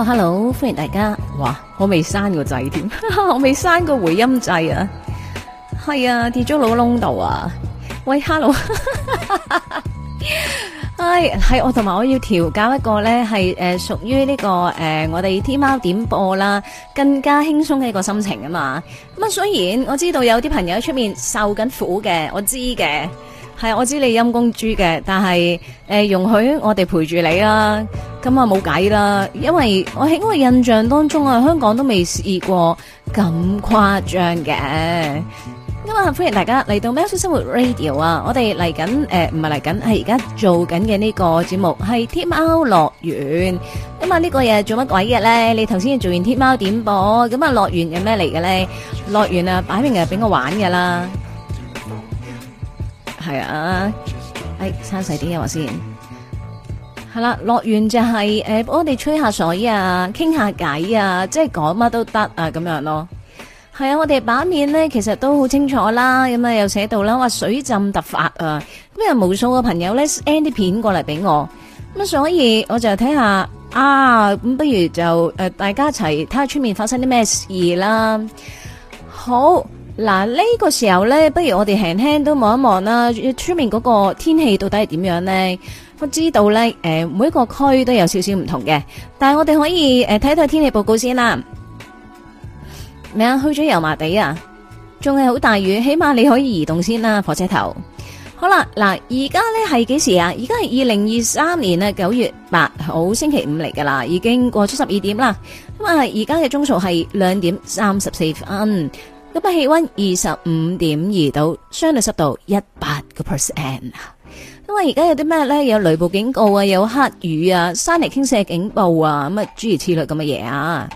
Hello, hello，歡迎大家。哇，我未刪個掣添，我未刪個回音掣啊，係啊跌咗落窿度啊。喂，hello， 哎，係我同埋我要調教一個咧，係誒屬於呢個誒、呃、我哋天喵點播啦，更加輕鬆嘅一個心情啊嘛。咁啊，雖然我知道有啲朋友喺出面受緊苦嘅，我知嘅。係我知你陰公豬嘅，但係誒、呃，容許我哋陪住你啦。咁啊，冇計啦，因為我喺我印象當中啊，香港都未試過咁誇張嘅。咁啊，歡迎大家嚟到喵式生活 Radio 啊，我哋嚟緊誒，唔係嚟緊，係而家做緊嘅呢個節目係天喵樂園。咁啊，呢個嘢，做乜鬼嘅咧？你頭先做完天喵點播，咁啊樂園有咩嚟嘅咧？樂園啊，擺明係俾我玩噶啦。係啊，誒、哎，生細啲嘢，話先，係啦，樂園就係、是、誒，呃、幫我哋吹下水啊，傾下偈啊，即係講乜都得啊，咁樣咯。係啊，我哋版面咧其實都好清楚啦，咁、嗯、啊又寫到啦，話水浸突發啊，咁、嗯、有無數嘅朋友咧 send 啲片過嚟俾我，咁、嗯、所以我就睇下啊，咁不如就誒、呃、大家一齊睇下出面發生啲咩事啦。好。嗱，呢個時候呢，不如我哋輕輕都望一望啦。出面嗰個天氣到底係點樣呢？我知道呢，誒，每一個區都有少少唔同嘅。但係我哋可以誒睇睇天氣報告先啦。咩啊？去咗油麻地啊？仲係好大雨，起碼你可以移動先啦，火車頭。好啦，嗱，而家呢係幾時啊？而家係二零二三年啊九月八號星期五嚟㗎啦，已經過咗十二點啦。咁啊，而家嘅鐘數係兩點三十四分。咁啊，氣溫二十五點二度，相對濕度一百個 percent 啊。因為而家有啲咩咧？有雷暴警告啊，有黑雨啊，山泥傾瀉警報啊，咁啊諸如此類咁嘅嘢啊。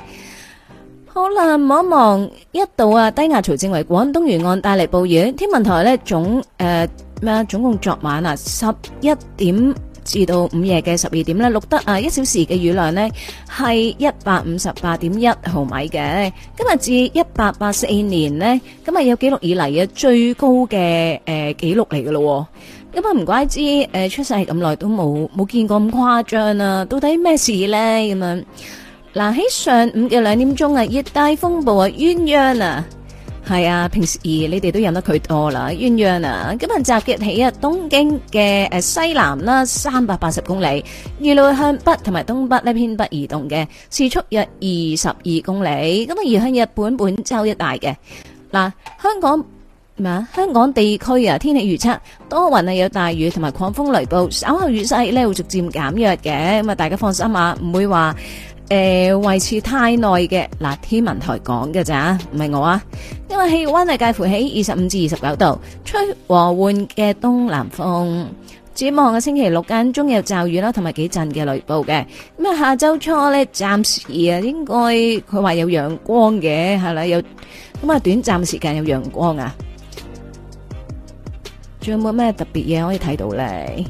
好啦，望一望一度啊，低壓槽正為廣東沿岸帶嚟暴雨。天文台咧總誒咩啊？總共昨晚啊十一點。至到午夜嘅十二點咧，錄得啊一小時嘅雨量咧係一百五十八點一毫米嘅。今日至一八八四年呢，今日有記錄以嚟嘅最高嘅誒記錄嚟嘅咯。咁啊唔怪之誒、呃、出世咁耐都冇冇見過咁誇張啊！到底咩事呢？咁樣？嗱、啊、喺上午嘅兩點鐘啊，熱帶風暴啊，鴛鴦啊！係啊，平時你哋都飲得佢多啦，鴛鴦啊！今日集結起日東京嘅、呃、西南啦，三百八十公里，預料向北同埋東北呢偏北移動嘅，時速約二十二公里。咁啊，而向日本本州一帶嘅嗱、啊，香港咩啊？香港地區啊，天氣預測多雲啊，有大雨同埋狂風雷暴，稍後雨勢呢會逐漸減弱嘅。咁啊，大家放心啊，唔會話。誒，維持太耐嘅嗱，天文台講嘅咋，唔係我啊。因為氣溫係介乎喺二十五至二十九度，吹和緩嘅東南風。展望嘅星期六間中有驟雨啦，同埋幾陣嘅雷暴嘅。咁啊，下周初咧，暫時啊應該佢話有陽光嘅係啦，有咁啊短暫時間有陽光啊。仲有冇咩特別嘢可以睇到咧？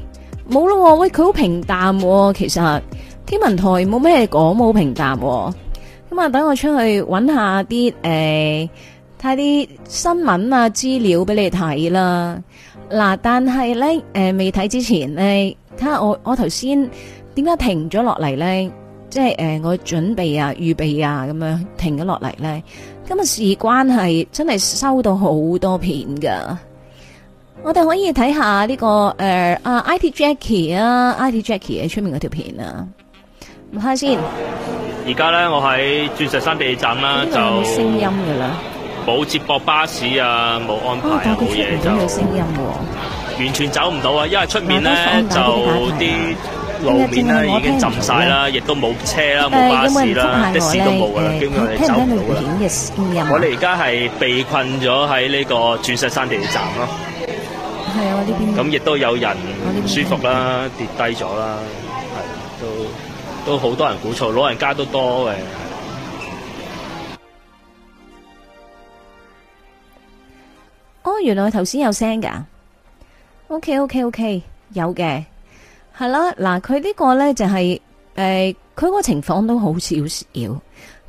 冇咯、啊，喂，佢好平淡、啊，其實。天文台冇咩講冇評價喎。咁啊，等我出去揾下啲，誒，睇啲新聞啊，資料俾你睇啦。嗱、啊，但係咧誒，未睇之前咧，睇下我我頭先點解停咗落嚟咧？即係誒、欸、我準備啊預備啊咁樣停咗落嚟咧。今日事關係真係收到好多片噶，我哋可以睇下呢、這個誒、欸啊、IT Jackie 啊 IT Jackie 喺出面嗰條片啊。睇先。而家咧，我喺鑽石山地鐵站啦，就冇聲音噶啦，冇接駁巴士啊，冇安排冇嘢，哦，就完全走唔到啊！因為出面咧就啲路面咧已經浸晒啦，亦都冇車啦，冇巴士啦，的士都冇噶啦，基本上係走唔到啦。我哋而家係被困咗喺呢個鑽石山地鐵站咯。係啊，嗯，呢邊咁亦都有人唔舒服啦，嗯嗯，跌低咗啦。都好多人估錯老人家都多嘅。哦，原來頭先有聲㗎。OK，OK，OK，、OK, OK, OK, 有嘅。係啦，嗱，佢呢個咧就係、是，誒、呃，佢個情況都好少少。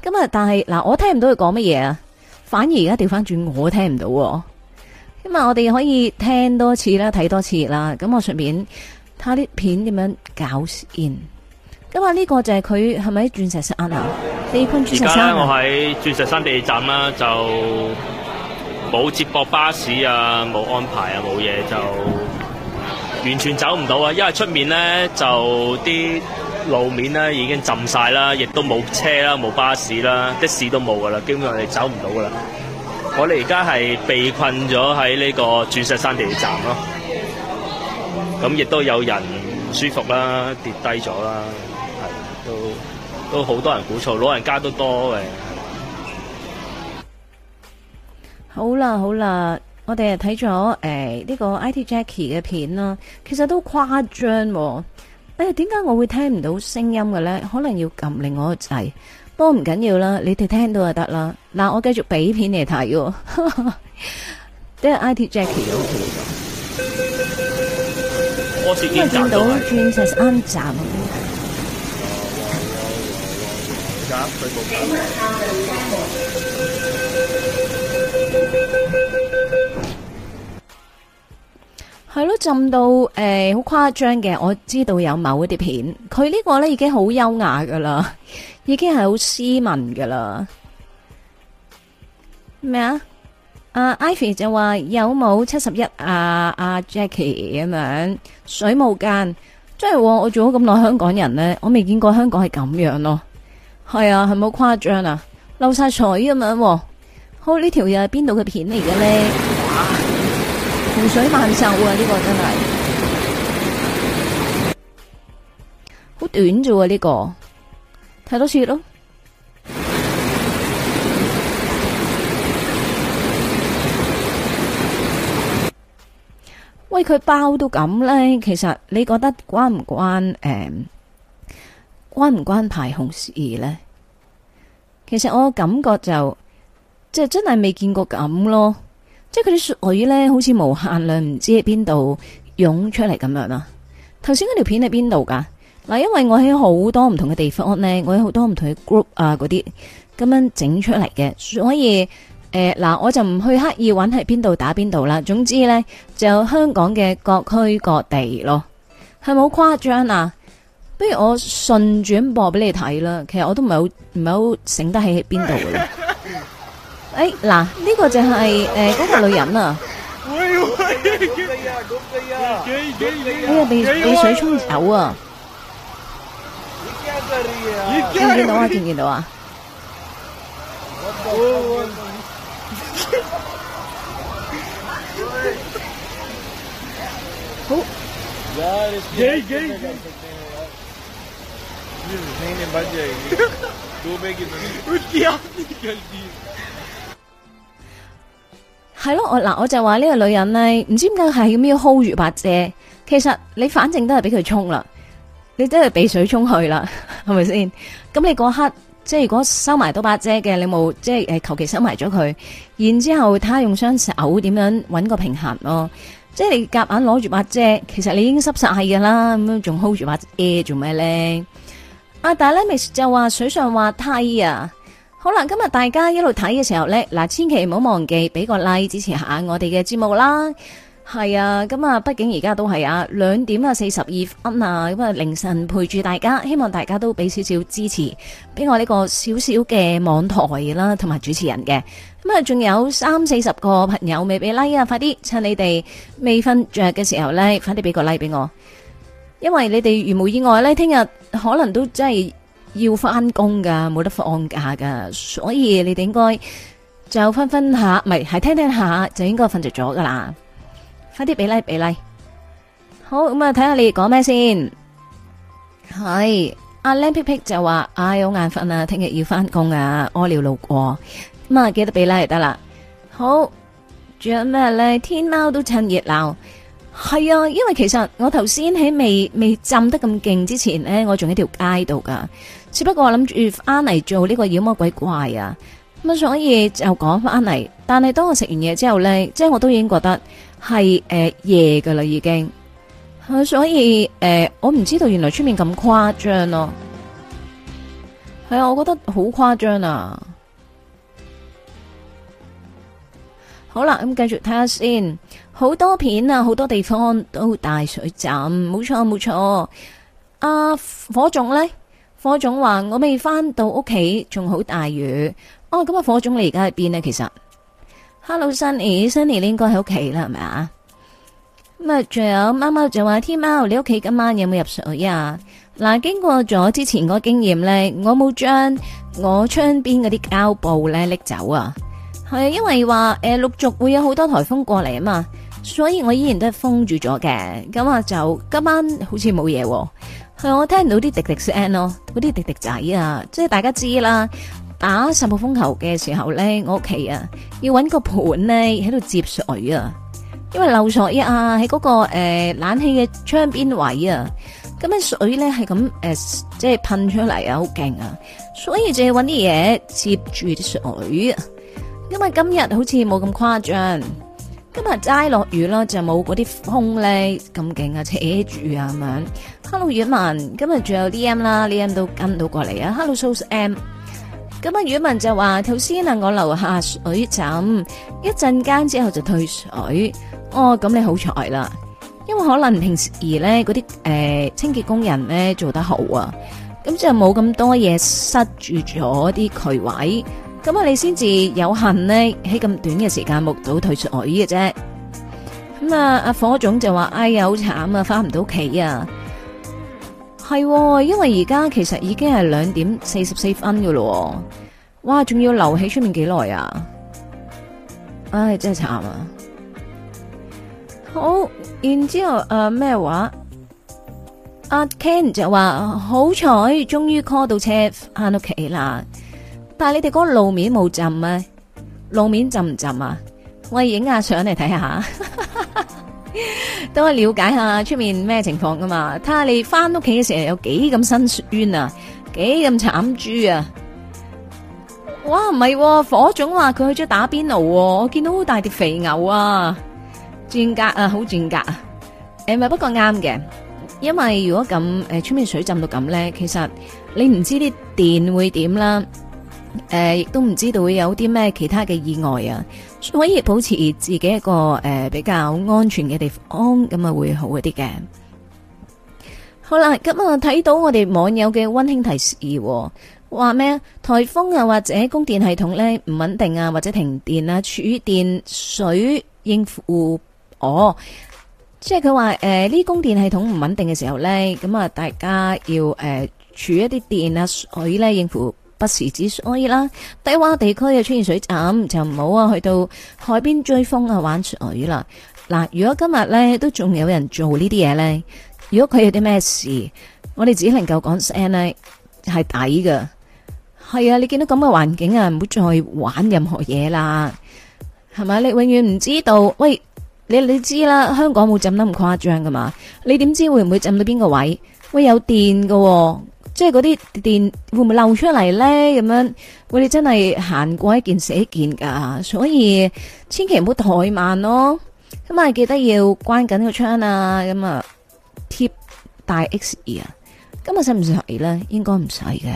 咁啊，但係嗱，我聽唔到佢講乜嘢啊，反而而家掉返轉，我聽唔到。咁啊，我哋可以聽多次啦，睇多次啦。咁我順便，睇下啲片點樣搞先。因為呢個就係佢係咪喺鑽石山啊？被困鑽石山啊！而家咧，我喺鑽石山地鐵站啦，就冇接駁巴士啊，冇安排啊，冇嘢就完全走唔到啊！因為出面咧就啲路面咧已經浸晒啦，亦都冇車啦，冇巴士啦，的士都冇噶啦，基本上係走唔到噶啦。我哋而家係被困咗喺呢個鑽石山地鐵站咯、啊，咁亦都有人唔舒服啦、啊，跌低咗啦、啊。都好多人鼓噪，老人家都多嘅。好啦，好啦，我哋睇咗誒呢個 IT Jackie 嘅片啦，其實都誇張。哎、欸、呀，點解我會聽唔到聲音嘅咧？可能要撳另外個掣，不過唔緊要啦，你哋聽到就得啦。嗱，我繼續俾片你睇。即係 IT Jackie，我先見見到鑽石山站。 係咯，浸到誒，好誇張嘅。我知道有某一啲片，佢呢個咧已經好優雅噶啦，已經係好斯文噶啦。咩啊？阿 Ivy 就話有冇七十一啊？阿、啊、Jackie 咁樣水冇間，真係我、哦、我做咗咁耐香港人呢，我未見過香港係咁樣咯。係啊，係咪好誇張啊？漏晒彩咁樣。好，這條是哪的片來的呢條又係邊度嘅片嚟嘅？哇，洪水漫上啊！呢、這個真係好短啫，啊，呢、這個睇多次咯。喂，佢包到咁呢？其實你覺得關唔關誒？嗯關唔關排洪事呢？其實我感覺就即係真係未見過咁咯，即係佢啲水呢，好似無限量，不知道哪裡出來，唔知喺邊度湧出嚟咁樣啊。頭先嗰條片喺邊度噶？嗱，因為我喺好多唔同嘅地方呢，我喺好多唔同嘅 group 啊嗰啲咁樣整出嚟嘅，所以誒嗱、呃，我就唔去刻意揾喺邊度打邊度啦。總之呢，就香港嘅各區各地咯，係咪好誇張啊？不如我順轉播俾你睇啦，其實我都唔係好唔係好醒得喺喺邊度嘅。誒，嗱，呢個就係誒嗰個女人啊，哎呀，俾俾水沖走啊！你見唔見到啊？見唔見到啊？哦，驚驚驚！係咯， 我嗱我就話呢個女人咧，唔知點解係要 hold 住把遮。其實你反正都係俾佢沖啦，你都係俾水沖去啦，係咪先？咁你嗰刻即係如果收埋到把遮嘅，你冇即係誒求其收埋咗佢。然之後睇下用雙手點樣搵個平衡咯？即係你夾硬攞住把遮，其實你已經濕晒噶啦，咁樣仲 hold 住把遮做咩咧？啊但係咧，miss 就話水上滑梯啊，好啦，今日大家一路睇嘅時候呢，嗱，千祈唔好忘記俾個 like 支持下我哋嘅節目啦。係啊，咁啊，畢竟而家都係啊，兩點啊四十二分啊，咁啊凌晨陪住大家，希望大家都俾少少支持，俾我呢個少少嘅網台啦，同埋主持人嘅。咁啊，仲有三四十個朋友未俾 like 啊，快啲趁你哋未瞓着嘅時候呢，快啲俾個 like 俾我。因為你哋如無意外咧，聽日可能都真係要翻工噶，冇得放假噶，所以你哋應該就分分下，唔係係聽聽下就應該瞓着咗噶啦，快啲俾 like 俾 like，好咁啊，睇下你講咩先，係阿靚皮皮就話啊好眼瞓啊，聽日要翻工啊，屙尿路過咁啊，記得俾 like 就得啦，好仲有咩咧？天貓都趁熱鬧。係啊，因為其實我頭先喺未未浸得咁勁之前呢，我仲喺條街度噶，只不過我諗住翻嚟做呢個妖魔鬼怪啊，咁所以就講翻嚟。但係當我食完嘢之後呢，即係我都已經覺得係誒、呃、夜噶啦，已經，所以誒、呃、我唔知道原來出面咁誇張咯，係啊，我覺得好誇張啊。好啦，咁繼續睇下先。好多片啊，好多地方都大水浸，冇錯冇錯。阿、啊、火總呢？火總話我未翻到屋企，仲好大雨。哦、啊，咁啊，火總你而家喺邊呢？其實，Hello Sunny，Sunny Sunny 你應該喺屋企啦，係咪啊？咁啊，仲有貓貓就話：天喵，你屋企今晚有冇入水啊？嗱、啊，經過咗之前嗰個經驗呢，我冇將我窗邊嗰啲膠布呢拎走啊。係因為話誒，陸、呃、續會有好多台風過嚟啊嘛。所以我依然都係封住咗嘅，咁啊就今晚好似冇嘢，係我聽到啲滴滴聲咯，嗰啲滴滴仔啊，即係大家知啦。打十號風球嘅時候咧，我屋企啊要搵個盤咧喺度接水啊，因為漏咗一啊喺嗰、那個誒、呃、冷氣嘅窗邊位啊，咁樣水咧係咁誒即係噴出嚟啊，好勁啊，所以就要搵啲嘢接住啲水、啊，因為今日好似冇咁誇張。今日齋落雨啦，就冇嗰啲風咧咁勁啊，扯住啊咁樣。Hello，雨文，今日仲有 D M 啦，D M 都跟到過嚟啊。Hello，Sos M，咁啊，雨文就話頭先啊，剛才我樓下水浸一陣間之後就退水。哦，咁你好彩啦，因為可能平時咧嗰啲誒清潔工人咧做得好啊，咁就冇咁多嘢塞住咗啲渠位。咁啊，你先至有幸呢，喺咁短嘅時間目睹退出外嘅啫。咁、嗯、啊，阿火總就話：哎呀，好慘啊，翻唔到屋企啊！係、哦，因為而家其實已經係兩點四十四分喇咯、啊。哇，仲要留喺出面幾耐啊！唉、哎，真係慘啊！好，然之後、呃、啊咩話，阿、啊、Ken 就話好彩，終於 call 到車，翻屋企啦。但係你哋嗰個路面冇浸啊，路面浸唔浸啊？喂，影下相嚟睇下， 等我了解下出面咩情況噶嘛？睇下你翻屋企嘅時候有幾咁辛酸啊，幾咁慘豬啊！哇，唔係、啊、火種話佢去咗打邊爐、啊，我見到好大碟肥牛啊，筍格啊，好筍格啊！誒，咪不過啱嘅，因為如果咁誒，出面水浸到咁咧，其實你唔知啲電會點啦。誒，亦都唔知道會有啲咩其他嘅意外啊，可以保持自己一個誒比較安全嘅地方咁啊會好一啲嘅。好啦，咁啊睇到我哋網友嘅溫馨提示，話咩啊？颱風啊，或者供電系統呢唔穩定啊，或者停電啊，儲電水應付哦，即係佢話誒呢供電系統唔穩定嘅時候呢，咁啊大家要誒、呃、儲一啲電啊水呢應付。不時之所以啦，低洼地區又出現水浸，就唔好啊去到海邊追風啊玩水啦。嗱，如果今日咧都仲有人做呢啲嘢咧，如果佢有啲咩事，我哋只能夠講聲係抵噶。係啊，你見到咁嘅環境啊，唔好再玩任何嘢啦，係咪？你永遠唔知道。喂，你你知啦，香港冇浸得咁誇張噶嘛？你點知會唔會浸到邊個位？喂，有電噶、啊。即係嗰啲電會唔會漏出嚟咧？咁樣我哋真係行過一件死一件噶所以千祈唔好怠慢咯。咁、嗯、啊，記得要關緊個窗啊。咁啊，貼大 X 二、e、啊。今日使唔使學二咧？應該唔使嘅。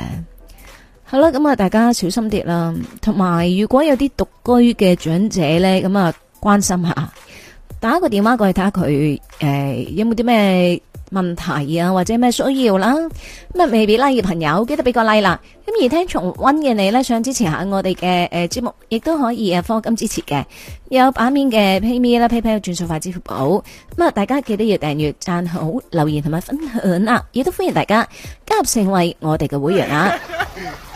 好啦，咁啊，大家小心啲啦。同埋，如果有啲獨居嘅長者咧，咁啊，關心下，打個個電話過去睇下佢，誒、呃，有冇啲咩問題啊，或者咩需要啦，咁啊，未必拉、like、住朋友，記得俾個例、like、啦。咁而聽重溫嘅你呢，想支持下我哋嘅誒節目，亦都可以啊，課金支持嘅有版面嘅 pay me 啦，pay pay 轉數快支付寶。咁啊，大家記得要訂閱、讚好、留言同埋分享啊，亦都歡迎大家加入成為我哋嘅會員啊。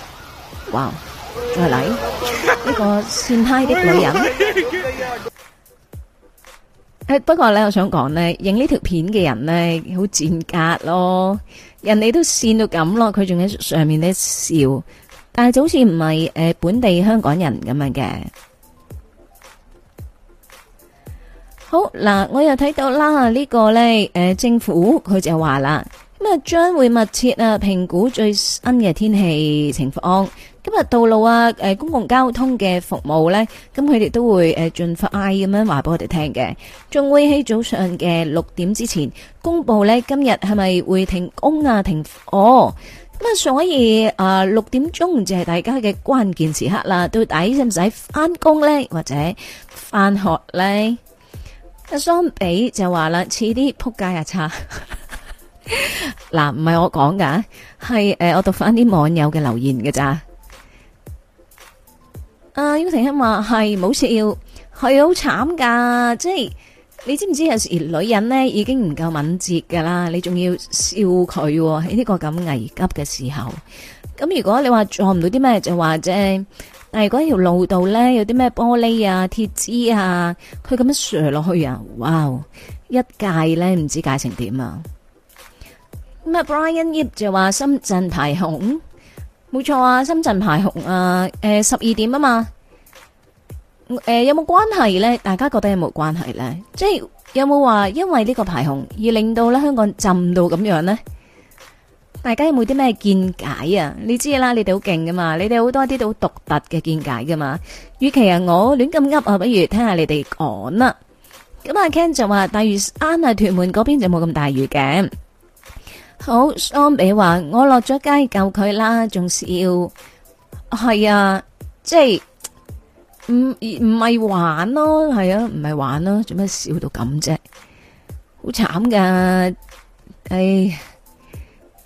哇，再嚟 一個善派的女人。 誒，不過咧，我想講咧，影呢條片嘅人咧好賤格咯，人哋都跣到咁咯，佢仲喺上面咧笑，但係就好似唔係誒本地香港人咁樣嘅。好嗱，我又睇到啦，呢個咧，誒，政府佢就話啦，咁啊，將會密切啊評估最新嘅天氣情況。今日道路啊，誒，公共交通嘅服務咧，咁佢哋都會誒盡快咁樣話俾我哋聽嘅，仲會喺早上嘅六點之前公布咧，今日係咪會停工啊？停哦，咁啊，所以啊，六點鐘就係大家嘅關鍵時刻啦，到底使唔使翻工咧，或者翻學咧？阿雙比就話啦，遲啲仆街啊！擦，嗱，唔係我講噶，係誒，我讀翻啲網友嘅留言噶咋。啊，U 靜欣話係冇事，要係好慘噶，即係你知唔知有時女人呢已經唔夠敏捷噶啦，你仲要笑佢喺呢個咁危急嘅時候，咁如果你話撞唔到啲咩就話啫，但係嗰條路度呢，有啲咩玻璃啊、鐵枝啊，佢咁樣 sir 落去啊，哇、wow，一介呢唔知介成點啊，咩 Brian Y 就話深圳太紅。冇錯啊，深圳排洪啊，誒十二點啊嘛，誒、欸、有冇關係呢？大家覺得有冇關係呢？即係有冇話因為呢個排洪而令到咧香港浸到咁樣呢？大家有冇啲咩見解啊？你知啦，你哋好勁噶嘛，你哋好多啲都好獨特嘅見解噶嘛。與其啊我亂咁噏啊，不如聽下你哋講啦。咁阿 Ken 就話大嶼山啊，an, 屯門嗰邊就冇咁大雨嘅。好，桑美話我落咗街救佢啦，仲笑係啊，即係唔唔係玩咯，係啊，唔係玩咯，做咩笑到咁啫？好慘噶，誒、哎，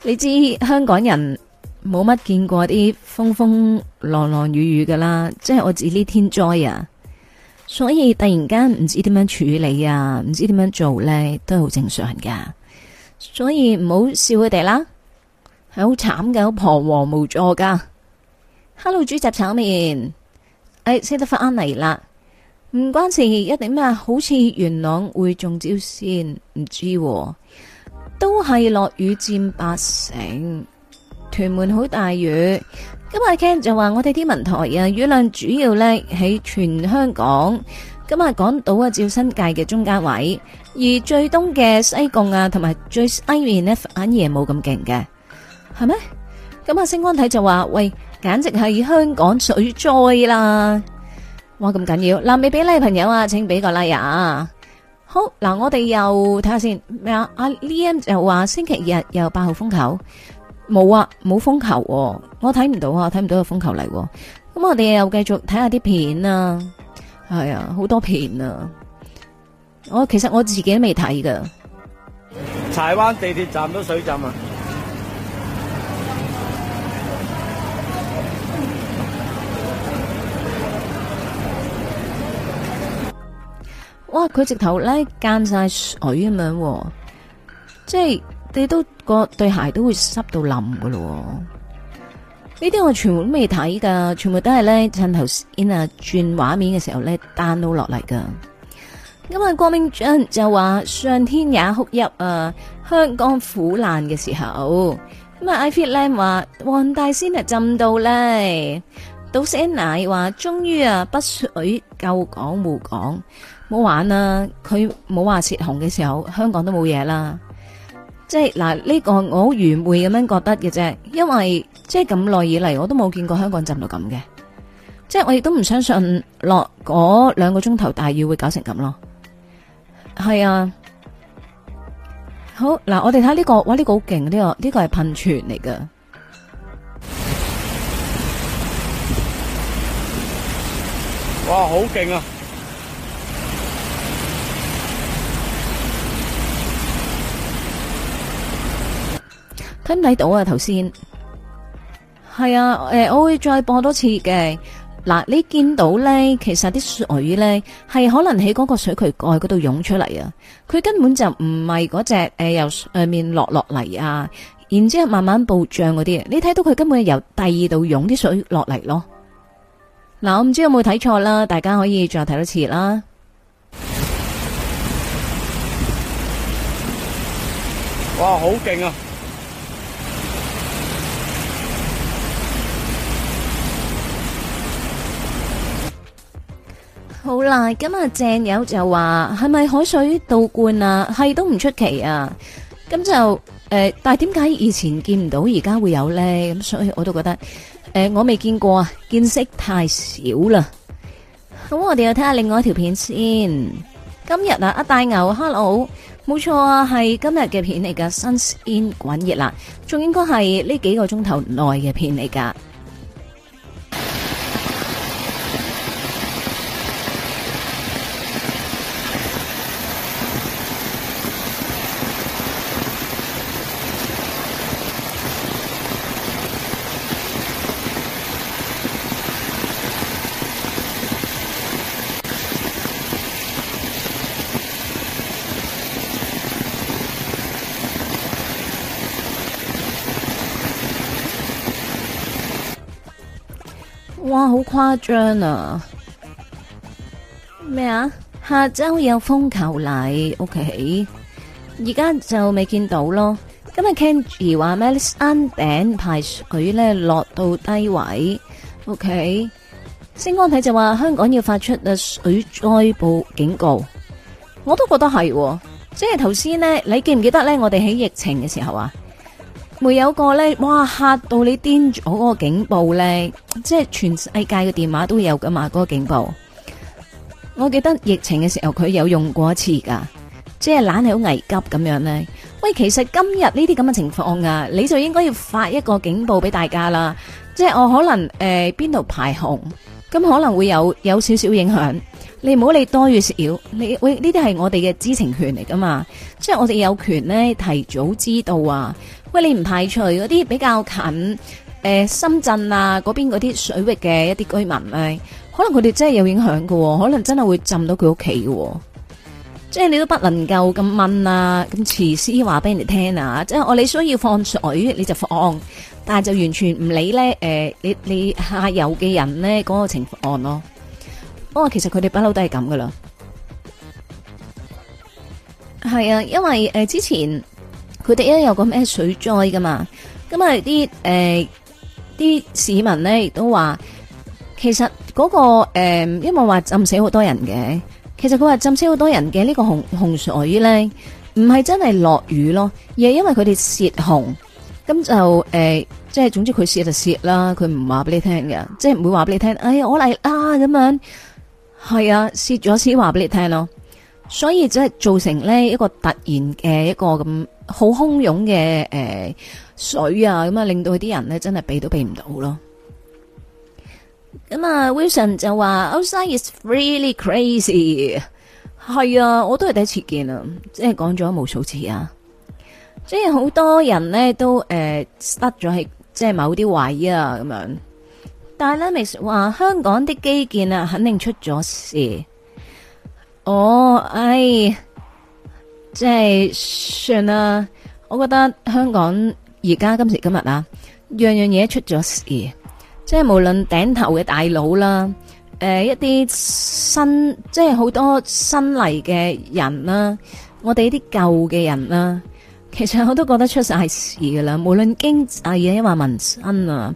你知香港人冇乜見過啲風風浪浪雨雨噶啦，即係我自呢天災啊，所以突然間唔知點樣處理啊，唔知點樣做咧，都係好正常噶。所以唔好笑佢哋啦，係好慘嘅，好彷徨無助噶。Hello，豬雜炒麵，哎，識得翻嚟啦，唔關事，一定咩？好似元朗會中招先，唔知、啊，都係落雨占八成，屯門好大雨。今日 Ken 就話我哋天文台啊，雨量主要呢喺全香港。今日講到啊，照新界嘅中間位，而最東嘅西貢啊，同埋最西面咧，反而冇咁勁嘅，係咩？咁啊，星光體就話，喂，簡直係香港水災啦！哇，咁緊要，嗱，未俾 like 嘅朋友啊，請俾個 like 呀！好，嗱，我哋又睇下先咩啊？阿 Liam 又話星期日又八號風球，冇啊，冇風球，我睇唔到啊，睇唔到個風球嚟，咁我哋又繼續睇下啲片啊。係啊，好多片啊！我其實我自己都未睇噶。柴灣地鐵站都水浸啊、嗯！哇，佢直頭咧間晒水咁樣、啊，即係你都個對鞋都會濕到冧噶咯。呢啲我全部都未睇噶，全部都係咧趁頭先啊，轉畫面嘅時候咧 download 落嚟噶。咁啊，郭明章就話 上天也哭泣啊，香港苦難嘅時候。咁啊，Ivy Lam 話黃大仙啊浸到咧 d o 奶話終於啊不水救港護港，冇玩啦，佢冇話洩洪嘅時候，香港都冇嘢 啦。即係嗱，呢個我好愚昧咁樣覺得嘅啫，因為。即係咁耐以嚟，我都冇見過香港浸到咁嘅。即係我亦都唔相信落嗰兩個鐘頭大雨會搞成咁咯。係啊，好，嗱，我哋睇下呢個，哇，呢個好勁，呢個呢個係噴泉嚟㗎。哇，好勁啊！睇唔睇到啊？頭先？係啊，誒，我會再播多次嘅。嗱，你見到呢，其實啲水呢，係可能喺嗰個水渠蓋嗰度湧出嚟啊。佢根本就唔係嗰隻誒由上面落落嚟啊，然之後慢慢暴漲嗰啲。你睇到佢根本係由第二度湧啲水落嚟咯。嗱，我唔知有冇睇錯啦，大家可以再睇多次啦。哇，好勁啊！好啦，咁啊鄭友就話係咪海水倒灌啊？係都唔出奇啊。咁就誒、呃，但係點解以前見唔到而家會有呢？咁所以我都覺得誒、呃，我未見過啊，見識太少啦。咁我哋又睇下另外一條片先。今日啊，阿大牛，hello，冇錯啊，係今日嘅片嚟噶，新鮮滾熱辣，仲應該係呢幾個鐘頭內嘅片嚟噶。誇張啊！咩啊？下周有風球嚟，OK。而家就未見到咯。今日 Ken 話咩山頂排水咧落到低位，OK。星光台就話香港要發出啊水災報警告。我都覺得係、哦，即係頭先呢，你記唔記得咧？我哋喺疫情嘅時候啊。會有個咧，哇嚇到你癲咗嗰個警報咧，即係全世界嘅電話都有噶嘛。嗰、嗰個警報，我記得疫情嘅時候佢有用過一次噶，即係懶係好危急咁樣咧。喂，其實今日呢啲咁嘅情況啊，你就應該要發一個警報俾大家啦。即係我、呃、可能誒邊度排洪咁，可能會有有少少影響。你唔好理多與少，你喂呢啲係我哋嘅知情權嚟噶嘛，即係我哋有權咧提早知道啊。喂，你唔排除嗰啲比較近，誒、呃、深圳啊嗰邊嗰啲水域嘅一啲居民咧、啊，可能佢哋真係有影響嘅、哦，可能真係會浸到佢屋企嘅，即係你都不能夠咁問啊，咁遲先話俾人哋聽啊！即係我哋需要放水，你就放，但係就完全唔理咧誒、呃，你你下游嘅人咧嗰、那個情況咯。不、哦、過其實佢哋不嬲都係咁噶啦，係啊，因為誒、呃、之前。佢哋因為有個咩水災噶嘛？咁啊啲誒啲市民咧，亦都話，其實嗰、那個誒、呃，因為話浸死好多人嘅。其實佢話浸死好多人嘅呢個洪洪水咧，唔係真係落雨咯，而係因為佢哋泄洪。咁就誒，即、呃、係總之佢泄就泄啦，佢唔話俾你聽嘅，即係唔會話俾你聽。哎，呀，我嚟啦咁樣，係啊，泄咗先話俾你聽咯。所以即係造成呢一個突然嘅一個咁好洶湧嘅誒水啊，咁啊令到啲人真係避都避唔到咯。咁啊，Wilson 就話 Outside is really crazy。係啊，我都係第一次見啊，即係講咗無數次啊，即係好多人呢都誒塞咗喺即係某啲位啊咁樣。但係呢 Miss 話香港啲基建啊，肯定出咗事。哦，唉、哎，即係算啦。我覺得香港而家今時今日啊，樣樣嘢出咗事，即係無論頂頭嘅大佬啦，誒、呃，一啲新即係好多新嚟嘅人啦，我哋呢啲舊嘅人啦，其實我都覺得出晒事噶啦。無論經濟啊，因為民生啊，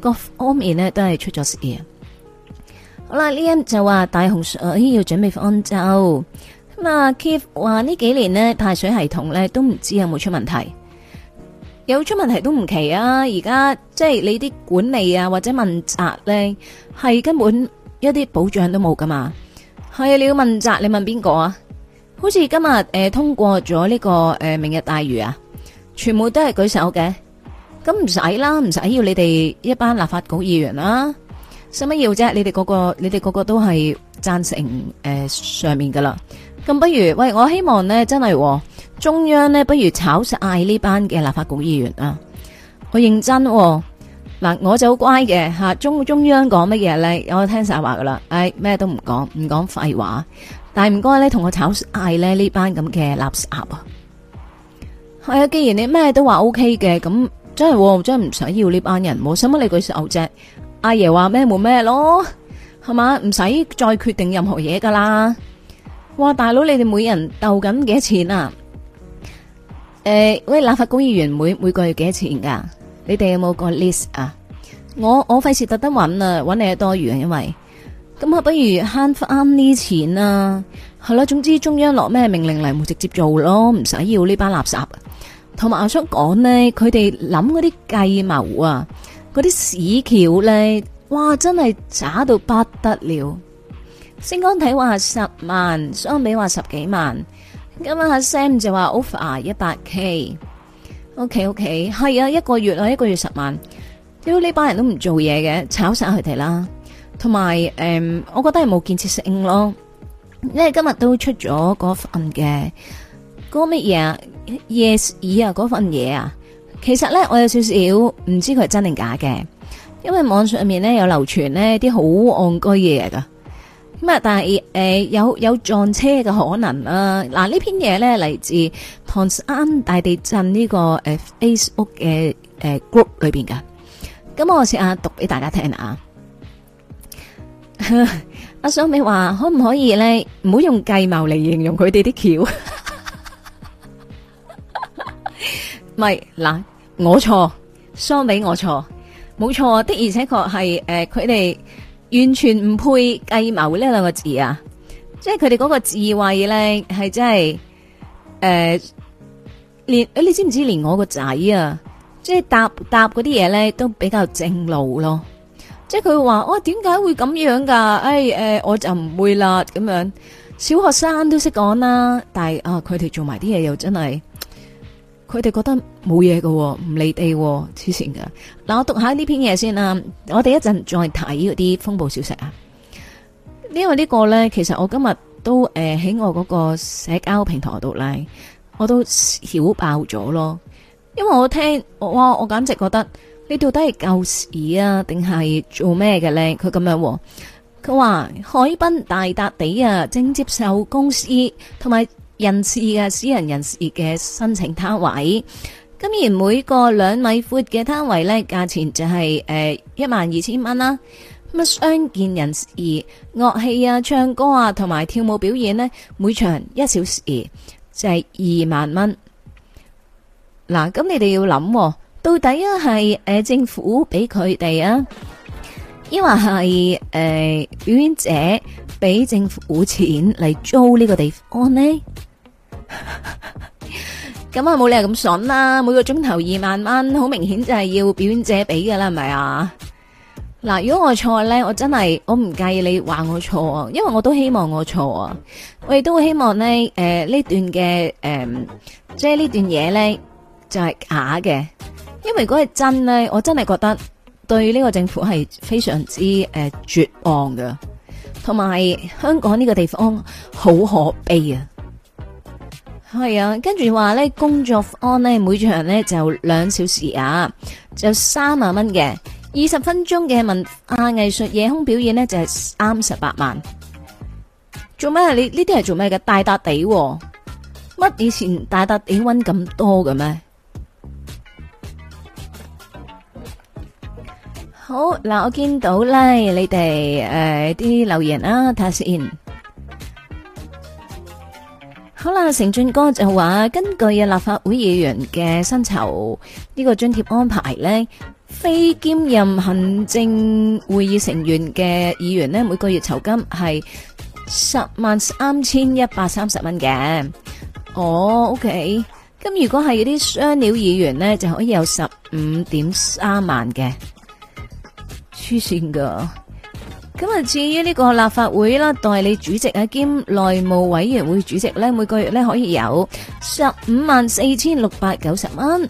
各方面咧都係出咗事。好啦，呢一就話大洪水要準備翻州。咁啊，Keith 話呢幾年呢排水系統咧都唔知有冇出問題，有出問題都唔奇啊！而家即係你啲管理啊或者問責咧係根本一啲保障都冇噶嘛，係啊，你要問責你問邊個啊？好似今日誒、呃、通過咗呢、這個誒、呃、明日大嶼啊，全部都係舉手嘅，咁唔使啦，唔使要你哋一班立法局議員啦。使乜要啫？你哋嗰、那個，你哋個個都係贊成誒、呃、上面噶啦。咁不如，喂，我希望呢真係、哦、中央呢不如炒晒呢班嘅立法局議員啊！我認真嗱、哦，我就好乖嘅吓、啊。中中央講乜嘢呢？我聽晒話噶啦，唉、哎，咩都唔講，唔講廢話。但係唔該咧，同我炒晒咧呢班咁嘅垃圾啊！係啊，既然你咩都話 O K 嘅，咁真係、哦、真係唔想要呢班人，冇使乜你舉手啫？阿爺話咩冇咩咯，係嘛？唔使再決定任何嘢噶啦。哇，大佬，你哋每人鬥緊幾多錢啊？誒、欸，喂，立法會議員每每個月幾多錢噶、啊？你哋有冇個 list 啊？我我費事特登揾啊，揾你係多餘啊，因為咁啊，那不如慳翻啲錢啊。係咯、啊，總之中央落咩命令嚟，冇直接做咯，唔使要呢班垃圾。同埋阿叔講呢，佢哋諗嗰啲計謀啊。嗰啲市橋咧，哇，真係渣到不得了！星光睇話十萬，相比話十幾萬，今晚阿 Sam 就話 offer 一百 k，ok ok 係、okay, 啊，一個月啊，一個月十萬，屌呢班人都唔做嘢嘅，炒晒佢哋啦。同埋誒，我覺得係冇建設性咯，因為今日都出咗嗰份嘅嗰乜嘢 yes 二啊嗰份嘢啊。其實咧，我有點少少唔知佢係真定假嘅，因為網上面咧有流傳呢啲好戇居嘅嘢噶，咁啊，但係誒、呃、有有撞車嘅可能啦、啊。嗱、啊，這篇東西呢篇嘢咧嚟自唐山大地震呢、這個誒、呃、Facebook 嘅誒、呃、group 裏邊嘅，咁、嗯、我試下讀俾大家聽啦。阿小美話：可唔可以咧唔好用計謀嚟形容佢哋啲橋？咪嗱。我錯，相比我錯，冇錯，的而且確係誒，佢哋完全唔配計謀呢兩個字啊！即係佢哋嗰個智慧咧，係真係誒、呃，連誒，你知唔知連我個仔啊，即係答答嗰啲嘢咧，都比較正路咯。即係佢話，我點解會咁樣噶、啊？誒、哎、誒、呃，我就唔會啦咁樣。小學生都識講啦，但係啊，佢哋做埋啲嘢又真係。佢哋覺得冇嘢嘅，唔理你黐線嘅。嗱，我讀下呢篇嘢先啦。我哋一陣再睇嗰啲風暴小食啊。因為呢個呢，其實我今日都誒喺、呃、我嗰個社交平台度呢，我都曉爆咗咯。因為我聽，我哇，我簡直覺得你到底係狗屎啊，定係做咩嘅呢？佢咁樣，佢話海濱大笪地啊，正接受公司同埋，人次嘅私人人士嘅申請攤位，咁而每個兩米闊嘅攤位呢，價錢就係誒一萬二千蚊啦。乜、呃、相、啊、見人士樂器啊、唱歌啊同埋跳舞表演呢，每場一小時就係、是、二萬蚊。嗱，咁你哋要諗、啊，到底啊係誒政府俾佢哋啊？因為係誒表演者，俾政府錢嚟租呢個地方呢？咁啊冇理由咁笋啦！每個鐘頭二萬蚊，好明顯就係要表演者俾噶啦，係咪啊？嗱，如果我錯咧，我真係我唔介意你話我錯啊，因為我都希望我錯啊，我亦都希望咧誒呢段嘅誒，即係呢段嘢咧就係假嘅，因為如果係真咧，我真係覺得。對呢個政府係非常之誒、呃、絕望嘅，同埋香港呢個地方好可悲啊！係啊，跟住話咧，工作安咧每場咧就兩小時啊，就三萬蚊嘅二十分鐘嘅文化藝術夜空表演咧就係、是、三十八萬，做咩？你呢啲係做咩嘅？大笪地、哦，乜以前大笪地溫咁多嘅咩？好嗱，我見到咧，你哋誒啲留言啦，睇下先，好啦，成俊哥就話根據立法會議員嘅薪酬呢個津貼安排呢，非兼任行政會議成員嘅議員呢，每個月酬金係十萬三千一百三十蚊嘅。哦，OK。咁如果係啲雙料議員呢，就可以有十五點三萬嘅。黐線噶，咁啊！至於呢個立法會啦，代理主席啊兼內務委員會主席咧，每個月咧可以有十五萬四千六百九十蚊，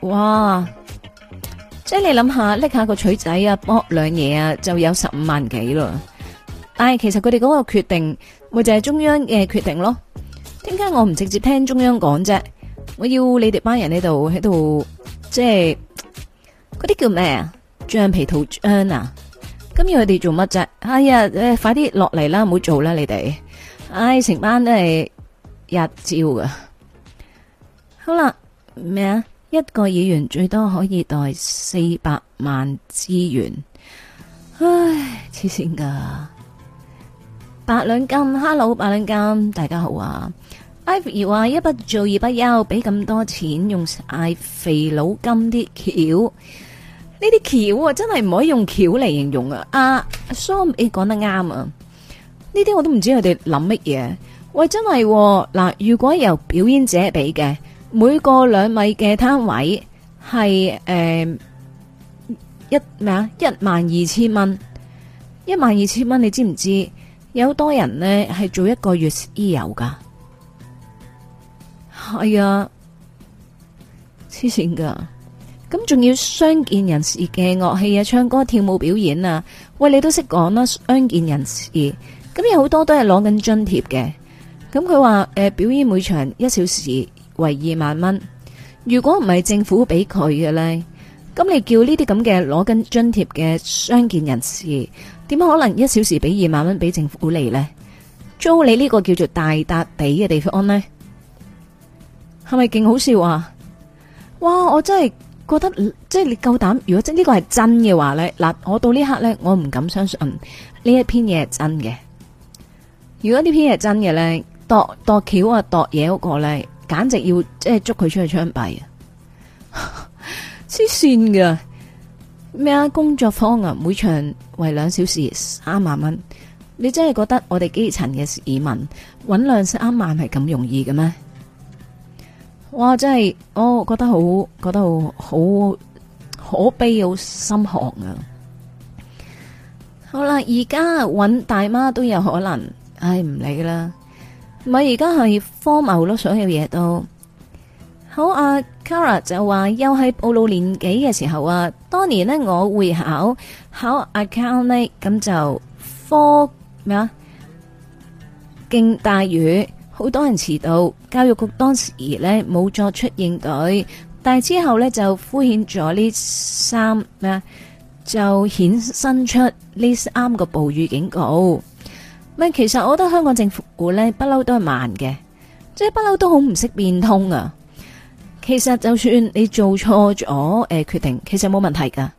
哇！即係你諗下，拎下個取仔啊，剝兩嘢啊，就有十五萬幾咯。但係其實佢哋嗰個決定，咪就係中央嘅決定咯。點解我唔直接聽中央講啫？我要你哋班人喺度喺度，即係。嗰啲叫咩啊？橡皮圖章啊！咁要佢哋做乜啫？哎呀，誒，快啲落嚟啦，唔好做啦，你哋！唉、哎。成班都係日照噶。好啦，咩啊？一個議員最多可以帶四百萬資源。唉，黐線噶！八兩金，hello，八兩金，大家好啊！Ivy 話一不做二不休，俾咁多錢用晒肥佬金啲橋，呢啲橋真係唔可以用橋嚟形容啊！阿 Sam 你講得啱啊，呢啲我都唔知佢哋諗乜嘢。喂，真係嗱，哦，如果由表演者俾嘅每個兩米嘅攤位係誒、呃、一咩啊，一萬二千蚊，一萬二千蚊你知唔知？有多人呢係做一個月醫友噶？係啊，黐線噶！咁仲要傷健人士嘅樂器啊、唱歌、跳舞表演啊，喂，你都識講啦，傷健人士，咁有好多都係攞緊津貼嘅。咁佢話誒，表演每場一小時為二萬蚊，如果唔係政府俾佢嘅呢，咁你叫呢啲咁嘅攞緊津貼嘅傷健人士，點可能一小時俾二萬蚊俾政府嚟，呢？租你呢個叫做大笪地嘅地方呢？係咪勁好笑啊！哇，我真係覺得，即係你夠膽。如果呢個係真嘅話呢，嗱，我到呢刻呢，我唔敢相信，呢一篇嘢係真嘅。如果呢篇嘢係真嘅呢，度度橋啊度嘢嗰個呢，簡直要即係捉佢出去槍斃啊！黐線噶！咩工作坊啊？每場為兩小時三萬蚊。你真係覺得我哋基層嘅市民揾兩三萬係咁容易嘅咩？哇！真係，我覺得好，覺得好好可悲，好心寒啊！好啦，而家搵大媽都有可能，唉，唔理啦。咪而家係科貿咯，所有嘢都好啊。Cara 就話又係暴露年紀嘅時候啊！當年呢，我會考考 account 咁就科咩啊？勁大雨。好多人遲到，教育局當時呢冇作出應對，但係之後呢就敷、啊、衍咗呢三咩就衍生出呢三個暴雨警告。其實我覺得香港政府估呢不嬲都係慢嘅，即係不嬲都好唔識變通啊。其實就算你做錯咗誒決定，其實冇問題噶，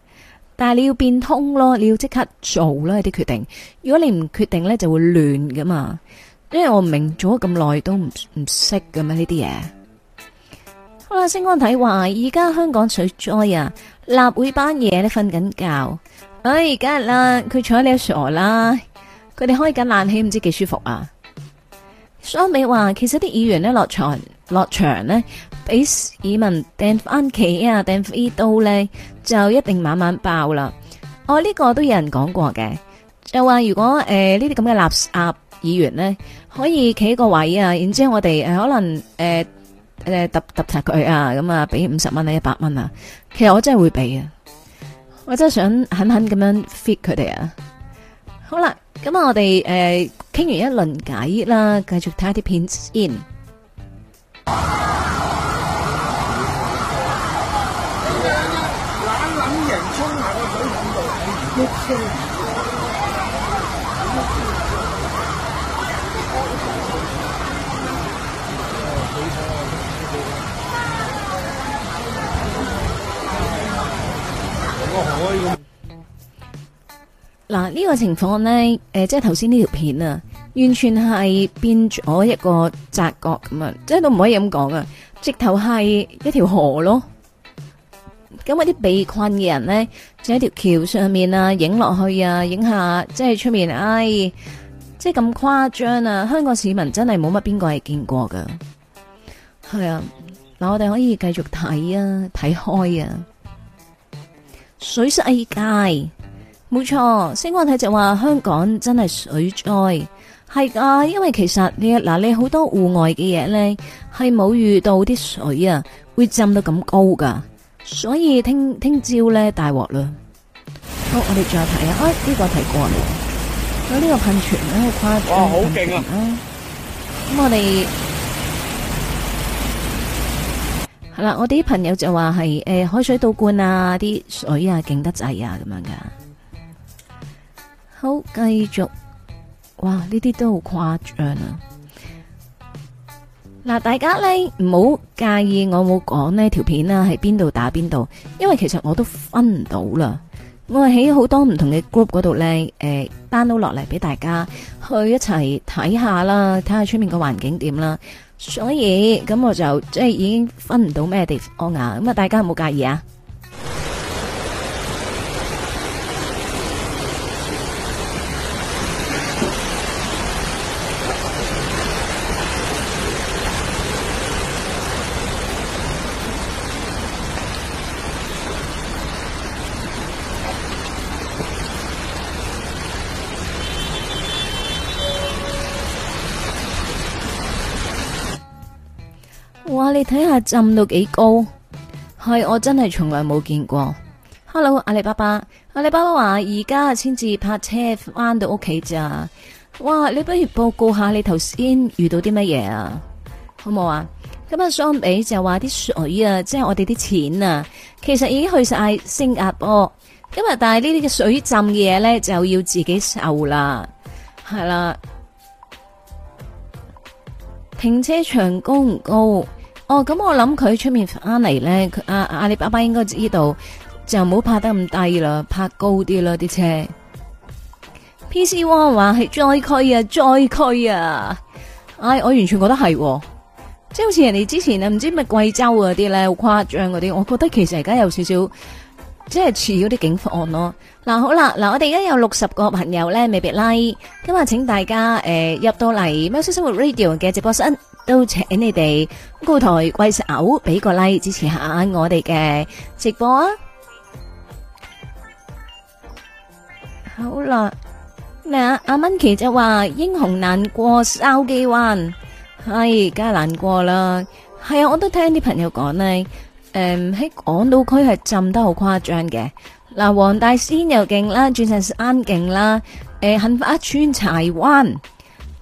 但係你要變通咯，你要即刻做咯啲決定。如果你唔決定呢，就會亂噶嘛。因為我唔明咗咁耐都唔唔識嘅咩呢啲嘢。好啦，星光睇話，而家香港水災啊，立會班嘢咧瞓緊覺。哎，而家啦，佢坐喺呢度傻啦，佢哋開緊冷氣，唔知幾舒服啊。蘇美話，其實啲議員呢落場落場呢俾市民掟翻企啊，掟飛刀、啊啊、呢，就一定晚晚爆啦。我、哦、呢、呢個都有人講過嘅，就話如果誒呢啲咁嘅垃圾議員呢。可以企個位啊，然之後我哋誒可能誒誒揼揼佢啊，咁啊俾五十蚊啊一百蚊啊，其實我真係會俾啊，我真係想狠狠咁樣 fit 佢哋啊。好啦，咁啊我哋誒傾完一輪偈啦，繼續睇下啲片 In。嗱，呢個情況咧，誒、呃，即係頭先呢條片啊，完全係變咗一個窄角咁啊，即係都唔可以咁講啊，直頭係一條河咯。咁嗰啲被困嘅人咧，就喺條橋上面啊，影落去啊，影下，即係出面，唉、哎，即係咁誇張啊！香港市民真係冇乜邊個係見過噶，係啊。嗱，我哋可以繼續睇啊，睇開啊。水世界，冇錯。星光體就話香港真係水災，係噶，因為其實你嗱你好多戶外嘅嘢咧，係冇遇到啲水啊，會浸到咁高噶。所以聽聽朝咧大鑊啦。好，我哋再睇下啊，呢、這個睇過嚟，有呢個噴泉咧好誇張，哇好勁啊。咁、這個啊啊嗯、我哋。係啦，我啲朋友就話係誒，海水倒灌啊，啲水啊，勁得滯啊，咁樣噶。好，繼續。哇，呢啲都好誇張啊！嗱，大家咧唔好介意我冇講呢條片啦，喺邊度打邊度，因為其實我都分唔到啦。我喺好多唔同嘅 group 嗰度咧，誒 download 落嚟俾大家去一齊睇下啦，睇下出面嘅環境點啦。所以咁我就即係已經分唔到咩地方啊。咁啊，大家有冇介意啊？你睇下浸到幾高？係我真係從來冇見過。Hello，阿里巴巴，阿里巴巴話而家先至泊車翻到屋企咋？哇！你不如報告下你頭先遇到啲乜嘢啊？好唔好啊？今日相比就話啲水啊，即係我哋啲錢啊，其實已經去晒星加坡。今日但係呢啲嘅水浸嘅嘢咧，就要自己受啦。係啦，停車場高唔高？哦，咁我諗佢出面翻嚟咧，阿阿里巴巴應該知道就唔好拍得咁低啦，拍高啲啦啲車。P C One 話係災區啊，災區啊，唉、哎，我完全覺得係、哦，即係好似人哋之前啊，唔知乜貴州嗰啲咧，好誇張嗰啲，我覺得其實而家有少少，即係似嗰啲警方案咯。嗱好啦，嗱我哋而家有六十個朋友咧，未俾 like，今日請大家誒入到嚟《喵式生活 Radio》嘅直播室，都請你哋高抬貴手俾個 like 支持下我哋嘅直播啊！好啦，咩啊？阿蚊奇就話英雄難過筲箕灣，係梗係難過啦，係啊！我都聽啲朋友講咧，誒喺港島區係浸得好誇張嘅。嗱，黃大仙又勁啦，鑽石山勁啦，誒、呃，杏花邨柴灣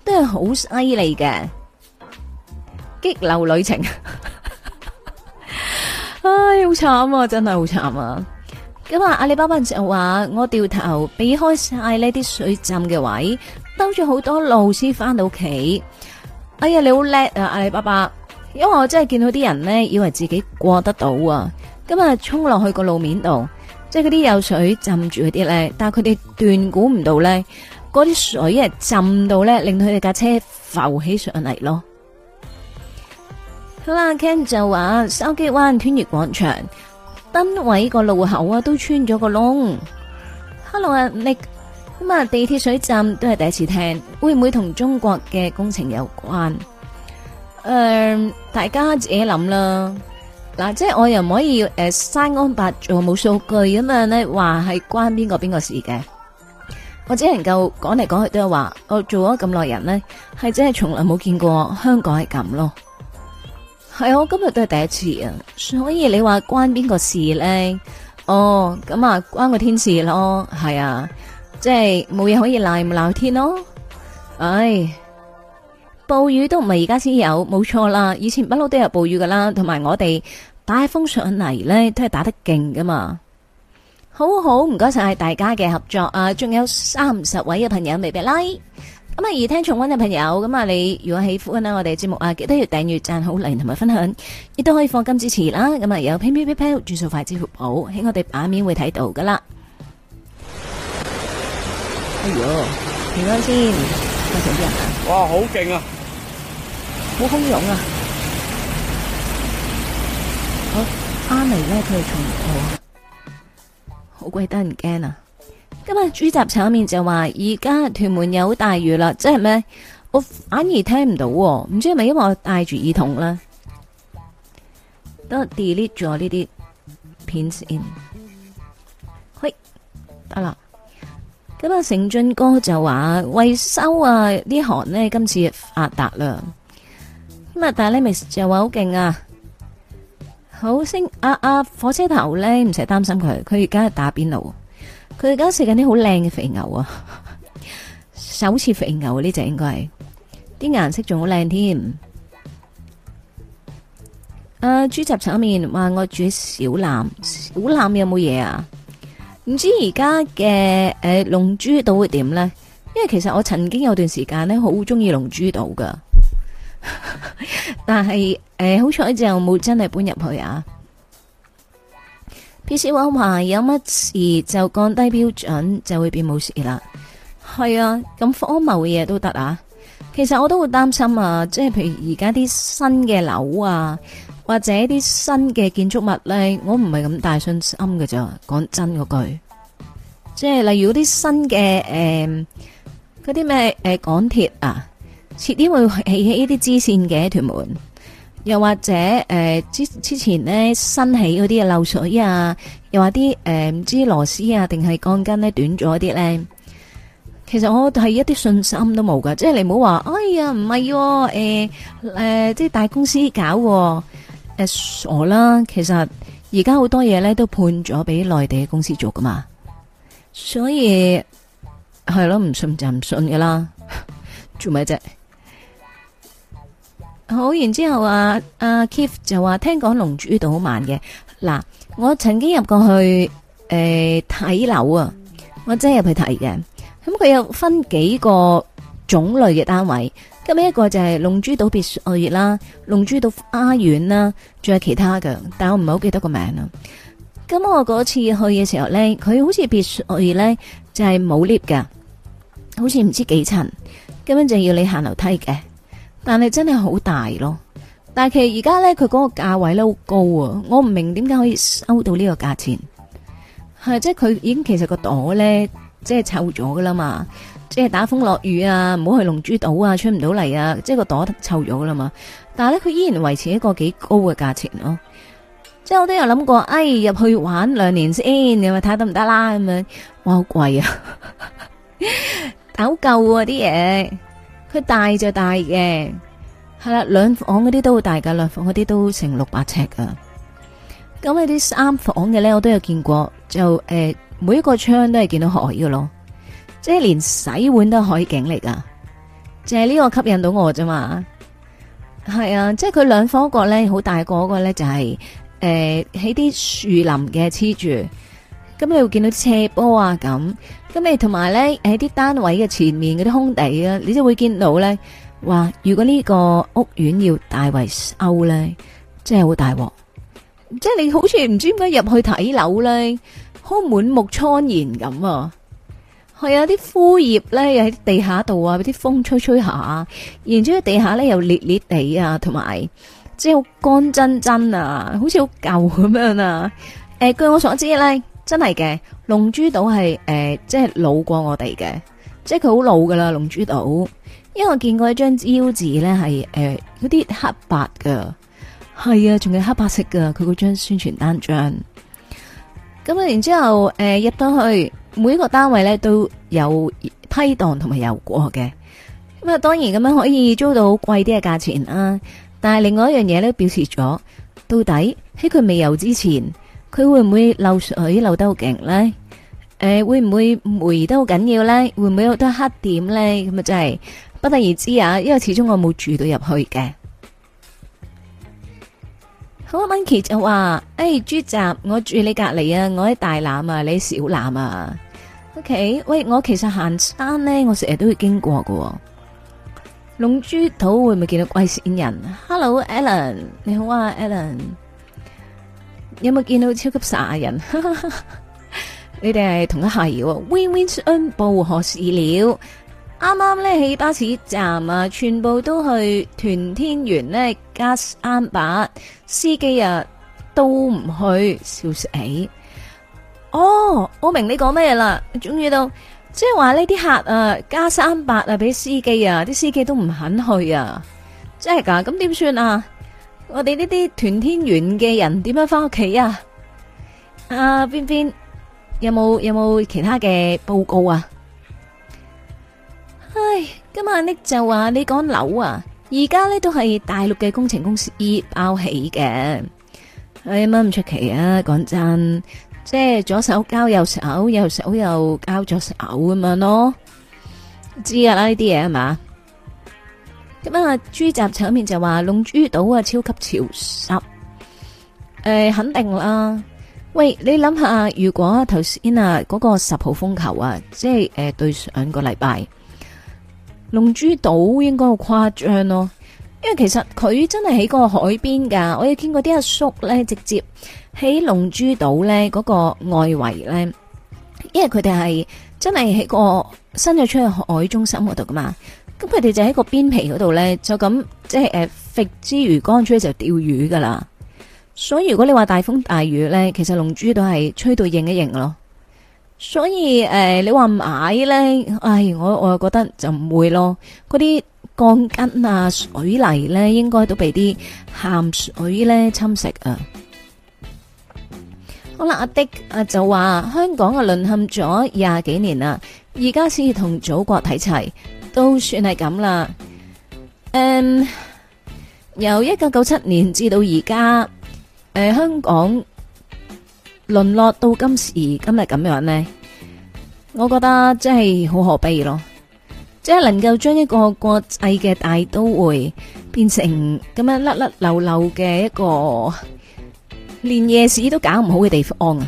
都係好犀利嘅激流旅程。 唉，好慘啊，真係好慘啊！咁啊，阿里巴巴就話我掉頭避開晒呢啲水浸嘅位，兜住好多路先翻到屋企。哎呀，你好叻啊，阿里巴巴！因為我真係見到啲人呢，以為自己過得到啊，咁啊衝落去個路面度。即係嗰啲有水浸住嗰啲咧，但係佢哋斷估唔到咧，嗰啲水誒浸到咧，令到佢哋架車浮起上嚟咯。 好啦，Ken 就話筲箕灣穿越廣場燈位個路口啊，都穿咗個窿。Hello 啊 Nick 咁啊地鐵水浸都係第一次聽，會唔會同中國嘅工程有關？誒、呃，大家自己諗啦。嗱、啊，即係我又唔可以誒、呃，山安八做，冇數據咁樣咧，話係關邊個邊個事嘅，我只能夠講嚟講去都係話，我做咗咁耐人咧，係真係從來冇見過香港係咁咯，係、嗯、我今日都係第一次啊，所以你話關邊個事咧？哦，咁、嗯、啊，關個天事咯，係啊，即係冇嘢可以賴唔賴天咯，唉、哎。暴雨都唔係而家先有，冇錯啦。以前不嬲都有暴雨噶啦，同埋我哋打風上嚟呢，都係打得勁噶嘛。好好，唔該晒大家嘅合作啊！仲有三十位嘅朋友未俾拉、like，咁啊，而聽重溫嘅朋友，咁啊，你如果喜歡咧，我哋節目啊，記得要訂閱、讚好、留言同埋分享，亦都可以放金支持啦。咁啊，有飄飄飄飄轉數快、支付寶喺我哋版面會睇到噶啦。哎呦，平安先。謝謝哇，好勁啊，啊！好洶湧啊！阿妮咧，佢係好鬼得人驚啊！今日豬雜炒麵就話，而家屯門有大雨啦，即係咩？我反而聽唔到、啊，唔知係咪因為我戴住耳筒啦都 delete 咗呢啲片子先嘿，得啦。咁啊，成俊哥就話維修啊呢行呢，今次發達啦。咁啊，但係呢 miss 就話好勁啊，好醒。啊。啊，火車頭咧唔使擔心佢，佢而家係打邊爐，佢而家食緊啲好靚嘅肥牛啊呵呵，首次肥牛呢、啊、只應該係啲顏色仲好靚添、啊。啊，豬雜炒麵，話我住小欖，小欖有冇嘢啊？唔知而家嘅誒龍珠島會點呢？因為其實我曾經有段時間咧、 呃、好中意龍珠島噶，但係誒好彩就冇真係搬入去啊。P C 話話有乜事就降低標準就會變冇事啦。係啊，咁荒謬嘅嘢都得啊。其實我都會擔心啊，即係譬如而家啲新嘅樓啊。或者啲新嘅建築物咧，我唔係咁大信心嘅咋。講真嗰句，即係例如嗰啲新嘅誒，嗰啲咩誒港鐵啊，遲啲會起起呢啲支線嘅屯門。又或者誒之之前咧新起嗰啲啊漏水啊，又話啲誒唔知螺絲啊定係鋼筋咧短咗啲咧。其實我係一啲信心都冇噶，即係你唔好話，哎呀，唔係，誒誒，即係大公司搞。誒，傻啦！其實而家好多嘢咧都判咗俾內地嘅公司做噶嘛，所以係咯，唔信就唔信噶啦，做咩啫。好，然之後啊，啊 Keith 就話聽講龍珠度好慢嘅。嗱，我曾經入過去誒睇樓啊，我真係入去睇嘅。咁佢有分幾個種類嘅單位。咁樣呢個就係龍珠島別墅物業啦，龍珠島花園啦，仲有其他嘅，但係我唔係好記得個名啦。咁我嗰次去嘅時候咧，佢好似別墅物業咧就係冇 lift 嘅，好似唔知幾層，咁樣就要你行樓梯嘅。但係真係好大咯，但係其實而家咧佢嗰個價位咧好高啊，我唔明點解可以收到呢個價錢，係即係佢已經其實個朵咧即係臭咗噶啦嘛。即係打風落雨啊，唔好去龍珠島啊，出唔到嚟啊！即係個朵臭咗啦嘛。但係咧，佢依然維持一個幾高嘅價錢咯、啊。即係我都有諗過，哎，入去玩兩年先，你咪睇得唔得啦咁樣。哇，好貴啊，好 舊啊啲嘢。佢大就大嘅，係啦，兩房嗰啲都好大噶，兩房嗰啲都成六百尺噶。咁啊啲三房嘅咧，我都有見過，就誒、呃、每一個窗都係見到海嘅咯。即係連洗碗都可以警力㗎！淨係呢個吸引到我啫嘛。係啊，即係佢兩方角咧，就是，好大個個咧就係誒喺啲樹林嘅黐住，咁你會見到斜坡啊咁，咁你同埋咧喺啲單位嘅前面嗰啲空地啊，你都會見到咧話，如果呢個屋苑要大維修咧，真係好大鑊。即係你好似唔知點解入去睇樓咧，好滿目瘡痍咁啊！係啊，啲枯葉咧，又喺地下度啊！俾啲風吹吹下，然之後地下咧又裂裂地啊，同埋即係好乾真真啊，好似好舊咁樣啊！誒，據我所知咧，真係嘅，龍珠島係誒、呃、即係老過我哋嘅，即係佢好老噶啦，龍珠島。因為我見過一張招紙咧，係誒嗰啲黑白噶，係啊，仲有黑白色噶，佢嗰張宣傳單張。咁啊，然之後誒入到去。每一個單位咧，都有批盪同埋油過嘅。咁啊當然咁樣可以租到貴啲嘅價錢啊，但係另外一樣嘢咧表示咗，到底喺佢未油之前，佢會唔會漏水漏得好勁咧？誒、呃，會唔會霉得好緊要咧？會唔會有好多黑點咧？咁啊真係不得而知啊，因為始終我冇住到入去嘅。好啊 Monkey 就話：，誒、哎，豬雜，我住你隔離啊，我喺大欖啊，你喺小欖啊。O、okay, K，喂，我其實行山咧，我成日都會經過噶、哦。龍珠島會唔會見到貴先人？Hello，Alan，你好啊，Alan。有冇見到超級殺人？ 你哋係同一下係啊。Win Win Team 何事了？啱啱咧喺巴士站啊，全部都去屯天園呢。加三百，司機啊都唔去，笑死！哦，我明你講咩啦。終於到，即係話呢啲客啊加三百啊，俾司機啊，啲司機都唔肯去啊，真係噶？咁點算啊？我哋呢啲屯天園嘅人點樣翻屋企啊？阿邊邊有冇有冇其他嘅報告啊？唉，今晚就你就話你講樓啊，而家呢都係大陸嘅工程公司包起嘅。哎呀，唔出奇啊！講真，即係左手交右手，右手又交左手咁樣咯。知啊，呢啲嘢係嘛？咁啊，豬雜炒麵就話龍珠島啊，超級潮濕。誒，肯定啦。喂，你諗下，如果頭先啊嗰個十號風球啊，即係誒對上個禮拜。龍珠島應該好誇張咯，因為其實佢真係喺個海邊噶，我有見過啲阿叔呢，直接喺龍珠島呢嗰個外圍呢，因為佢哋係真係喺個伸咗出去海中心嗰度噶嘛，咁佢哋就喺個邊皮嗰度呢，就咁即係誒支魚竿出去就釣魚噶啦，所以如果你話大風大雨呢，其實龍珠島係吹到應一應咯。所以誒，你話買咧，誒，我我又覺得就唔會咯。嗰啲鋼筋啊、水泥咧，應該都被啲鹹水咧侵蝕啊。好啦，阿迪啊就話香港啊淪陷咗廿幾年啦，而家先至同祖國睇齊，都算係咁啦。嗯，由一九九七年至到而家，誒，香港。淪落到今時今日咁樣呢，我覺得真係好可悲咯！即係能夠將一個國際嘅大都會變成咁樣甩甩漏漏嘅一個，連夜市都搞唔好嘅地方啊！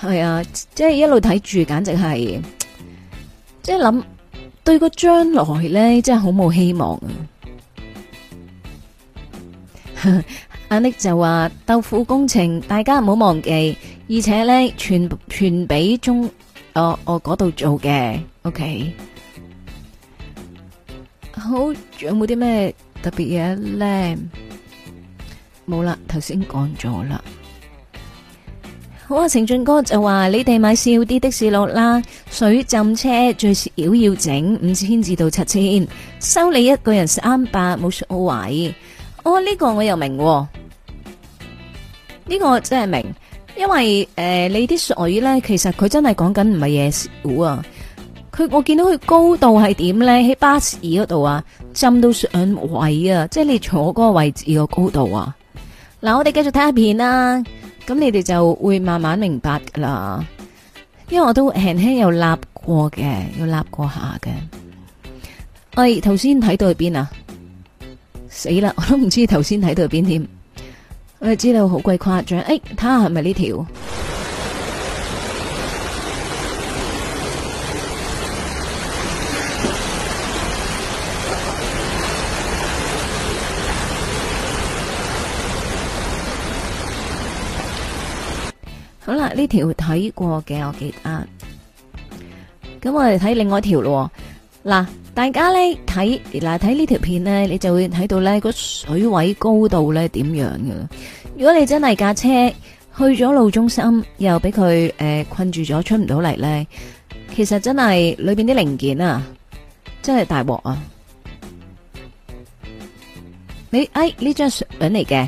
係啊，即係一路睇住，簡直係即係諗對個將來呢，真係好冇希望啊！阿 n 力就話豆腐工程，大家唔好忘記，而且呢，全全俾中、哦、我我嗰度做嘅，OK。好，仲有冇啲咩特別嘢咧？冇啦，頭先講咗啦。好啊，程俊哥就話你哋買少啲的士佬啦，水浸車最少要，要整五千至到七千，收你一個人三百，冇所謂。哦，呢、這個我又明、哦，呢、這個我真係明，因為誒、呃、你啲水呢，咧，其實佢真係講緊唔係夜史啊。佢我見到佢高度係點咧？喺巴士嗰度啊，浸到上位啊，即係你坐嗰個位置個高度啊。嗱，我哋繼續睇下片啦，咁你哋就會慢慢明白噶啦。因為我都輕輕有立過嘅，要立過下嘅。喂頭先睇到係邊啊？死啦！我都唔知頭先睇到邊添，我哋知道好鬼誇張。誒，睇下係咪呢條？好啦，呢條睇過嘅，我記得。咁我哋睇另外一條咯。嗱。大家咧睇，嗱，睇呢條片咧，你就會睇到咧個水位高度咧點樣嘅。如果你真係架車去咗路中心，又俾佢誒困住咗，出唔到嚟，咧其實真係裏邊啲零件啊，真係大鑊啊！你哎呢張相嚟嘅，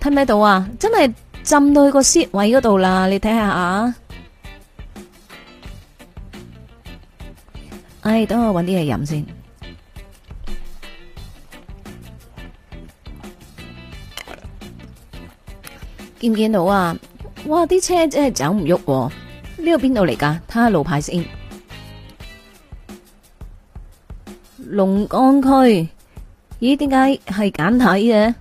睇唔睇到啊？真係浸到去個座位嗰度啦！你睇下啊！哎，等我搵啲嘢飲先。見唔見到啊？哇，啲車真係走唔喐。呢個邊度嚟噶？睇下路牌先。龍崗區，咦，點解係簡體嘅？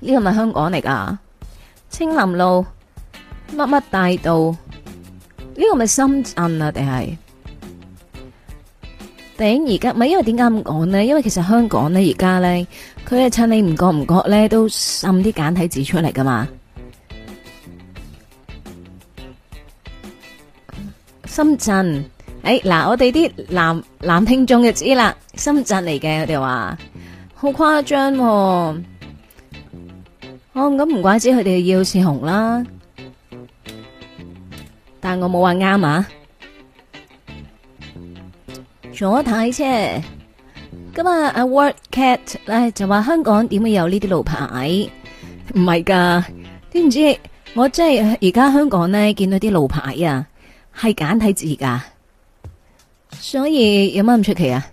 呢個咪香港嚟噶？青林路乜乜大道，呢個咪深圳啊？定係？頂，而家唔係，因為點解咁講呢？因為其實香港咧而家咧，佢係趁你唔覺唔覺咧都滲啲簡體字出嚟噶嘛。深圳，誒、欸、嗱，我哋啲男男聽眾就知啦，深圳嚟嘅佢哋話好誇張，哦，咁唔怪之佢哋要似紅啦，但我冇話啱啊。左太車咁啊阿 Ward Cat 咧就話香港點會有呢啲路牌？唔係噶，唔知，知我真係而家香港咧見到啲路牌啊，係簡體字噶，所以有乜咁出奇啊？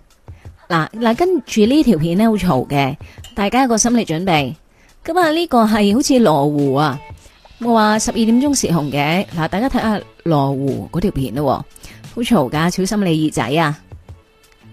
嗱、啊、嗱、啊，跟住呢條片咧好嘈嘅，大家有個心理準備咁啊。呢、這個係好似羅湖啊，我話十二點鐘是紅嘅嗱、啊。大家睇下羅湖嗰條片咯、啊，好嘈噶，小心你耳仔啊！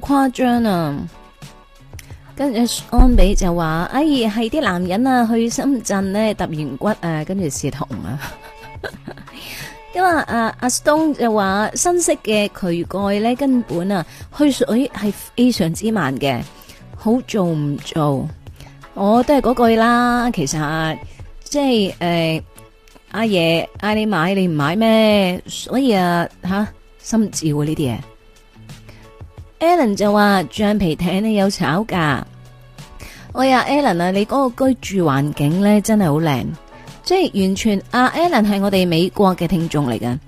好誇張啊！跟住安比就話：阿爺係啲男人啊，去深圳咧，揼完骨啊，跟住試同啊。咁 啊，阿、啊、阿 Stone 就話：新式嘅渠蓋咧，根本啊，去水係非常之慢嘅，好做唔做？我都係嗰句啦。其實、啊、即係誒、呃，阿爺嗌你買，你唔買咩？所以啊，吓心照啊呢啲嘢。這些 Allen 就話橡皮艇你有炒價。喂、哎、呀 Allen 啊，Allen，你嗰個居住環境咧真係好靚，即係完全阿、啊、Allen 係我哋美國嘅聽眾嚟㗎。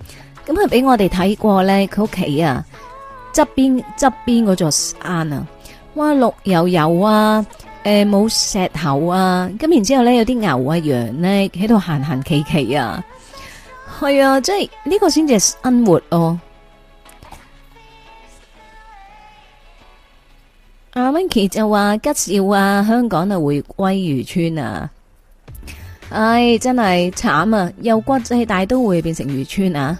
咁佢俾我哋睇過咧佢屋企啊，側邊側邊嗰座山啊，哇綠油油啊，誒、呃、冇石頭啊，咁然之後咧有啲牛啊羊咧喺度行行企企啊，係、哎這個、啊，即係呢個先至係生活哦。阿 Winky 就話吉兆啊，香港啊回歸漁村啊，唉真係慘啊，又國際大都會變成漁村啊。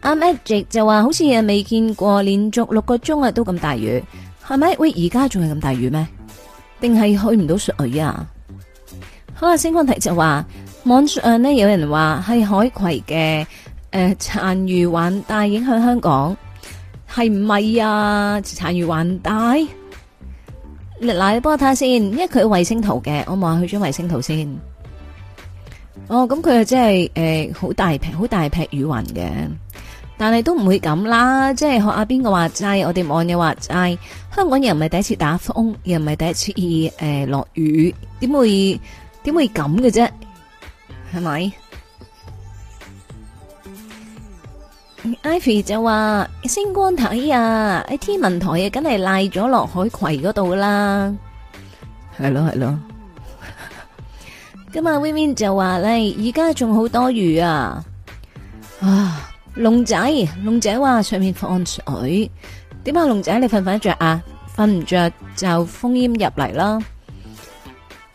阿 Magic 就話好似未見過連續六個鐘啊都咁大雨，係咪？喂而家仲係咁大雨咩？定係去唔到水啊？好啊，星光題就話網上咧有人話係海葵嘅，誒殘餘還大影響香港。係唔係啊？殘餘雲帶，嗱，你幫我睇下先，因為佢衛星圖嘅，我望下佢張衛星圖先。哦，咁佢係即係誒，好大片，好大片雨雲嘅，但係都唔會咁啦，即係學阿邊個話齋，我哋網友話齋，香港又唔係第一次打風，又唔係第一次誒落雨，點會點會咁嘅啫？係咪？Ivy 就話星光睇啊，喺天文台啊，梗係賴咗落海葵嗰度啦。係咯係咯。咁啊 winwin 就話咧，而家仲好多雨啊。啊，龍仔龍仔話上面放水，點啊龍仔，你瞓唔瞓得着啊？瞓唔着就 phone in 入嚟啦。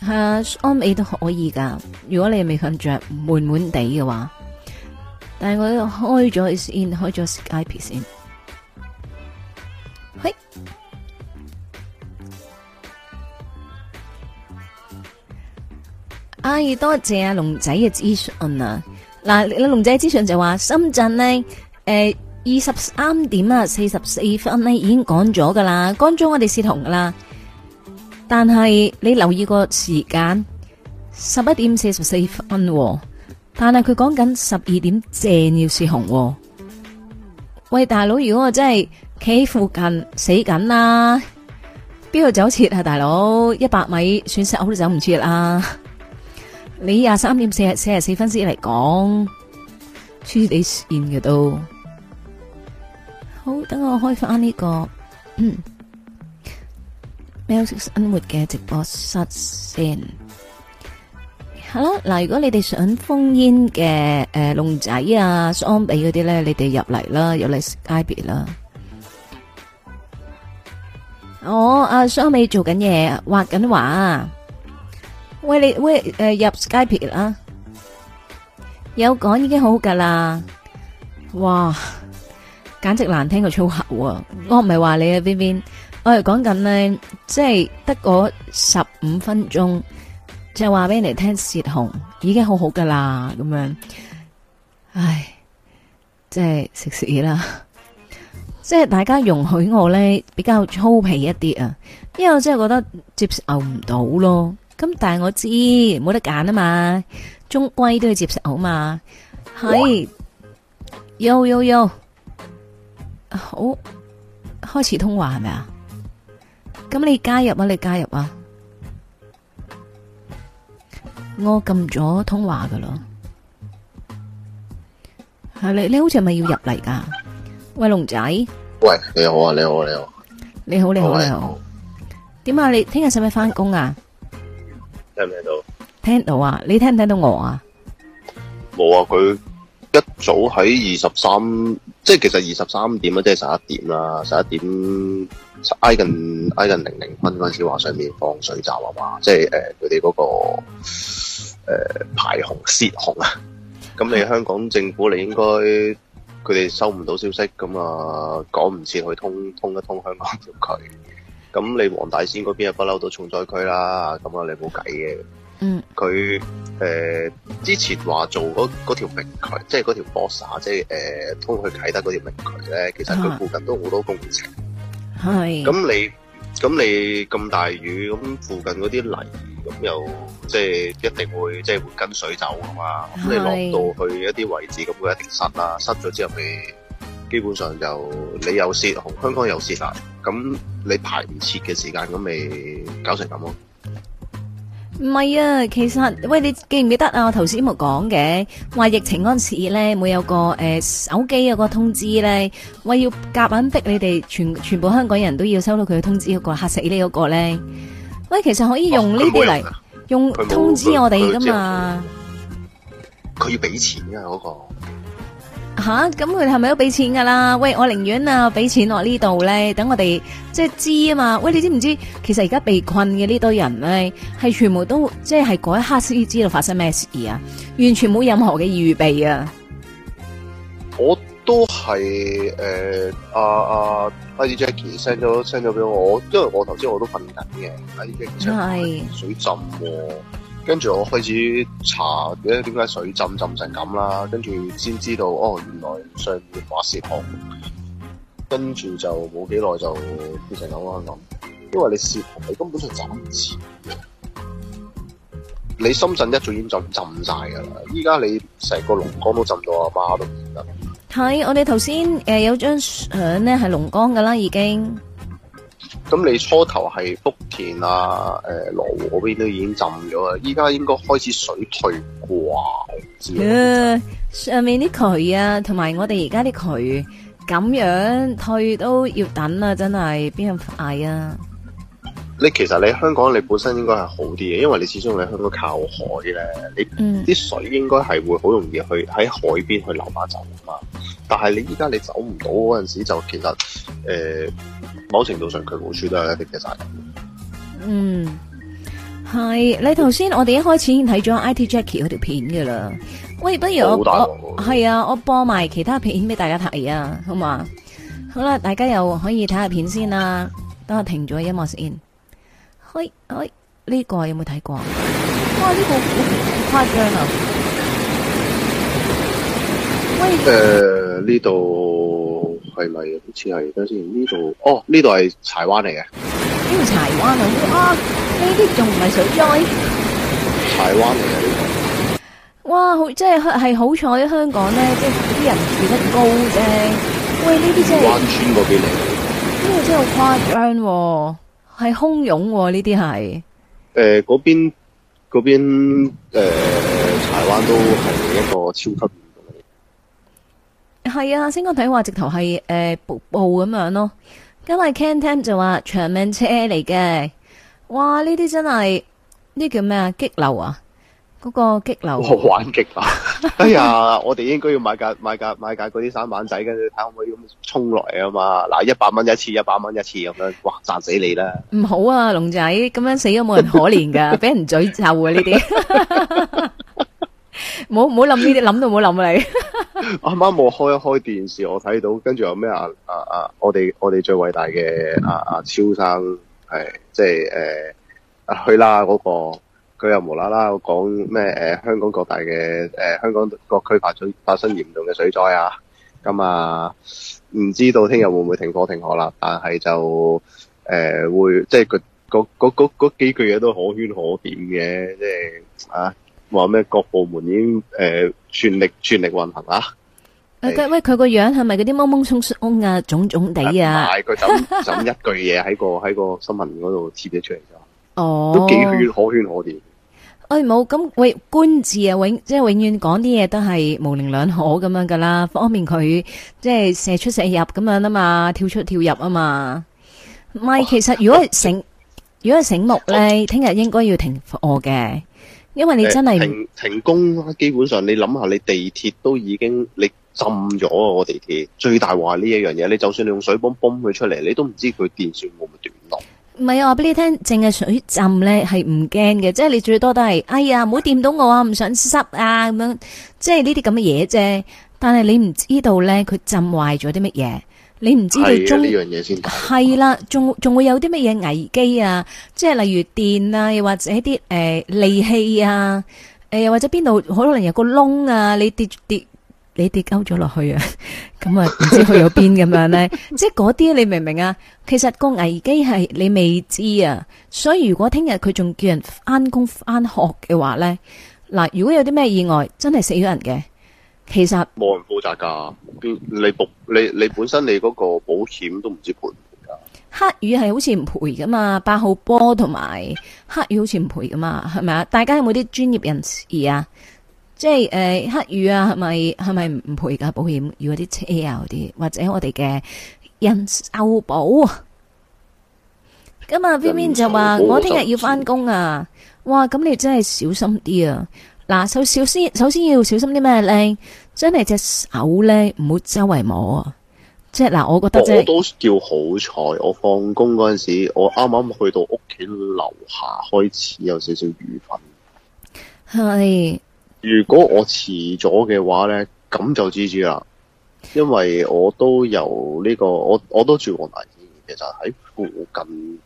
吓，安美都可以噶，如果你未瞓着，悶悶地嘅話。但係我開咗線，先開咗 Skype 線。係、哎，啊，多謝啊龍仔嘅資訊啊！嗱，你龍仔資訊就話深圳呢，誒、呃，二十三點啊四十四分呢已經講咗噶啦，講咗我哋是同噶啦。但係你留意個時間，十一點四十四分、哦。但係佢講緊十二點正要試紅，喂大佬，如果我真係企喺附近死緊啦，邊度走切啊大佬，一百米損失我都走唔切啊！你廿三點四十四分先嚟講，黐你線嘅都好，等我開翻呢個喵式生活嘅直播室先。係啦，嗱，如果你哋想封煙嘅，誒龍仔啊，雙比嗰啲咧，你哋入嚟啦，入嚟 Skype 啦。我阿雙比做緊嘢，畫緊畫。喂，你喂，誒入 Skype 啦，有講已經好噶啦。哇，簡直難聽過粗口啊！我唔係話你啊，邊邊，我係講緊咧，即係得嗰十五分鐘。就話俾你聽，舌紅已經好好噶啦，咁樣，唉，即係食屎啦！即係大家容許我呢，比較粗鄙一啲啊，因為我真係覺得接受唔到咯。咁但係我知冇得揀啊嘛，終歸都要接受好嘛。係哇，又又又，好，開始通話係咪啊？咁你加入啊，你加入啊！我撳咗通話噶咯，係你你好似係咪要入嚟噶？喂，龍仔，喂你好啊，你好你好，你好，你好喂你好，點好啊？你聽日使唔使返工啊？聽唔聽到？聽到啊，你聽唔聽到我啊？冇啊，佢一早喺二十三，即係其實二十三點啊，即係十一點啦，十一點。就是挨近，挨近零零分嗰陣時話上面放水閘啊嘛，即係誒佢哋嗰個、呃、排洪泄洪啊。咁 你香港政府，你應該佢哋收唔到消息，咁啊趕唔切去通通一通香港條渠。咁 你黃大仙嗰邊又不嬲都重災區啦，咁啊你冇計嘅。嗯，佢誒、呃、之前話做嗰條明渠，即係嗰條 busa、啊、即係誒、呃、通去啟德嗰條明渠咧，其實佢附近都好多工程。嗯嗯。係，咁你咁你咁大雨，咁附近嗰啲泥，咁又即係一定會即係會跟水走噶嘛。咁你落到去一啲位置，咁佢一定塞啦，塞咗之後咪基本上就你有泄洪，香港有泄洪，咁你排唔切嘅時間，咁咪搞成咁咯。唔係啊，其實喂，你記唔記得啊？我頭先冇講嘅，話疫情嗰陣時咧，會有個誒、呃、手機有個通知咧，喂要夾硬逼你哋全全部香港人都要收到佢嘅通知嗰，那個嚇死你嗰，那個咧。喂，其實可以用呢啲嚟用沒通知我哋噶嘛？佢要俾錢啊，嗰，那個。吓，咁佢係咪都俾錢噶啦？喂，我寧願啊俾錢落呢度咧，等我哋即係知啊嘛。喂，你知唔知其實而家被困嘅呢堆人咧，係全部都即係嗰一刻先知道發生咩事啊？完全冇任何嘅預備啊！我都係誒、呃，啊，阿、啊、阿、啊、Jacky send 咗 send 咗俾我，我，因為我頭先我都瞓緊嘅，阿、啊、Jacky 係水浸。跟住我開始查點解水浸浸成咁啦，跟住先知道哦，原來上面話泄洪，跟住就冇幾耐就變成咁咯咁。因為你泄洪你根本就斬唔切。你深圳一早已經浸浸晒噶啦，依家你成個龍崗都浸到阿媽，媽都唔得。睇我哋頭先誒有一張相咧係龍崗噶啦已經。咁你初頭係福田啊、誒、呃、羅湖嗰邊都已經浸咗啦，依家應該開始水退啩，唔知、呃。麼上面啲渠啊，同埋我哋而家啲渠咁樣退都要等啊，真係邊咁快啊！你其實你香港你本身應該係好啲嘅，因為你始終你香港靠海咧，你啲、嗯、水應該係會好容易去喺海邊去流下走嘛。但係你依家你走唔到嗰陣時，就其實，誒。呃某程度上，佢好處都係一定嘅責任。嗯，係你頭先，我哋一開始已經睇咗 IT Jackie 嗰條片噶啦。喂，不如我我係啊，我播埋其他片俾大家睇啊，好嘛？好啦，大家又可以睇下片先啦。等我停咗音樂先。喂喂，呢個有冇睇過啊？哇，呢個好誇張啊！喂，誒呢度。係咪？好似係，等下先。呢度哦，呢度係柴灣嚟嘅。呢個柴灣啊，呢啲仲唔係水災？柴灣嚟嘅呢度。哇，好即係係好彩香港咧，即係啲人住得高啫。喂，呢啲即係灣村嗰邊嚟。呢個真係好誇張，係洶湧呢啲係。誒，嗰邊嗰邊誒，柴灣都係一個超級。係啊，先講睇話直頭係誒瀑布咁樣咯。今日 Can Tam 就話長命車嚟嘅。哇，呢啲真係呢叫咩啊？激流啊，嗰、嗰個激流好玩激流。 哎呀，我哋應該要買架買架買架嗰啲舢板仔，嘅睇可唔可以咁衝來啊嘛？嗱，一百蚊一次，一百蚊一次咁樣，哇，賺死你啦！唔好啊，龍仔，咁樣死都冇人可憐噶，俾 人嘴咒啊呢啲。 唔好諗呢啲，諗都冇諗啊！你啱啱冇開一開電視，我睇到，跟住有咩啊啊啊！我哋我哋最偉大嘅啊超生係，即係誒、呃、去啦嗰、那個，佢又無啦啦講咩誒？香港各大嘅誒、呃、香港各區發生，發生嚴重嘅水災啊！咁、嗯、啊，唔知道聽日會唔會停課停學啦？但係就誒、呃、會，即係嗰嗰幾句嘢都可圈可點嘅，即係啊。話咩？各部門已經誒全力全力運行啊！喂，佢個樣係咪嗰啲懵懵鬆鬆啊、腫腫地啊？唔係，佢就就一句嘢喺個喺個新聞嗰度切咗出嚟咋？哦，都幾圈可圈可點。誒，冇咁喂官字啊，永即係永遠講啲嘢都係模棱兩可咁樣噶啦。方便佢即係射出射入咁樣啊嘛，跳出跳入啊嘛。唔係，其實如果醒，如果係醒目咧，聽日應該要停課嘅。因為你真係、呃、停，停工，基本上你諗下，你地鐵都已經你浸咗啊！我地鐵最大話呢一樣嘢，你就算你用水泵泵佢出嚟，你都唔知佢電線會唔會斷落。唔係啊，我俾你聽，淨係水浸呢係唔驚嘅，即係你最多都係哎呀，唔好掂到我啊，唔想濕啊咁樣，即係呢啲咁嘅嘢啫。但係你唔知道呢，佢浸壞咗啲乜嘢。你唔知道中呢樣嘢先係啦，仲仲會有啲乜嘢危機啊？即係例如電啊，又或者啲誒、呃、利器啊，誒、呃、又或者邊度可能有個窿啊，你跌跌，跌你跌鳩咗落去啊！咁、 嗯、啊，唔知去咗邊咁樣咧？即係嗰啲你明唔明啊？其實個危機係你未知啊，所以如果聽日佢仲叫人翻工翻學嘅話咧，嗱，如果有啲咩意外，真係死咗人嘅。其實冇人負責噶，你你你本身你嗰個保險都唔知賠唔賠噶？黑雨係好似唔賠噶嘛？八號波同埋黑雨好似唔賠噶嘛？係咪啊？大家有冇啲專業人士啊？即係誒、呃、黑雨啊，係咪係咪唔賠噶保險？如果啲車啊啲，或者我哋嘅人壽保咁啊邊邊就話我聽日要翻工啊！哇，咁你真係小心啲啊！嗱，首先，首先要小心啲咩咧？真係隻手咧，唔好周圍摸啊！即係嗱，我覺得即、即係、我都叫好彩。我放工嗰陣時，我啱啱去到屋企樓下，開始有少少雨粉。係是。如果我遲咗嘅話咧，咁就知知啦。因為我都由呢、這個，我我都住黃大仙，其實喺附近。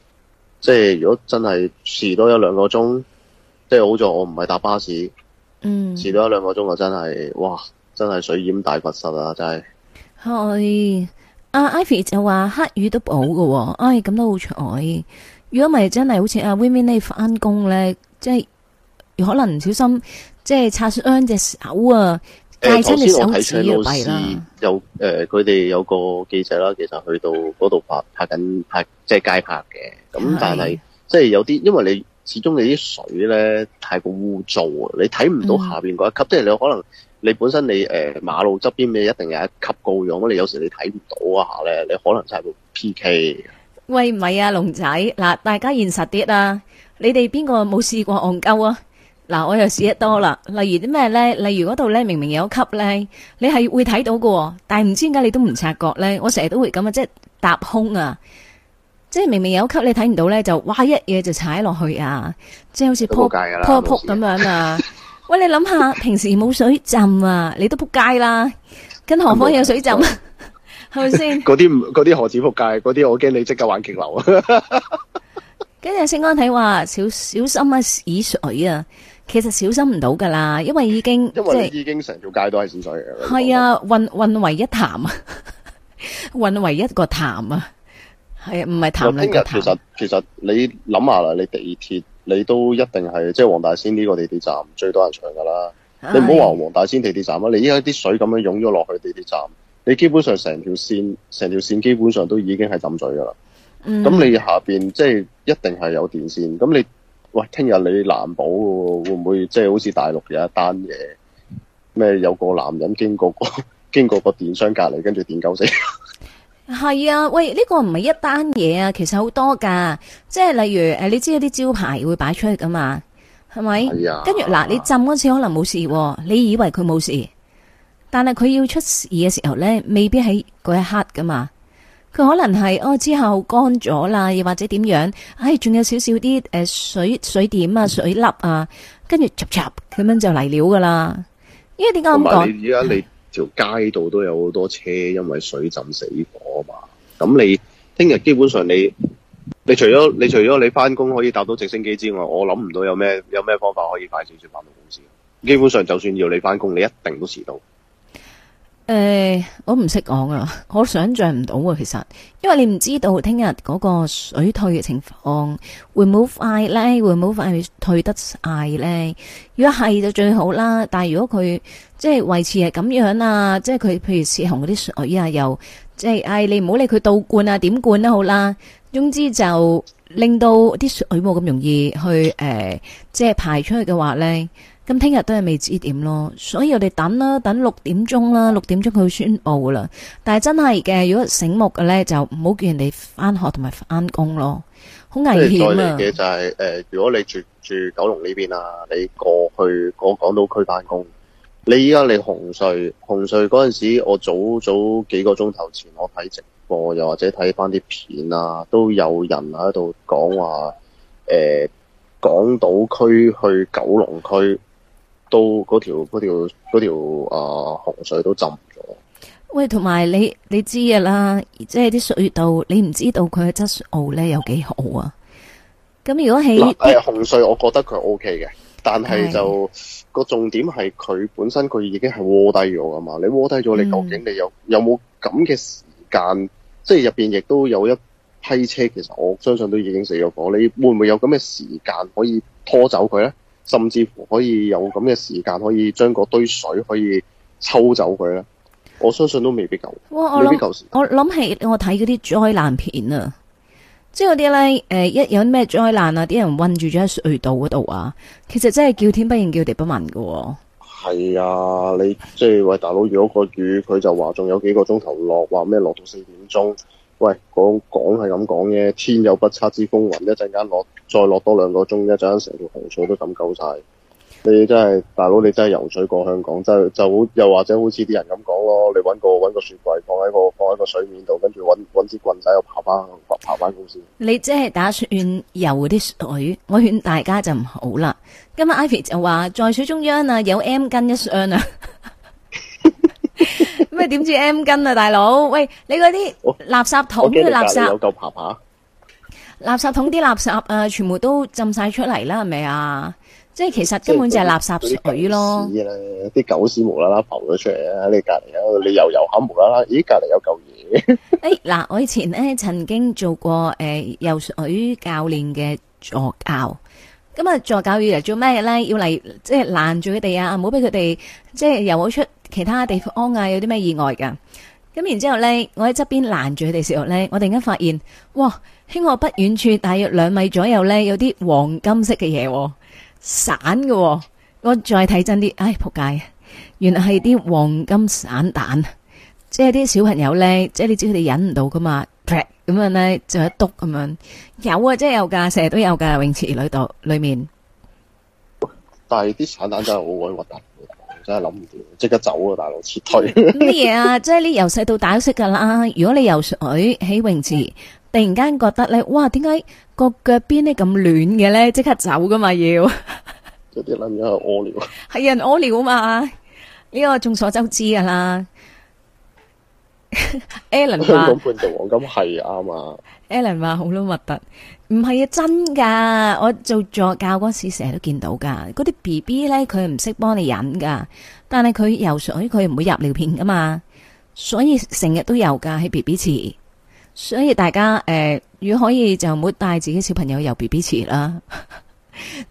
即係如果真係遲多一兩個鐘，即係好在我唔係搭巴士。嗯。遲多一兩個鐘就真係哇！真係水淹大骨失啊！真係。係阿 Ivy 就話黑魚都補㗎喎，哎咁都好彩。如果唔係，真係好似阿 Winwin 呢翻工咧，即係可能唔小心，即係擦傷隻手啊，曬親隻手指啊，係啦、呃。誒，的有誒，佢、呃、哋有個記者啦，其實去到嗰度拍拍緊拍即係街拍嘅，咁但係的即係有啲，因為你始終你啲水咧太過污糟啊，你睇唔到下面嗰一級，嗯、即係你可能。你本身你誒、呃、馬路側邊你一定有一級高樣，你有時候你睇唔到啊咧，你可能就踩到 P K。喂，唔係啊龍仔，嗱大家現實啲啊！你哋邊個冇試過戇鳩啊？嗱，我又試得多啦。例如啲咩咧？例如嗰度咧，明明有一級咧，你係會睇到嘅，但係唔知點解你都唔察覺咧。我成日都會咁啊，即係踏空啊，即係明明有一級你睇唔到咧，就哇一嘢就踩落去啊，即係好似撲撲扑咁樣啊！ 喂，你諗下，平時冇水浸啊，你都扑街啦，跟何況有水浸，係咪先？嗰啲嗰啲何止扑街，嗰啲我驚你即刻玩激流啊！跟住升安睇話，小小心啊，死水啊，其實小心唔到噶啦，因為已經即係已經成條街都係死水嚟係為、就是、啊，混混為一潭啊，混 為一個潭啊，係唔係潭嚟潭其？其實其實你諗下啦，你地鐵。你都一定係，即係黃大仙呢個地鐵站最多人搶噶啦。的你唔好話黃大仙地鐵站啦，你依家啲水咁樣湧咗落去地鐵站，你基本上成條線，成條線基本上都已經係浸水噶啦。咁、嗯、你下邊即係一定係有電線。咁你，喂，聽日你難保喎，會唔會即係好似大陸有一單嘢？咩有個男人經過、個經過個電箱隔籬跟住電鳩死。係啊，喂，呢、這個唔係一單嘢啊，其實好多噶，即係例如誒，你知有啲招牌會擺出去噶嘛，係咪？哎、呀跟住嗱，你浸嗰時可能冇事，你以為佢冇事，但係佢要出事嘅時候呢，未必喺嗰一刻噶嘛。佢可能係哦之後乾咗啦，又或者點樣？唉、哎，仲有少少啲誒水水點啊、水粒啊，跟住插插咁樣就嚟料噶啦。因為點解咁講？同而家你條街度都有好多車，哎、因為水浸死我咁你聽日基本上你，你除咗你除咗你翻工可以搭到直升機之外，我諗唔到有咩有咩方法可以快少少翻到公司。基本上就算要你翻工，你一定都遲到。誒、呃，我唔識講啊，我想象唔到啊，其實，因為你唔知道聽日嗰個水退嘅情況會唔會快呢？會唔會快退得快呢？如果係就最好啦，但係如果佢即係維持係咁樣啊，即係佢譬如洩洪嗰啲水啊又。即係，就是你唔好理佢倒灌啊，點灌都、啊、好啦。總之就令到啲水冇咁容易去，誒、呃，即、就、係、是、排出去嘅話咧，咁聽日都係未知點咯。所以我哋等啦，等六點鐘啦，六點鐘佢會宣布啦。但係真係嘅，如果醒目嘅咧，就唔好叫人哋翻學同埋翻工咯，好危險啊！最惡劣嘅就係、是，誒、呃，如果你住住九龍呢邊啊，你過去我港島區翻工。你依家你洪水，洪水嗰陣時，我早早幾個鐘頭前我睇直播，又或者睇翻啲片啊，都有人喺度講話，誒、欸，港島區去九龍區都嗰條嗰條嗰條啊洪水都浸咗。喂，同埋你你知噶啦，即係啲水道，你唔知道佢嘅質素咧有幾好啊？咁如果喺誒、呃、洪水，我覺得佢 O K 嘅。但係就個的重點係佢本身佢已經係窩低咗㗎嘛，你窩低咗，你究竟你有有冇咁嘅時間？嗯、即係入邊亦都有一批車，其實我相信都已經死咗火。你會唔會有咁嘅時間可以拖走佢呢？甚至乎可以有咁嘅時間可以將嗰堆水可以抽走佢呢？我相信都未必夠，未必夠時間。我諗起我睇嗰啲災難片啊！即係嗰啲咧，誒、呃，一有咩災難啊，啲人困住咗喺隧道嗰度啊，其實真係叫天不應，叫地不聞噶、哦。係啊，你即係喂，大佬，如果個雨佢就話仲有幾個鐘頭落，話咩落到四點鐘，喂，講講係咁講啫，天有不測之風雲，一陣間落再落多兩個鐘，一陣間成條紅隧都浸夠晒。你真係大佬，你真係游水過香港，真係就好。又或者好似啲人咁講咯，你搵個搵個雪櫃放喺個放喺個水面度，跟住搵搵支棍仔，又爬翻爬爬翻公司。你真係打算游嗰啲水，我勸大家就唔好啦。今日 Ivy 就話在水中央啊，有 M 根一箱啊。咩 點 知 M 根啊，大佬？喂，你嗰啲垃圾桶啲、哦、垃圾，有嚿爬爬。垃圾桶啲垃圾啊，全部都浸晒出嚟啦，係咪啊？即係其實根本就係垃圾水咯、哎。啲狗屎無啦啦浮咗出嚟啊！喺你隔籬啊，你又游下無啦啦，咦？隔籬有嚿嘢。誒，嗱，我以前咧曾經做過誒游水教練嘅助教。咁啊，助教要嚟做咩咧？要嚟即係攔住佢哋啊，唔好俾佢哋即係游到出其他地方啊，有啲咩意外噶。咁然之後咧，我喺側邊攔住佢哋時候咧，我突然間發現，哇！喺我不遠處大約兩米左右咧，有啲黃金色嘅嘢。散嘅，哦，我再睇真啲，唉，仆街，原來係啲黃金散彈，即係啲小朋友咧，即係你知佢哋忍唔到噶嘛，咁樣咧就一篤咁樣，有啊，即係有噶，成日都有噶，泳池裏度裏面。但係啲散彈 真係好鬼核突，真係諗唔掂，即刻走啊，大佬撤退。乜 嘢啊？即係你由細到大都識噶啦。如果你游水喺泳池。突然間覺得咧，哇！點解個腳邊咧咁暖嘅咧？即刻走噶嘛要？有啲屙尿，係人屙尿嘛？呢個眾所周知噶啦。 Alan 話香港半島黃金係啱啊。 Alan 話好啦，核突唔係啊，真噶！我做助教嗰時，成日都見到噶。嗰啲 B B 咧，佢唔識幫你忍噶，但係佢游水，佢唔會入尿片噶嘛，所以成日都有噶喺 B B 池。所以大家誒，呃、如果可以就唔好帶自己小朋友游 B B 池啦，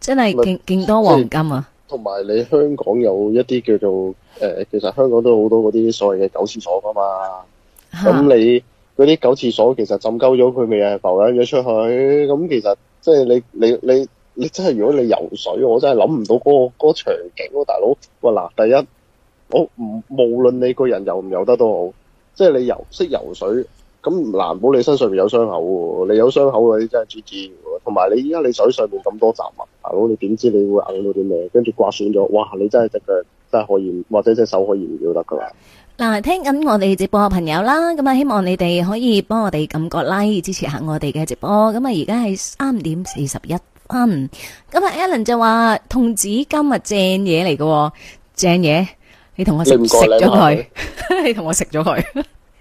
真係勁勁多黃金啊！同埋、就是、你香港有一啲叫做誒、呃，其實香港都好多嗰啲所謂嘅狗廁所噶嘛。咁、啊、你嗰啲狗廁所其實浸鳩咗佢未呀，浮咗出去咁，其實即係你你你你真係如果你游水，我真係諗唔到嗰、嗰個場景、啊、大佬喂嗱，第一，我唔無論你個人游唔游得都好，即、就、係、是、你游識游水。咁唔難保你身上面有傷口，你有傷口你真係主治。同埋你依家你手上面咁多雜物，大佬你點知你會掹到啲咩？跟住刮損咗，哇！你真係隻腳真係可以，或者隻手可以唔要得噶啦。嗱，聽緊我哋直播嘅朋友啦，咁啊，希望你哋可以幫我哋撳個 like 支持下我哋嘅直播。咁啊，而家係三點四十一分。咁啊，Alan 就話：童子今日正嘢嚟喎，正嘢你同我食食咗佢，你同我食咗佢，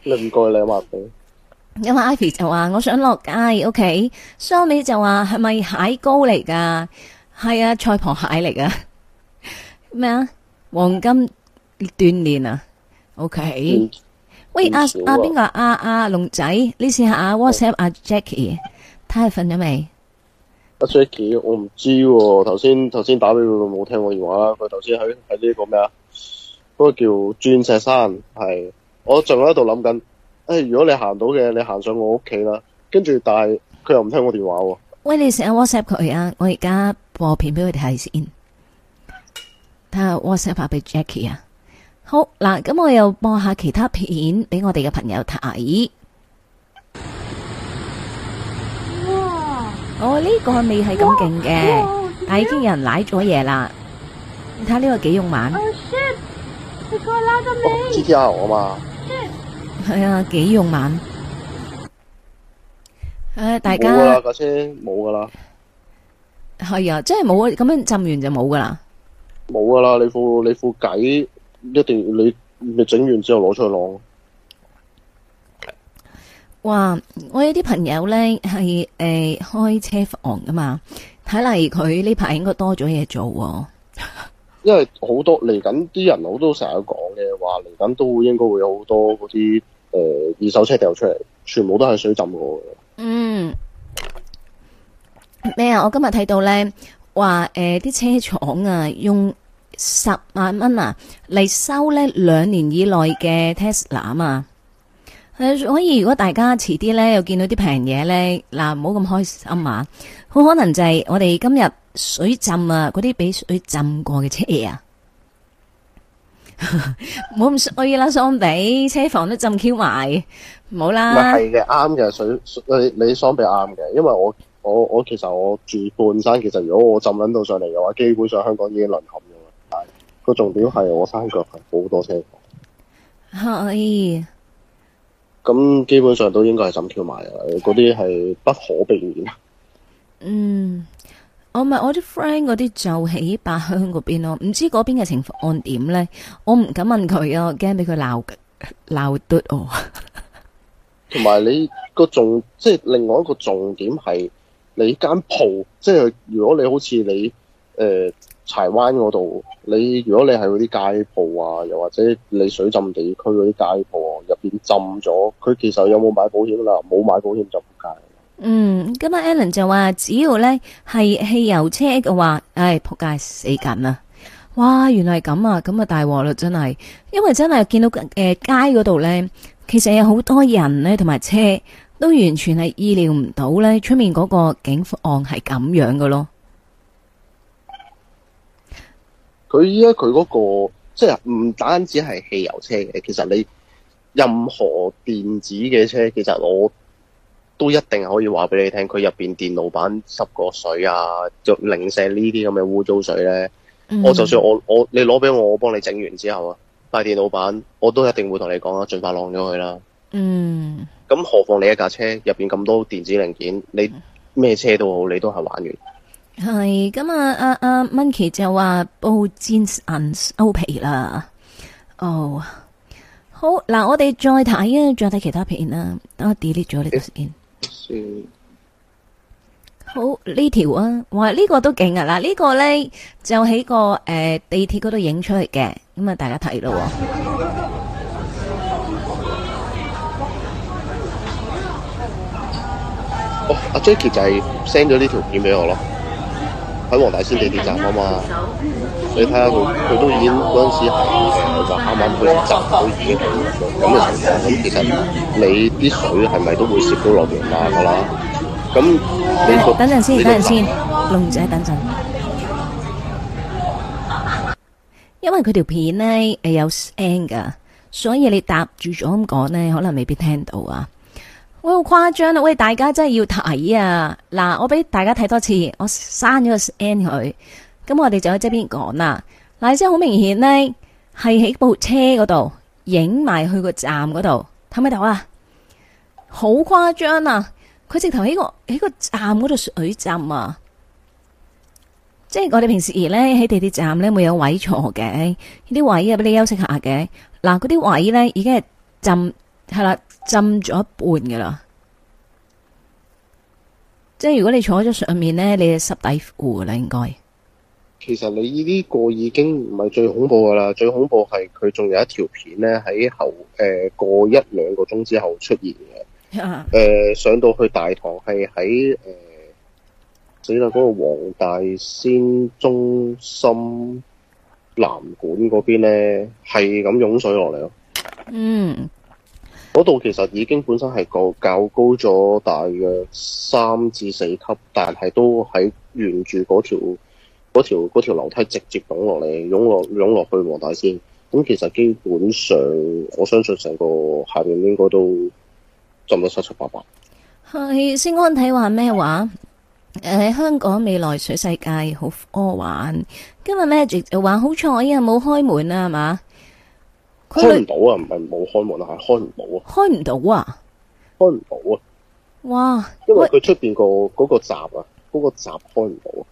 你唔該你話俾。 咁阿 ivy 就話我想落街，ok，Sony 就話係咪蟹膏嚟噶？係啊，菜螃蟹嚟噶。咩 啊？黃金鍛煉啊？ok。喂阿阿邊個阿阿龍仔，呢次試下阿 WhatsApp 阿、啊、Jacky 睇下瞓咗未？阿 Jacky 我唔知喎、啊。頭先頭先打俾佢冇聽我電話，佢頭先喺喺呢個咩啊？嗰、嗰個叫鑽石山係。我仲喺度諗緊。誒，如果你行到嘅，你行上我屋企啦。跟住，但係佢又唔聽我的電話喎。喂，你成日 WhatsApp 佢啊！我而家播片俾佢睇先。睇下 WhatsApp 發、啊、俾 Jacky 啊。好嗱，咁我又播一下其他片俾我哋嘅朋友睇。咦哇？我呢、哦這個未係咁勁嘅，但已經有人瀨咗嘢啦。你睇下呢個幾用猛？ 哦 shit 啊嘛。知係啊，幾用眼？誒、啊，大家冇架車，冇噶啦。係啊，即係冇啊，咁樣浸完就冇噶啦。冇噶啦，你副，你副計，一定要你整完之後攞出去攞！哇！我有啲朋友咧係誒開車房噶嘛，睇嚟佢呢排應該多咗嘢做，哦。因為好多嚟緊啲人，好多成日講嘅話嚟緊，都會應該會有好多嗰啲。誒，二手車掉出嚟，全部都係水浸過嘅。嗯，咩啊？我今日睇到咧，話誒，啲、呃、車廠啊，用十萬蚊啊嚟收咧兩年以內嘅 Tesla 啊嘛，係所以如果大家遲啲咧又見到啲平嘢咧，嗱，唔好咁開心啊，好可能就係我哋今日水浸啊，嗰啲俾水浸過嘅車啊。唔，我要啦，桑比，車房都浸 Q 埋，好啦。咪係嘅，啱嘅，水,水你你桑比啱嘅，因為我我我其實我住半山，其實如果我浸撚到上嚟嘅話，基本上香港已經淪陷咗啦。但係個重點係我山腳係好多車房。係嘅。咁基本上都應該係浸 Q 埋啊，嗰啲係不可避免。嗯。我咪我啲 friend 嗰啲，就喺八鄉嗰邊咯，唔知嗰邊嘅情況按點咧？我唔敢問佢啊，驚俾佢鬧鬧斷我。同 埋你個重，即係另外一個重點係你間鋪，即係如果你好似你誒柴灣嗰度，你如果你係嗰啲街鋪啊，又或者你水浸地區嗰啲街鋪啊，入邊浸咗，佢其實有冇買保險啦？冇買保險就唔計。嗯，咁阿 Alan 就話，只要呢係汽油車嘅話，唉仆街死緊啦！哇，原來係咁啊，咁啊大鑊啦，真係，因為真係見到誒街嗰度呢，其實有好多人呢，同埋車都完全係意料唔到呢，出面嗰個警方案係咁樣嘅咯。佢依家佢嗰個，即係唔單止係汽油車嘅，其實你任何電子嘅車，其實我都一定可以話俾你聽，佢入邊電腦板濕過水啊，就零舍呢啲咁嘅污糟水咧。嗯、我就算我我你攞俾我，我幫你整完之後啊，塊電腦板我都一定會同你講啊，盡快晾咗佢啦。嗯，咁何況你一架車入邊咁多電子零件，你咩車都好，你都係玩完。係咁啊，阿阿 Micky 就話布尖硬 o 皮啦。哦、oh，好，嗱，我哋再睇啊，再睇其他片啦。等我 delete 咗呢度先。欸好呢條啊，哇！呢個都勁啊，嗱，呢個咧就喺個誒地鐵嗰度影出嚟嘅，咁啊大家睇咯。哦，阿 Jackie 就係 send 咗呢條片俾我咯，喺黃大仙地鐵站啊嘛。你睇下佢，佢都已經嗰陣時係就啱啱佢浸到已經咁嘅情況，咁其實你啲水係咪都會攝到落嚟啊？個啦，咁等陣先，等陣先，龍仔等陣。 因為佢條片呢，誒有 end 㗎，所以你搭住咗咁講呢，可能未必聽到啊！我好誇張啊！喂，大家真係要睇啊！嗱，我俾大家睇多次，我刪咗個 end 佢。咁我哋就喺側邊講啦，嗱，即係好明顯呢，係喺部車嗰度影埋去個站嗰度，睇唔睇到啊？好誇張啊！佢直頭喺個喺個站嗰度水浸啊！即係我哋平時呢，喺地鐵站呢，會有位坐嘅，呢啲位啊俾你休息下嘅。嗱，嗰啲位呢已經係浸係啦，浸咗一半噶啦。即係如果你坐咗上面呢，你就濕底褲啦，應該。其實你呢個已經唔係最恐怖噶啦，最恐怖係佢仲有一條片咧喺後誒、呃、過一兩個鐘之後出現嘅誒、呃、上到去大堂係喺誒死啦嗰、嗰個黃大仙中心南館嗰邊咧係咁湧水落嚟。咯。嗯，嗰度其實已經本身係個較高咗大約三至四級，但係都喺沿住嗰條。嗰條條樓梯直接湧落嚟，湧落湧落去黃大仙。咁其實基本上，我相信成個下邊應該都浸得七七八八。係，星安睇話咩話？誒，香港未來水世界好科幻。今日咩 a g 話好彩啊，冇開門開啊，係嘛？開唔到啊，唔係冇開門啊，係開唔到啊。開唔到啊，開唔到啊！哇！因為佢出邊個嗰、嗰個閘啊，嗰個閘開唔到啊。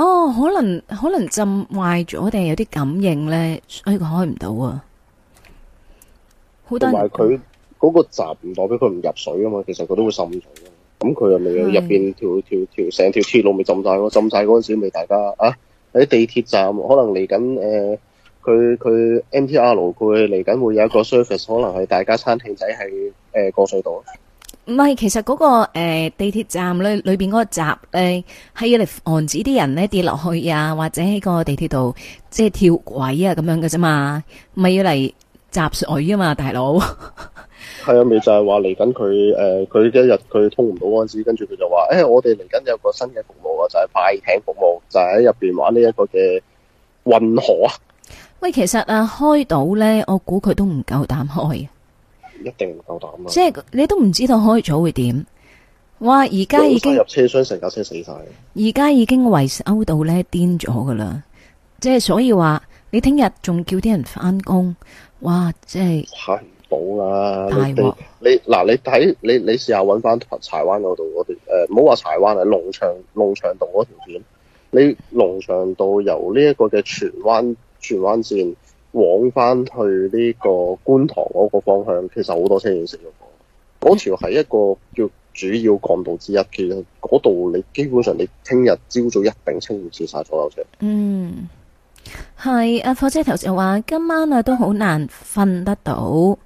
哦，可能可能浸壞咗定係有啲感應咧，所以佢開唔到啊。同埋佢嗰個閘唔代表佢唔入水噶嘛，其實佢都會滲水噶。咁佢又咪入邊條條條成條鐵路咪浸晒咯，浸晒嗰陣時咪大家啊喺地鐵站可能嚟緊誒，佢佢 MTR 佢嚟緊會有一個 service，可能係大家餐廳仔係誒過隧道。唔係，其實嗰個誒地鐵站裏裏邊嗰個閘咧，係要嚟防止啲人咧跌落去啊，或者喺個地鐵度即係跳軌啊咁樣嘅啫嘛，咪要嚟閘水啊嘛，大佬。係啊，咪就係話嚟緊佢誒，佢一日佢通唔到嗰陣時，跟住佢就話誒，我哋嚟緊有個新嘅服務啊，就係快艇服務，就喺入邊玩呢一個嘅運河啊。喂，其實啊，開島咧，我估佢都唔夠膽開。一定唔夠膽啊！即係你都唔知道開咗會點。哇！而家已經入車廂成架車死晒。而家已經維修到咧癲咗噶啦！即係所以話，你聽日仲叫啲人翻工，哇！即係買唔到啦。大鑊！你嗱，你睇你你，你，你試下揾翻柴灣嗰度嗰啲誒，唔好話柴灣啊，農場農場道嗰條線，你農場道由呢一個嘅荃灣荃灣線。往返去呢個觀塘嗰個方向，其實好多車要死咗。嗰條係一個叫主要幹道之一，其實嗰度你基本上你聽日朝早一定清完，截晒所有車。嗯，係阿火姐頭先話今晚啊都好難瞓得到，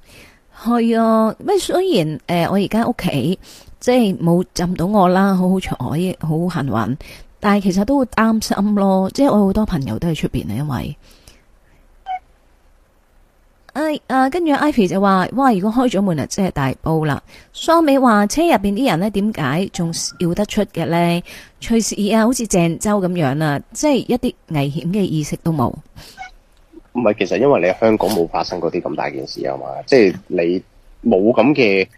係啊。咩雖然誒、呃、我而家屋企即係冇浸到我啦，好好彩，好好幸運。但係其實都會擔心咯，即係我好多朋友都喺出邊啊，因為。誒，啊、哎，跟住 ivy 就話，哇！如果開咗門啊，真係大煲啦。梳尾話車入邊啲人咧，點解仲笑得出嘅咧？隨時啊，好似鄭州咁樣啦，即係一啲危險嘅意識都冇。唔係，其實因為你喺香港冇發生過啲咁大件事啊嘛，即係你冇咁嘅。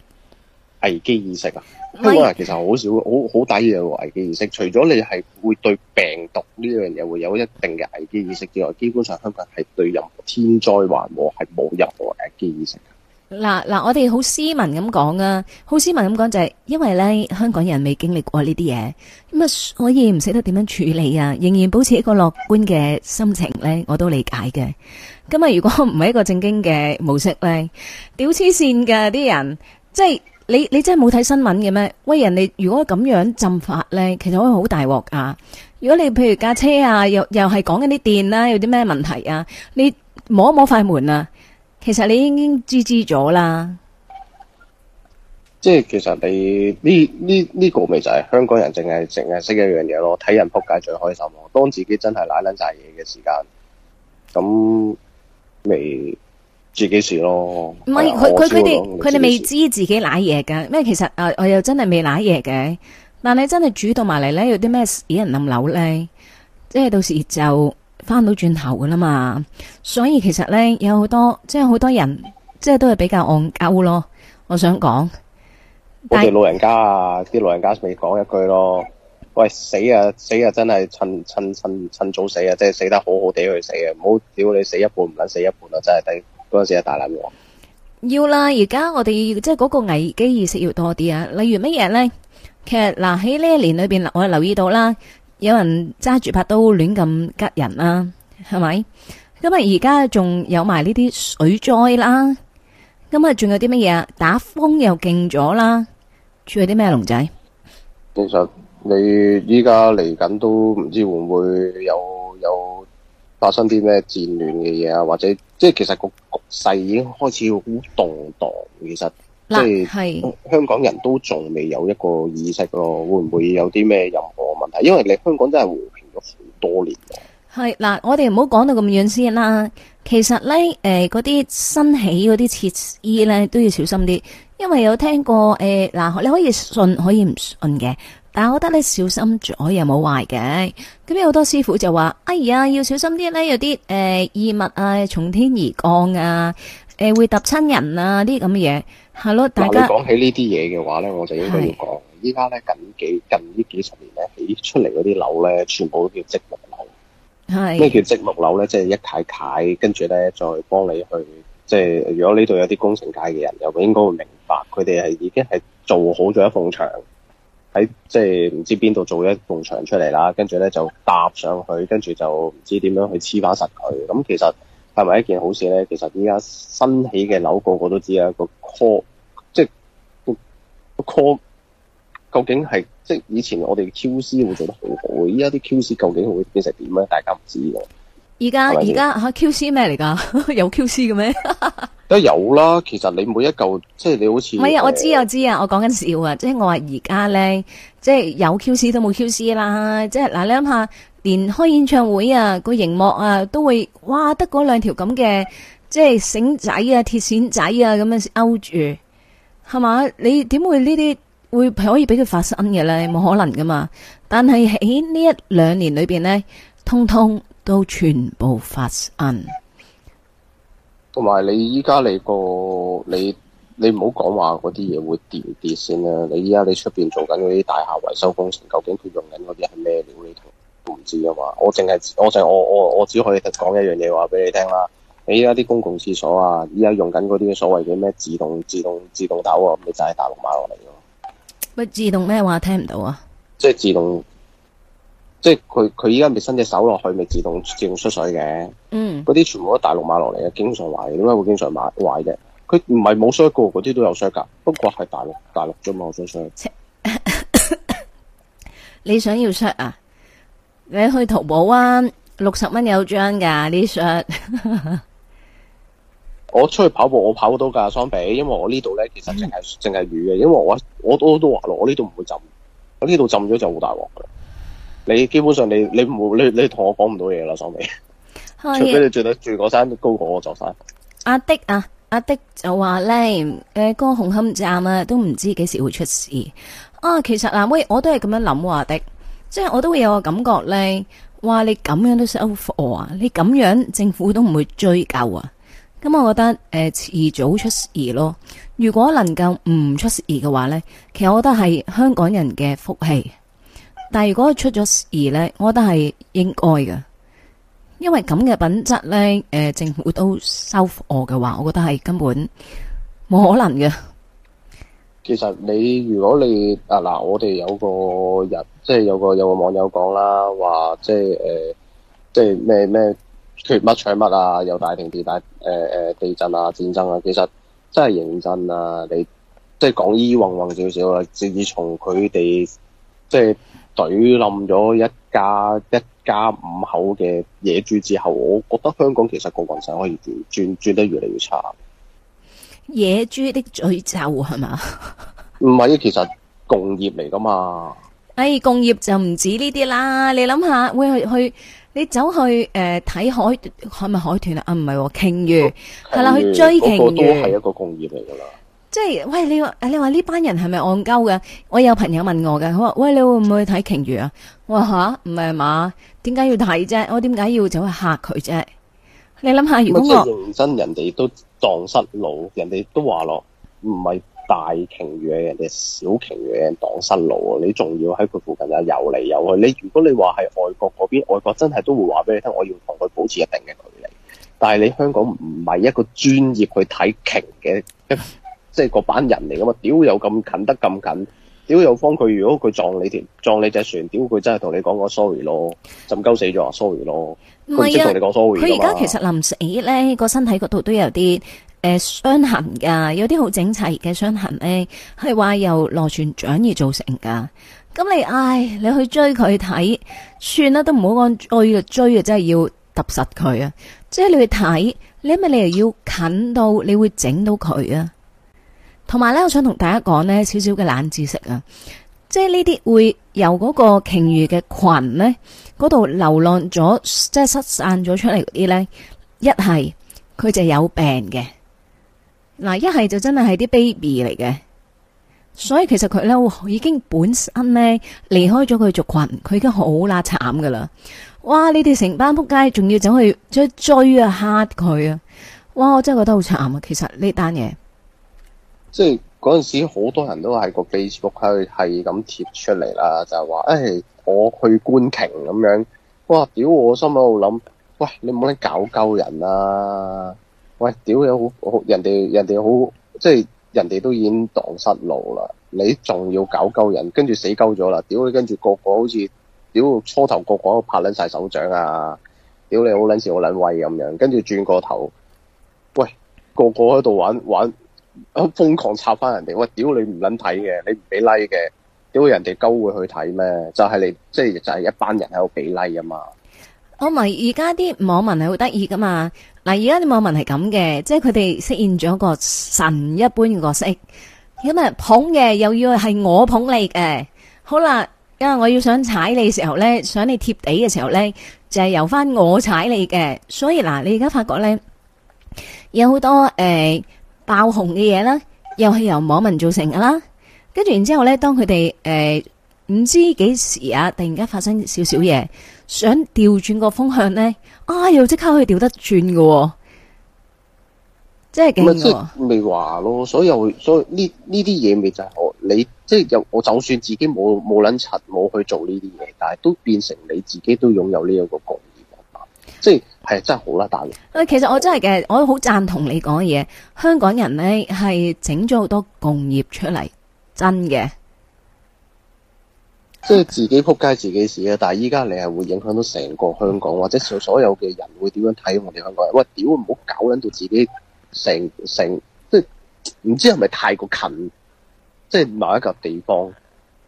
危機意識啊！香港人其實好少，好好低嘅危機意識。除咗你係會對病毒呢樣嘢會有一定嘅危機意識之外，基本上香港係對任何天災橫禍係冇任何危機意識嘅。嗱嗱，我哋好斯文咁講啊，好斯文咁講就係，因為呢香港人未經歷過呢啲嘢咁，啊，所以唔識得點樣處理啊，仍然保持一個樂觀嘅心情呢。我都理解嘅。咁啊，如果唔係一個正經嘅模式呢，屌黐線嘅啲人即係。你你真係冇睇新聞嘅咩？喂，人哋如果咁樣浸法咧，其實可以好大鑊啊！如果你譬如架車啊，又又係講緊啲電啦，又有啲咩問題啊？你摸一摸塊門啊，其實你已經知知咗啦。即係其實你呢呢呢個咪就係香港人淨係淨係識一樣嘢咯，睇人仆街最開心咯。當自己真係瀨卵晒嘢嘅時間，咁未。自己事咯？唔係佢佢佢哋佢哋未知自己瀨嘢嘅，咩其實我又真係未瀨嘢嘅。但你真係主動埋嚟咧，有啲咩死人冧樓咧？即係到時就返到轉頭噶啦嘛。所以其實咧，有好多即係好多人即係都係比較戇鳩咯。我想講，我哋老人家啊，啲但老人家咪講一句咯，喂死啊死啊！真係趁趁趁趁早死啊！即係死得好好地去死啊！唔好屌你死一半唔撚死一半啊！真係多時啊！大難要啦，而家我哋即係嗰個危機意識要多啲啊！例如乜嘢咧？其實嗱，喺、啊、呢一年裏邊，我就留意到啦，有人揸住把刀亂咁吉人啦，係咪？咁啊，而家仲有埋呢啲水災啦，咁啊，仲有啲乜嘢啊？打風又勁咗啦，仲有啲咩龍仔？其實你依家嚟緊都唔知會唔會有有？發生啲咩戰亂嘅嘢啊，或者即係其實個局勢已經開始好動盪，其實即係，嗱，係，香港人都仲未有一個意識咯，會唔會有啲咩任何問題？因為你香港真係和平咗好多年。係嗱，我哋唔好講到咁遠先啦。其實呢，誒嗰啲新起嗰啲設施呢，都要小心啲，因為有聽過誒嗱、呃，你可以信可以唔信嘅。但我覺得咧小心咗又冇壞嘅。咁有好多師傅就話：，哎呀，要小心啲咧，有啲誒異物啊，從天而降啊，誒、呃、會揼親人啊啲咁嘅嘢。係咯，Hello, 大家。啊、你講起呢啲嘢嘅話咧，我就應該要講。依家咧近幾近呢幾十年咧，起出嚟嗰啲樓咧，全部都叫積木樓。係是。咩叫積木樓咧？即、就、係、是、一砌砌，跟住咧再幫你去，即、就、係、是、如果呢度有啲工程界嘅人，又應該會明白，佢哋係已經係做好咗一埲牆。喺即係唔知邊度做一棟牆出嚟啦，跟住咧就搭上去，跟住就唔知點樣去黐翻實佢。咁其實係咪一件好事咧？其實依家新起嘅樓個個都知啦，個 call 即係個 call 究竟係即係以前我哋 QC 會做得好好，依家啲 QC 究竟會變成點咧？大家唔知㗎。而家而家吓 Q C 咩嚟噶？ 有 Q C 嘅咩？都 有啦。其實你每一嚿，即係你好似唔係啊？我知我知啊！我講緊笑啊，即係我話而家咧，即係有 Q C 都冇 Q C 啦。即係嗱，你諗下，連開演唱會啊，個熒幕啊，都會哇得嗰兩條咁嘅即係繩仔啊、鐵線仔啊咁樣勾住，係嘛？你點會呢啲會可以俾佢發生嘅咧？冇可能噶嘛。但係喺呢一兩年裏邊咧，通通。都全部發恩，同埋你依家，你個你你唔好講話嗰啲嘢會跌跌先啦。你依家你出邊做緊嗰啲大廈維修工程，究竟佢用緊嗰啲係咩料呢？你都唔知啊嘛。我淨係我淨我我我只可以講一樣嘢話俾你聽啦。你依家啲公共廁所啊，依家用緊嗰啲所謂嘅咩自動自動自動抖啊，咁你就係大陸買落嚟咯。喂，自動咩話聽唔到啊？即係自動。即係佢佢依家未伸隻手落去，咪自動自動出水嘅。嗯，嗰啲全部都大陸買落嚟嘅，經常壞，點解會經常買壞嘅？佢唔係冇摔過，嗰啲都有摔噶，不過係大陸大陸啫嘛，我想想。你想要摔啊？你去淘寶啊，六十蚊有張噶呢啲摔。 我出去跑步，我跑到噶相比，因為我這裡呢度咧其實淨係淨係雨嘅，因為我我,我都都話咯，我呢度唔會浸，我呢度浸咗就好大鑊噶。你基本上你你冇你你同我講唔到嘢啦，所美、啊、除非你住得住個山都高過我座山。阿迪啊，阿迪就話咧，誒、呃，個紅磡站啊，都唔知幾時會出事啊。其實啊，喂，我都係咁樣諗，阿迪即係、就是、我都會有個感覺咧，哇，你咁樣都 s e l 收貨啊，你咁樣政府都唔會追究啊。咁我覺得誒，遲、呃、早出事咯。如果能夠唔出事嘅話咧，其實我覺得係香港人嘅福氣。但係如果出咗事咧，我覺得係應該嘅，因為咁嘅品質咧，誒、政府都收貨嘅話，我覺得係根本冇可能嘅。其實你如果你啊嗱，我哋有個人即係有個有個網友講啦，話即係誒，即係咩咩缺乜取乜啊，有大停電大誒誒地震啊、戰爭啊，其實真係認真啊，你即係講依混混少少啊，甚至從佢哋即係。懟冧咗一家一家五口嘅野豬之後，我覺得香港其實個運勢可以轉轉得越嚟越差。野豬的嘴咒係嘛？唔係， 其實共業嚟噶嘛？哎，共業就唔止呢啲啦。你諗下，會去去你走去誒睇，呃、海海咪海豚啊？啊，唔係，啊，鯨魚係啦魚，啊，去追鯨魚。個個都係一個共業嚟噶啦。即係喂，你話誒你話，呢班人係咪戇鳩㗎？我有朋友問我嘅，佢話喂，你會唔會去睇鯨魚啊？我話吓，唔係嘛？點、啊、解要睇啫？我點解要走去嚇佢啫？你諗下，如果我即認真，人哋都蕩失路，人哋都話咯，唔係大鯨魚人哋，小鯨魚人哋蕩失路，你仲要喺佢附近啊游嚟游去？你如果你話係外國嗰邊，外國真係都會話俾你聽，我要同佢保持一定嘅距離。但係你香港唔係一個專業去睇鯨嘅。即係個班人嚟噶嘛？屌有咁近得咁近，屌有方。佢。如果佢撞你條撞你隻船，屌佢真係同你講個 sorry 咯，浸鳩死咗 sorry 咯。唔係即係同你講 sorry 咯，佢而家其實臨死咧個身體嗰度都有啲誒、呃、傷痕㗎，有啲好整齊嘅傷痕咧係話由螺旋槳而造成㗎。咁你唉，你去追佢睇算啦，都唔好按追嘅追啊，真係要揼實佢啊。即係你去睇，你係咪你又要近到，你會整到佢啊。同埋咧，我想同大家講呢，少少嘅冷知識啊，即係呢啲會由嗰個鯨魚嘅群呢嗰度流浪咗，即係失散咗出嚟嗰啲呢。一係佢就有病嘅，嗱一係就真係係啲 baby 嚟嘅，所以其實佢呢已經本身呢離開咗佢族群，佢已經好乸慘噶啦，哇你哋成班仆街仲要走去，去追啊吓佢啊，哇我真係覺得好慘啊，其實呢單嘢。即係嗰陣時，好多人都係個 Facebook 去係咁貼出嚟啦，就係話誒，我去觀鯨咁樣。哇！屌我心喺度諗，喂，你唔好搞鳩人啊！喂，屌你好，好，人哋人哋好，即係人哋都已經蕩失路啦，你仲要搞鳩人，跟住死鳩咗啦！屌你，跟住個個好似屌初頭個個都拍捻晒手掌啊！屌你好捻事好捻威咁樣，跟住轉個頭，喂，個個喺度玩玩。玩好瘋狂插翻人哋，我屌你唔撚睇嘅，你唔俾 like 嘅，屌人哋鳩會去睇咩？就係、是、你即係就係、是、一班人喺度俾 like 啊嘛！我問而家啲網民係好得意噶嘛？嗱，而家啲網民係咁嘅，即係佢哋飾演咗個神一般嘅角色，咁啊捧嘅又要係我捧你嘅，好啦，因為我要想踩你嘅時候咧，想你貼地嘅時候咧，就係、是、由翻我踩你嘅，所以嗱，你而家發覺咧有好多誒。欸爆紅嘅嘢啦，又係由網民造成噶啦。跟住然之後咧，當佢哋誒唔知幾時啊，突然間發生少少嘢，想調轉個風向咧，啊又即刻可以調得轉噶，即係勁喎。未話咯，所以所以呢呢啲嘢咪就係我你即係又我就算自己冇冇捻柒冇去做呢啲嘢，但係都變成你自己都擁有呢一個功力啊，即係。係真係好啦，但誒，其實我真係嘅，我好讚同你講嘢。香港人咧係整咗好多共業出嚟，真嘅。即係自己仆街自己事啊！但係依家你係會影響到成個香港，或者所有嘅人會點樣睇我哋香港人？喂，屌，唔好搞緊到自己成，成成即係唔知係咪太過近，即係某一個地方。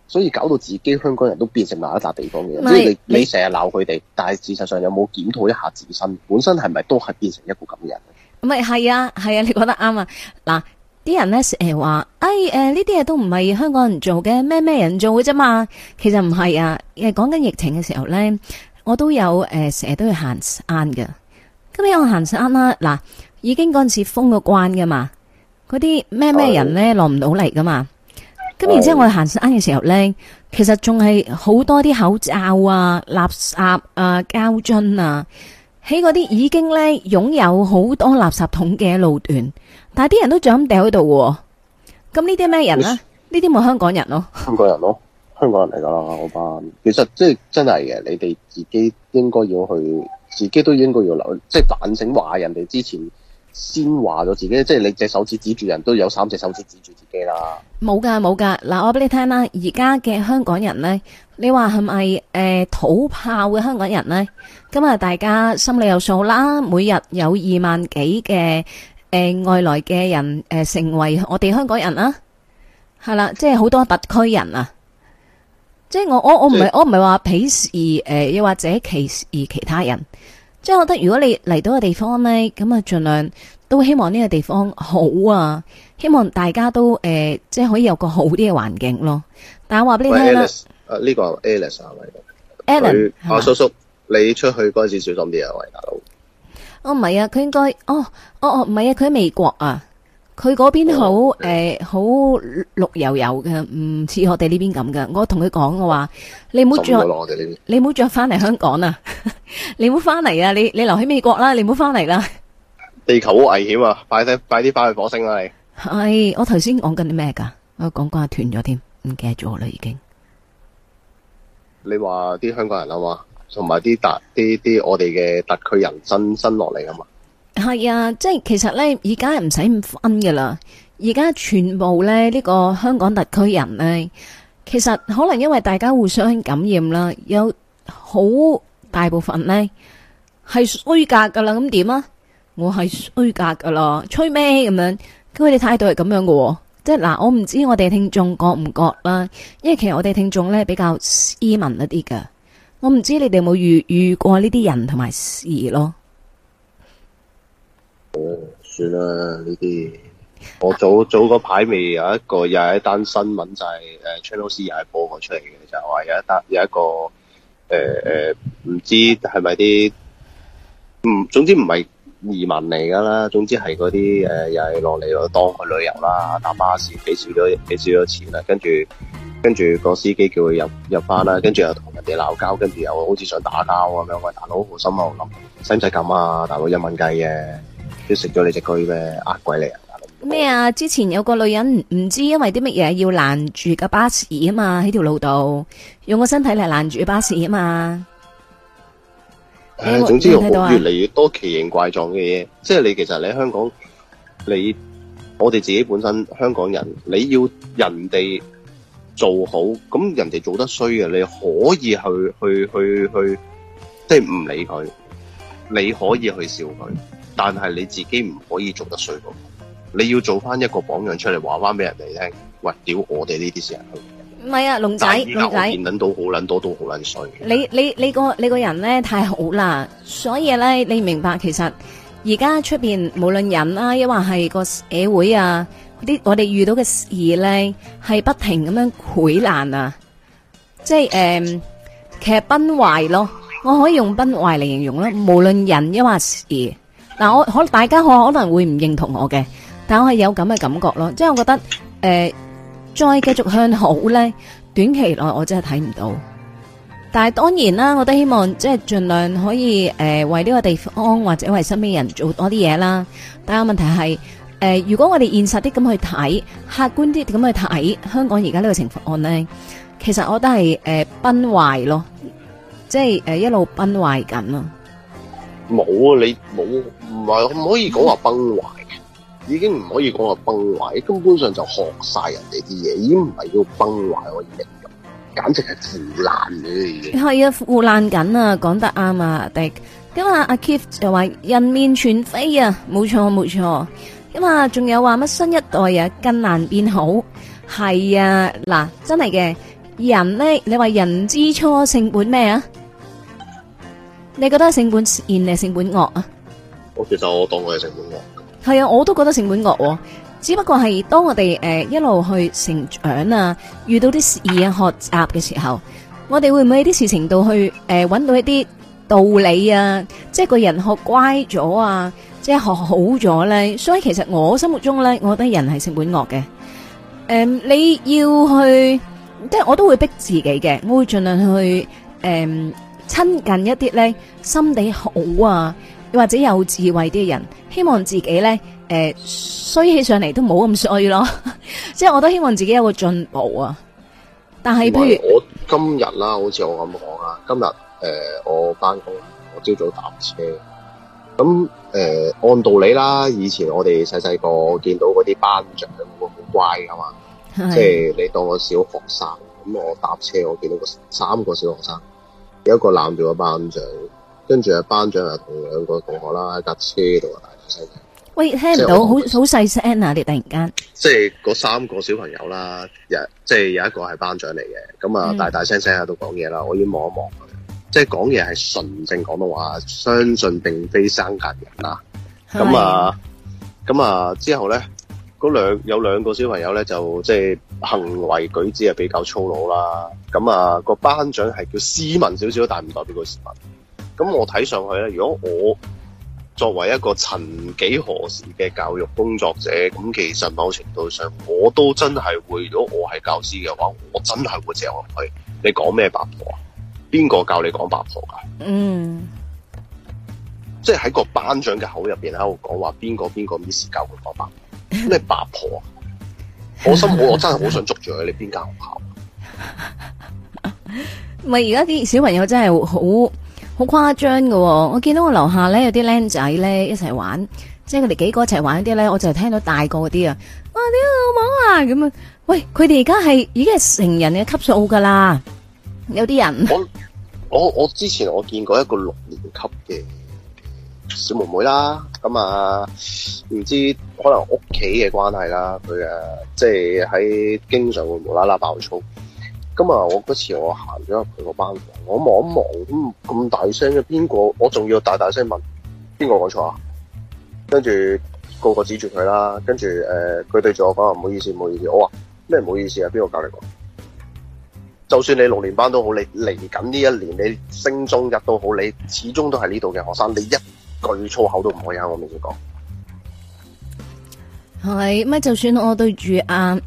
所以搞到自己香港人都變成另一笪地方嘅人，即係你你成日鬧佢哋，但係事實上有冇檢討一下自己身，本身係咪都係變成一個咁嘅人？唔係係啊係啊，你覺得啱啊？嗱，啲人咧誒話，誒誒呢啲嘢都唔係香港人做嘅，咩咩人做嘅啫嘛？其實唔係啊，誒講緊疫情嘅時候咧，我都有誒成日都要行山㗎。今日我行山啦，嗱，已經嗰陣時封個關㗎嘛，嗰啲咩咩人咧落唔到嚟㗎嘛。咁然之後我哋行山嘅時候呢，哦哦、其實仲係好多啲口罩啊、垃圾啊、膠樽啊，喺嗰啲已經呢擁有好多垃圾桶嘅路段，但係啲人都就咁掉喺度。咁呢啲咩人呢、啊？呢啲咪香港人咯，香港人咯，香港人嚟噶啦，我班。其實即係真係嘅，你哋自己應該要去，自己都應該要留，即係反省話人哋之前。先話咗自己，即係你隻手指指住人都有三隻手指指住自己啦。冇噶冇噶，嗱我俾你聽啦。而家嘅香港人呢，你話係咪誒土炮嘅香港人呢？咁啊，大家心裏有數啦。每日有二萬幾嘅誒外來嘅人誒、呃、成為我哋香港人啦、啊。係啦，即係好多特區人啊。即係我我我唔係、嗯、我唔係話鄙視誒，又、呃、或者歧視其他人。即係我覺得，如果你嚟到個地方咧，咁啊盡量都希望呢個地方好啊，希望大家都誒、呃，即係可以有個好啲嘅環境咯。但係我話俾你聽呢個 Alex 啊，Alan，我叔叔，你出去嗰陣時小心啲啊，喂大佬。係嗎？哦唔係啊，佢應該，哦，哦哦唔係啊，佢喺美國啊。佢嗰邊好誒，好綠油油嘅，唔似我哋呢邊咁嘅。我同佢講，我話你唔好着，你唔好着翻嚟香港啊！你唔好翻嚟啊！你你留喺美國啦，你唔好翻嚟啦。地球好危險啊！快啲快啲翻去火星啦！你係我頭先講緊啲咩㗎？我講講下斷咗添，唔記得咗啦已經。你話啲香港人啊嘛，同埋啲特啲啲我哋嘅特區人新新落嚟啊嘛。係啊，即係其實咧，而家唔使咁分噶啦。而家全部咧，呢個香港特區人咧，其實可能因為大家互相感染啦，有好大部分咧係衰格噶啦。咁點啊？我係衰格噶咯，吹咩咁樣？佢哋態度係咁樣噶，即係嗱，我唔知我哋聽眾覺唔覺啦。因為其實我哋聽眾咧比較斯文一啲噶，我唔知你哋有冇遇遇過呢啲人同埋事咯。算啦，呢啲我早早嗰排未有一個又係一單新聞，就係誒 Channel C 又係播過出嚟嘅，就話有一單有一個誒誒，唔、呃、知係咪啲唔總之唔係移民嚟噶啦，總之係嗰啲誒又係落嚟去當去旅遊啦，搭巴士俾少咗俾少咗錢啦，跟住跟住個司機叫佢入入翻啦，跟住又同人哋鬧交，跟住又好似想打交咁樣，大佬好心喺度諗使唔使咁啊？大佬一蚊雞嘅。都食咗你隻龜咩？呃鬼嚟啊！咩啊，啊？之前有個女人唔知因為啲乜嘢要攔住架巴士啊嘛，喺條路度用個身體嚟攔住巴士啊嘛。誒唉，我總之、啊、越嚟越多奇形怪狀嘅嘢，即係你其實你喺香港，你我哋自己本身香港人，你要人哋做好，咁人哋做得衰嘅，你可以去去去去，即係唔理佢，你可以去笑佢。嗯但係你自己唔可以做得衰到，你要做翻一個榜樣出嚟，話翻俾人哋聽。喂，屌我哋呢啲先係，唔係啊，龍仔，龍仔，面捻到好，捻多都好，捻衰。你你你個你個人咧太好啦，所以咧你明白其實而家出邊無論人啊，抑或係個社會啊，啲我哋遇到嘅事咧係不停咁樣潰爛啊，即係誒、呃、其實崩壞咯，我可以用崩壞嚟形容啦。無論人抑或事。嗱，我可大家可可能會唔認同我嘅，但我係有咁嘅感覺咯，即係我覺得，誒、呃，再繼續向好咧，短期內我真係睇唔到。但係當然啦，我都希望即係盡量可以誒、呃、為呢個地方或者為身邊人做多啲嘢啦。但係問題係，誒、呃，如果我哋現實啲咁去睇，客觀啲咁去睇，香港而家呢個情況呢，其實我都係誒崩壞咯，即係誒、呃、一路崩壞緊咯。冇啊！你冇唔係唔可以講話崩壞嘅，已經唔可以講話崩壞，根本上就學晒人哋啲嘢，已經唔係叫崩壞可以形容，簡直係腐爛嘅已經。係啊，腐爛緊啊，講得啱啊，阿迪。咁啊，阿，阿 K 就話人面全非啊，冇錯冇錯。咁啊，仲有話乜新一代啊更難變好，係啊，嗱，真係嘅人咧，你話人之初性本咩啊？你覺得性本善定係性本惡啊？我其實我當佢係性本惡。係啊，我都覺得性本惡喎，只不過係當我哋誒，一路去成長啊，遇到啲事啊，學習嘅時候，我哋會唔會喺啲事情度去誒搵到一啲道理啊？即係個人學乖咗啊，即係學好咗咧。所以其實我心目中咧，我覺得人係性本惡嘅。誒，你要去，即係我都會逼自己嘅，我會盡量去誒。親近一啲咧，心地好啊，又或者有智慧啲嘅人，希望自己咧，誒、呃、衰起上嚟，都冇咁衰咯，即係我都希望自己有個進步啊。但係譬如我今日啦，好似我咁講啊，今日誒我返工，我朝早搭車，咁誒、呃、按道理啦，以前我哋細細個見到嗰啲班長好乖噶嘛，即係的你當我小學生，咁我搭車，我見到個三個小學生。有一個攔住個班長，跟住啊班長又同兩個同學啦喺架車度大聲。喂，聽唔到，好好細聲啊！你突然間，即係嗰三個小朋友啦，有即係有一個係班長嚟嘅，咁啊大大聲聲喺度講嘢啦，嗯、我已經望一望佢。即係講嘢係純正廣東話，相信並非生隔人啦咁的啊，咁的啊之後咧。嗰兩有兩個小朋友咧，就即係行為舉止係比較粗魯啦。咁啊，個班長係叫斯文少少，但唔代表佢斯文。咁我睇上去咧，如果我作為一個曾幾何時嘅教育工作者，咁其實某程度上，我都真係會，如果我係教師嘅話，我真係會借落去。你講咩八婆啊？邊個教你講八婆㗎？嗯，即係喺個班長嘅口入面，喺度講話，邊個邊個 miss 教佢講八婆。咩八婆啊！我心我我真係好想捉住佢。你邊間學校？唔係，而家啲小朋友真係好好誇張噶！我見到我樓下咧有啲僆仔咧一齊玩，即係佢哋幾個一齊玩啲咧，我就聽到大個啲啊！啊屌你老母啊！咁樣。喂！佢哋而家係已經係成人嘅級數噶啦，有啲人我。我我我之前我見過一個六年級嘅。小妹妹啦，咁啊，唔知可能屋企嘅關係啦，佢誒，即係喺經常會無啦啦爆粗。咁啊，我嗰次我行咗入佢個班房，我望一望咁咁大聲嘅邊個，我仲要大大聲問邊個講錯啊？跟住個個指住佢啦，跟住誒，佢、呃、對住我講話唔好意思，唔好意思，我話咩唔好意思啊？邊個教你講？就算你六年班都好，你嚟緊呢一年，你升中一都好，你始終都係呢度嘅學生，你一，句粗口都唔可以，我咪先講。係咪就算我對住阿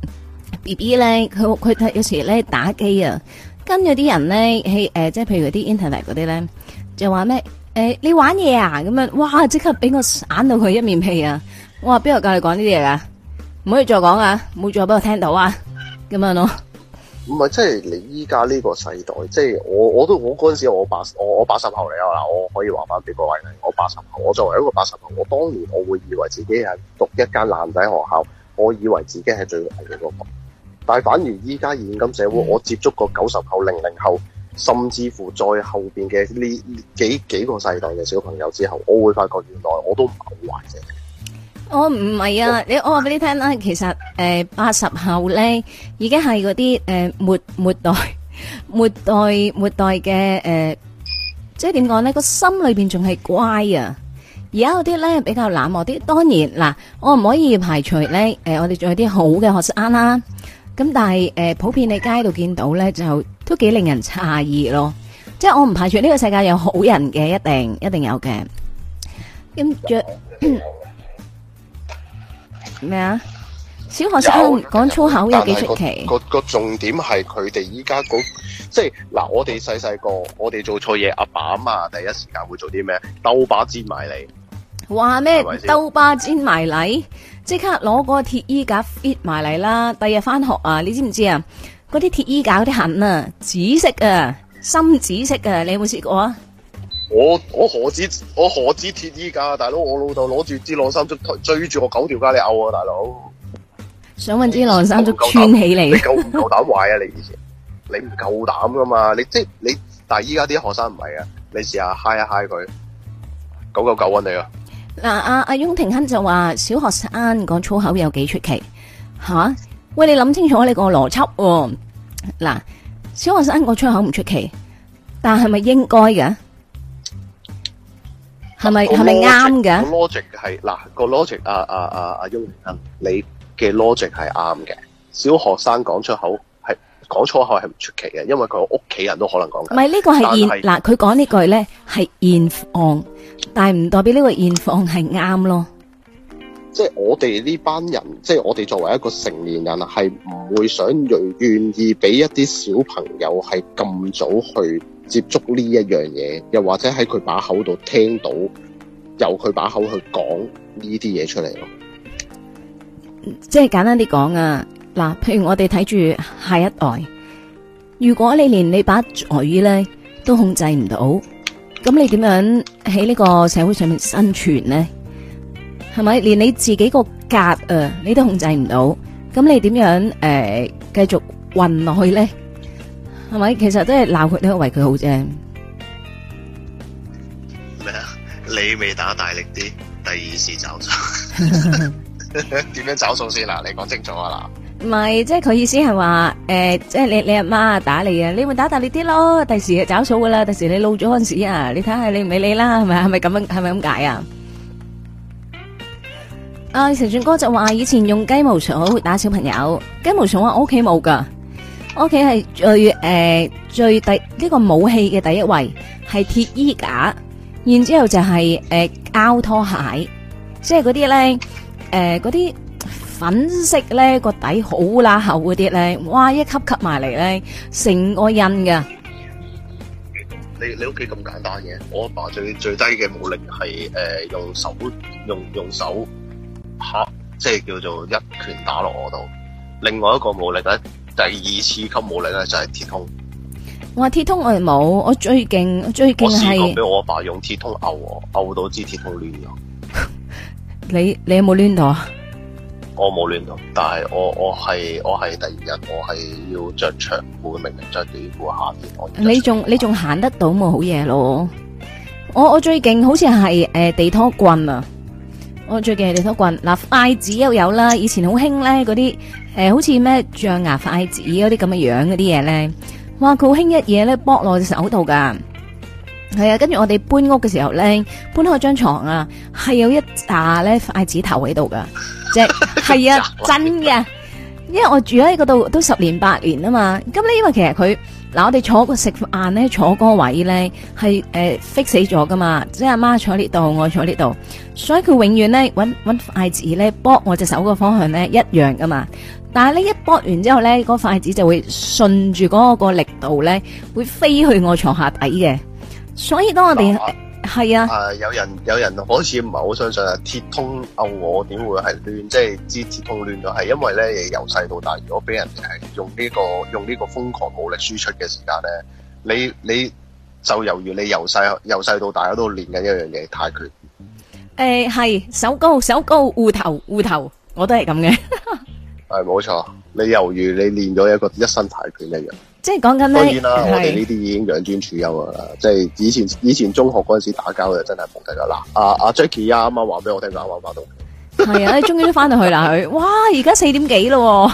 B B 咧，佢佢有時咧打機啊，跟住啲人咧喺誒，即係譬如啲 internet 嗰啲咧，就話咩誒，你玩嘢啊，咁樣，哇，即刻俾我閃到佢一面屁啊！我話邊度教你講呢啲嘢㗎？唔可以再講啊！冇再俾我聽到啊！咁樣咯。唔係，即係你依家呢個世代，即係我我都好嗰陣時我八十我我八十後嚟啊嗱，我可以話翻俾各位我八十後，我作為一個八十後，我當年我會以為自己係讀一間爛仔學校，我以為自己係最壞嘅嗰個，但係反而依家現今社會，嗯、我接觸過九十後零零後，甚至乎再後邊嘅呢幾幾個世代嘅小朋友之後，我會發覺原來我都唔係好壞嘅。我唔係啊，你我話俾你聽啦，其實誒八十後咧，已經係嗰啲誒末末代、末代、末代嘅誒，即係點講咧？個心裏邊仲係乖啊，而家嗰啲咧比較冷漠啲。當然嗱，我唔可以排除咧，誒我哋仲有啲好嘅學生啦。咁但係誒，普遍喺街度見到咧，就都幾令人詫異咯。即係我唔排除呢個世界有好人嘅，一定一定有嘅。咁若咩啊？小學生講粗口有幾出奇？個、那個重點係佢哋依家嗰即係嗱，我哋細細個，我哋做錯嘢，阿爸阿媽第一時間會做啲咩？兜巴煎埋嚟？話咩？兜巴煎埋嚟？即 刻攞個鐵衣架 fit 埋嚟啦。第二日翻學啊，你知唔知啊？嗰啲鐵衣架嗰啲痕啊，紫色啊，深紫色啊，你有冇試過啊？我我何止我何止鐵衣架，大佬？我老豆攞住支晾衫竹追住我九條街。你嘔啊！大佬，想搵支晾衫竹穿起嚟，夠唔夠膽壞啊？ 你以前你唔夠膽噶嘛？你即係你，但係依家啲學生唔係啊？你試下嗨一嗨佢九九九揾你啊！嗱、啊，阿阿翁庭亨就話小學生講粗口有幾出奇吓、啊？喂，你諗清楚你個邏輯喎嗱，小學生講粗口唔出奇，但係咪應該嘅？係咪係咪啱嘅？是是是是的個 logic 係，嗱，個邏輯阿阿阿阿雍明欣，你嘅 logic 係啱嘅。小學生講出口係講粗口係唔出奇嘅，因為佢屋企人都可能講緊。唔係、這個是啊、呢個係現嗱，佢講呢句咧係現況，但係唔代表呢個現況係啱咯。即係我哋呢班人，即係我哋作為一個成年人，係唔會想願願意俾一啲小朋友係咁早去。接觸呢一樣嘢，又或者喺佢把口度聽到，由佢把口去講呢啲嘢出嚟咯。即係簡單啲講啊，嗱，譬如我哋睇住下一代，如果你連你把嘴咧都控制唔到，咁你點樣喺呢個社會上面生存呢？係咪？連你自己個格啊，你都控制唔到，咁你點樣誒繼續運落去呢？係咪？其實都係鬧佢，都為佢好啫。咩啊？你未打大力啲，第二時找數。點樣找數先嗱？你講清楚啊嗱。唔係，即係佢意思係話，誒，即係你你阿媽打你啊，你咪打大力啲咯。第時就找數噶啦。第時你老咗嗰陣時啊，你睇下你唔理你啦，係咪？係咪咁樣？係咪咁解啊？啊，陳俊哥就話以前用雞毛蟲打小朋友，雞毛蟲我屋企冇噶。我屋企係最誒最低呢個武器嘅第一位係鐵衣架，然之後就係誒膠拖鞋，即係嗰啲咧誒嗰啲粉色咧，個底好拉厚嗰啲咧，哇一吸吸埋嚟咧成個印噶你你屋企咁簡單嘅？我阿爸最最低嘅武力係誒用手用用手吓，即係叫做一拳打落我度。另外一個武力咧。第二次級武力咧，就係、是、鐵通。我話鐵通我哋冇，我最勁，最勁係俾我阿爸，爸用鐵通拗，拗到支鐵通攣咗 你你有冇攣到啊？我冇攣到，但係我我係我係第二日，我係要着長褲，明明着短褲下邊我你。你仲你仲行得到冇好嘢咯？我我最勁好似係誒地拖棍啊！我最近地拖棍，嗱、啊、筷子又有啦，以前，呃、好興咧嗰啲，誒好似咩象牙筷子嗰啲咁嘅樣嗰啲嘢咧，哇佢好興一嘢咧，剝落隻手度噶，係啊，跟住我哋搬屋嘅時候咧，搬開張床啊，係有一紮咧筷子頭喺度噶，即係 啊 真嘅，因為我住喺嗰度都十年八年啊嘛，咁咧因為其實佢。嗱，我哋坐個食飯咧，坐嗰個位咧係誒 fix 死咗噶嘛，即係阿媽媽坐呢度，我坐呢度，所以佢永遠咧搵搵筷子咧撥我隻手個方向咧一樣噶嘛，但係呢一撥完之後咧，嗰筷子就會順住嗰個力度咧會飛去我床下底嘅，所以當我哋。係啊、呃！有人有人好似唔係好相信啊，鐵通牛我點會係亂？即係支鐵通亂咗，係因為咧由細到大，如果俾人係用呢、呢個用呢個瘋狂武力輸出嘅時間咧，你你就猶如你由細由細到大我都練緊一樣嘢，泰拳。誒、欸，係手高手高護頭護頭，我都係咁嘅。係冇錯，你猶如你練咗一個一身泰拳一樣。即係講緊呢，當然啦，是我哋呢啲已經養尊處優噶啦。是即係以前以前中學嗰陣時打交嘅，真係冇得咗啦。阿阿 Jacky 啱啱話俾我聽啱啱翻到，係啊， 終於都翻到去啦佢。 哇，而家四點幾咯。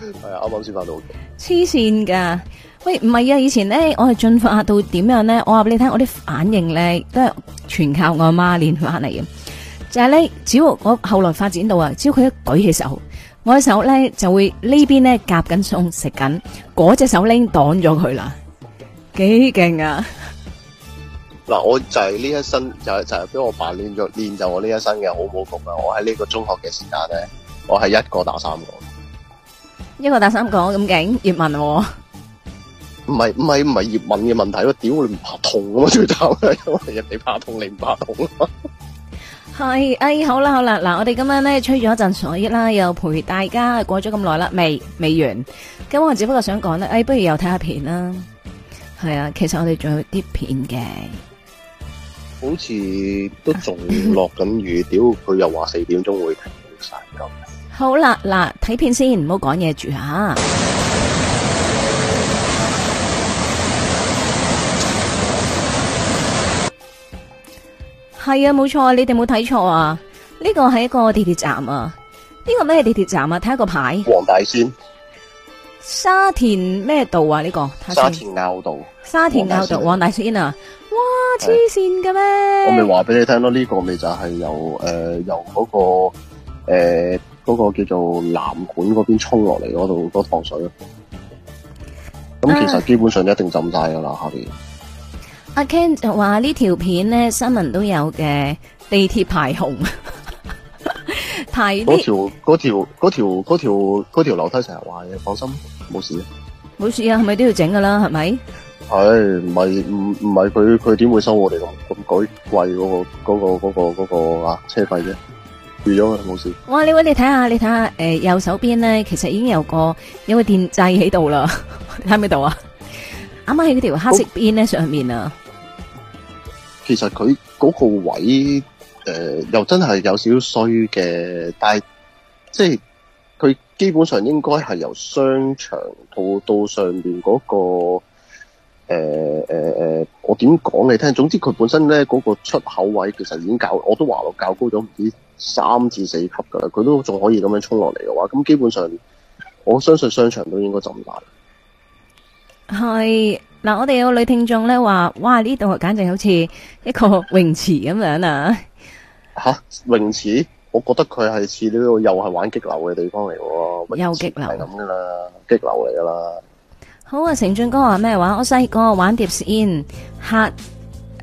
係啊， 啱啱先翻到。黐線噶，喂，唔係啊，以前咧我係進化到點樣咧？我話俾你聽，我啲反應咧都係全靠我阿媽練翻嚟嘅。就係、是、咧，只要我後來發展到啊，只要佢一舉起手。我嘅手咧就會呢邊咧夾緊餸，食緊，嗰隻手拎擋咗佢啦，幾勁啊！嗱，我就係呢一身就係就係俾我練咗練就我呢一身嘅好武功啊！我喺呢個中學嘅時間咧，我係一個打三個，一個打三個咁勁，葉問唔係唔係唔係葉問嘅問題咯，屌會唔怕痛噶嘛？最慘，因為人哋怕痛，你唔怕痛。哎哎，好啦好啦，嗱，我哋今晚咧吹咗一陣水啦，又陪大家過咗咁耐啦，未未完。咁我只不過想講咧，哎，不如又睇下片啦。係啊，其實我哋仲有啲片嘅。好似都仲落緊雨，屌佢 又話四點鐘會停晒咁。好啦，嗱，睇片先，唔好講嘢住吓、啊。係啊，冇錯啊，你哋冇睇錯啊！呢個係一個地鐵站啊，呢個咩地鐵站啊？睇下個牌。黃大仙。沙田咩道啊？呢、這個看看沙田坳道。沙田坳道，黃大仙啊！仙仙哇，黐線嘅咩？我咪話俾你聽咯，呢、這個咪就係由誒、呃、由嗰、那個誒、呃那個叫做南管嗰邊沖落嚟嗰度嗰趟水咯。咁、啊、其實基本上一定浸晒噶啦，下邊。阿 Ken 就話呢條片咧，新聞都有嘅，地鐵排紅 排嗰條條條條條樓梯成日壞嘅，放心冇事，冇事啊，係咪都要整噶啦？係咪？係唔係唔唔係佢佢點會收我哋講咁貴貴嗰個嗰、那個、那個、那個、那個那個那個、啊車費啫？預咗冇事。哇！你嚟你睇下你睇下誒右手邊咧，其實已經有個有個電掣喺度啦，喺邊度啊？啱啱喺嗰條黑色邊咧我上面啊！其實佢嗰個位，誒、呃，又真係有少少衰嘅，但係即係佢基本上應該係由商場跑到上邊嗰、那個，誒誒誒，我點講你聽？總之佢本身咧嗰、那個出口位，其實已經較我都話我較高咗唔知三至四級噶啦，佢都仲可以咁樣衝落嚟嘅話，咁基本上我相信商場都應該就唔難。係。嗱，我哋有個女聽眾咧話：哇，呢度啊，簡直好似一個泳池咁樣啊！吓，泳池？我覺得佢係似呢個又係玩激流嘅地方嚟喎，激來的又激流係咁噶啦，激流嚟噶啦。好啊，成俊哥話咩話？我細個玩碟仙吓，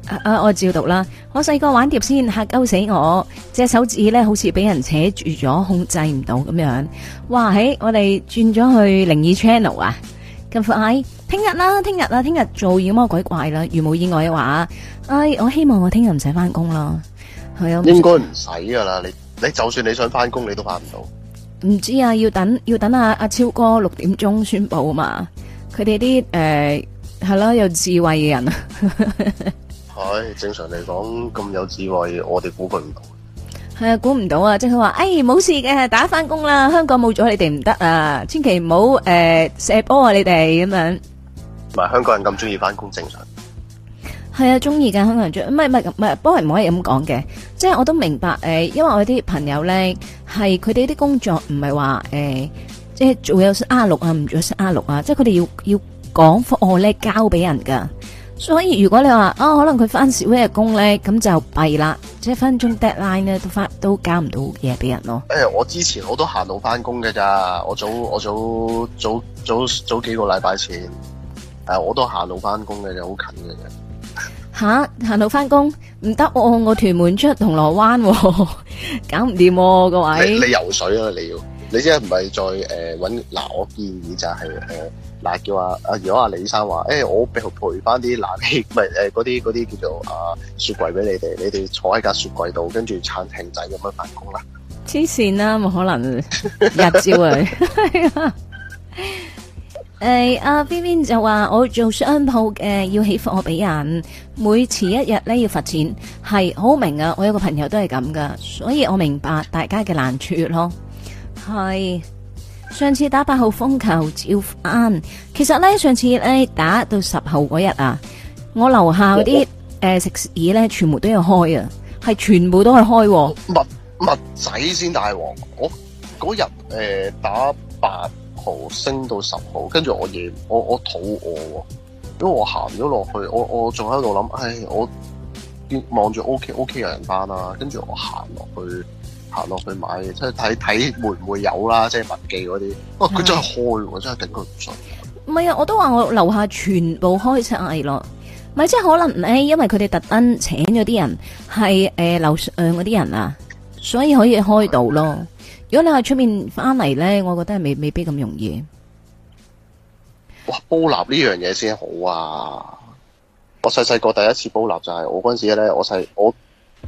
啊我照讀啦。我細個玩碟仙吓，鳩死我，隻手指咧好似俾人扯住咗，控制唔到咁樣。哇，係我哋轉咗去靈異 channel 啊！咁快聽日啦，聽日啦，聽日，日做妖魔鬼怪啦，如冇意外嘅話，唉，我希望我聽日唔使翻工啦。係啊，應該唔使噶啦，你你就算你想翻工，你都翻唔到。唔知啊，要等要等阿、啊、阿、啊、超哥六點鐘宣布啊嘛，佢哋啲誒係咯，有智慧嘅人啊。係、 哎、正常嚟講咁有智慧，我哋估佢唔到。係啊，估唔到啊！即係佢話，哎冇事嘅，打翻工啦！香港冇咗你哋唔得啊！千祈唔好誒，射波啊你哋咁樣。唔係香港人咁中意翻工正常。係啊，中意噶香港人中意，唔係唔係唔係，波係唔可以咁講嘅。即係我都明白誒，因為我啲朋友咧係佢哋啲工作唔係話誒，即係做有六啊，唔做有六啊，即係佢哋要要講貨咧交俾人噶。所以如果你話、哦、可能佢翻小威嘅工咧，咁就弊啦，即係分鐘 deadline 咧都翻都交唔到嘢俾人咯。誒、欸，我之前我都行路翻工嘅咋？我早我早早早早幾個禮拜前誒、啊，我都路、啊、路行路翻工嘅，就好近嘅。吓，行路翻工唔得哦！我屯門出銅鑼灣，搞唔掂各位你。你游水啊？你要？你即係唔係再誒搵？嗱、呃呃，我建議就係、是、誒。呃嗱，叫阿、啊、阿如果阿李生話，誒、欸，我俾賠翻啲冷氣，唔係誒嗰啲啲叫做啊雪櫃俾你哋，你哋坐喺架雪櫃度，跟住撐艇仔咁樣辦公啦。黐線啦，冇可能日照、 哎、啊說。誒，阿 i 邊就話我做商鋪嘅，要起伏我俾人，每遲一日咧要罰錢，係好明啊。我有個朋友都係咁噶，所以我明白大家嘅難處咯，係。上次打八號風球照啱。其實咧上次咧打到十號嗰日啊，我樓下嗰啲誒食肆咧全部都有開啊，係全部都係開的。物物仔先大王，我嗰日誒打八號升到十號，跟住我夜我我肚餓，因為我行咗落去，我我仲喺度諗，唉我望住 O K O K 有人翻，啦，跟住我行落去。爬落去買，即係睇睇會唔會有啦，即係文記嗰啲。哇、啊，佢真係開喎，我的真係頂佢唔順。唔係啊，我都話我樓下全部開晒咯。咪即係可能咧，因為佢哋特登請咗啲人係誒樓上嗰啲人啊，所以可以開到咯。的如果你喺出面翻嚟咧，我覺得係未未必咁容易。哇，煲蠟呢樣嘢先好啊！我細細個第一次煲蠟就係我嗰陣時咧，我細我，我。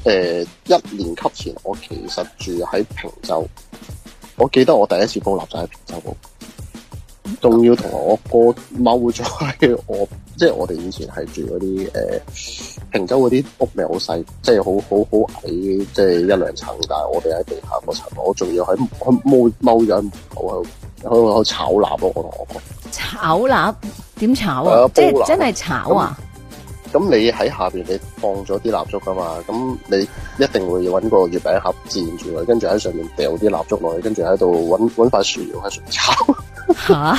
誒、呃，一年級前我其實住喺坪洲，我記得我第一次煲蠟就喺坪洲度，仲要同我哥踎咗喺我，即係我哋以前係住嗰啲誒，坪洲嗰啲屋咪好細，即係好好好矮，即係一兩層。但係我哋喺地下嗰層，我仲要喺我踎踎咗喺門口，喺度炒蠟咯。啊，我同我哥炒蠟點炒啊？即係真係炒啊！咁你喺下邊你放咗啲蠟燭噶嘛？咁你一定會揾個月餅盒墊住佢，跟住喺上邊掉啲蠟燭落去，跟住喺度揾揾把樹喺上面炒。吓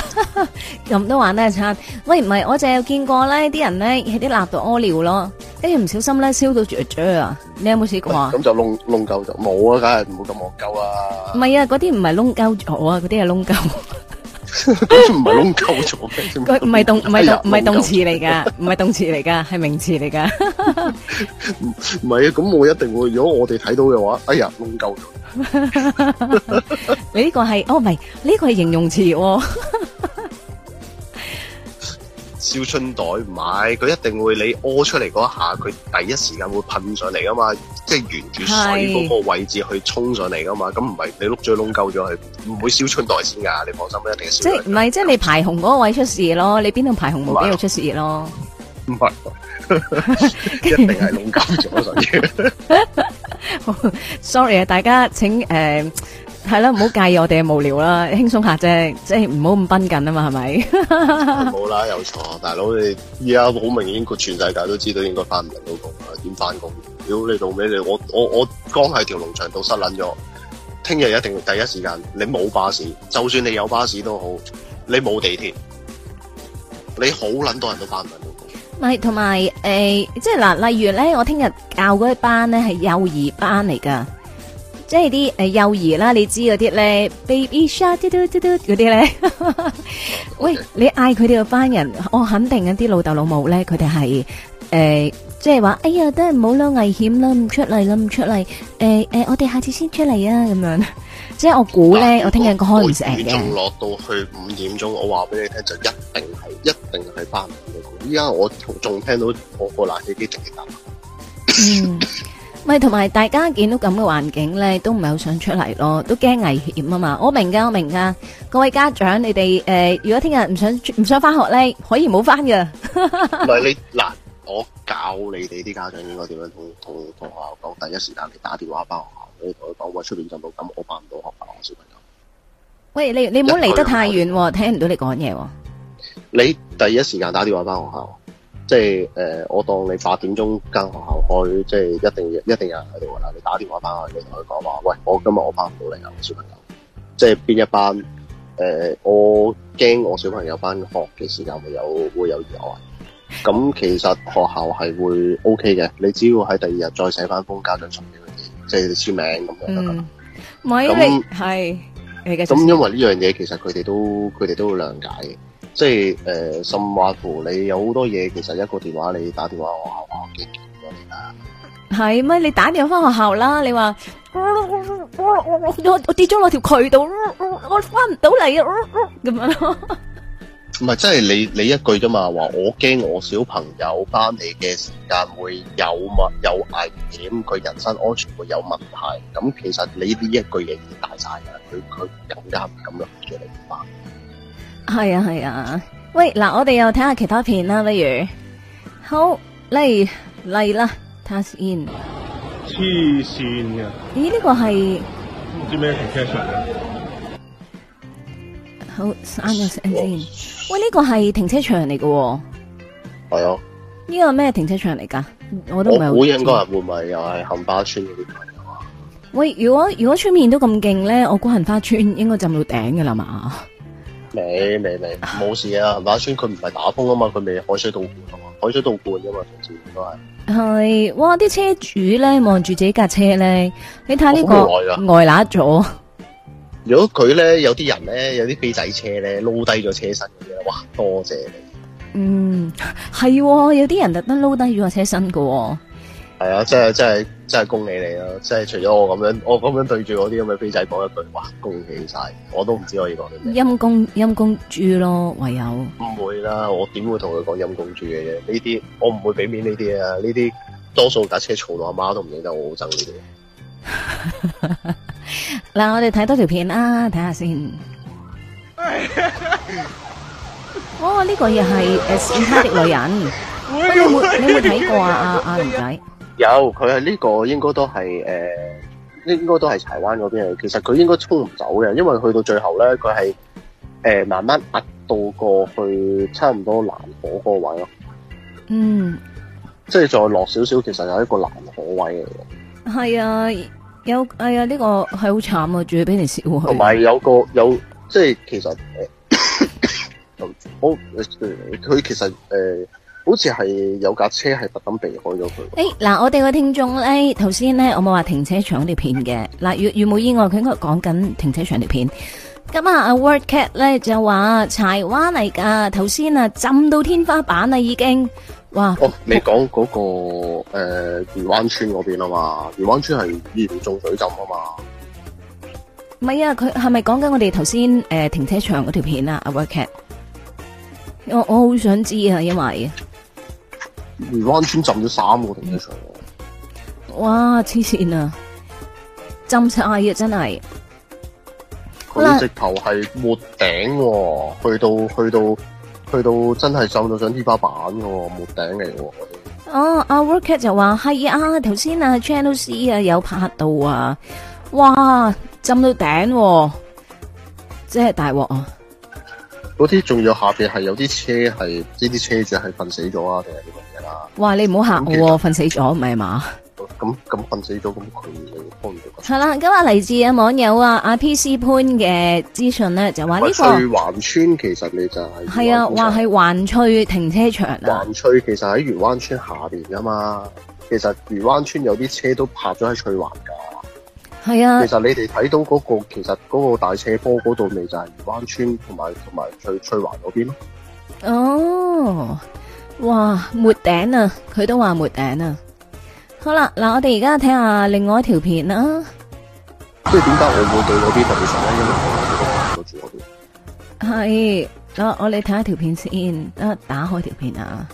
咁都玩得，陳，喂唔係，我就有見過咧，啲人咧喺啲蠟度屙尿咯，跟住唔小心咧燒到雀雀啊！你有冇試過啊？咁就窿窿舊就冇啊，梗係唔好咁惡舊啊。唔係啊，嗰啲唔係窿舊咗啊，嗰啲係窿舊。唔係窿夠咗，佢唔係動唔係唔係動詞嚟噶，唔係、哎、呀動詞嚟噶，係 名詞嚟噶。唔係啊？咁我一定會，如果我哋睇到嘅話，哎呀，窿夠咗。 你呢個係？哦，唔係，呢個係形容詞，哦。 燒春袋唔係，佢一定會你屙出嚟嗰下，佢第一時間會噴上嚟噶嘛，即係沿住水嗰個位置去衝上嚟噶嘛，咁唔係你碌咗窿鳩咗，唔會燒春袋先噶，你放心，一定燒。即係唔係，即係你排洪嗰個位出事咯，你邊度排洪冇邊度出事咯。唔係，一定係窿鳩咗上邊。Sorry 啊，大家請誒。Uh, 係啦，唔好、 啊、介意我哋無聊啦，輕鬆下啫，即係唔好咁繃緊啊嘛，係咪？冇 啦、啊，有錯，大佬你而家好明顯，個全世界都知道應該翻唔到工啦，點翻工？屌你老尾你，我我我剛喺條農場度失捻咗，聽日一定第一時間，你冇巴士，就算你有巴士都好，你冇地鐵，你好捻多人都翻唔到工。唔係，同埋誒，即係嗱，例如咧，我聽日教嗰一班咧係幼兒班嚟噶。即係啲誒幼兒啦，你知嗰啲咧，baby shark 嘟嘟嘟嘟嗰啲咧。喂 Okay.，你嗌佢哋個班人，我肯定一啲老豆老母咧，佢哋係誒，即係話，哎呀，都係唔好咯，危險啦，唔出嚟啦，唔出嚟。誒、呃、誒，我哋下次先出嚟啊，咁樣。即係我估咧、啊，我聽日個開唔成嘅。仲落到去五點鐘，我話俾你聽就一定係，一定係翻唔到。依家我仲聽到我個爛手機嘈。嗯咪同埋大家見到咁嘅環境咧，都唔係好想出嚟咯，都驚危險啊嘛！我明噶，我明噶。各位家長，你哋誒，如果聽日唔想唔想翻學咧，可以唔好翻噶。唔係你嗱，我教你哋啲家長應該點樣同同學校講第一時間你打電話翻學校，你同佢講我出邊震到，咁我翻唔到學校，小朋友。喂，你你唔好離得太遠，聽唔到你講嘢。你第一時間打電話翻學校。即係誒、呃，我當你八點鐘間學校開，即係一定一定有人喺度啦。你打電話翻去，你同佢講話，喂，我今日我翻唔到嚟啊，我小朋友，即係邊一班誒、呃，我驚我小朋友翻學嘅時間會有會有意外。咁其實學校係會 O K 嘅，你只要喺第二日再寫翻封家長信俾佢哋，即係你簽名咁樣得㗎啦。咁係咁。因為呢樣嘢，其實佢哋都佢哋都會諒解嘅。即係誒，甚或乎你有好多嘢，其實一個電話你打電話學校，我驚咗你啦。係咪？你打電話翻學校啦？你話我我我我跌咗落條渠度，我翻唔到嚟啊！咁樣咯。唔係，即係你你一句啫嘛，話我驚我小朋友翻嚟嘅時間會有呀有危險，佢人身安全會有問題。咁其實你呢一句嘢已經大晒噶，佢佢更加唔敢諗住嚟翻。係啊，係啊，喂嗱，我哋又睇下其他片啦，不如好嚟，嚟啦，task in 黐線嘅，咦呢個係唔知咩停車場好，三個先。喂呢個係停車場嚟噶？係啊，呢個咩停車場嚟噶？我都唔係好識。我估應該係會唔會又係杏花村嗰啲朋友啊？喂，如果如果出面都咁勁咧，我估杏花村應該浸到頂噶啦嘛。未未未，冇事啊，係嘛？雖然佢唔係打風啊嘛，佢未海水倒灌啊嘛，海水倒灌啊嘛，同時都係係，哇！啲車主咧望住自己架車咧，你睇呢、這個外甩咗。了如果佢咧有啲人咧有啲飛仔車咧撈低咗車身嘅嘢，哇！多謝你。嗯，係、哦、有啲人特登撈低咗個車身噶、哦。係啊，真係真係真係恭喜你啊。即係除咗我咁樣，我咁樣對住嗰啲咁嘅飛仔講一句，哇！恭喜晒，我都唔知可以講啲咩。陰公陰公豬咯，唯有。唔會啦，我點會同佢講陰公豬嘅嘢？呢啲我唔會俾面呢啲啊！呢啲多數架車嘈到阿媽都唔認得，我好憎呢啲。嗱，我哋睇多條片啦，睇下先。哦，呢個又係《As Mad》的女人，你有冇你有冇睇過啊？阿阿林仔。有，佢係呢個應該都係誒、呃，應該都係柴灣嗰邊係。其實佢應該沖唔走嘅，因為去到最後咧，佢係誒慢慢壓到過去，差唔多南火嗰個位咯。嗯，即係再落少少，其實有一個南火位嘅。係啊，有係啊，呢、這個係好慘啊，仲要俾你蝕。同埋有，有個有，即係其實誒，好、呃、佢、 呃呃呃、其實誒。呃好似係有架車係特登避開咗佢。誒、哎，嗱，我哋嘅聽眾咧，頭先咧，我冇話停車場條片嘅。嗱，如如冇意外，佢應該講緊停車場條片。咁啊，阿 Word Cat 咧就話柴灣嚟噶。頭先啊，浸到天花板啦已經。哇！哦、你講嗰、那個誒，漁、呃、灣村嗰邊啊嘛？漁灣村係嚴重水浸啊嘛？唔係啊，佢係咪講緊我哋頭先誒停車場嗰條片啊，啊？阿 Word Cat，我我好想知啊，因為。回灣村浸咗三個停車場，哇黐線啊！浸晒啊，真係！佢直頭係沒頂，去到去到去到真係浸到上天花板嘅沒頂嚟嘅。的哦，阿 Workcat 就話係啊，頭先、ok、啊,剛才啊 Channel C 啊有拍到啊，哇浸到頂，即係大鑊啊！嗰啲仲有下邊係有啲車，係呢啲車主係瞓死咗啊，定係啲乜嘢啦？哇！你唔好吓我，瞓死咗唔係嘛？咁咁瞓死咗，咁佢唔會幫助。係啦， 今日嚟自啊網友啊阿 PC 潘嘅資訊咧，就話呢、這個翠環村其實你就係係啊，話係環翠停車場啊。環翠其實喺漁灣村下邊噶嘛，其實漁灣村有啲車都泊咗喺翠環噶。係啊，其實你哋睇到嗰個，其實嗰個大斜坡嗰度咪就係漁灣村同埋同埋翠翠環嗰邊咯。哦，哇，沒頂啊！佢都話沒頂啊！好啦，嗱，我哋而家睇下另外一條片啦。即係點解我會對嗰邊特別十蚊一碌？係，我我嚟睇下條片先，啊，打開條片啊！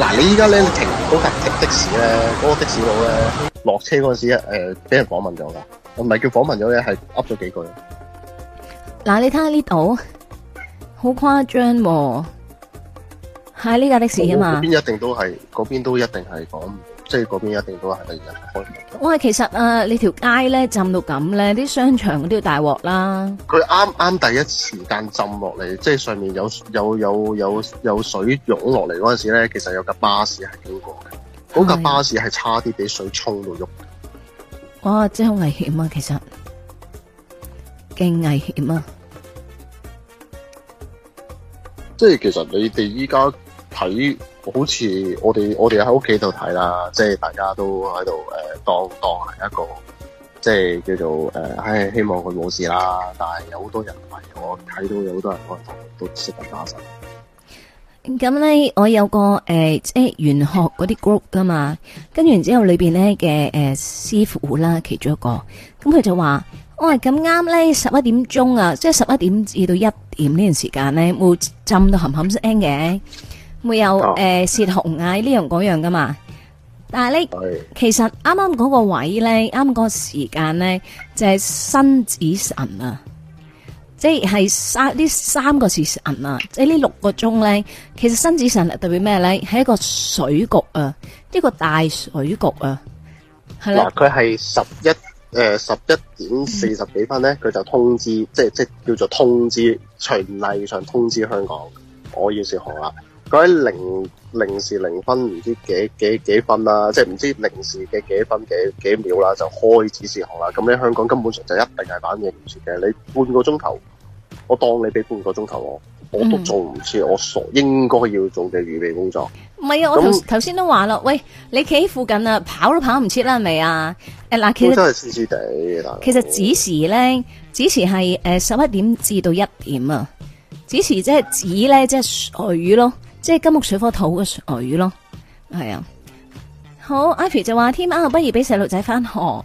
嗱，你依家咧，停嗰架的士咧，嗰、嗰個的士佬咧落車嗰時啊，誒、呃，俾人訪問咗噶，唔係叫訪問咗咧，係噏咗幾句。嗱，你睇下呢度，好誇張喎，係呢架的士啊嘛。邊一定都係，嗰邊都一定係講。即係嗰邊一定都係開。喂，其實啊，你條街咧浸到咁咧，啲商場都要大鑊啦。佢啱啱第一時間浸落嚟，即係上面有有有有有水湧落嚟嗰陣時咧，其實有架巴士係經過嘅，嗰、那、架、個、巴士係差啲俾水沖到喐、啊。哇！真係好危險啊，其實，勁危險啊！即係其實你哋依家。睇好似我哋我哋喺屋企度睇啦，即係大家都喺度誒，當當係一個即係叫做誒，係、呃、希望佢冇事啦。但係有好多人係，我睇到有好多人我都，都識得打針。咁咧，我有個誒，即係玄學嗰啲 group 噶嘛，跟住然之後裏邊咧嘅誒師傅啦，其中一個咁佢就話我係咁啱咧，十一點鐘啊，即係十一點至到一點呢段時間咧，冇浸到冚冚聲嘅。會有誒洩洪啊呢樣嗰樣噶嘛，但係呢，其實啱啱嗰個位咧，啱嗰個時間咧，就係申子辰啊，即係三三個時辰啊，即係呢六個鐘咧，其實申子辰係代表咩咧？係一個水局啊，一個大水局啊，係啦。嗱、呃，佢係十一誒十一點四十幾分咧，佢、嗯、就通知，即係即係叫做通知，循例上通知香港我要洩洪啦。佢喺零零時零分唔知幾幾幾分啦，即係唔知零時嘅幾分幾幾秒啦，就開始試航啦。咁你香港根本上就一定係反應唔切嘅。你半個鐘頭，我當你俾半個鐘頭我，我都做唔切，嗯、我所應該要做嘅預備工作。唔係啊，我頭頭先都話啦，喂，你企喺附近啊，跑都跑唔切啦，係咪啊？誒，嗱，其實真係黐黐地。其實指時咧，指時係誒十一點至到一點啊。指時即係指咧，即、就、係、是、水魚咯。即係金木水火土嘅外語咯，係啊。好，Ivy 就話天啱，不如俾細路仔翻學，誒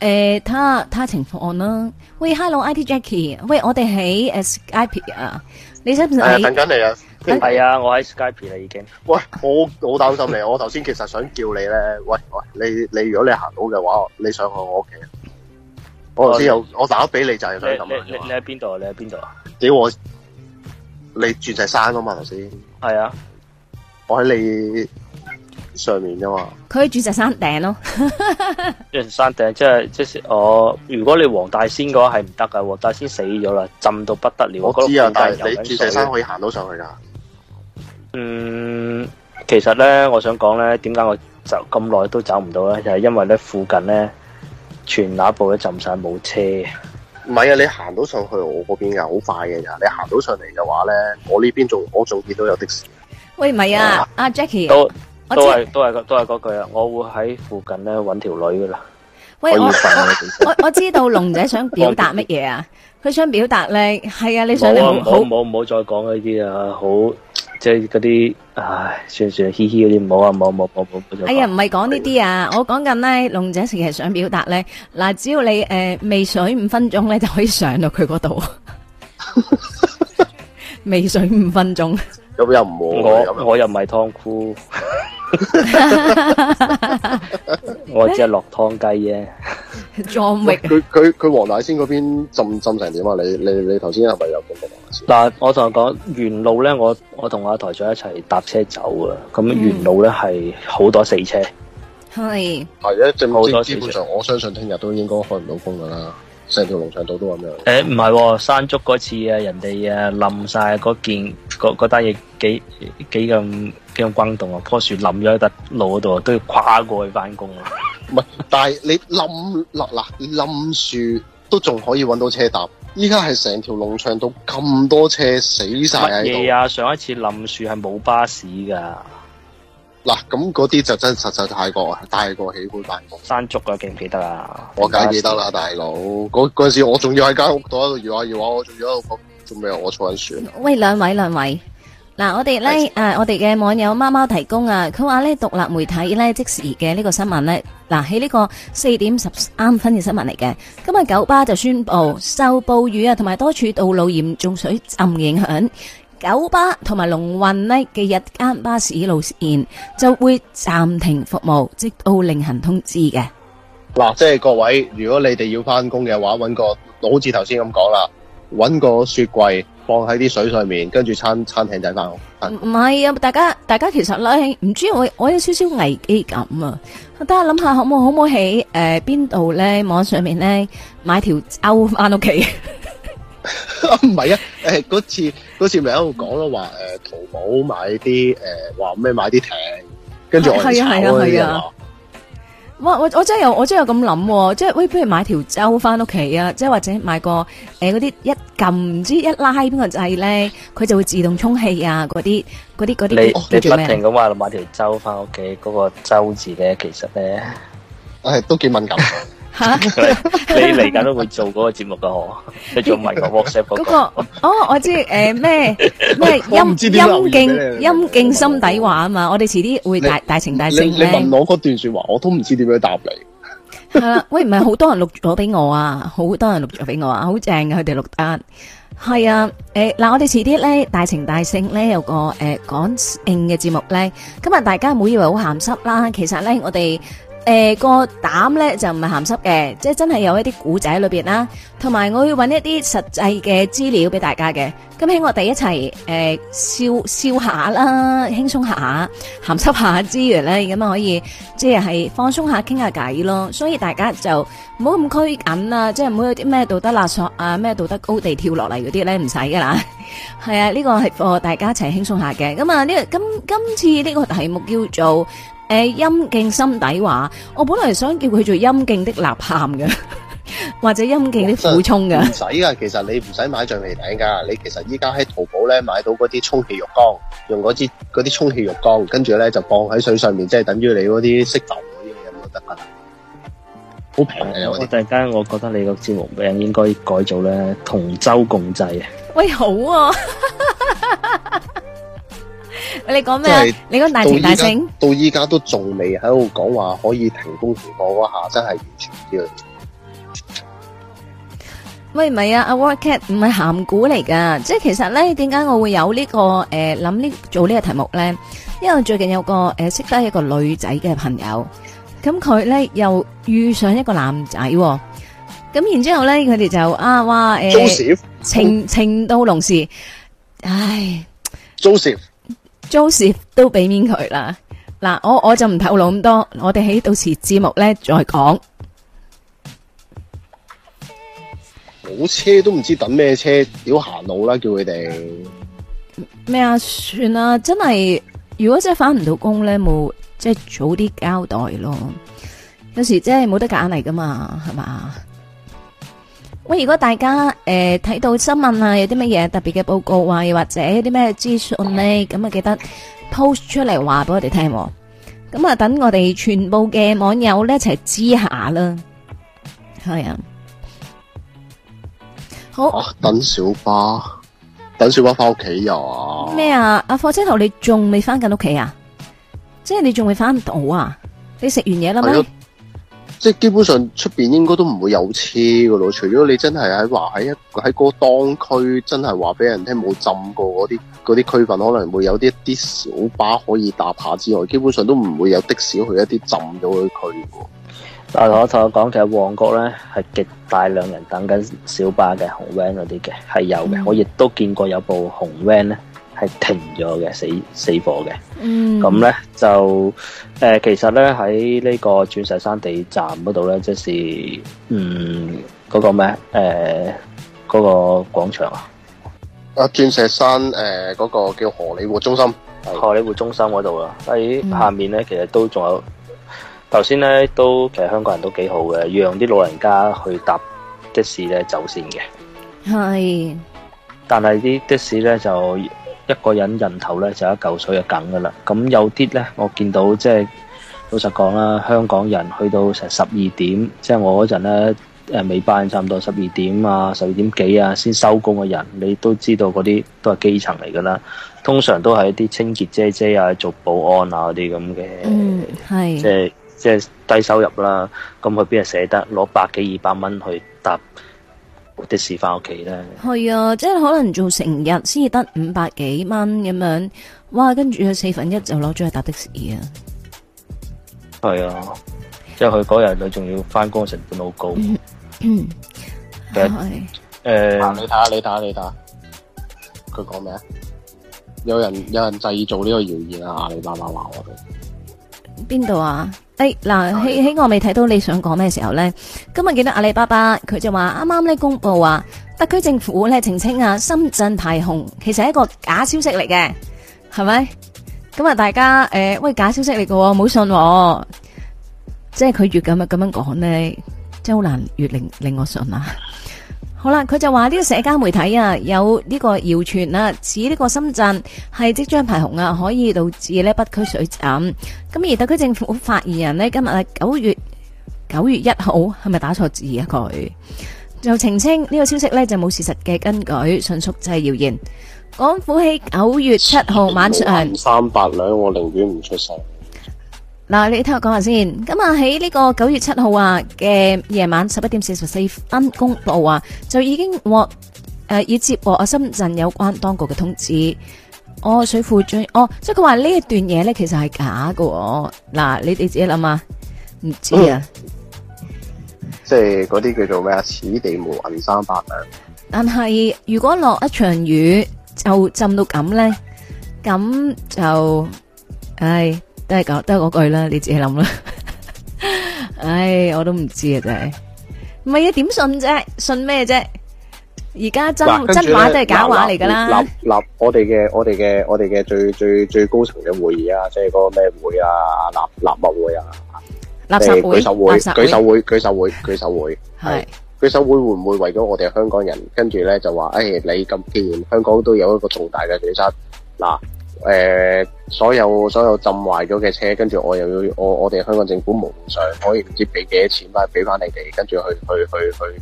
睇下睇下情況啦。喂，Hello，I T Jackie，喂，我哋喺 Skype 啊，你使唔使？係、哎、等緊你啊，係、哎、啊，我喺 Skype 啦已經。喂，我好擔心你， 我頭先其實想叫你咧，喂喂，你你如果你行到嘅話，你上去我屋企。我頭先有我打俾你就係想咁。你喺邊度？你喺邊度啊？屌我！你住鑽石山吖嘛？頭先係啊，我喺你上面啫嘛。佢住鑽石山頂咯，隻 山頂即係即係我。如果你黃大仙嘅話係唔得噶，黃大仙死咗啦，浸到不得了。我知啊，呢但係你住鑽石山可以行到上去噶。嗯，其實咧，我想講咧，點解我走咁耐都走唔到咧？就係、是、因為咧，附近咧全那部都浸晒冇車。唔係啊，你行到上去我嗰邊噶，好快嘅咋。你行到上嚟嘅話咧，我呢邊仲我仲見到有的士的。喂，唔係啊，阿 Jackie 我都係都係都係嗰句啊，我會喺附近咧搵條女噶啦。喂，可以瞓。我我知道龍仔想表達乜嘢啊？佢想表達咧，係啊，你想你唔好，唔好、啊，唔好再講呢啲啊，好，即係嗰啲，唉，算算，嘻嘻嗰啲，唔好啊，唔好、啊，唔好、啊，啊啊啊啊、哎呀，唔係講呢啲啊，的我講緊咧，龍姐成日想表達咧，嗱，只要你誒未、呃、水五分鐘咧，就可以上到佢嗰度，未 水五分鐘。我,我又冇，我我又唔係湯姑，我只係落湯雞啫。做佢佢佢黃大仙嗰邊浸浸成點啊？你你你頭先係咪有個黃大仙？嗱，我同你講，原路咧，我我同阿台長一齊搭車走啊。咁原路咧係好多死車，係係咧正正好多死車，基本上，我相信聽日都應該開唔到工噶啦。成條農場道都咁樣。誒、欸，唔係、哦，山竹嗰次啊，人哋啊冧晒嗰件，嗰嗰單嘢幾幾咁幾咁轟動啊！樖樹冧咗喺笪路嗰度，都要跨過去翻工啊！唔係， 但係你冧立嗱，冧樹都仲可以揾到車搭。依家係成條農場道咁多車死晒嘢啊？上一次冧樹係冇巴士噶。嗱，咁嗰啲就真實實在太過，太過喜歡大鑊山竹，記唔記得啊？我梗記得啦，大佬。嗰嗰陣時我仲要喺間屋度喺度搖下搖話，我仲要喺度做咩？我坐緊船。喂，兩位兩位，嗱，我哋咧誒，我哋嘅網友貓貓提供啊，佢話呢，獨立媒體呢，即時嘅呢個新聞呢，嗱，喺呢個四點十三分嘅新聞嚟嘅。今日九巴就宣布的受暴雨啊，同埋多處道路嚴重水浸影響。九巴同埋龍運呢嘅一班巴士路線就會暫停服務，直到另行通知嘅。嗱，啊，即係各位，如果你哋要翻工嘅話，揾個，好似頭先咁講啦，揾個雪櫃放喺啲水上面，跟住餐餐廳仔翻屋。唔係啊，大家大家其實咧，唔知我我有少少危機感啊，我等下諗下可唔可以喺誒邊度咧，網上面咧買條歐翻屋企。 唔係 啊，誒、欸、嗰次嗰次咪喺度講咯，話誒淘寶買啲誒話咩買啲艇，跟住吧我係啊係啊係啊，哇我我真係有我真係有咁諗，即係喂不如買條舟翻屋企啊，即係或者買個誒嗰啲一撳唔知一拉邊個掣咧，佢就會自動充氣啊嗰啲嗰啲嗰啲，你你不停咁話買條舟翻屋企，嗰、嗰個舟字咧其實咧，我係、欸、都幾敏感。 吓，你嚟緊都會做嗰個節目噶，我你做埋個 WhatsApp 嗰個哦，我知誒咩咩陰陰勁陰勁心底話啊嘛，我哋遲啲會大大情大性咧。你問我嗰段說話，我都唔知點樣答你。係啦，喂，唔係好多人錄咗俾我啊，好多人錄咗俾我啊，好正嘅，佢哋錄得係啊。誒，嗱，我哋遲啲咧大情大性咧有個誒講性嘅節目咧，今日大家唔好以為好咸濕啦，其實咧我哋。誒、呃，個膽咧就唔係咸濕嘅，即係真係有一啲古仔喺裏邊啦，同埋我要搵一啲實際嘅資料俾大家嘅。咁喺我哋一齊誒、呃、笑笑下啦，輕鬆下下，咸濕下之餘咧，咁可以即係放鬆下，傾下偈咯。所以大家就唔好咁拘謹啦，即係唔好有啲咩道德勒索啊，咩道德高地跳落嚟嗰啲咧，唔使噶啦。係 啊，呢、這個係俾大家一齊輕鬆下嘅。咁啊呢、這個今今次呢個題目叫做。誒，陰莖心底話，我本來想叫佢做陰莖的吶喊嘅，或者陰莖的苦衷嘅。唔使噶，其實你唔使買橡皮艇噶，你其實依家喺淘寶咧買到嗰啲充氣浴缸，用嗰支嗰啲充氣浴缸，跟住咧就放喺水上面，即係等於你嗰啲息豆嗰啲嘢咁得噶。好平啊！我突然間我覺得你個節目名應該改做咧同舟共濟啊。喂，好啊。你講咩？你講大情大性？到依家都仲未喺度講話可以停工停課嗰下，真係完全唔知。喂，唔係啊，Work Cat 唔係鹹古嚟㗎。即係其實咧，點解我會有呢個誒諗呢做呢個題目咧？因為我最近有個誒識得一個女仔嘅朋友，咁佢咧又遇上一個男仔，咁然之後咧佢哋就啊哇誒，總之情情到濃時，唉，總之。做事都俾面佢啦，嗱、啊、我我就唔透露咁多，我哋喺到時節目咧再講。冇車都唔知等咩車，屌行路啦，叫佢哋。咩啊？算啦，真係如果真係返唔到工咧，冇即係早啲交代咯。有時真係冇得揀嚟噶嘛，係嘛？喂，如果大家誒睇、呃、到新聞啊，有啲乜嘢特別嘅報告啊，又或者啲咩資訊呢？咁啊記得 post 出嚟，話俾我哋聽、啊，咁啊等我哋全部嘅網友咧一齊知一下啦。係啊，好啊，等小巴，等小巴翻屋企又啊？咩啊？阿貨車頭你仲未翻緊屋企啊？即係你仲未翻到啊？你食完嘢啦咩？即係基本上出邊應該都唔會有車噶咯，除咗你真係喺話喺一喺嗰個當區，真係話俾人聽冇浸過嗰啲啲區份，可能會有啲一啲小巴可以搭下之外，基本上都唔會有的士去一啲浸咗嘅區的。但、啊、我同你講嘅旺角咧，係極大量人等緊小巴嘅紅 van 嗰啲嘅係有嘅，嗯、我亦都見過有部紅 van 咧。係停咗嘅，死死火嘅。嗯呢，咁咧就誒、呃，其實咧喺呢個鑽石山地站嗰度咧，即係嗯嗰個咩誒嗰個廣場啊。啊，鑽石山誒呃嗰個叫荷里活中心，荷里活中心嗰度啊。喺下面咧，其實都仲有頭先咧，都其實香港人都幾好嘅，讓啲老人家去搭的士咧走先嘅。係，但係啲的士咧就。一個人人頭咧就一嚿水就梗噶啦，咁有啲咧，我見到即係老實講啦，香港人去到成十二點，即係我嗰陣咧誒尾班差唔多十二點啊，十二點幾啊先收工嘅人，你都知道嗰啲都係基層嚟噶啦，通常都係啲清潔姐姐啊、做保安啊嗰啲咁嘅，嗯，係，即係即係低收入啦，咁佢邊係捨得攞百幾二百蚊去搭？的士翻屋企咧，係啊，即係可能做成日先至得五百幾蚊咁樣，哇！跟住佢四分一就攞咗去搭的士啊，係啊，即係佢嗰日佢仲要翻工成本好高嗯。嗯，係誒，你睇下，你睇下，你睇下。佢講咩？有人有人製造呢個謠言啊！阿里巴巴話我哋邊度啊？嗱，哎、我未睇到你想講咩時候咧？今日見到阿里巴巴，佢就話啱啱咧公布話，特區政府咧澄清啊，深圳排洪其實係一個假消息嚟嘅，係咪？咁啊，大家誒、欸，喂，假消息嚟嘅，唔好信、啊，即係佢越咁啊咁樣講咧，真係好難越令令我信啊！好啦，佢就話呢個社交媒體啊，有呢個謠傳啊，指呢個深圳係即將排洪啊，可以導致呢北區水浸。咁而特區政府發言人呢，今日喺九月九月一號係咪打錯字啊？佢就澄清呢個消息呢，就冇事實嘅根據，迅速就係謠言。港府喺九月七號晚出，三八兩，我寧願唔出手。嗱，你聽我講下先。咁啊，喺呢個九月七號啊嘅夜晚十一點四十四分公布啊，就已經獲誒，已接獲啊深圳有關當局嘅通知。哦，水庫最哦，即係佢話呢一段嘢咧，其實係假㗎。嗱，你你自己諗啊，唔知啊，即係嗰啲叫做咩啊，此地無銀三百兩。但係如果落一場雨就浸到咁咧，咁就唉。都係講，都係嗰句啦，你自己諗啦。唉，我都唔知啊，真係。唔係啊，點信啫？信咩啫？而家真真話都係假話嚟噶啦。嗱嗱，我哋嘅我哋嘅我哋嘅最最最高層嘅會議啊，即係嗰個咩會啊，立立法會啊，垃圾會，舉手會，舉手會，舉手會，舉手會。係舉手會會唔會為咗我哋香港人，跟住咧就話，唉，你咁既然香港都有一個重大嘅損失，嗱。誒，所有所有浸壞咗嘅車，跟住我又要我我哋香港政府無償可以唔知俾幾多錢翻俾翻你哋，跟住去去去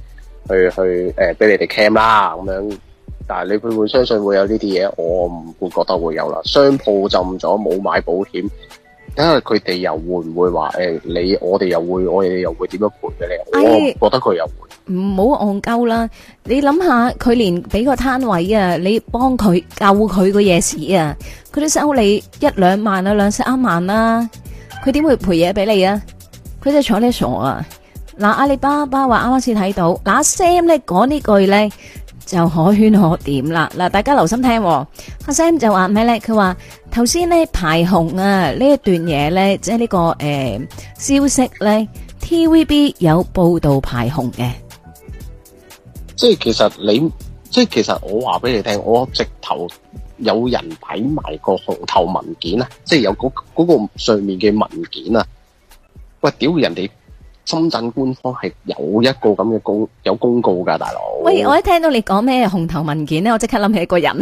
去去去誒，俾、呃、你哋 cam 啦咁樣。但係你會唔會相信會有呢啲嘢？我唔會覺得會有啦。商鋪浸咗冇買保險，因為佢哋又會唔會話誒，你我哋又會我哋又會點樣賠俾你？我唔覺得佢又會。唔好戇鳩啦！你諗下，佢連俾個攤位啊，你幫佢救佢個夜市啊，佢都收你一兩萬啊，兩三萬啦，佢點會賠嘢俾你啊？佢就坐你傻啊！嗱，阿里巴巴話啱啱先睇到嗱，Sam 咧講呢句咧就可圈可點啦。嗱，大家留心聽，阿 Sam 就話咩咧？佢話頭先咧排紅啊，呢一段嘢咧即係呢個呃消息咧，T V B 有報導排紅嘅。即係其實你，即係其實我話俾你聽，我直頭有人睇埋個紅頭文件啊！即係有嗰嗰個上面嘅文件啊！喂，屌人哋深圳官方係有一個咁嘅公有公告噶，大佬。喂，我一聽到你講咩紅頭文件咧，我即刻諗起一個人，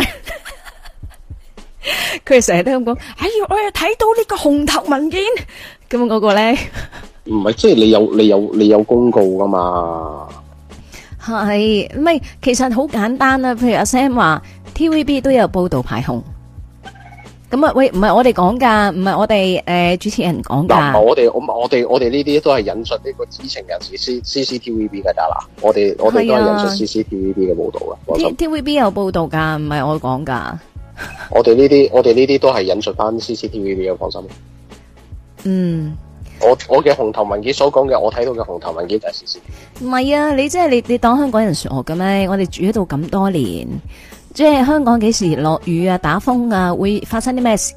佢哋成日都咁講，哎呀，我又睇到呢個紅頭文件，咁嗰個咧？唔係，即係你有你有你有公告噶嘛？係，唔係，其實好簡單啊。譬如阿 Sam 話，TVB 都有報道排控，咁啊，喂，唔係我哋講噶，唔係我哋誒、呃、主持人講噶。嗱，我哋我我哋我哋呢啲都係引述呢個知情人士 C CCTVB 噶啦、啊，我哋我哋都係引述 CCTV B 嘅報道噶。T TV B 有報道噶，唔係我講噶。我哋呢啲我哋呢啲都係引述翻 CCTV B 啊，放心。嗯。我我嘅紅頭文件所講嘅，我睇到嘅紅頭文件就係先？唔係啊！你即係你你當香港人傻嘅咩？我哋住喺度咁多年，即係香港幾時落雨啊、打風啊，會發生啲咩事？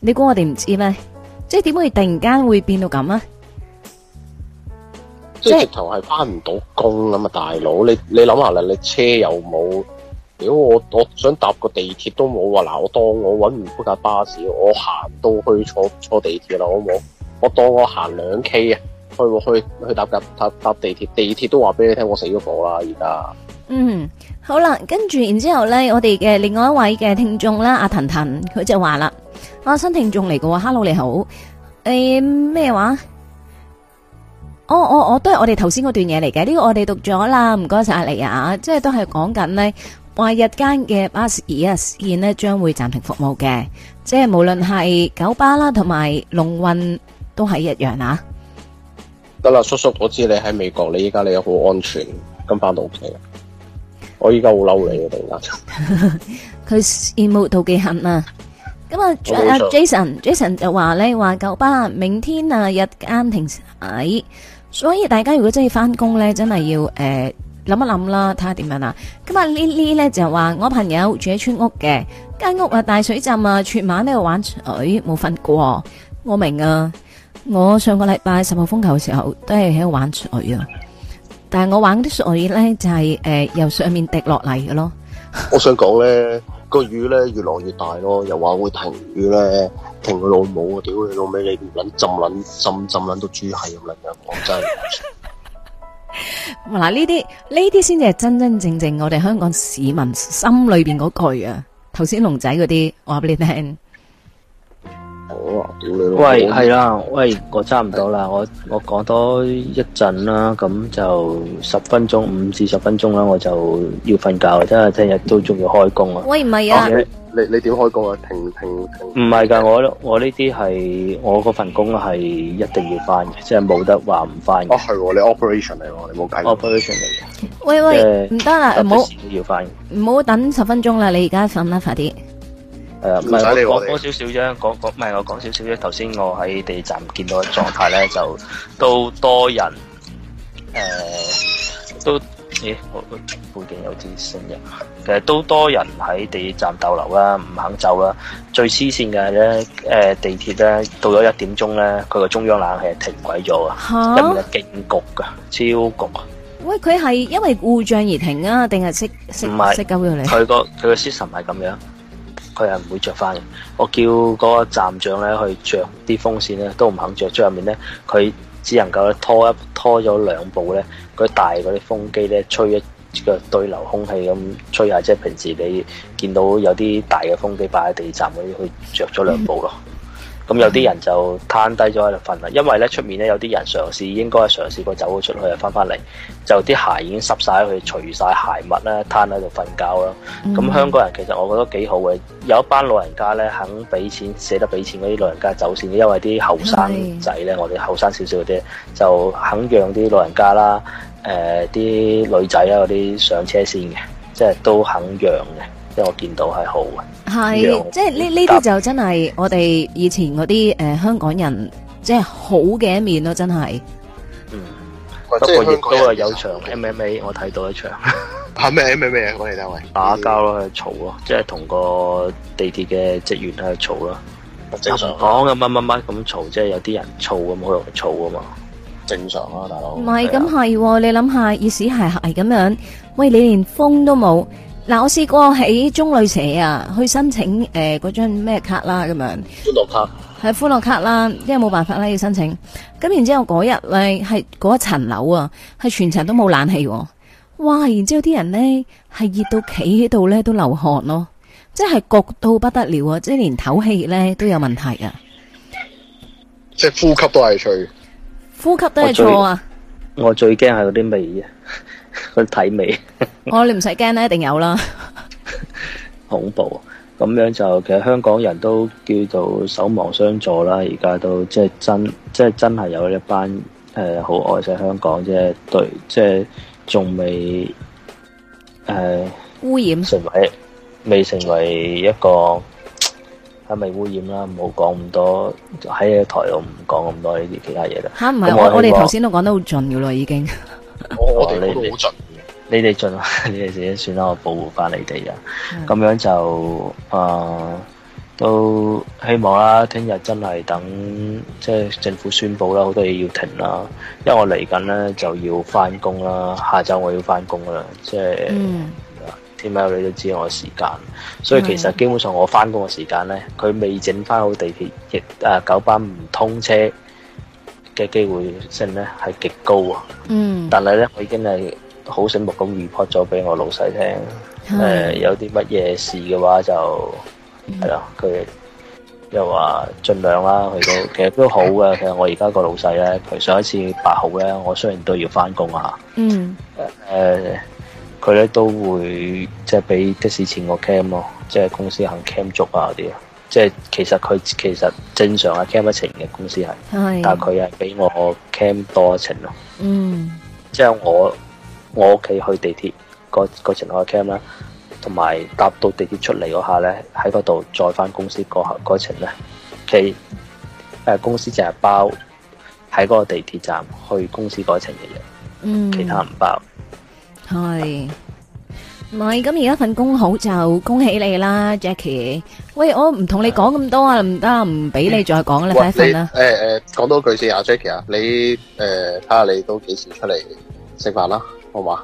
你估我哋唔知咩？即係點會突然間會變到咁啊？即係直頭係翻唔到工咁啊！大佬，你你諗下啦，你車又冇？屌我我想搭個地鐵都冇啊！嗱，我當我搵唔到架巴士，我行到去坐坐地鐵啦，好唔好？我當我行兩 K 啊，去去去，去搭搭搭地鐵，地鐵都話俾你聽，我死咗火啦！而家嗯好啦，跟住然之後咧，我哋嘅另外一位嘅聽眾咧，阿騰騰佢就話啦，我、啊、新聽眾嚟嘅，Hello 你好，誒、uh, 咩話？Oh, oh, oh, 我我我都係我哋頭先嗰段嘢嚟嘅，呢、這個我哋讀咗啦，唔該晒你啊，即、就、係、是、都係講緊呢話日間嘅巴士二日綫咧將會暫停服務嘅，即、就、係、是、無論係九巴啦，同埋龍運。都係一樣啊！得啦，叔叔，我知你喺美國，你依家你又好安全，咁翻到屋企。我依家好嬲你啊！突然間佢羨慕妒忌恨啊！咁啊，阿、啊、Jason，Jason 就話咧話九巴。明天啊日間停駛，唉，所以大家如果真係翻工咧，真係要誒諗、呃、一諗啦，睇下點樣啊。咁啊，Lily 咧就話我朋友住喺村屋嘅間屋啊，大水浸啊，全晚喺度玩水，冇瞓過。我明啊。我上個禮拜十號風球嘅時候，都係喺度玩水啊！但係我玩啲啲水咧，就係、是、誒、呃、由上面滴落嚟嘅咯。我想講咧，個雨咧越落越大咯，又話會停雨咧停佢老母啊！屌你老味，你唔捻浸捻浸浸撚到豬係咁樣，講真。嗱，呢啲呢啲先至係真真正正我哋香港市民心裏邊嗰句啊！頭先龍仔嗰啲，我話俾你聽。喂，係啦，喂，我差唔多啦，我我講多一陣啦，咁就十分鐘五至十分鐘啦，我就要瞓覺，真係聽日都仲要開工啊！喂，唔係啊，你你你點開工啊？停停停，唔係㗎，我我呢啲係我嗰份工係一定要翻嘅，即係冇得話唔翻嘅。哦，係，你 operation 嚟喎，你冇計。operation 嚟嘅，喂喂，唔得啦，唔好，你要翻，唔好等十分鐘啦，你而家瞓啦，快啲。誒，唔係、呃、我講多少少啫，講講唔係我講少少啫。頭先我喺地鐵站見到嘅狀態咧，就都多人，誒、呃，都咦、欸，背景有啲聲音，其實都多人喺地鐵站逗留啦、啊，唔肯走啦、啊。最黐線嘅咧，誒、呃，地鐵咧到咗一點鐘咧，佢個中央冷氣係停鬼咗啊，入面勁焗噶，超焗啊。喂，佢係因為故障而停啊，定是係熄熄熄佢個佢個 system 係咁樣。佢係唔會着翻嘅。我叫嗰個站長咧去着啲風扇咧，都唔肯着。出面咧，佢只能夠咧拖一拖咗兩步咧，嗰大嗰啲風機咧吹一個對流空氣咁吹下。即係平時你見到有啲大嘅風機擺喺地站嗰啲，佢着咗兩步咯。咁有啲人就攤低咗喺度瞓啦，因為咧出面咧有啲人嘗試，應該嘗試過走咗出去啊，翻翻嚟就啲鞋已經濕晒，佢除晒鞋襪啦，攤喺度瞓覺啦。咁、嗯、香港人其實我覺得幾好嘅，有一班老人家咧肯俾錢，捨得俾錢嗰啲老人家走先，因為啲後生仔咧，的我哋後生少少嗰啲就肯讓啲老人家啦，誒、呃、啲女仔啊嗰啲上車先嘅，即係都肯讓嘅。即係我見到係好嘅，係即係呢呢啲就真係我哋以前嗰啲誒香港人，即係好嘅一面咯，真係。嗯，不過亦都係有場 MMA，我睇到一場。吓咩 MMA 啊？我哋兩位打交咯，喺度嘈咯，即係同個地鐵嘅職員喺度嘈咯。正常講咁，乜乜乜咁嘈，即係有啲人嘈咁好容易嘈啊嘛，正常啊，大佬。唔係，咁係你諗下，即使係係咁樣，喂，你連風都冇。嗱，我試過喺中旅社啊，去申請誒嗰張咩卡啦咁樣，歡樂卡，係歡樂卡啦，因為冇辦法啦，要申請。咁然之後嗰日咧係嗰一層樓啊，係全層都冇冷氣啊，哇！然之後啲人咧係熱到企喺度咧都流汗咯，即係焗到不得了啊，即係連透氣咧都有問題啊，即係呼吸都係脆，呼吸都係錯啊我！我最驚係嗰啲味啊！佢睇未，我你唔使驚啦，一定有啦。恐怖，咁樣就其實香港人都叫做守望相助啦。而家都即係真，即係真係有一班誒好愛晒香港，即係對，即係仲未誒污染成為未成為一個係咪污染啦？唔好講咁多喺台度，我唔講咁多呢啲其他嘢啦。吓，唔係我我哋頭先都講得好盡噶啦，已經。我哋都好盡嘅，你哋盡，你哋自己算啦，我保護翻你哋啊。咁是的 樣就，誒、呃，都希望啦。聽日真係等，即、就、係、是、政府宣布啦，好多嘢要停啦。因為我嚟緊咧就要翻工啦，下晝我要翻工啦，即、就、係、是。嗯。天喵你都知我時間，所以其實基本上我翻工嘅時間咧，佢未整翻好地鐵，亦、啊、誒九巴唔通車。嘅機會性咧係極高喎、啊，嗯、但係咧我已經係好醒目咁 report 咗俾我老細聽，誒是、呃、有啲乜嘢事嘅話就係、嗯、啊，佢又話盡量啦，佢都其實都好嘅。其實我而家個老細咧，佢上一次八號咧，我雖然都要翻工嚇，誒佢咧都會即係俾的士錢個 cam 咯，即係公司行 cam 足啊啲。即係其實佢其實正常係 cam 一程嘅公司係，的但係佢係俾我 cam 多一程咯。嗯，即係我我屋企去地鐵個程我 cam 啦，同埋搭到地鐵出嚟嗰下咧，喺嗰度再返公司個程咧，佢誒公司淨係包喺嗰個地鐵站去公司個程嘅嘢，嗯、其他唔包。係的。啊唔係，咁而家份工好就恭喜你啦，Jackie。喂，我唔同你講咁多啊，唔得，唔俾你再講啦，快瞓啦。誒誒，講多句先啊，Jackie 啊，你誒，睇下你都幾時出嚟食飯啦，好嘛？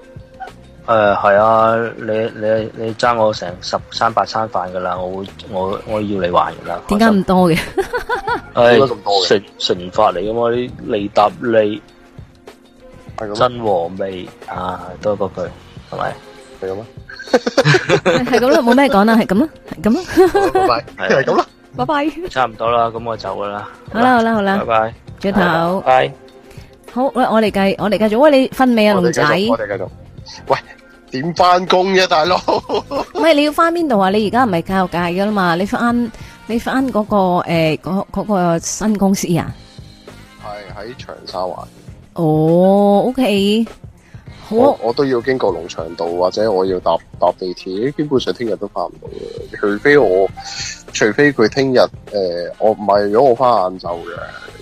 誒，係啊，你你你爭我成十三八餐飯噶啦，我會我我要你還噶啦。點解咁多嘅？誒，食神法嚟噶嘛？啲利達利係咁。真和味啊，多一個句係咪？係咁。係咁啦，冇咩講啦，係咁啦，係咁啦，係咁啦，拜拜，係咁啦，拜拜，差唔多啦，咁我走啦，好啦，好啦，好啦，拜拜，豬頭，係，好，喂，我哋繼，我哋繼續，喂，你瞓未啊，龍仔？我哋繼續，我哋繼續，喂，點翻工啫，大佬？喂，你要翻邊度啊？你而家唔係教育界噶啦嘛？你翻，你翻嗰個誒，嗰嗰個新公司啊？係喺長沙灣。哦，OK。好我我都要經過農場道或者我要搭搭地鐵，基本上聽日都翻唔到嘅，除非我除非佢聽日誒，我唔係如果我翻晏晝嘅，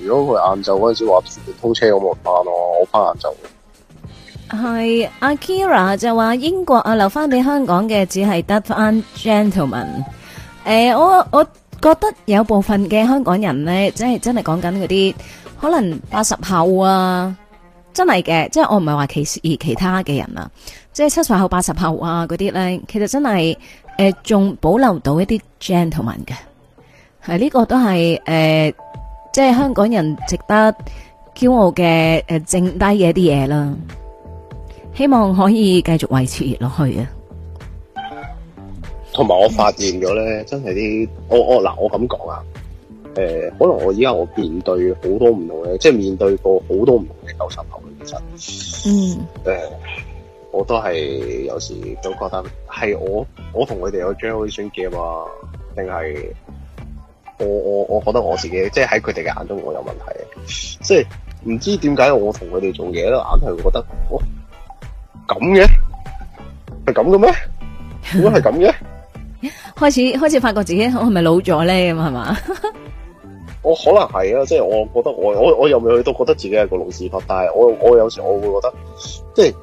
如果佢晏晝嗰陣時話全面通車，我冇翻咯，我翻晏晝。係 Akira 就話英國啊，留翻俾香港嘅只係得翻 gentleman。誒、呃，我我覺得有部分嘅香港人咧，即係真係講緊嗰啲可能八十後啊。真係嘅，即係我唔係話其而其他嘅人啊，即係七十後八十後啊嗰啲咧，其實真係誒仲保留到一啲 gentleman 嘅，係呢個都係誒即係香港人值得驕傲嘅誒剩低嘅一啲嘢啦，希望可以繼續維持落去啊！同埋我發現咗咧，真係啲我我嗱我咁講啊！誒、呃，可能我依家我面對好多唔同嘅，即係面對過好多唔同嘅舊仇舊怨其實，嗯，誒、呃，我都係有時都覺得係我我同佢哋有 generation 嘅嘛，定係我我我覺得我自己，即係喺佢哋嘅眼中我有問題，即係唔知點解我同佢哋做嘢咧，硬係會覺得我咁嘅，係咁嘅咩？如果係咁嘅，開始開始發覺自己我係咪老咗咧？咁係嘛？ 我可能係啊，即係我覺得我我我又未去到，覺得自己係個老屎忽，但係我我有時我會覺得，即係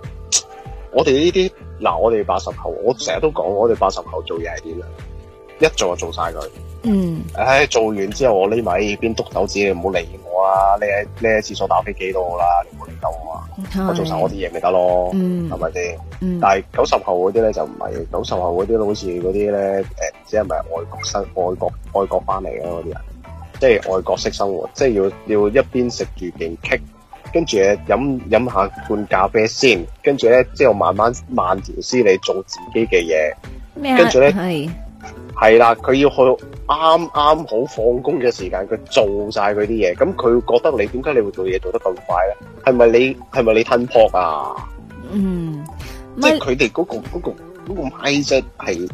我哋呢啲嗱，我哋八十後，我成日都講，我哋八十後做嘢係點樣？一做就做晒佢，嗯，唉，做完之後我匿埋邊督手指，你唔好理我啊！匿喺匿喺廁所打飛機都好啦，你唔好理鳩我啊！嗯、我做晒我啲嘢咪得咯，係咪先？嗯但是，但係九十後嗰啲咧就唔係九十後嗰啲，好似嗰啲咧誒，即係咪外國生、外國外國翻嚟啊嗰啲人？即係外國式生活，即係要要一邊食住便棘，跟住飲飲下一罐咖啡先，跟住咧，之後慢慢慢條斯理做自己嘅嘢。咩啊麼？跟住咧，係係啦，佢是要去啱啱好放工嘅時間，佢做晒佢啲嘢，咁佢覺得，你點解你會做嘢做得咁快咧？係咪你係咪你吞扑啊？嗯，即係佢哋嗰個嗰個嗰個麥仔係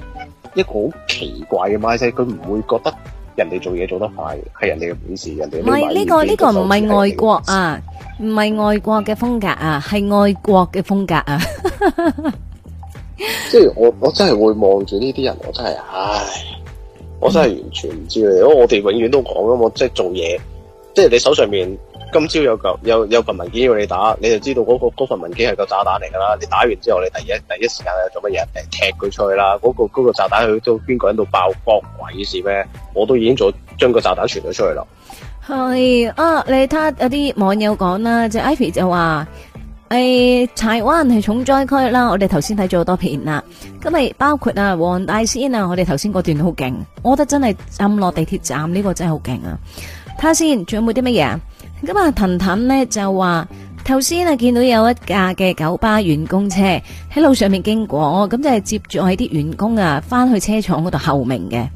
一個好奇怪嘅麥仔，佢唔會覺得。人哋做嘢做得快，係人哋嘅本事。人哋唔係呢個，呢個唔係外國啊，唔係外國嘅風格啊，係外國嘅風格啊。即係我，我真係會望住呢啲人，我真係，唉，我真係完全唔知佢。我我哋永遠都講，我即係做嘢，即係你手上面。今朝有嚿有有份文件要你打，你就知道嗰、那個嗰份文件係個炸彈嚟噶啦。你打完之後，你第一第一時間係做乜嘢？嚟踢佢出去啦。嗰、那個嗰、那個炸彈去到邊個喺度爆光鬼事咩？我都已經做將個炸彈傳咗出去啦。係啊，你睇下有啲網友講啦，就是、ivy 就話誒、哎，台灣係重災區啦。我哋頭先睇咗好多片啦，咁咪包括啊黃大仙啊，我哋頭先嗰段好勁，我覺得真係暗落地鐵站呢個真係好勁啊。睇下先，仲有冇啲乜嘢？咁啊，騰騰咧就話頭先啊，見到有一架嘅九巴員工車喺路上面經過，咁就係接住我哋啲員工啊，翻去車廠嗰度候命嘅。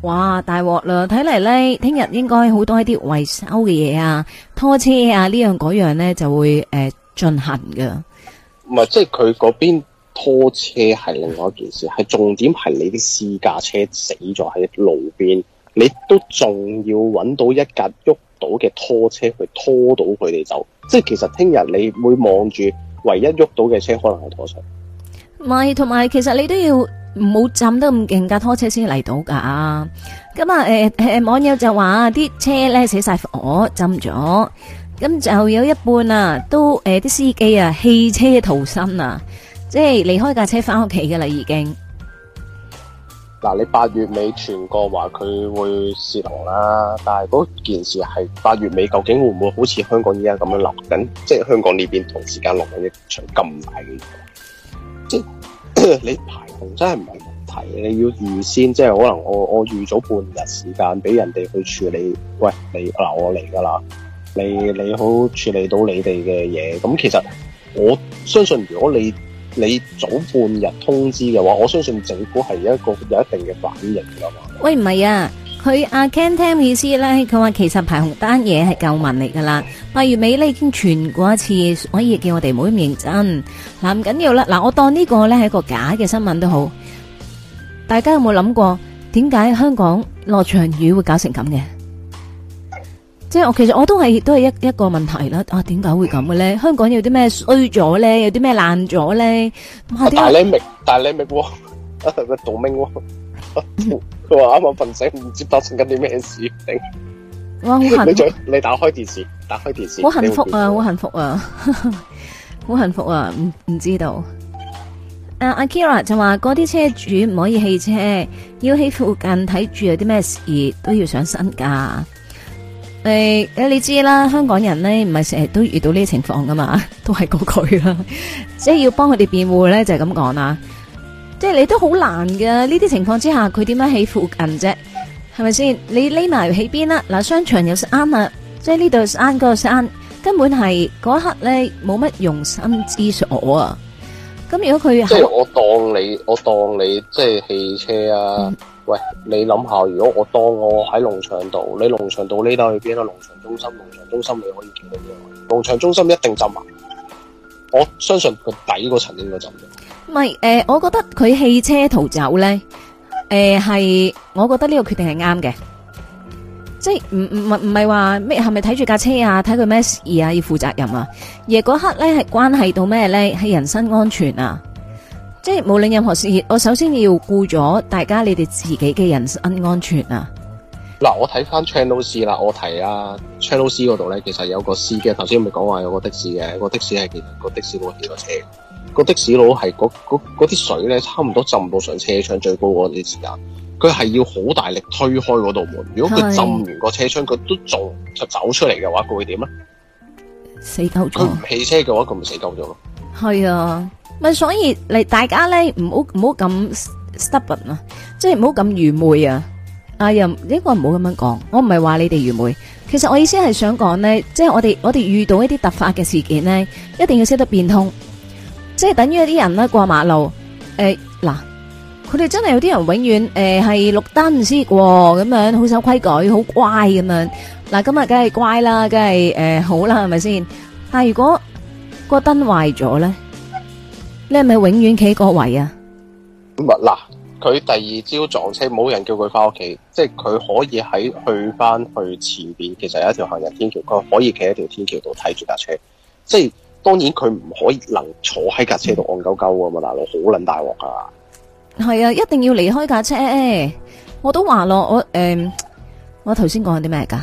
哇，大鑊啦！睇嚟咧，聽日應該好多一啲維修嘅嘢啊，拖車啊樣樣呢樣嗰樣咧就會誒進行嘅。唔係，即係佢嗰邊拖車係另外一件事，係重點係你啲私家車死咗喺路邊，你都仲要揾到一架喐到嘅拖車去拖到佢哋走，即係其實聽日你會望住唯一喐到嘅車，可能係拖車。唔係，同埋其實你都要唔好浸得咁勁架拖車先嚟到噶。咁啊，誒、嗯、誒、嗯嗯，網友就話啊，啲車咧死晒火浸咗，咁、嗯、就有一半啊都誒啲、嗯、司機啊棄車逃生啊，即係離開架車翻屋企噶啦，已經。嗱，你八月尾傳過話佢會試同啦，但係嗰件事係八月尾，究竟會唔會好似香港依家咁樣落緊？即係香港呢邊同時間落緊一場咁大嘅雨。即係你排洪真係唔係問題，你要預先即係可能我我預早半日時間俾人哋去處理。喂，你嗱我嚟噶啦，你你好處理到你哋嘅嘢。咁其實我相信如果你你早半日通知嘅話，我相信政府係一個有一定嘅反應噶嘛。喂，唔係啊，佢阿、啊、Ken Tam 意思咧，佢話其實排紅單嘢係舊聞嚟噶啦，八月尾呢，已經傳過一次，所以叫我哋唔好咁認真。嗱、啊、唔緊要啦，嗱、啊、我當呢個咧係個假嘅新聞都好。大家有冇諗過點解香港落場雨會搞成咁嘅？即係我其實我都係都係一一,一個問題啦。啊，點解會咁嘅咧？香港有啲咩衰咗咧？有啲咩爛咗咧？但、哦、啊啲大叻明大叻明鍋佢話啱啱瞓醒，唔、啊、知、啊啊嗯、發生緊啲咩事。我幸你，你打開電視，打開電視。好幸福啊！好幸福啊！好幸福啊！唔唔知道。阿、啊、阿 Kira 就話嗰啲車主唔可以汽車，要喺附近睇住有啲咩事都要上身㗎。誒，誒、哎，你知啦，香港人咧唔係成日都遇到呢啲情況噶嘛，都係嗰句啦，即係要幫佢哋辯護咧就係咁講啦，即係你都好難噶，呢啲情況之下佢點樣喺附近啫，係咪先？你匿埋喺邊啦？嗱，商場有山啊，即係呢度山嗰度、嗰個、山，根本係嗰一刻咧冇乜用心之所啊。咁如果佢即係我當你，我當你即係汽車啊！喂，你諗下，如果我當我喺農場度，你農場度呢？躲去邊啊？農場中心，農場中心你可以見到咩？農場中心一定浸埋！我相信佢底個層應該浸嘅。唔係誒，我覺得佢汽車逃走咧，誒係，我覺得呢個決定係啱嘅。即係唔唔唔唔係話咩，係咪睇住架車啊？睇佢咩事啊？要負責任啊！而嗰刻咧係關係到咩咧？係人身安全啊！即係無論任何事，我首先要顧咗大家你哋自己嘅人身安全啊！嗱，我睇翻 Channel C 啦，我提啊 Channel C 嗰度咧，其實有個司機，頭先咪講話有個的士嘅，個的士係其實個的士佬跌落車，個的士佬係嗰啲水咧，差唔多浸不到上車窗最高嗰啲時間。佢係要好大力推開嗰道門，如果佢浸完個車窗，佢都做，就走出嚟嘅話，佢會點啊？死狗咗？佢唔棄車嘅話，佢咪死狗咗咯？係啊，咪所以大家咧，唔好唔好咁 stubborn 啊，即係唔好咁愚昧啊！阿任，呢個唔好咁樣講，我唔係話你哋愚昧，其實我意思係想講咧，即係我哋我哋遇到一啲突發嘅事件咧，一定要識得變通，即係等於一啲人咧過馬路，誒嗱。佢哋真係有啲人永遠誒係綠燈先過咁樣，好守規矩，好乖咁樣。嗱、啊，今日梗係乖啦，梗係誒好啦，係咪先？但係如果、個燈壞咗咧，你係咪永遠企喺個位、嗯、啊？咁啊，嗱，佢第二朝撞車，冇人叫佢翻屋企，即係佢可以喺去翻去前邊，其實有一條行人天橋，佢可以企喺條天橋度睇住架車。即係當然佢唔可以能坐喺架車度按鳩鳩啊嘛，嗱，大佬好撚大鑊噶。係啊，一定要離開架車。我都話咯，我誒、嗯，我頭先講啲咩噶？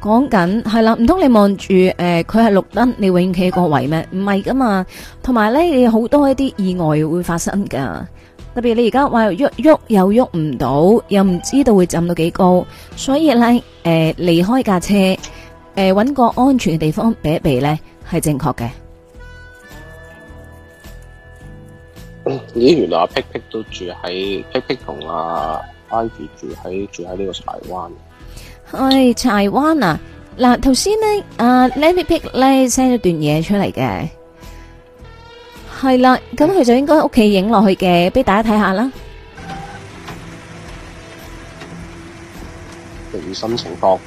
講緊係啦，唔通、啊、你望住誒，佢、呃、係綠燈，你永遠企個位咩？唔係噶嘛。同埋咧，你好多一啲意外會發生噶。特別你而家話喐喐又喐唔到，又唔知道會浸到幾高，所以咧誒，離、呃、開架車誒，揾、呃、個安全嘅地方避一避咧，係正確嘅。咦，原來阿 picpic 都住喺 picpic 同阿 Andy 住喺住喺呢個柴灣。喺柴灣啊，嗱頭先咧，阿 letpic 咧 send 咗段嘢出嚟嘅，係啦，咁佢就應該喺屋企影落去嘅，俾大家睇下啦。最新情況，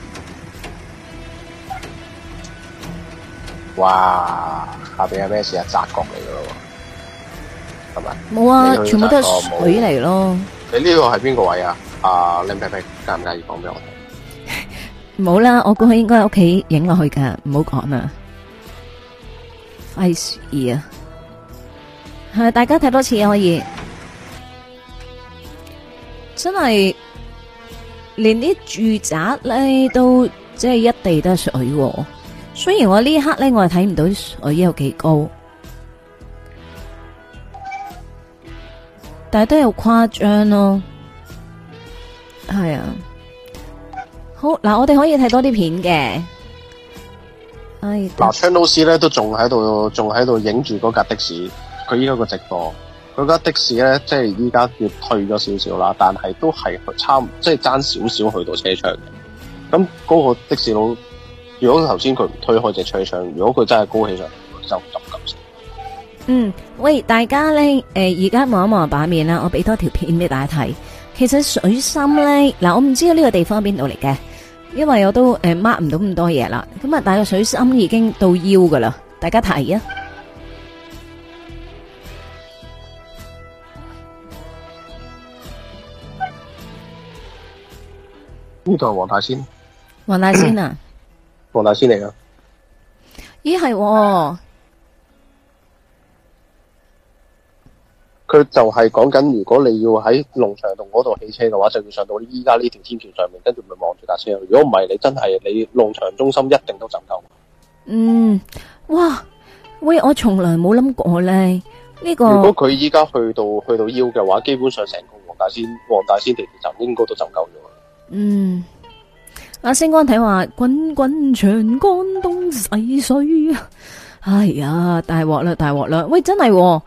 哇，下邊有咩事啊？雜角嚟嘅咯。冇啊，全部都係水嚟咯。你呢度係邊個位啊？Uh, 你別別別 啊，林皮皮介唔介意講俾我聽？冇啦，我估佢應該喺屋企影落去噶，唔好講啦。快雪啊，係咪大家睇多次可以。真係連啲住宅咧都即係、就是、一地都係水、啊。雖然我呢一刻咧，我係睇唔到水有幾高。但係都有誇張咯，係啊，好嗱，我哋可以睇多啲片嘅，可、哎、嗱，窗老師咧都仲喺度，仲喺度影住嗰架的士，佢依家個直播，佢架的士咧，即係依家要退咗少少啦，但係都係差唔多，即係爭少少去到車窗。咁嗰個的士佬，如果頭先佢唔推開隻車窗，如果佢真係高起上，就。嗯，喂，大家咧，誒、呃，而家望一望版面啦，我俾多條片俾大家睇。其實水深咧，嗱，我唔知道呢個地方邊度嚟嘅，因為我都誒 mark 唔到咁多嘢啦。咁啊，但係水深已經到腰噶啦，大家睇啊！呢度係黃大仙，黃大仙啊，黃大仙嚟噶，咦係喎。佢就係講緊，如果你要喺龍翔道嗰度起車嘅話，就要上到依家呢條天橋上面，跟住咪望住架車。如果唔係，你真係你龍翔中心一定都浸夠。嗯，哇，喂，我從來冇諗過咧，呢、這個。如果佢依家去到去到腰嘅話，基本上成個黃大仙黃大仙地鐵站應該都浸夠咗。嗯，阿、啊、星光睇話：滾滾長江東逝水啊！係、哎、啊，大鑊啦，大鑊啦！喂，真係、哦。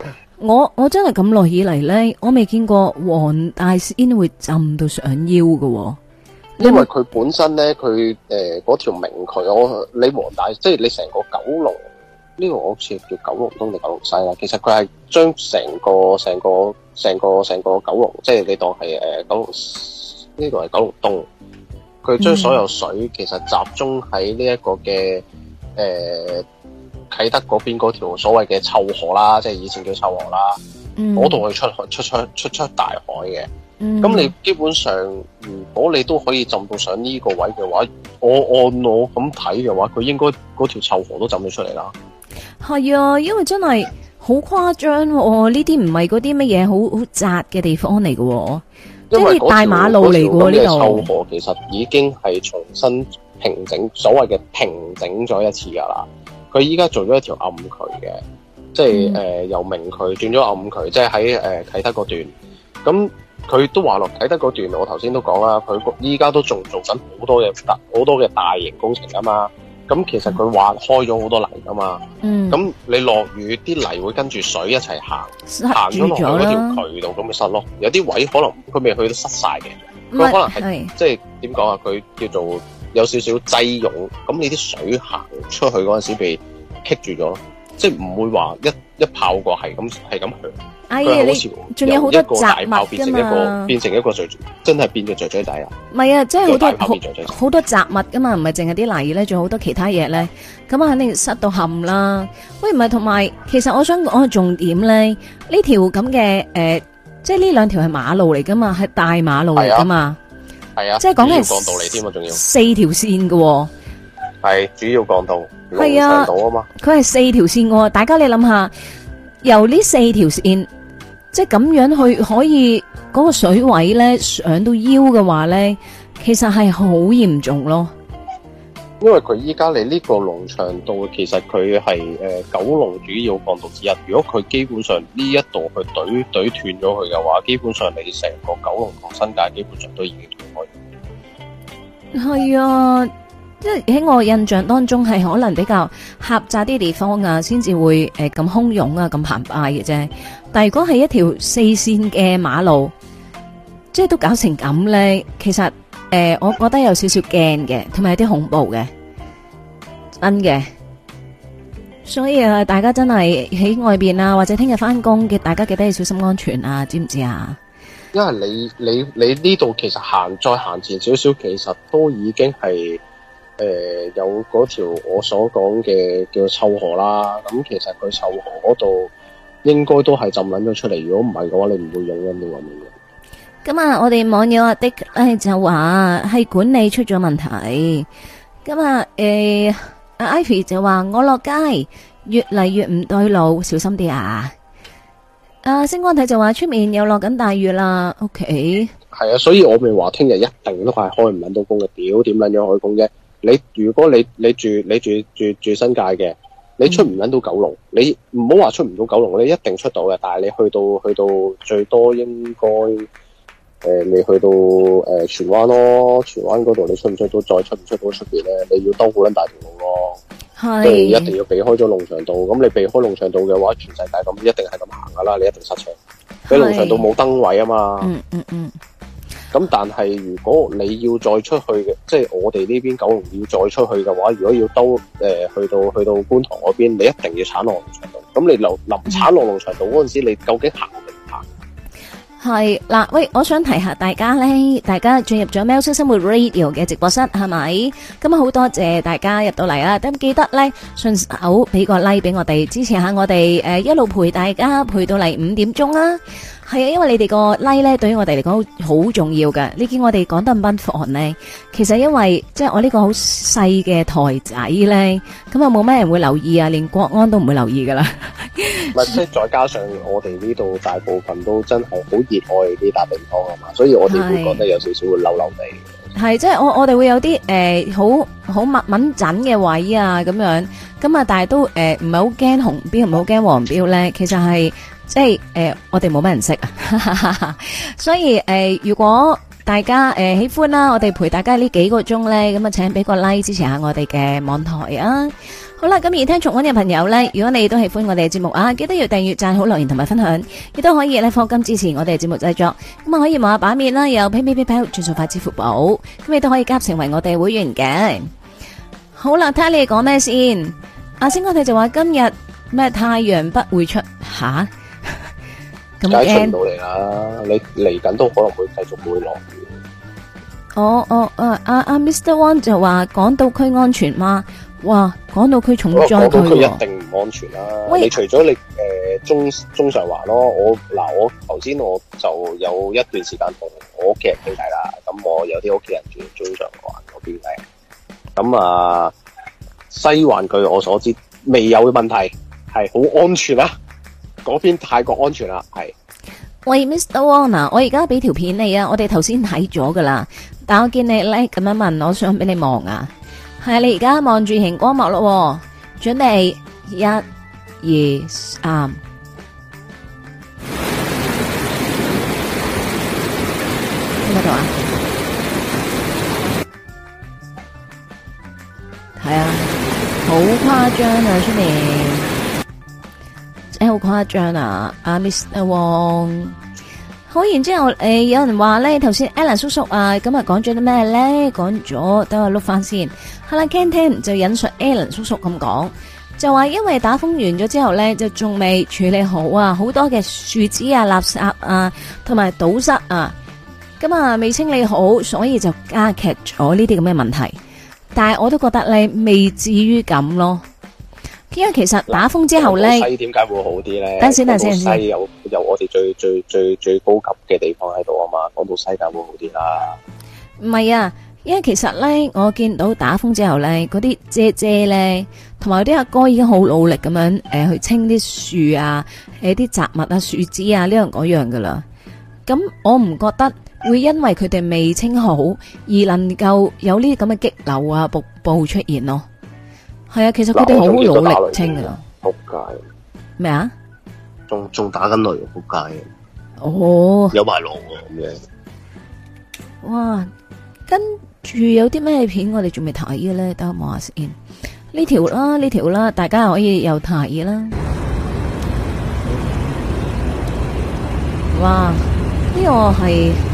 我我真係咁耐以嚟咧，我未見過黃大仙會浸到上腰噶因為佢本身咧，佢誒嗰條明渠，我你黃大即係你成個九龍呢個，我好似叫九龍東定九龍西啦。其實佢係將成個成個成個成個九龍，即係你當係誒九龍呢個係九龍東，佢將所有水其實集中喺呢一個嘅誒。啟德嗰邊嗰條所謂嘅臭河啦，即係以前叫臭河啦，嗰度係出出出出出大海嘅。咁、嗯、你基本上如果你都可以浸到上呢個位嘅話，我按我咁睇嘅話，佢應該嗰條臭河都浸咗出嚟啦。係啊，因為真係好誇張，呢啲唔係嗰啲乜嘢好好窄嘅地方嚟嘅、啊，因為即係大馬路嚟嘅呢度。嗰條臭河其實已經係重新平整，啊、所謂嘅平整咗一次噶啦。佢依家做咗一條暗渠嘅，即係、嗯、呃、由明渠轉咗暗渠，即係喺誒啟德嗰段。咁佢都話落啟德嗰段，我頭先都講啦，佢依家都仲做緊好多嘅大好多嘅大型工程啊嘛。咁其實佢挖開咗好多泥啊嘛。咁、嗯、你落雨啲泥會跟住水一齊行，行咗落去嗰條渠度，咁咪塞咯。有啲位可能佢未去到塞晒嘅，佢麼可能係是即係點講啊？佢叫做。有少少滯溶，咁你啲水行出去嗰陣時被棘住咗，即係唔會話一一泡過係咁係咁響。哎呀，你仲有好多雜物㗎嘛，變成一個變成一個水真係變咗雀仔底啊！唔係啊，即係好多好多雜物㗎嘛，唔係淨係啲泥咧，仲有好多其他嘢咧。咁啊，肯定塞到冚啦。喂，唔係，同埋，其實我想講個重點咧，呢條咁嘅、呃、即係呢兩條係馬路嚟㗎嘛，係大馬路嚟㗎嘛。係啊，即係講係四條線嘅，係主要港道，係啊到啊嘛，佢係四條線嘅，大家你諗下，由呢四條線，即係咁樣去可以嗰個水位咧上到腰嘅話咧，其實係好嚴重咯。因為佢依家你呢個龍翔道，其實佢係誒九龍主要航道之一。如果佢基本上呢一度去懟懟斷咗佢嘅話，基本上你成個九龍同新界基本上都已經斷開了。係啊，即係喺我印象當中係可能比較狹窄啲地方啊，先至會誒咁洶湧啊，咁澎湃嘅啫。但係如果係一條四線嘅馬路，即係都搞成咁咧，其實。誒、呃，我覺得有少少驚嘅，同埋有啲恐怖嘅，真嘅。所以啊，大家真係喺外邊啊，或者聽日翻工嘅，大家記得要小心安全啊，知唔知啊？因為你你你呢度其實行再行前少少，其實都已經係誒、呃、有嗰條我所講嘅叫臭河啦。咁、嗯、其實佢臭河嗰度應該都係浸捻咗出嚟。如果唔係嘅話，你唔會影響到咁嘅。咁啊！我哋網友阿 Dick 誒就話係管理出咗問題。咁啊，誒、欸、，Ivy 就話我落街越嚟越唔對路，小心啲啊！阿、啊、星光睇就話出面又落緊大雨啦。屋企係啊，所以我咪話聽日一定都快開唔搵到工嘅。屌點樣樣開工啫？你如果你你住你住你住住，住新界嘅，你出唔搵到九龍，你唔好話出唔到九龍，你一定出到嘅。但係你去到去到最多應該。誒、呃，你去到誒、呃、荃灣咯，荃灣嗰度你出唔出到，再出唔出到出邊咧？你要兜好卵大條路咯、啊，即係是一定要避開咗龍翔道。咁你避開龍翔道嘅話，全世界咁，一定係咁行噶啦，你一定塞車。你龍翔道冇燈位啊嘛。嗯嗯咁、嗯、但係如果你要再出去嘅，即、就、係、是、我哋呢邊九龍要再出去嘅話，如果要兜誒、呃、去到去到觀塘嗰邊，你一定要鏟落龍翔道。咁你留臨鏟落龍翔道嗰陣時，嗯、你究竟行？係嗱，喂！我想提下大家呢。大家進入咗《Melson 喵式生活 Radio》嘅直播室，係咪？咁、嗯、啊，好多謝大家入到嚟啦，都記得呢，順手俾個 like 俾我哋，支持下我哋誒、呃，一路陪大家陪到嚟五點鐘啦。係啊，因為你哋個 like 咧，對於我哋嚟講好重要噶。呢件，我哋講得咁奔放咧，其實因為即係我呢個好細嘅台仔咧，咁啊冇咩人會留意啊，連國安都唔會留意噶啦唔係，即係再加上我哋呢度大部分都真係好熱愛呢笪地方啊嘛，所以我哋會覺得有少少會嬲嬲地。係即係我我哋會有啲誒，好好敏敏準嘅位啊，咁樣咁啊，但係都誒唔係好驚紅標，唔好驚黃標咧。其實係。即係誒、呃，我哋冇乜人識哈哈哈哈，所以誒、呃，如果大家誒、呃、喜歡啦，我哋陪大家呢幾個鐘咧，咁啊，請俾個 like 支持下我哋嘅網台啊！好啦，咁而聽重溫嘅朋友咧，如果你都喜歡我哋嘅節目啊，記得要訂閱、讚好、留言同埋分享，亦都可以咧，課金支持我哋嘅節目製作。咁啊，可以望下版面啦，有 payme paypal 轉數快支付寶，咁你都可以加成為我哋會員嘅。好啦，睇下你哋講咩先。阿、啊、星我哋就話今日咩太陽不會出吓。解係循到嚟啦。了，你嚟緊都可能會繼續會落雨。我我啊阿 Mr. One 就話港島區安全嘛？哇，港島區重災區喎。港島區一定唔安全啦、啊。喂你除咗你誒、呃、中中上環咯，我嗱、呃、我頭先我就有一段時間同我屋企人傾偈啦，咁我有啲屋企人住中上環嗰邊嘅，咁啊、呃、西環據我所知未有問題，係好安全啊。嗰邊太過安全啦，係。喂，Mr. Wong 嗱，我而家俾條片你啊，我哋頭先睇咗噶啦，但我見你 like 咁樣問，我想俾你望啊，係你而家望住熒光幕咯，準備一、二、三，聽到啊？係啊，好誇張啊 出面！好誇張啊！阿 Miss 阿黃，好然之後誒、呃，有人話咧，頭先 Alan 叔叔啊，今日講咗啲咩咧？講咗，等我碌翻先。係啦，Ken 聽就引述 Alan 叔叔咁講，就話因為打風完咗之後咧，就仲未處理好啊，好多嘅樹枝啊、垃圾啊，同埋堵塞啊，咁啊未清理好，所以就加劇咗呢啲咁嘅問題。但係我都覺得咧，未至於咁咯。因為其實打風之後咧，東西點解會好啲咧？等先等先，有有我哋最最最最高級嘅地方喺度啊嘛，講到西邊會好啲啦。唔係啊，因為其實咧，我見到打風之後咧，嗰啲姐姐咧，同埋啲阿哥已經好努力咁樣誒，去清啲樹啊，誒，啲雜物啊、樹枝啊呢樣嗰樣噶啦。咁我唔覺得會因為佢哋未清好而能夠有呢啲咁嘅激流啊瀑布出現咯。係啊，其實佢哋好努力清噶。撲街！咩啊？仲仲打緊雷？撲街！哦，有埋狼嘅。哇！跟住有啲咩片我哋仲未睇嘅咧？等我望下先。呢條啦，呢條啦，大家可以又睇嘢啦。哇！呢個係。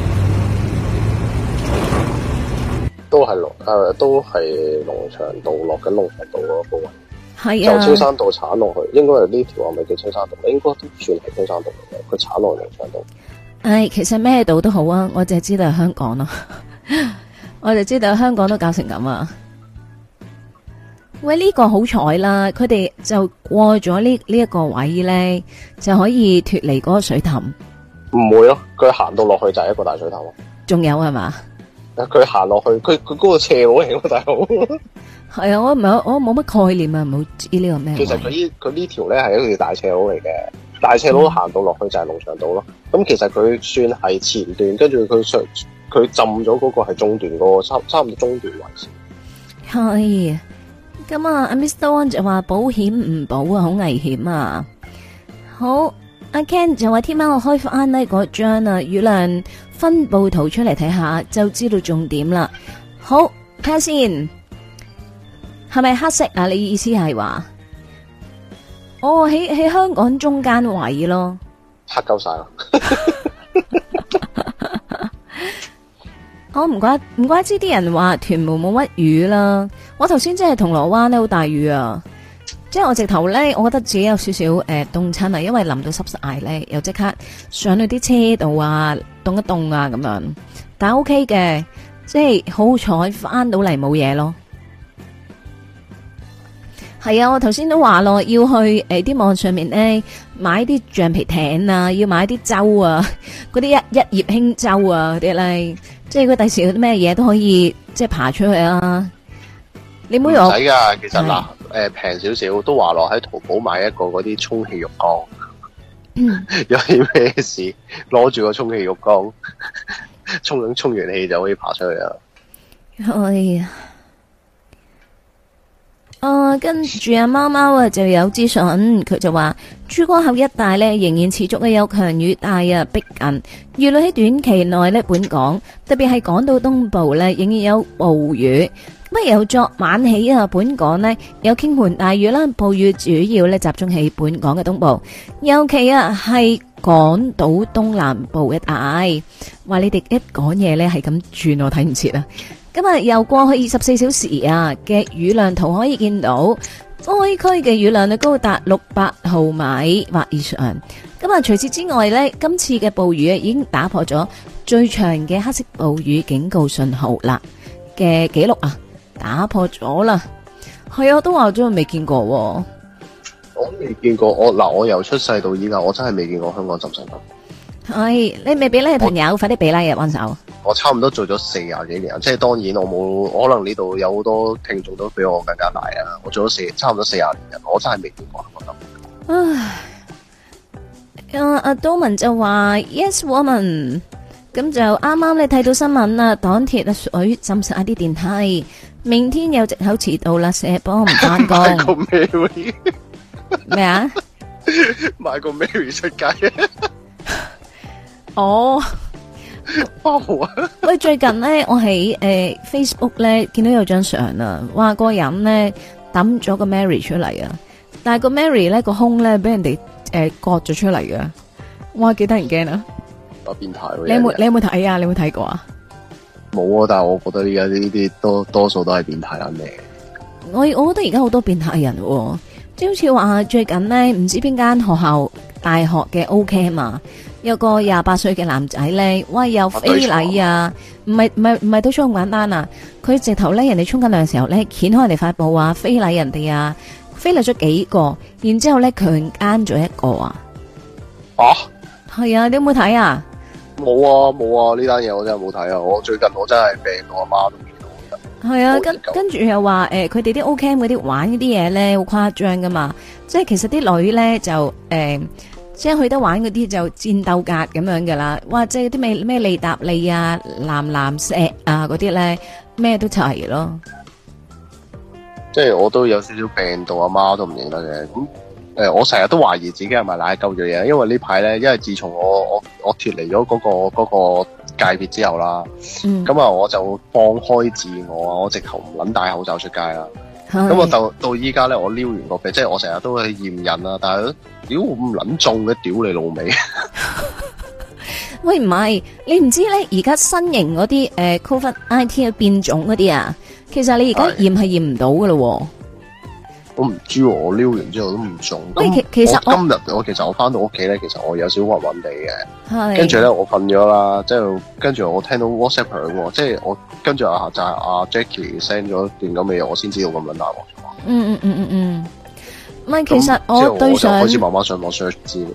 都係農，誒，都係農場道落緊農場道嗰個部位，係啊，就青山道鏟落去，應該係呢條，係咪叫青山道，應該算係青山道嚟嘅，佢鏟落農場道。唉、哎。其實咩道都好啊，我淨係知道係香港咯， 我就知道香港都搞成咁啊。喂，呢、這個好彩啦，佢哋就過咗呢呢一個位咧，就可以脱離嗰個水潭。唔會咯、啊，佢行到落去就係一個大水潭。仲有係嘛？佢行落去，佢佢嗰個斜路嚟咯，大佬。係啊，我唔係我冇乜概念啊，唔好知呢個咩。其實佢呢佢呢條咧係一條大斜路嚟嘅，大斜路行到落去就係龍翔道咯。咁、嗯、其實佢算係前段，跟住佢上佢浸咗嗰個係中段嗰、嗰個差唔多中段位置。係，咁啊，阿 Miss Dawn 就話保險唔保啊，好危險啊。好，阿 Ken 就話天喵我開翻咧嗰張啊，月亮。.分佈圖出嚟睇下，就知道重點啦。好，睇下先，係咪黑色啊？你意思係話，哦，喺喺香港中間位咯，黑夠晒啦。好， 唔怪唔怪之啲人話屯門冇乜雨啦。我頭先真係銅鑼灣呢，好大雨啊！即係我直頭咧，我覺得自己有少少誒凍親啊，因為淋到濕晒咧，又即刻上去啲車度啊，凍一凍啊咁樣。但係 O K 嘅，即係好彩翻到嚟冇嘢咯。係啊，我頭先都話咯，要去誒啲、呃、網上面咧買啲橡皮艇啊，要買啲舟啊，嗰啲一一葉輕舟啊啲咧，即係佢第時有啲咩嘢都可以即係爬出去啊。你唔使噶，其實嗱，誒平少少都話落喺淘寶買一個嗰啲充氣浴缸，嗯、有啲咩事攞住個充氣浴缸，充緊充完氣就可以爬出去啦。可以啊。跟住啊，貓貓啊就有資訊，佢就話珠江口一帶咧仍然持續咧有強雨帶啊逼近，預料喺短期內呢，本港，特別係港島東部咧仍然有暴雨。乜由昨晚起啊，本港呢有傾盆大雨啦，暴雨主要咧集中喺本港嘅東部，尤其啊係港島東南部一帶。你們一話你哋一講嘢咧係咁轉，我睇唔切啊。今日又過去二十四小時啊嘅雨量圖可以見到，該區嘅雨量都高達六百毫米或以上。咁啊、嗯嗯，除此之外呢，今次嘅暴雨已經打破咗最長嘅黑色暴雨警告信號啦嘅記錄啊！打破咗啦，係啊我都話咗我未見過，我未見過我嗱，我由出世到而家，我真係未見過香港浸水咁。係、哎、你未俾咧朋友，我快啲俾啦，一手。我差唔多做咗四十幾年，即係當然我冇可能呢度有好多聽眾都比我更加大啊。我做咗四差唔多四十年人，我真係未見過香港咁。唉，阿、啊、阿多文就話 yes，woman，咁就啱啱你睇到新聞啦，擋鐵啊水浸實啊啲電梯。明天有借口遲到啦，成日幫我唔翻工。打買個過 Mary 咩啊？ 麼買個 Mary 出街啊！哦，啊！喂，最近咧，我喺誒、呃、Facebook 咧見到有張相啊，哇！個人咧抌咗個 Mary 出嚟啊，但係個 Mary 咧個胸咧俾人哋誒割咗出嚟噶，哇！幾得人驚啊！變態，你有冇人你有冇睇啊？你有冇睇過啊？冇啊！但係我覺得而家呢啲多多數都係變態啊！咩？我我覺得而家好多變態人、哦，即好似話最近呢，唔知邊間學校大學嘅 O K 嘛？有個廿八歲嘅男仔咧，喂，又非禮啊！唔係唔係唔係都咁簡單啊！佢直頭咧，人哋沖緊涼嘅時候咧，掀開人哋塊布啊，非禮人哋啊，非禮咗幾個，然之後咧強姦咗一個啊！啊！係啊，你有冇睇啊？冇啊冇啊！呢單嘢我真係冇睇啊！我最近我真係病到阿媽都唔見到。係啊，跟跟住又話誒，佢哋啲 Ocamp 嗰啲玩嗰啲嘢咧好誇張噶嘛！即係其實啲女咧就誒、呃，即係去得玩嗰啲就戰鬥格咁樣噶啦。哇！即係啲咩咩利達利啊、藍藍石啊嗰啲咧，咩都齊咯。即係我有點點媽媽都有少少病到阿媽都唔認得嘅。嗯誒，我成日都懷疑自己係咪奶夠咗嘢，因為呢排咧，因為自從我我我脫離咗嗰個、嗰個界別之後啦，咁啊、嗯，我就放開自我啊，我直頭唔捻戴口罩出街啦。咁的我就到依家咧，我撩完個鼻，即係我成日都去驗人啊。但係屌，果唔捻中嘅，屌你老味！喂，唔係，你唔知咧，而家新型嗰啲誒、呃、COVID-19 嘅變種嗰啲啊，其實你而家驗係驗唔到噶咯。我唔知，我撩完之後都唔中。咁，我今日我其實我翻到屋企咧，其實我有少暈暈地嘅。係。跟住咧，我瞓咗啦，即係跟住我聽到 WhatsApp 響，即係我跟住阿就係阿 Jacky send 咗一段咁嘅嘢，我先知道咁樣大鑊。嗯嗯嗯嗯嗯。唔係，其實我對上開始慢慢上網上 search 資料，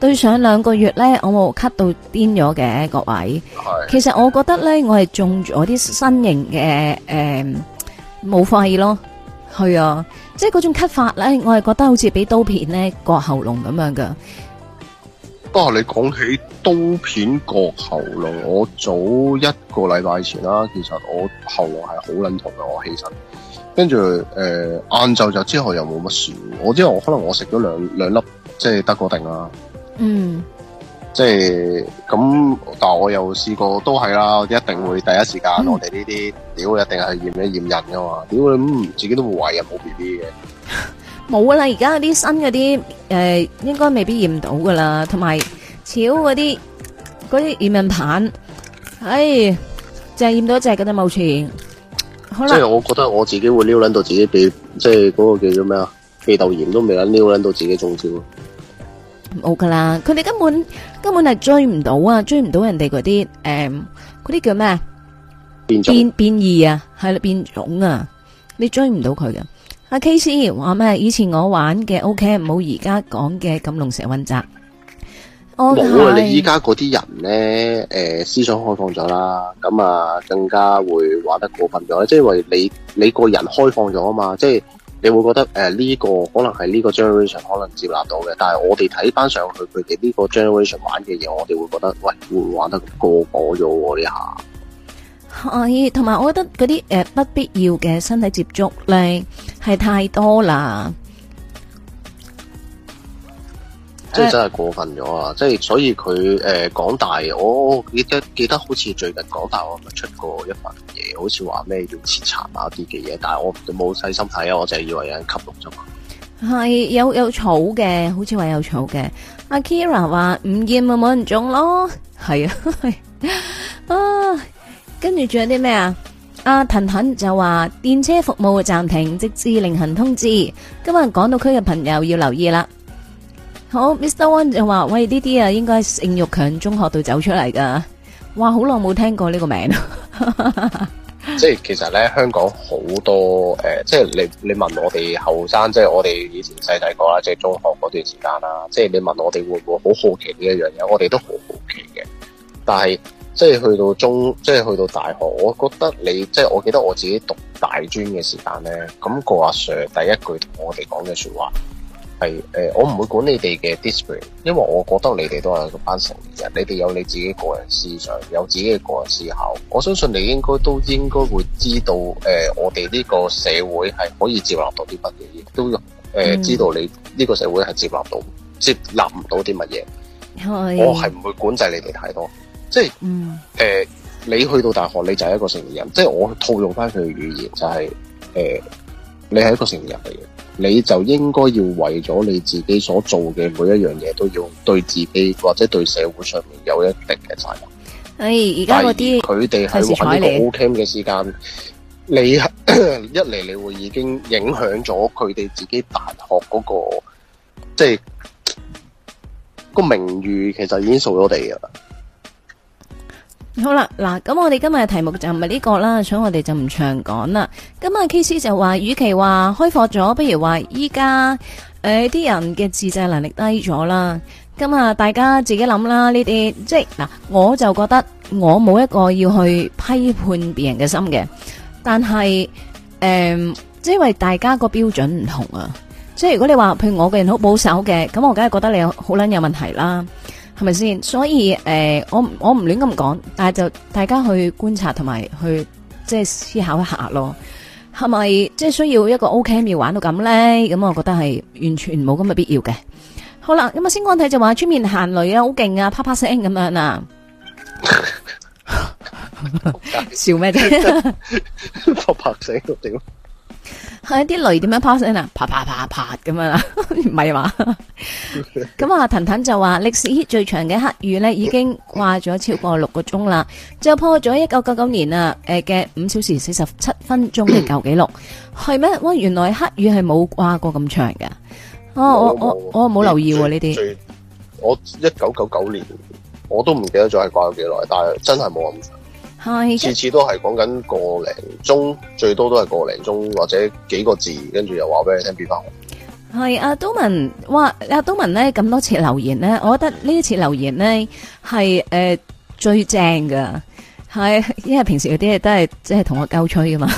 對上兩個月咧，我冇咳到癲咗嘅各位。係。其實我覺得咧，我係中咗啲新型嘅誒，武肺咯，係啊。即係嗰種咳法咧，我係覺得好似俾刀片咧割喉嚨咁樣噶不過你講起刀片割喉嚨，我早一個禮拜前啦，其實我喉嚨係好撚痛嘅。我起身，跟住誒，晏晝就之後又冇乜事。我之後我可能我食咗兩兩粒，即係得個定啦。嗯。即係咁，但係我又試過，都係啦。我一定會第一時間，我哋呢啲屌一定係驗一驗人噶嘛，屌咁唔自己都會懷孕冇 B B 嘅。冇啦，而家嗰啲新嗰啲誒，應該未必驗到噶啦。同埋，超嗰啲嗰啲驗孕棒，哎，淨係驗到一隻嗰啲冇錢。即係我覺得我自己會溜撚到自己鼻，即係嗰個叫做咩啊，鼻竇炎都未撚溜撚到自己中招。冇噶啦，佢哋根本根本係追唔到啊，追唔到人哋嗰啲誒，嗰、嗯、啲叫咩種？變變變異啊，係啦，變種啊，你追唔到佢噶。阿 K C 話咩？以前我玩嘅 O K 冇而家講嘅咁龍蛇混雜。冇啊！你依家嗰啲人咧，誒，思想開放咗啦，咁啊，更加會玩得過分咗。即係因為你你個人開放咗啊嘛，即係。你會覺得誒呢個可能係呢個 generation 可能接納到嘅，但係我哋睇翻上去佢哋呢個 generation 玩嘅嘢，我哋會覺得喂會玩得過火咗呢下呀？係，同埋我覺得嗰啲誒不必要嘅身體接觸咧係太多啦。即係真係過分咗啊！呃、即係所以佢誒港大，我記得記得好似最近港大我咪出過一份嘢，好似話咩要徹查某啲嘅嘢，但係我冇細心睇啊，我就係以為有人吸毒啫嘛。係有有草嘅，好似話有草嘅。阿 Kira 話唔見咪冇人種咯，係啊， 啊。啊，跟住仲有啲咩啊？阿騰騰就話電車服務暫停，直至另行通知。今日港島區嘅朋友要留意啦。好，Mr. One 就話：喂，呢啲啊，應該係性欲強中學度走出嚟噶。哇，好耐冇聽過呢個名。 即係其實咧，香港好多誒、呃，即係你你問我哋後生，即係我哋以前細細個啦，即係中學嗰段時間啦。即係你問我哋會唔會好好奇呢一樣嘢？我哋都好好奇嘅。但係即係去到中，即係去到大學，我覺得你即係我記得我自己讀大專嘅時間咧，咁個阿 Sir 第一句同我哋講嘅說話。係誒，係呃 Oh. 我唔會管你哋嘅 display，因為我覺得你哋都係一班成年人，你哋有你自己個人思想，有自己嘅個人思考。我相信你應該都應該會知道誒、呃，我哋呢個社會係可以接納到啲乜嘢、嘢。都誒、呃 Mm. 知道你呢個社會係接納到，接納唔到啲乜嘢。Okay. 我係唔會管制你哋太多，即係誒、Mm. 呃，你去到大學你就係一個成年人。即係我套用翻佢嘅語言，就係，就係誒，你係一個成年人嚟嘅。你就應該要為咗你自己所做嘅每一樣嘢，都要對自己或者對社會上面有一定嘅責任。所以而家啲佢哋係玩呢個 O camp 嘅時間，你一嚟你會已經影響咗佢哋自己大學嗰、那個，即係個名譽，其實已經掃咗地噶啦。好啦，嗱咁我哋今日嘅題目就唔係呢個啦，所以我哋就唔長講啦。咁啊，KC 就話，與其話開放咗，不如話依家誒啲人嘅自制能力低咗啦。咁啊，大家自己諗啦。呢啲即係嗱，我就覺得我冇一個要去批判別人嘅心嘅。但係誒，因、呃就是、為大家個標準唔同啊。即係如果你話譬如我個人好保守嘅，咁我梗係覺得你好撚有問題啦。係咪先？所以誒、呃，我我唔亂咁講，但係就大家去觀察同埋去即係思考一下咯。係咪即係需要一個 O K m 要玩到咁咧？咁我覺得係完全冇咁嘅必要嘅。好啦，咁啊，先講睇就話出面行雷啊，好勁啊，啪啪聲咁樣啊，笑咩啫？我拍死係一啲雷點樣發生 吧 啊？啪啪啪啪咁樣啦，唔係嘛？咁啊，騰騰就話歷史最長嘅黑雨呢已經掛咗超過六個鐘啦，就破咗一九九九年啊，誒嘅五小時四十七分鐘嘅舊紀錄係咩？喂， 原來黑雨係冇掛過咁長㗎！哦，我我我冇留意呢啲最些。我一九九九年，我都唔記得咗係掛咗幾耐，但係真係冇咁長。次次都係講緊個零鐘，最多都係個零鐘或者幾個字，跟住又話俾你聽變翻紅。係阿東文，哇！阿東文咧咁多次留言咧，我覺得呢一次留言咧係誒最正㗎，係因為平時嗰啲嘢都係即係同我交吹㗎嘛。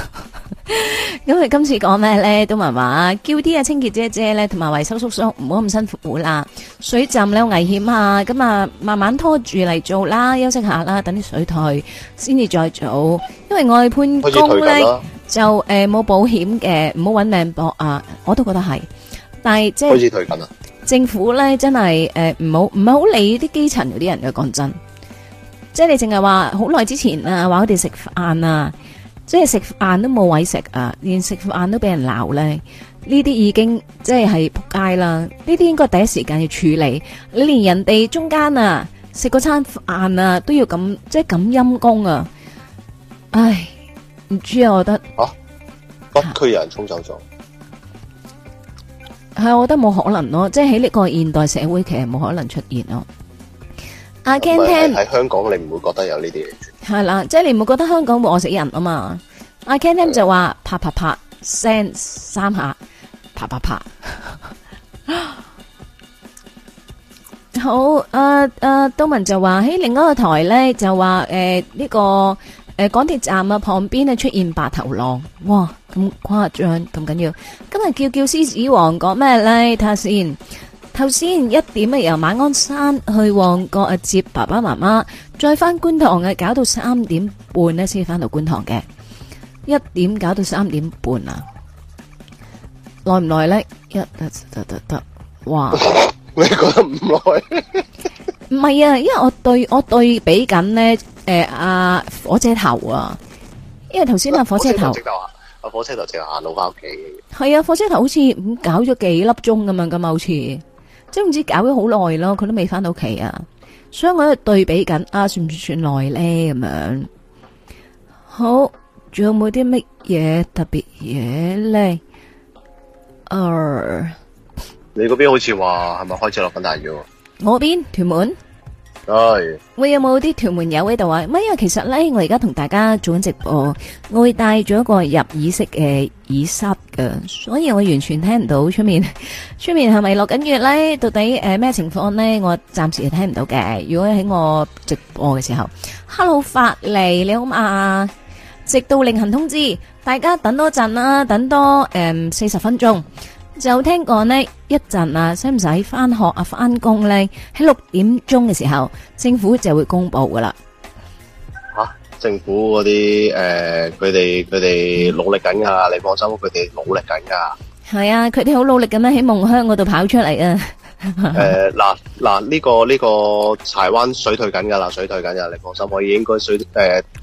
咁佢 今次講咩咧，都文嘛，叫啲啊清潔姐姐咧，同埋維修叔叔唔好咁辛苦啦。水浸咧好危險啊，咁啊慢慢拖住嚟做啦，休息下啦，等啲水退先至再做。因為外判工咧就誒冇、呃、保險嘅，唔好搵命搏啊！我都覺得係，但係即係開始退緊啊，政府咧真係誒唔好唔係好理啲基層嗰啲人嘅，講真，即係你淨係話好耐之前啊，話我哋食飯啊。即係食飯都冇位食啊，連食飯都俾人鬧咧，呢啲已經即係仆街啦。呢啲應該第一時間要處理。你連人哋中間啊食嗰餐飯啊都要咁即係咁陰功啊！唉，唔知啊，我覺得北北區有人沖走咗，係、啊、我覺得冇可能咯、啊，即係喺呢個現代社會其實冇可能出現咯、啊。阿 Ken Ten 喺香港，你唔會覺得有呢啲嘢？係啦，即係你唔會覺得香港會餓死人啊嘛？阿 Ken Ten 就話啪啪啪 send 三下，啪啪啪。 好，誒誒，東文就話喺另一個台咧，就話誒呢個誒港鐵站啊旁邊啊出現白頭狼，哇咁誇張咁緊要。今日叫叫獅子王講咩咧？睇下先。頭先一點啊，由馬鞍山去旺角啊接爸爸媽媽，再翻觀塘啊，搞到三點半呢先至翻到觀塘嘅。一點搞到三點半啊，耐唔耐呢？一得得得得，哇！你覺得唔耐？唔係啊，因為我對我對比緊呢，誒阿火車頭啊，因為頭先啊火車頭，火車頭啊，火車頭淨係行路翻屋企。係啊，火車頭好似唔搞咗幾粒鐘咁樣咁，好似。即唔知搞咗好耐咯，佢都未翻到屋企啊，所以我喺度對比緊，啊算唔算算耐呢？咁樣？好，仲有冇啲乜嘢特別嘢咧？呃、uh,，你嗰邊好似話係咪開始落緊大雨？我嗰邊屯門。係，會、哎、有冇啲屯門友喺度呀？唔係啊，其實咧，我而家同大家做緊直播，我會帶咗一個入耳式嘅耳塞㗎，所以我完全聽唔到出面。出面係咪落緊雨咧？到底誒咩、呃、情況咧？我暫時係聽唔到嘅。如果喺我直播嘅時候，Hello，法利你好嘛？直到另行通知，大家等多陣啦，等多誒四十分鐘。就聽講呢，一陣啊，使唔使翻學啊，翻工咧？喺六點鐘嘅時候，政府就會公布噶啦。啊，政府嗰啲誒，佢哋佢哋努力緊噶，你放心，佢哋努力緊噶。係啊，佢哋好努力咁樣喺夢鄉嗰度跑出嚟啊！誒，嗱嗱，呢個呢個柴灣水退緊噶啦，水退緊噶，你放心，我已經應該水誒，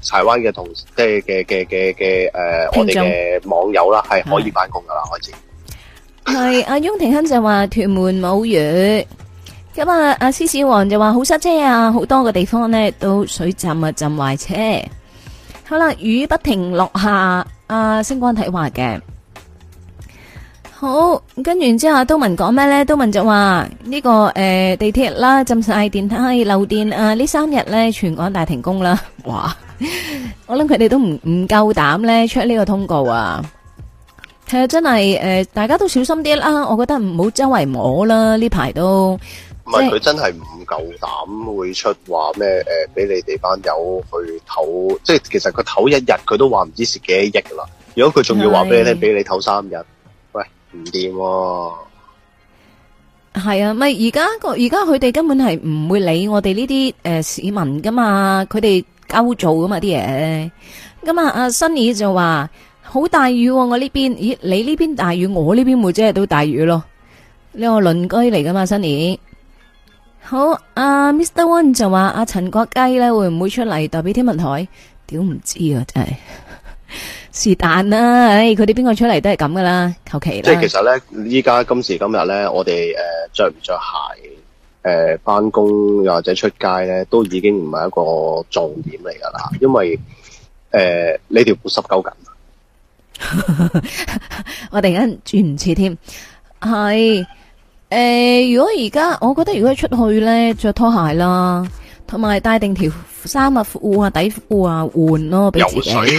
柴灣嘅同即係嘅嘅嘅嘅誒，我哋嘅網友啦，係可以翻工噶啦，開始。.係阿雍廷亨就話屯門冇雨。咁啊阿獅子王就話好塞車啊，好多個地方呢都水浸啊，浸壞車。好啦，雨不停落下，下，阿、啊、星光體話嘅。好，跟完之後都聞講咩呢？都聞就話呢、這個誒、呃、地鐵啦，浸晒電梯漏電啊！呢三日呢，全港大停工啦。哇， 我諗佢哋都唔唔夠膽呢出呢個通告啊！誒，真係誒、呃，大家都小心啲啦！我覺得唔好周圍摸啦，呢排都唔係佢真係唔夠膽會出話咩？誒、呃，俾你哋班友去唞，即係其實佢唞一日，佢都話唔知蝕幾多億啦！如果佢仲要話俾你俾的你唞三日，喂，唔掂喎！係啊，咪而家個而家佢哋根本係唔會理我哋呢啲誒市民噶嘛，佢哋交做噶嘛啲嘢。咁啊，阿新宇就話。好大雨我呢邊，咦你呢邊大雨，我呢邊會即係都大雨咯。呢個鄰居嚟噶嘛，Sunny 好啊，Mr One 就話阿陳國基咧會唔會出嚟代表天文台？屌唔知啊，真係是但啦，唉，佢哋邊個出嚟都係咁噶啦，求其啦。即係其實咧，依家今時今日咧，我哋誒着唔着鞋誒翻工或者出街咧，都已經唔係一個重點嚟噶啦，因為誒呢條褲濕鳩緊。 我突然間轉唔切添，係誒、欸，如果而家，我覺得如果出去咧，着拖鞋啦，同埋帶定條衫襪褲啊、底褲啊換咯，俾自己。游水，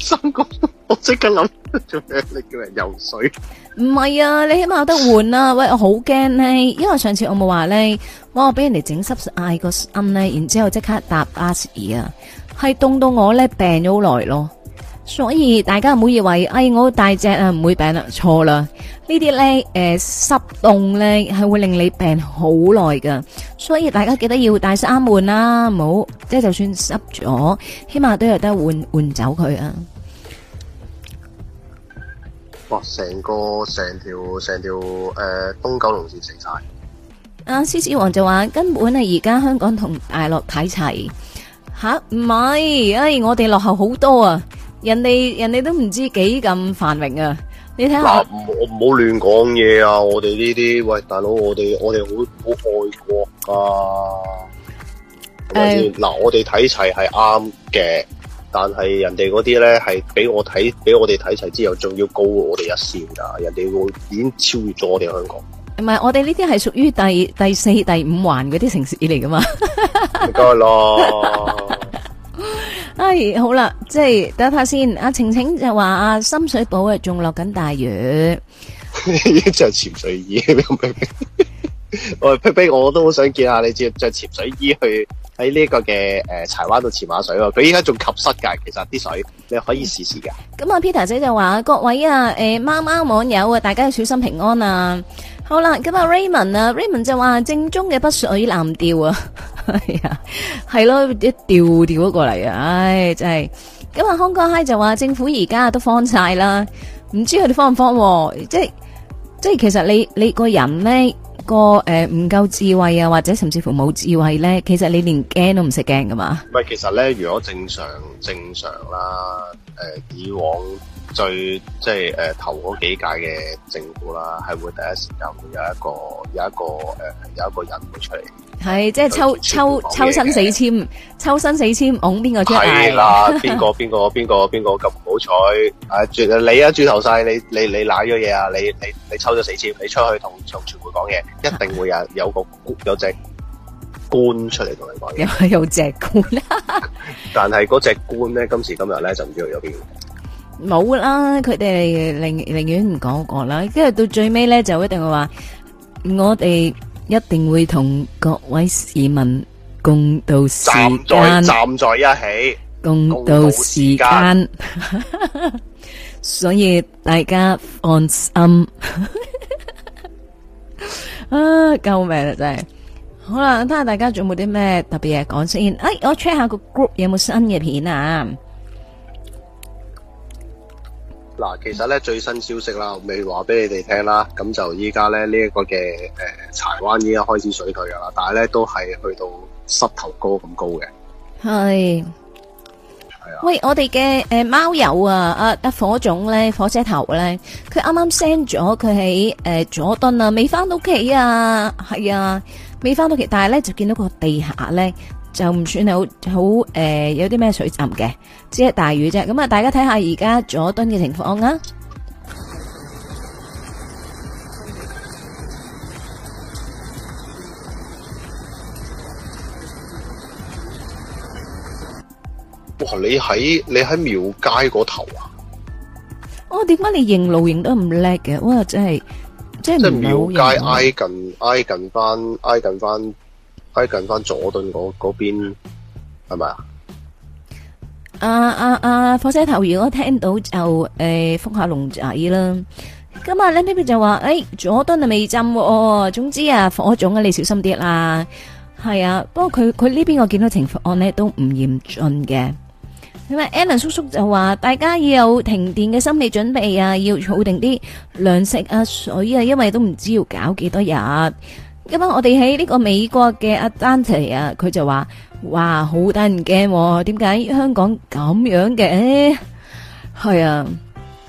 三個，我即刻諗做咩？你叫人游水？唔係啊，你起碼有得換啊。 喂，我好驚咧、啊，因為上次我冇話咧，我俾人哋整濕晒個身咧、啊，然之後即刻搭巴士啊，係凍到我咧病咗好耐咯。所以大家唔好以為，哎，我大隻啊，唔會病啦。錯啦，呢啲咧，誒，濕凍咧係會令你病好耐噶。所以大家記得要帶衫換啦，唔好即係就算濕咗，起碼都有得換換走佢啊。哇！成個成條成條誒東九龍綫成晒啊！獅子王就話根本係而家香港同大陸睇齊吓，唔係，哎，我哋落後好多啊！人哋人哋都唔知幾咁繁榮啊！你睇下、呃，我唔好亂講嘢啊！我哋呢啲，喂，大佬，我哋我哋好好愛國啊！嗱、呃呃，我哋睇齊係啱嘅，但係人哋嗰啲咧係比我睇，比我哋睇齊之後，仲要高我哋一線噶。人哋會已經超越咗我哋香港。唔係、呃，我哋呢啲係屬於第第四、第五環嗰啲城市嚟噶嘛？唔係咯。 哎，好啦，即係等下先。阿晴晴就話啊，深水埗啊，仲落緊大雨，着潛 水衣。 我皮皮我都好想見下你着着潛水衣去。喺呢個嘅，誒、呃、柴灣度潛下水喎，佢依家仲吸濕噶，其實啲水你可以試試噶。咁啊、嗯、Peter 姐就話各位啊，誒貓貓網友啊，大家要小心平安啊。好啦，咁 Ray 啊 Raymond 啊 Raymond 就話正宗嘅不水藍調啊，係、 哎、啊，係咯，一調調咗過嚟啊，唉，真係。咁啊康哥 hi 就話政府而家都慌晒啦，唔知佢哋慌唔慌，即係即係其實你你個人咧。個誒唔夠智慧啊，或者甚至乎冇智慧咧，其實你連驚都唔識驚噶嘛？唔係，其實咧，如果正常正常啦，誒、呃、以往最即係誒頭嗰幾屆嘅政府啦，係會第一時間會有一個有一個誒、呃、有一個人會出嚟。係，即係抽抽抽生死簽，抽生死簽，往邊個出？係啦，邊個邊個邊個邊個咁唔好彩？誒，絕誒，你啊，轉頭晒，你你你賴咗嘢啊，你你你抽咗死簽，你出去同場全會講嘢，一定會有有個有隻官出嚟同你講嘢，因為有隻官。但係嗰隻官咧，今時今日咧就唔知去咗邊。冇啦，佢哋寧寧願唔講過啦，跟住到最尾咧就一定會話我哋一定會同各位市民共度時間，站在一起，共度時間，所以大家放心。啊，救命啊！真係好啦，睇下大家仲有冇啲咩特別嘢講先。哎，我 check 下個 group 有冇新嘅片啊！嗱，其實咧最新消息啦，未話俾你哋聽啦。咁就依家咧呢一、這個嘅誒、呃、柴灣已經開始水退噶啦，但係咧都係去到膝頭高咁高嘅。係係是啊。喂，我哋嘅誒貓友啊，阿、啊、阿、啊、火種咧，火車頭咧，佢啱啱 send 咗佢喺誒佐敦啊，未翻到屋企啊，係啊，未翻到屋企，但係咧就見到個地下咧。就唔算係好好誒，有啲咩水浸嘅，只係大雨啫。咁啊，大家睇下而家佐敦嘅情況啊！哇！你喺你喺廟街嗰頭啊？哦，點解你認路認得咁叻嘅？哇，真係即係唔係好認。即係廟街挨近挨近翻挨近翻。開近翻佐敦嗰嗰邊係咪啊？啊啊啊！火車頭如果聽到就誒，覆下龍仔啦。咁啊咧呢邊就話誒，佐敦啊未浸。總之啊，火種啊，你小心啲啦。係啊，不過佢佢呢邊我見到情況咧都唔嚴峻嘅。咁啊，Alan 叔叔就話大家要有停電嘅心理準備啊，要儲定啲糧食啊、水啊，因為都唔知要搞幾多日。今晚我哋喺呢個美國嘅阿丹提啊，佢就話，哇，好得人驚，點解香港咁樣嘅？誒，係啊，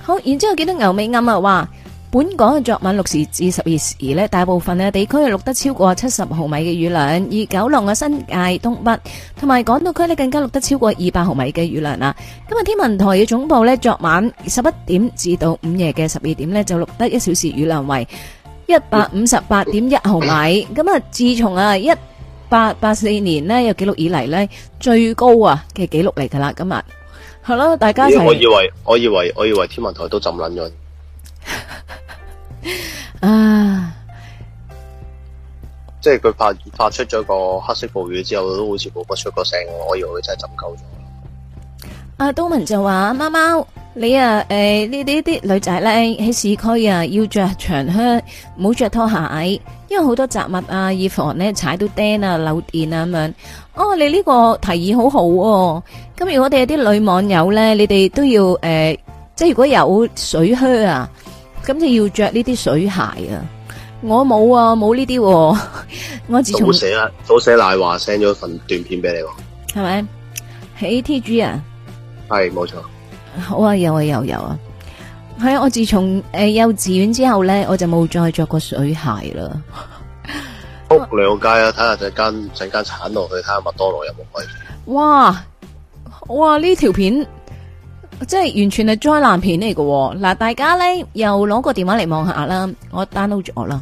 好。然之後見到牛尾暗啊，話本港嘅昨晚六時至十二時呢，大部分呢地區錄得超過七十毫米嘅雨量，而九龍嘅新界東北同埋港島區呢，更加錄得超過二百毫米嘅雨量啦。今日天，天文台嘅總部呢，昨晚十一點至到午夜嘅十二點呢，就錄得一小時雨量為一百五十八點一毫米，咁啊，自從啊一八八四年咧有記錄以嚟咧最高啊嘅記錄嚟噶啦，今日，係咯，大家係。我以為我以為我以為天文台都浸卵撚咗啊！即係佢發發出咗個黑色暴雨之後，都好似冇乜出過聲，我以為佢真係浸夠咗。阿東、啊、文就話：貓貓，你啊，誒、欸，呢啲啲女仔咧，喺市區啊，要着長靴，唔好着拖鞋，因為好多雜物啊，以防咧踩到釘啊、漏電啊咁樣。哦，你呢個提議好好、啊、喎。咁如果我哋有啲女網友咧，你哋都要誒、欸，即係如果有水靴啊，咁就要着呢啲水鞋啊。我冇啊，冇呢啲。 我自從都寫啦，都寫賴華 send 咗份短片俾你喎、啊。係咪喺 TG 啊？係冇錯，好啊，有啊，又有啊，係啊！我自從誒幼稚園之後咧，我就冇再着過水鞋啦。撲兩街啊，睇下陣間，陣間鏟落去睇下麥當勞有冇開片。哇哇！呢條片即係完全係災難片嚟噶嗱，大家咧又攞個電話嚟望下啦，我 download 咗啦。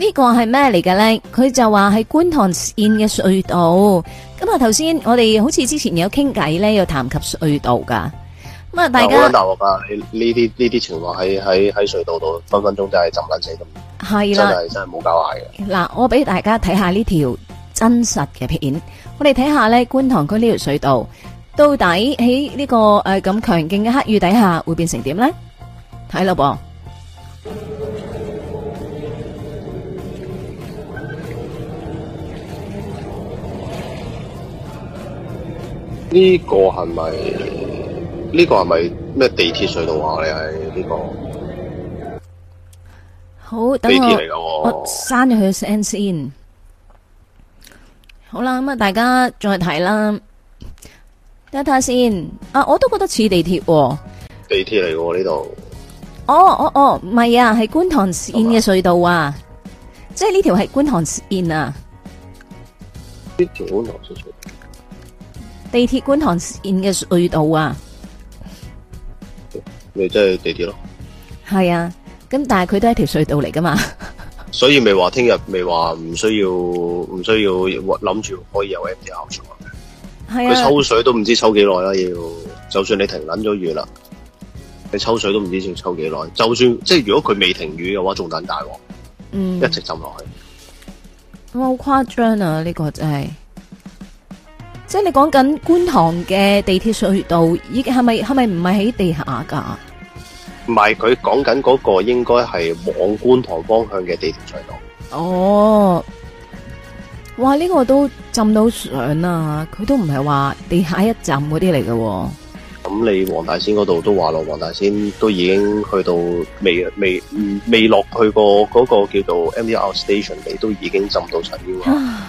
這個是什麼來的，呢個係咩嚟嘅咧？佢就話係觀塘綫嘅隧道。咁啊，頭先我哋好似之前有傾偈咧，有談及隧道噶。咁啊，大家，大鑊啊，呢啲呢啲情況喺喺喺隧道度，分分鐘就係浸卵死咁。係啦的，真係真係冇搞壞嘅。嗱、啊，我俾大家睇下呢條真實嘅片。我哋睇下咧，觀塘區呢條隧道到底喺呢、這個誒咁、呃、強勁嘅黑雨底下會變成點咧？睇落噃。呢個係咪？呢、這個係咪咩地鐵隧道啊？你係呢個？好，等地鐵嚟我我刪咗佢聲先。好啦，咁啊，大家再睇啦。睇睇先。啊，我都覺得似地鐵、啊。地鐵嚟嘅喎呢度。哦哦哦，唔係、oh, oh, oh, 啊，係觀塘線嘅隧道啊。是是即係呢條係觀塘線啊。呢地鐵觀塘線嘅隧道啊，咪即係地鐵咯。係啊，咁但係佢都係條隧道嚟噶嘛。所以咪話聽日未話唔需要唔需要諗住可以有 MTR 出。係啊。佢抽水都唔知抽幾耐啦，要就算你停撚咗雨啦，你抽水都唔知要抽幾耐。就算即係如果佢未停雨嘅話，仲等大鑊。嗯。一直浸落去。咁好誇張啊！呢個真係。即係你講緊觀塘嘅地鐵隧道，依係咪係咪唔係喺地下噶？唔係，佢講緊嗰個應該係往觀塘方向嘅地鐵隧道。哦，哇！呢、這個都浸到上啊，佢都唔係話地下一站嗰啲嚟噶。咁、嗯、你黃大仙嗰度都話咯，黃大仙都已經去到未未未落去過嗰個叫做 MTR Station，你都已經浸到上腰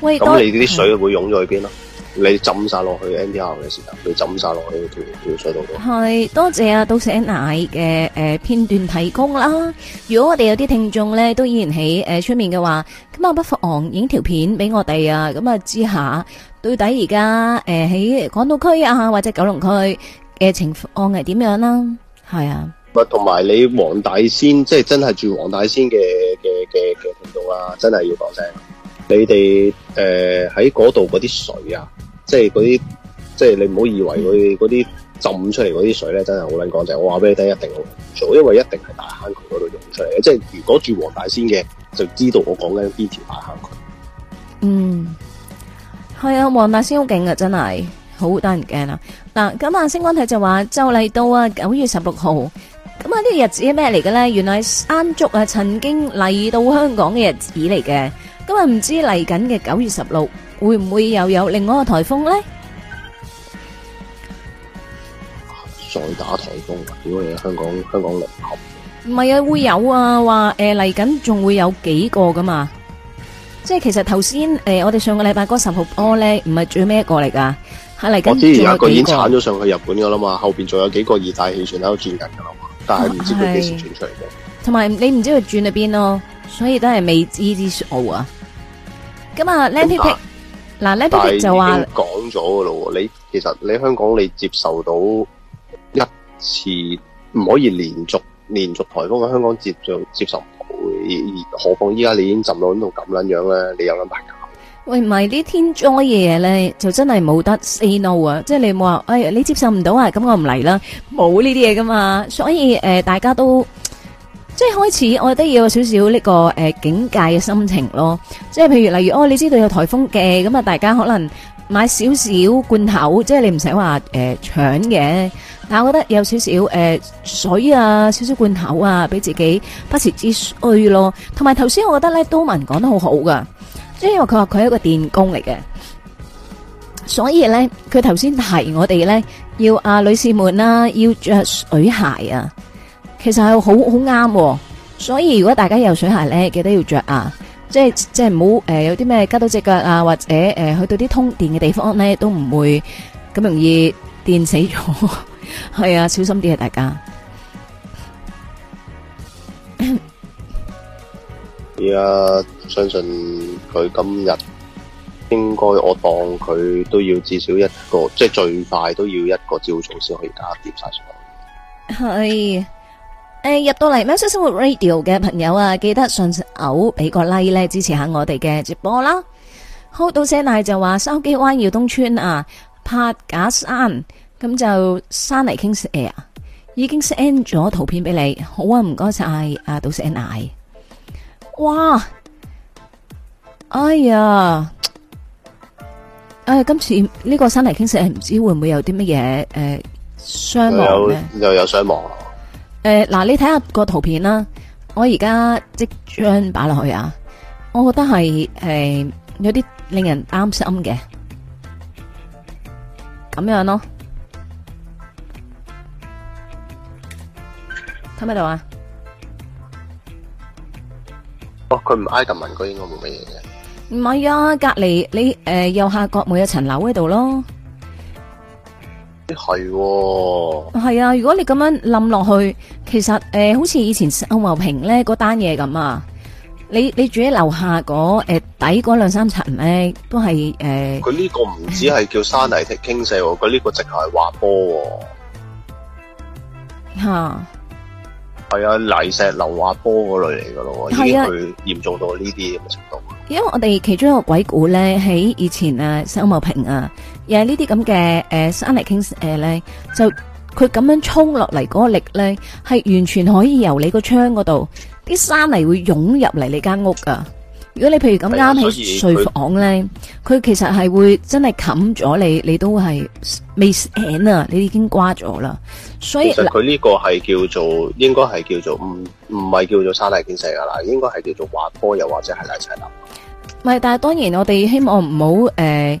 咁你啲水會湧咗去邊咯？你浸晒落去 MTR 嘅時候，你浸晒落去條條水度嘅。係多謝啊，到寫奶嘅誒、呃、片段提供啦。如果我哋有啲聽眾咧，都依然喺誒出面嘅話，咁啊不妨影條片俾我哋啊。咁啊知下到底而家誒喺港島區啊或者九龍區嘅情況係點樣啦？係啊。喂同埋你黃大仙，即係真係住黃大仙嘅嘅嘅嘅聽眾啦，真係要講聲。你哋誒喺嗰度嗰啲水啊，即係嗰啲，即係你唔好以為佢嗰啲浸出嚟嗰啲水咧，真係好難講。就我話俾你聽，一定唔做，因為一定係大坑渠嗰度用出嚟嘅。即係如果住黃大仙嘅，就知道我講緊邊條大坑渠。嗯，係啊，黃大仙好勁啊，真係好得人驚啊！嗱，咁啊，星光體就話就嚟到啊九月十六號，咁啊呢個日子係咩嚟嘅咧？原來山竹啊曾經嚟到香港嘅日子嚟嘅。因為唔知嚟緊嘅九月十六會唔會又有另外一個台風咧？再打台風，如果你香港香港零級，唔係啊，會有啊，話誒嚟緊仲會有幾個噶嘛？即係其實頭先誒，我哋上個禮拜嗰十號波咧，唔係最咩一個嚟噶，係嚟緊仲有幾個。我之前有個已經鏟咗上去日本噶啦嘛，後邊仲有幾個熱帶氣旋喺度轉緊噶啦嘛，但係唔知佢幾時轉出嚟嘅。同埋你唔知佢轉去邊咯，所以都係未知之數啊。咁啊，lantip，嗱 lantip 就話，講咗噶咯。你其實你香港你接受到一次，唔可以連續連續颱風喺香港接受接受唔到，何況依家你已經浸到呢度咁撚樣咧，你有諗法搞？喂，唔係啲天災嘅嘢咧，就真係冇得 say no 啊！即係你冇話，哎呀，你接受唔到啊，咁我唔嚟？啦，冇呢啲嘢噶嘛。所以誒，大家都。即係開始，我覺得要有少少呢個誒警戒嘅心情咯。即係譬如例如，哦，你知道有台風嘅，咁啊，大家可能買少少罐頭，即係你唔使話誒搶嘅。但係我覺得有少少誒水啊，少少罐頭啊，俾自己不時之需咯。同埋頭先，我覺得咧都文講得好好噶，即係因爲佢話佢係一個電工嚟嘅，所以咧佢頭先提我哋咧要啊女士們啦，要着水鞋啊。其實係好好啱，所以如果大家有水鞋咧，記得要着啊！即係即係唔好誒，有啲咩夾到隻腳啊，或者誒、呃、去到啲通電嘅地方咧，都唔會咁容易電死咗。係 啊，小心啲啊，大家。依家、yeah, 相信佢今日應該我當佢都要至少一個，即、就、係、是、最快都要一個朝早先可以打碟晒上去。係。誒、哎，入到嚟咩？喵式生活 radio 嘅朋友啊，記得順手俾個 like 咧，支持下我哋嘅直播啦。好，到寫奶就話筲箕灣耀東村啊，柏架山，咁就山泥傾瀉啊，哎呀，已經 send 咗圖片俾你。好啊，唔該晒，啊到寫奶。哇，哎呀，誒、哎，今次呢個山泥傾瀉唔知會唔會有啲乜嘢誒傷亡呢？有，又有傷亡。誒，嗱、呃、你睇下個圖片啦，我而家即將擺落去啊，我覺得係係、呃、有啲令人擔心嘅，咁樣咯，睇唔睇到啊？哦，佢唔挨近聞，佢應該冇乜嘢嘅。唔係啊，隔籬你誒右下角每一層樓喺度咯。係係啊，啊！如果你咁樣冧落去，其實誒、呃，好似以前秀茂坪咧嗰單嘢咁啊，你你住喺樓下嗰誒、呃、底嗰兩三層咧，都係誒，佢、呃、呢個唔只係叫山泥傾瀉，佢呢個直頭係滑坡吓，係啊，啊，泥石流滑坡嗰類嚟噶咯，已經去嚴重到呢啲咁嘅程度。因為我哋其中一個鬼故咧，喺以前石油啊，秀茂坪啊。又係呢啲咁嘅誒山泥傾瀉咧，就佢咁樣衝落嚟嗰個力咧，係完全可以由你個窗嗰度啲山泥會湧入嚟你間屋噶。如果你譬如咁啱喺睡房咧，佢其實係會真係冚咗你，你都係未醒啊，你已經瓜咗啦。所以佢呢個係叫做應該係叫做唔唔係叫做山泥傾瀉噶啦，應該係叫做滑坡又或者係泥石流。唔係，但係當然我哋希望唔好誒。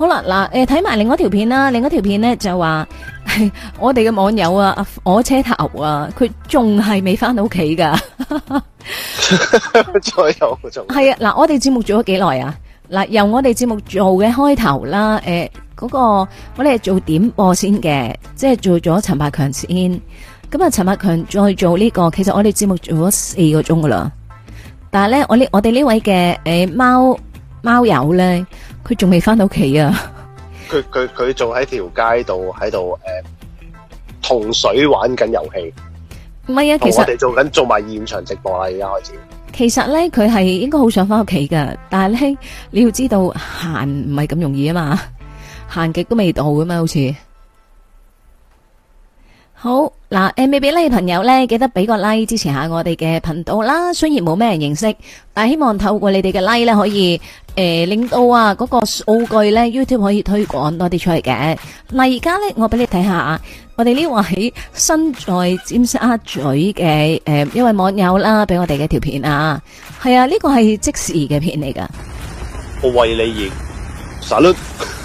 好啦，嗱、呃，誒，睇埋另外一條片啦，另外一條片咧就話、哎，我哋嘅網友啊，我車頭啊，佢仲係未翻到屋企噶，再有係啊，嗱，我哋節目做咗幾耐啊？嗱，由我哋節目做嘅開頭啦，誒、呃，嗰、那個我哋做點播先嘅，即係做咗陳百強先，咁啊，陳百強再做呢、這個，其實我哋節目做咗四個鐘噶啦，但係咧，我呢，我哋、欸、呢位嘅誒貓貓友咧。佢仲未翻到屋企啊！佢佢佢仲喺條街度喺度誒，同水玩緊遊戲。唔係啊，其實我哋做緊做埋現場直播啦，而家開始。其實咧，佢係應該好想翻屋企噶，但係咧，你要知道行唔係咁容易啊嘛，行極都未到啊嘛，好似。好嗱，誒、呃，未俾 like 嘅朋友咧，記得俾個 like 支持下我哋嘅頻道啦。雖然冇咩人認識，但係希望透過你哋嘅 like 咧，可以誒、呃、令到啊嗰、那個數據咧 YouTube 可以推廣多啲出嚟嘅。嗱，而家咧我俾你睇下，我哋呢位身在尖沙咀嘅誒、呃、一位網友啦，俾我哋嘅條片啊，係啊，呢、這個係即時嘅片嚟㗎。我為你而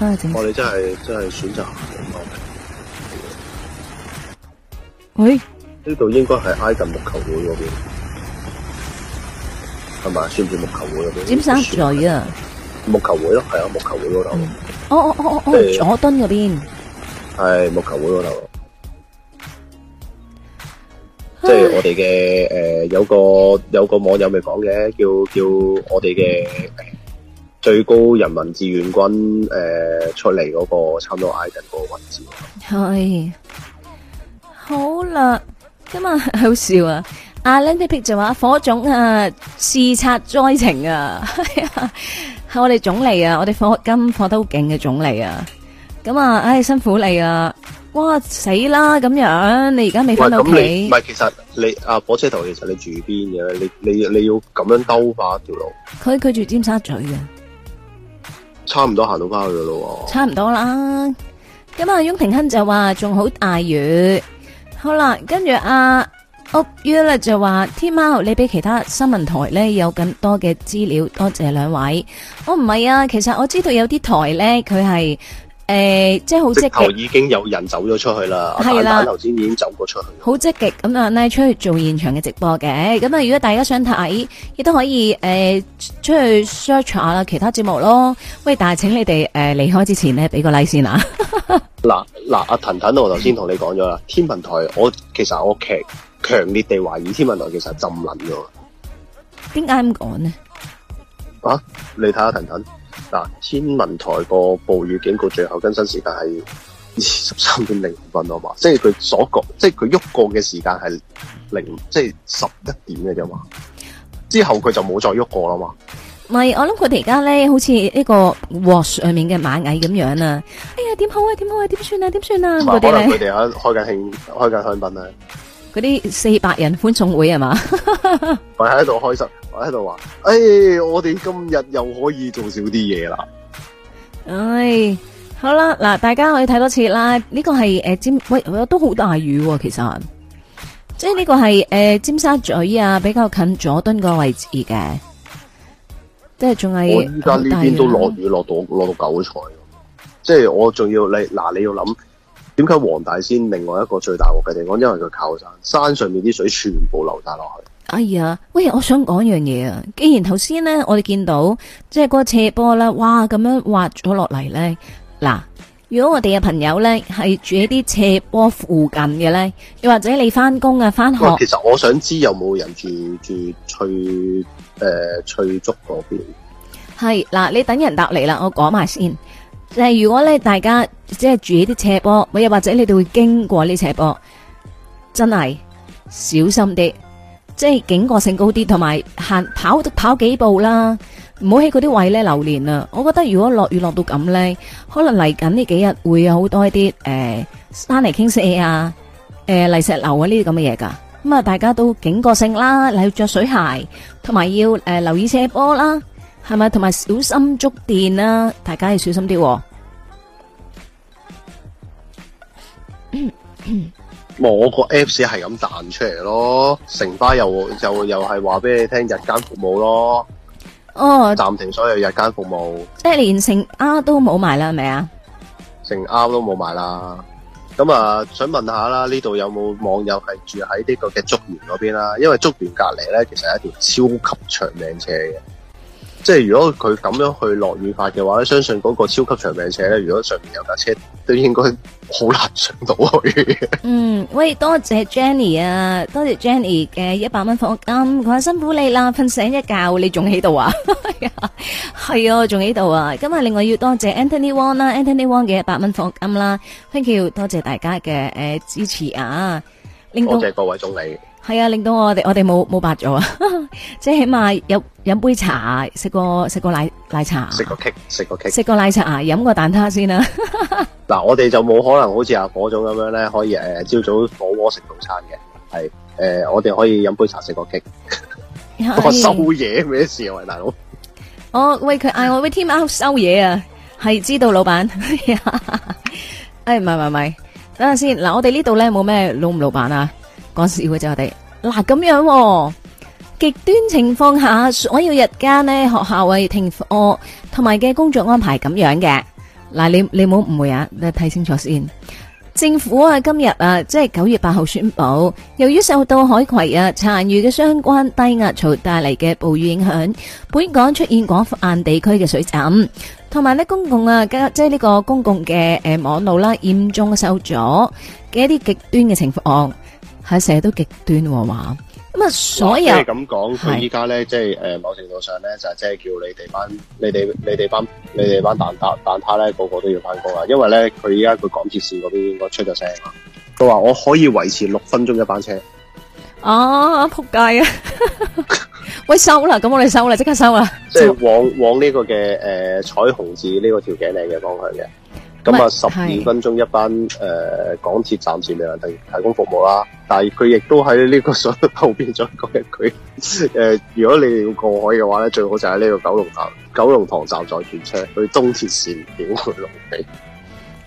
我哋真係真係選擇唔同。喂，呢度應該係挨近木球會嗰邊，係嘛？算唔算木球會嗰邊？尖沙咀啊，木球會咯，係啊，木球會嗰頭。哦哦哦哦，佐敦嗰邊。係木球會嗰度，即係我哋嘅誒，有個有個網友咪講嘅，叫叫我哋嘅。最高人民志願軍誒、呃、出嚟嗰、那個差唔多挨緊個位置係好啦，咁啊好笑啊！阿 Landyp 就話火種啊視察災情啊，係我哋總理啊，我哋火金火得好勁嘅總理啊，咁啊唉辛苦你啊。哇死啦咁樣，你而家未翻到屋企？唔係，其實你啊火車頭，其實你住邊嘅、啊？你你你要咁樣兜翻一條路？佢佢住尖沙咀嘅。差唔多行到翻去噶咯喎，差唔多啦。咁、嗯、啊，翁平亨就話仲好大雨。好啦，跟住阿 up you 就話，天喵你俾其他新聞台咧有更多嘅資料，多謝兩位。我唔係啊，其實我知道有啲台咧佢係。誒、欸，即係好積極，已經有人走咗出去啦。係啦的，頭先已經走過出去。好積極咁啊，拉出去做現場嘅直播嘅。咁啊，如果大家想睇，亦都可以誒、呃、出去 search 下啦，其他節目咯。喂，但係請你哋誒離開之前咧，俾個 like 先啦 啦啦啊。嗱嗱，阿騰騰，我頭先同你講咗啦，天文台，我其實我劇強烈地懷疑天文台其實係浸捻咗。點解咁講呢？啊，你睇下騰騰。藤藤嗱，天文台個暴雨警告最後更新時間係二十三點零五分啊嘛，即係佢所過，即係佢喐過嘅時間係零，即係十一點嘅啫嘛。之後佢就冇再喐過啦嘛。唔係，我諗佢哋而家咧，好似呢好像個鑊上面嘅螞蟻咁樣啊！哎呀點，啊，點好啊？點好啊？點算啊？點算啊？嗰啲佢哋而家開緊慶，開緊香檳咧。嗰啲四百人歡送會啊嘛，佢喺度開心。喺度話，誒、哎，我哋今日又可以做少啲嘢啦。唉、哎，好啦，嗱，大家可以睇多次啦。呢、這個係誒、呃、尖，喂，都好大雨，其實，即係呢個係誒、呃、尖沙咀啊，比較近佐敦個位置嘅。即係仲係，我依家呢邊都落雨，落到落到九彩。即係我仲要你，嗱，你要諗，點解黃大仙另外一個最大鑊嘅地方，因為佢靠山，山上面啲水全部流晒落去。哎呀，喂！我想講樣嘢啊，既然頭先咧，我哋見到即係、就是、個斜坡啦，哇咁樣滑咗落嚟咧，嗱，如果我哋嘅朋友咧係住喺啲斜坡附近嘅咧，又或者你返工啊返學，哦，其實我想知有冇人住住翠誒翠竹嗰邊？係嗱，你等人搭嚟啦，我講埋先。誒、就係，如果咧大家即係住喺啲斜坡，又或者你哋會經過呢斜坡，真係小心啲。即係警覺性高啲，同埋行跑跑幾步啦，唔好喺嗰啲位咧流連啊！我覺得如果落雨落到咁咧，可能嚟緊呢幾日會有好多一啲誒山泥傾瀉啊、誒泥石流啊呢啲咁嘅嘢噶。咁啊，大家都警覺性啦，你要着水鞋，同埋要誒留意斜坡啦，係咪？同埋小心觸電啦，大家要小心啲。我個 Apps 係咁彈出嚟咯，城巴又就又又係話俾你聽日間服務咯，哦，暫停所有日間服務，即係連成 R 都冇埋啦，係咪啊？成 R 都冇埋啦，咁啊，想問下啦，呢度有冇網友係住喺呢個嘅竹園嗰邊啦？因為竹園隔籬咧其實係一條超級長命斜嘅。即係如果佢咁樣去落雨法嘅話咧，相信嗰個超級長命車咧，如果上面有架車，都應該好難上到去嘅。嗯，喂，多謝 Jenny 啊，多謝 Jenny 嘅一百蚊房金，佢話辛苦你啦，瞓醒一覺你仲喺度啊，係 啊，仲喺度啊，今日另外要多謝 An Wong Anthony Wong 啦，Anthony Wong 嘅一百蚊房金啦，Thank you，多謝大家嘅誒、呃、支持啊，多謝各位總理。係啊，令到我哋我哋冇冇白咗啊！即係起碼有飲杯茶，食個食個奶奶茶，食個 K，食個 K，食個奶茶啊！飲個蛋撻先啦。嗱，我哋就冇可能好似阿火總咁樣咧，可以誒朝早火鍋食早餐嘅。係誒，我哋可以飲杯茶，食個 K，都係收嘢咩事啊，喂大佬？我喂佢嗌，我喂 team out 收嘢啊，係知道老闆。誒，唔係唔係，等下先。嗱，我哋呢度咧冇咩老唔老闆啊？講笑嘅啫，我哋嗱咁樣、啊、極端情況下，所有日間呢學校會停課，同埋嘅工作安排咁樣嘅。嗱，你你唔好誤會啊，你睇清楚先。政府啊，今日啊，即係九月八號宣布，由於受到海葵啊殘餘嘅相關低壓槽帶嚟嘅暴雨影響，本港出現廣泛地區嘅水浸，同埋呢公共啊，即係呢個公共嘅誒網絡啦、啊，嚴重受阻嘅一啲極端嘅情況。係成日都極端喎嘛，咁啊，所以即係咁講，佢依家咧即係誒，某程度上咧就係即係叫你哋班、你哋、你哋班、你哋班蛋撻蛋撻咧個個都要翻工啦，因為咧佢依家佢港鐵線嗰邊應該出咗聲，佢話我可以維持六分鐘一班車。啊，仆街啊！ 喂，收啦，咁我哋收啦，即刻收啦！即係往往呢個嘅誒、呃、彩虹字呢、這個條頸嚟嘅方向嘅。咁啊，十五分鐘一班，是呃、港鐵站前嘅人提提供服務啦。但佢亦都喺呢個上後邊再講一句，如果你要過海嘅話咧，最好就喺呢個九龍塘九龍塘站再轉車去東鐵線點去龍尾。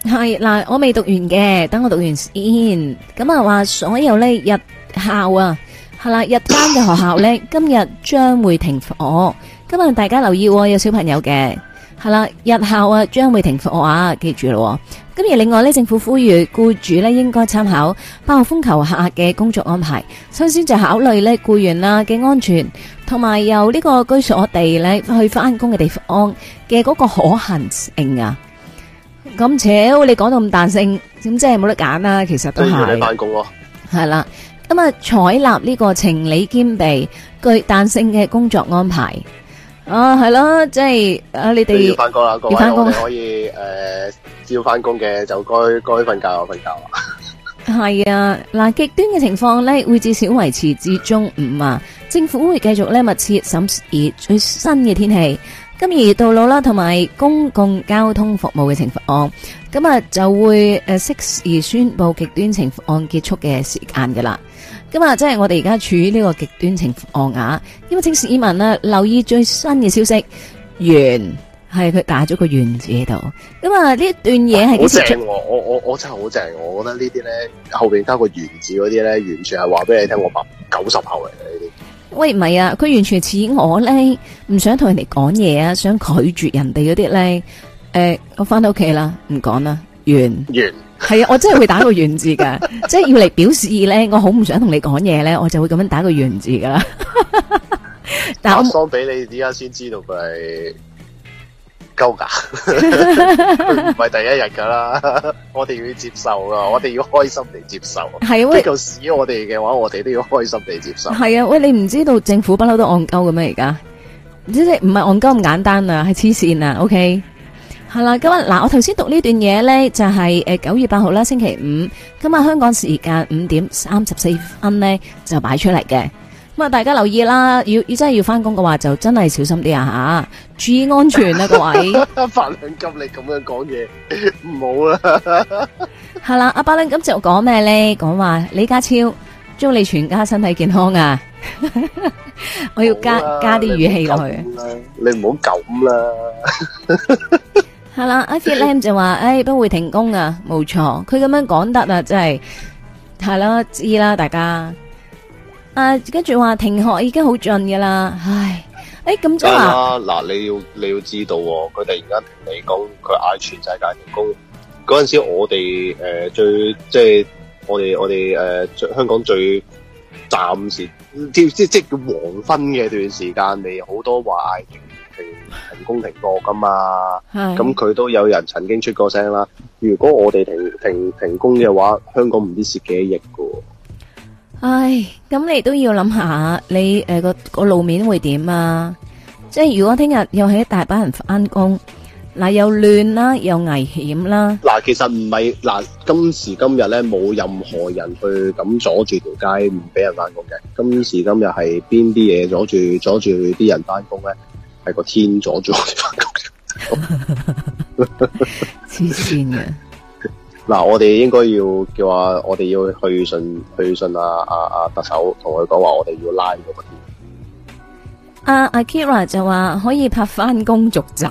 係嗱，我未讀完嘅，等我讀完先。咁啊，話所有呢日校啊，係啦，日間嘅學校咧， 今日將會停課。今日大家留意，有小朋友嘅。係啦，日後啊，將會停課啊，記住咯。咁而另外咧，政府呼籲僱主咧應該參考八號風球下嘅工作安排，首先就考慮咧僱員啦嘅安全，同埋由呢個居所地咧去翻工嘅地方嘅嗰個可行性啊。咁且，你講到咁彈性，咁真係冇得揀啦。其實都係。都要去翻工咯。係啦，咁啊，採納呢個情理兼備、具彈性嘅工作安排。啊，係咯，即係，誒，你哋要翻工啦，各位可以誒，照翻工嘅就該該瞓覺瞓覺。係 啊，嗱，極端嘅情況咧會至少維持至中午啊，嗯、政府會繼續咧密切審視最新嘅天氣，今而道路啦同埋公共交通服務嘅情況，咁啊就會誒適時宣布極端情況結束嘅時間噶啦。咁、啊、即係我哋而家處於呢個極端情況下，因為請市民啊留意最新嘅消息，完係佢打咗個原字喺度。咁啊呢一段嘢係、啊、好正？我我我我真係好正，我覺得呢啲咧後邊加個原字嗰啲咧，完全係話俾你聽我八九十後嚟嘅呢啲。喂，唔係啊，佢完全似我咧，唔想同人哋講嘢啊，想拒絕人哋嗰啲咧。誒、欸，我翻到屋企啦，唔講啦，完完。係啊，我真係會打個圓字噶， 即係要嚟表示咧，我好唔想同你講嘢咧，我就會咁樣打個圓字噶啦。 但係我俾你而家先知道佢係勾噶，唔係第一日噶啦。 我哋要接受啊，我哋要開心地接受。係啊，呢個屎我哋嘅話，我哋都要開心地接受。係啊，喂，你唔知道政府按的不嬲都戇鳩嘅咩？而家唔即係唔係戇鳩咁簡單啊，係黐線啊，OK。係啦，今日嗱，我頭先讀呢段嘢咧，就係誒九月八號啦，星期五，今日香港時間五點三十四分咧就擺出嚟嘅。咁啊，大家留意啦，要要真係要翻工嘅話，就真係小心啲啊吓，注意安全啊，各位。阿八兩金，你咁樣講嘢，唔好啦。係啦，阿伯咁就講咩咧？講話李家超祝你全家身體健康啊！我要加加啲語氣落去，你唔好咁啦。係啦阿 Philam 就話，誒、哎，不會停工啊，冇錯，佢咁樣講得啊，真係，係咯，知啦，大家，啊，跟住話停學已經好盡噶啦，唉，誒、哎，咁即係，嗱，你要你要知道，哦，佢突然間你講佢嗌，全世界停工，嗰陣時候我哋誒、呃、最即係我哋我哋誒、呃、香港最暫時，即即叫黃昏嘅，段時間，你好多話嗌，停工停過噶嘛，咁佢都有人曾經出過聲啦。如果我哋停停停工嘅話，香港唔知蝕幾多億噶。唉，咁你都要諗下，你誒個個路面會點啊？即係如果聽日又係一大班人翻工，嗱又亂啦，又危險啦。嗱，其實唔係嗱，今時今日咧，冇任何人去咁阻住條街唔俾人翻工嘅。今時今日係邊啲嘢阻住阻住啲人翻工咧？係個天阻住我哋翻工，黐線嘅。嗱，我哋應該要叫話，我哋要去信去信啊。阿、啊、阿特首他說，啊，同佢講話，我哋要拉佢。阿阿 Kira 就話可以拍翻工續集，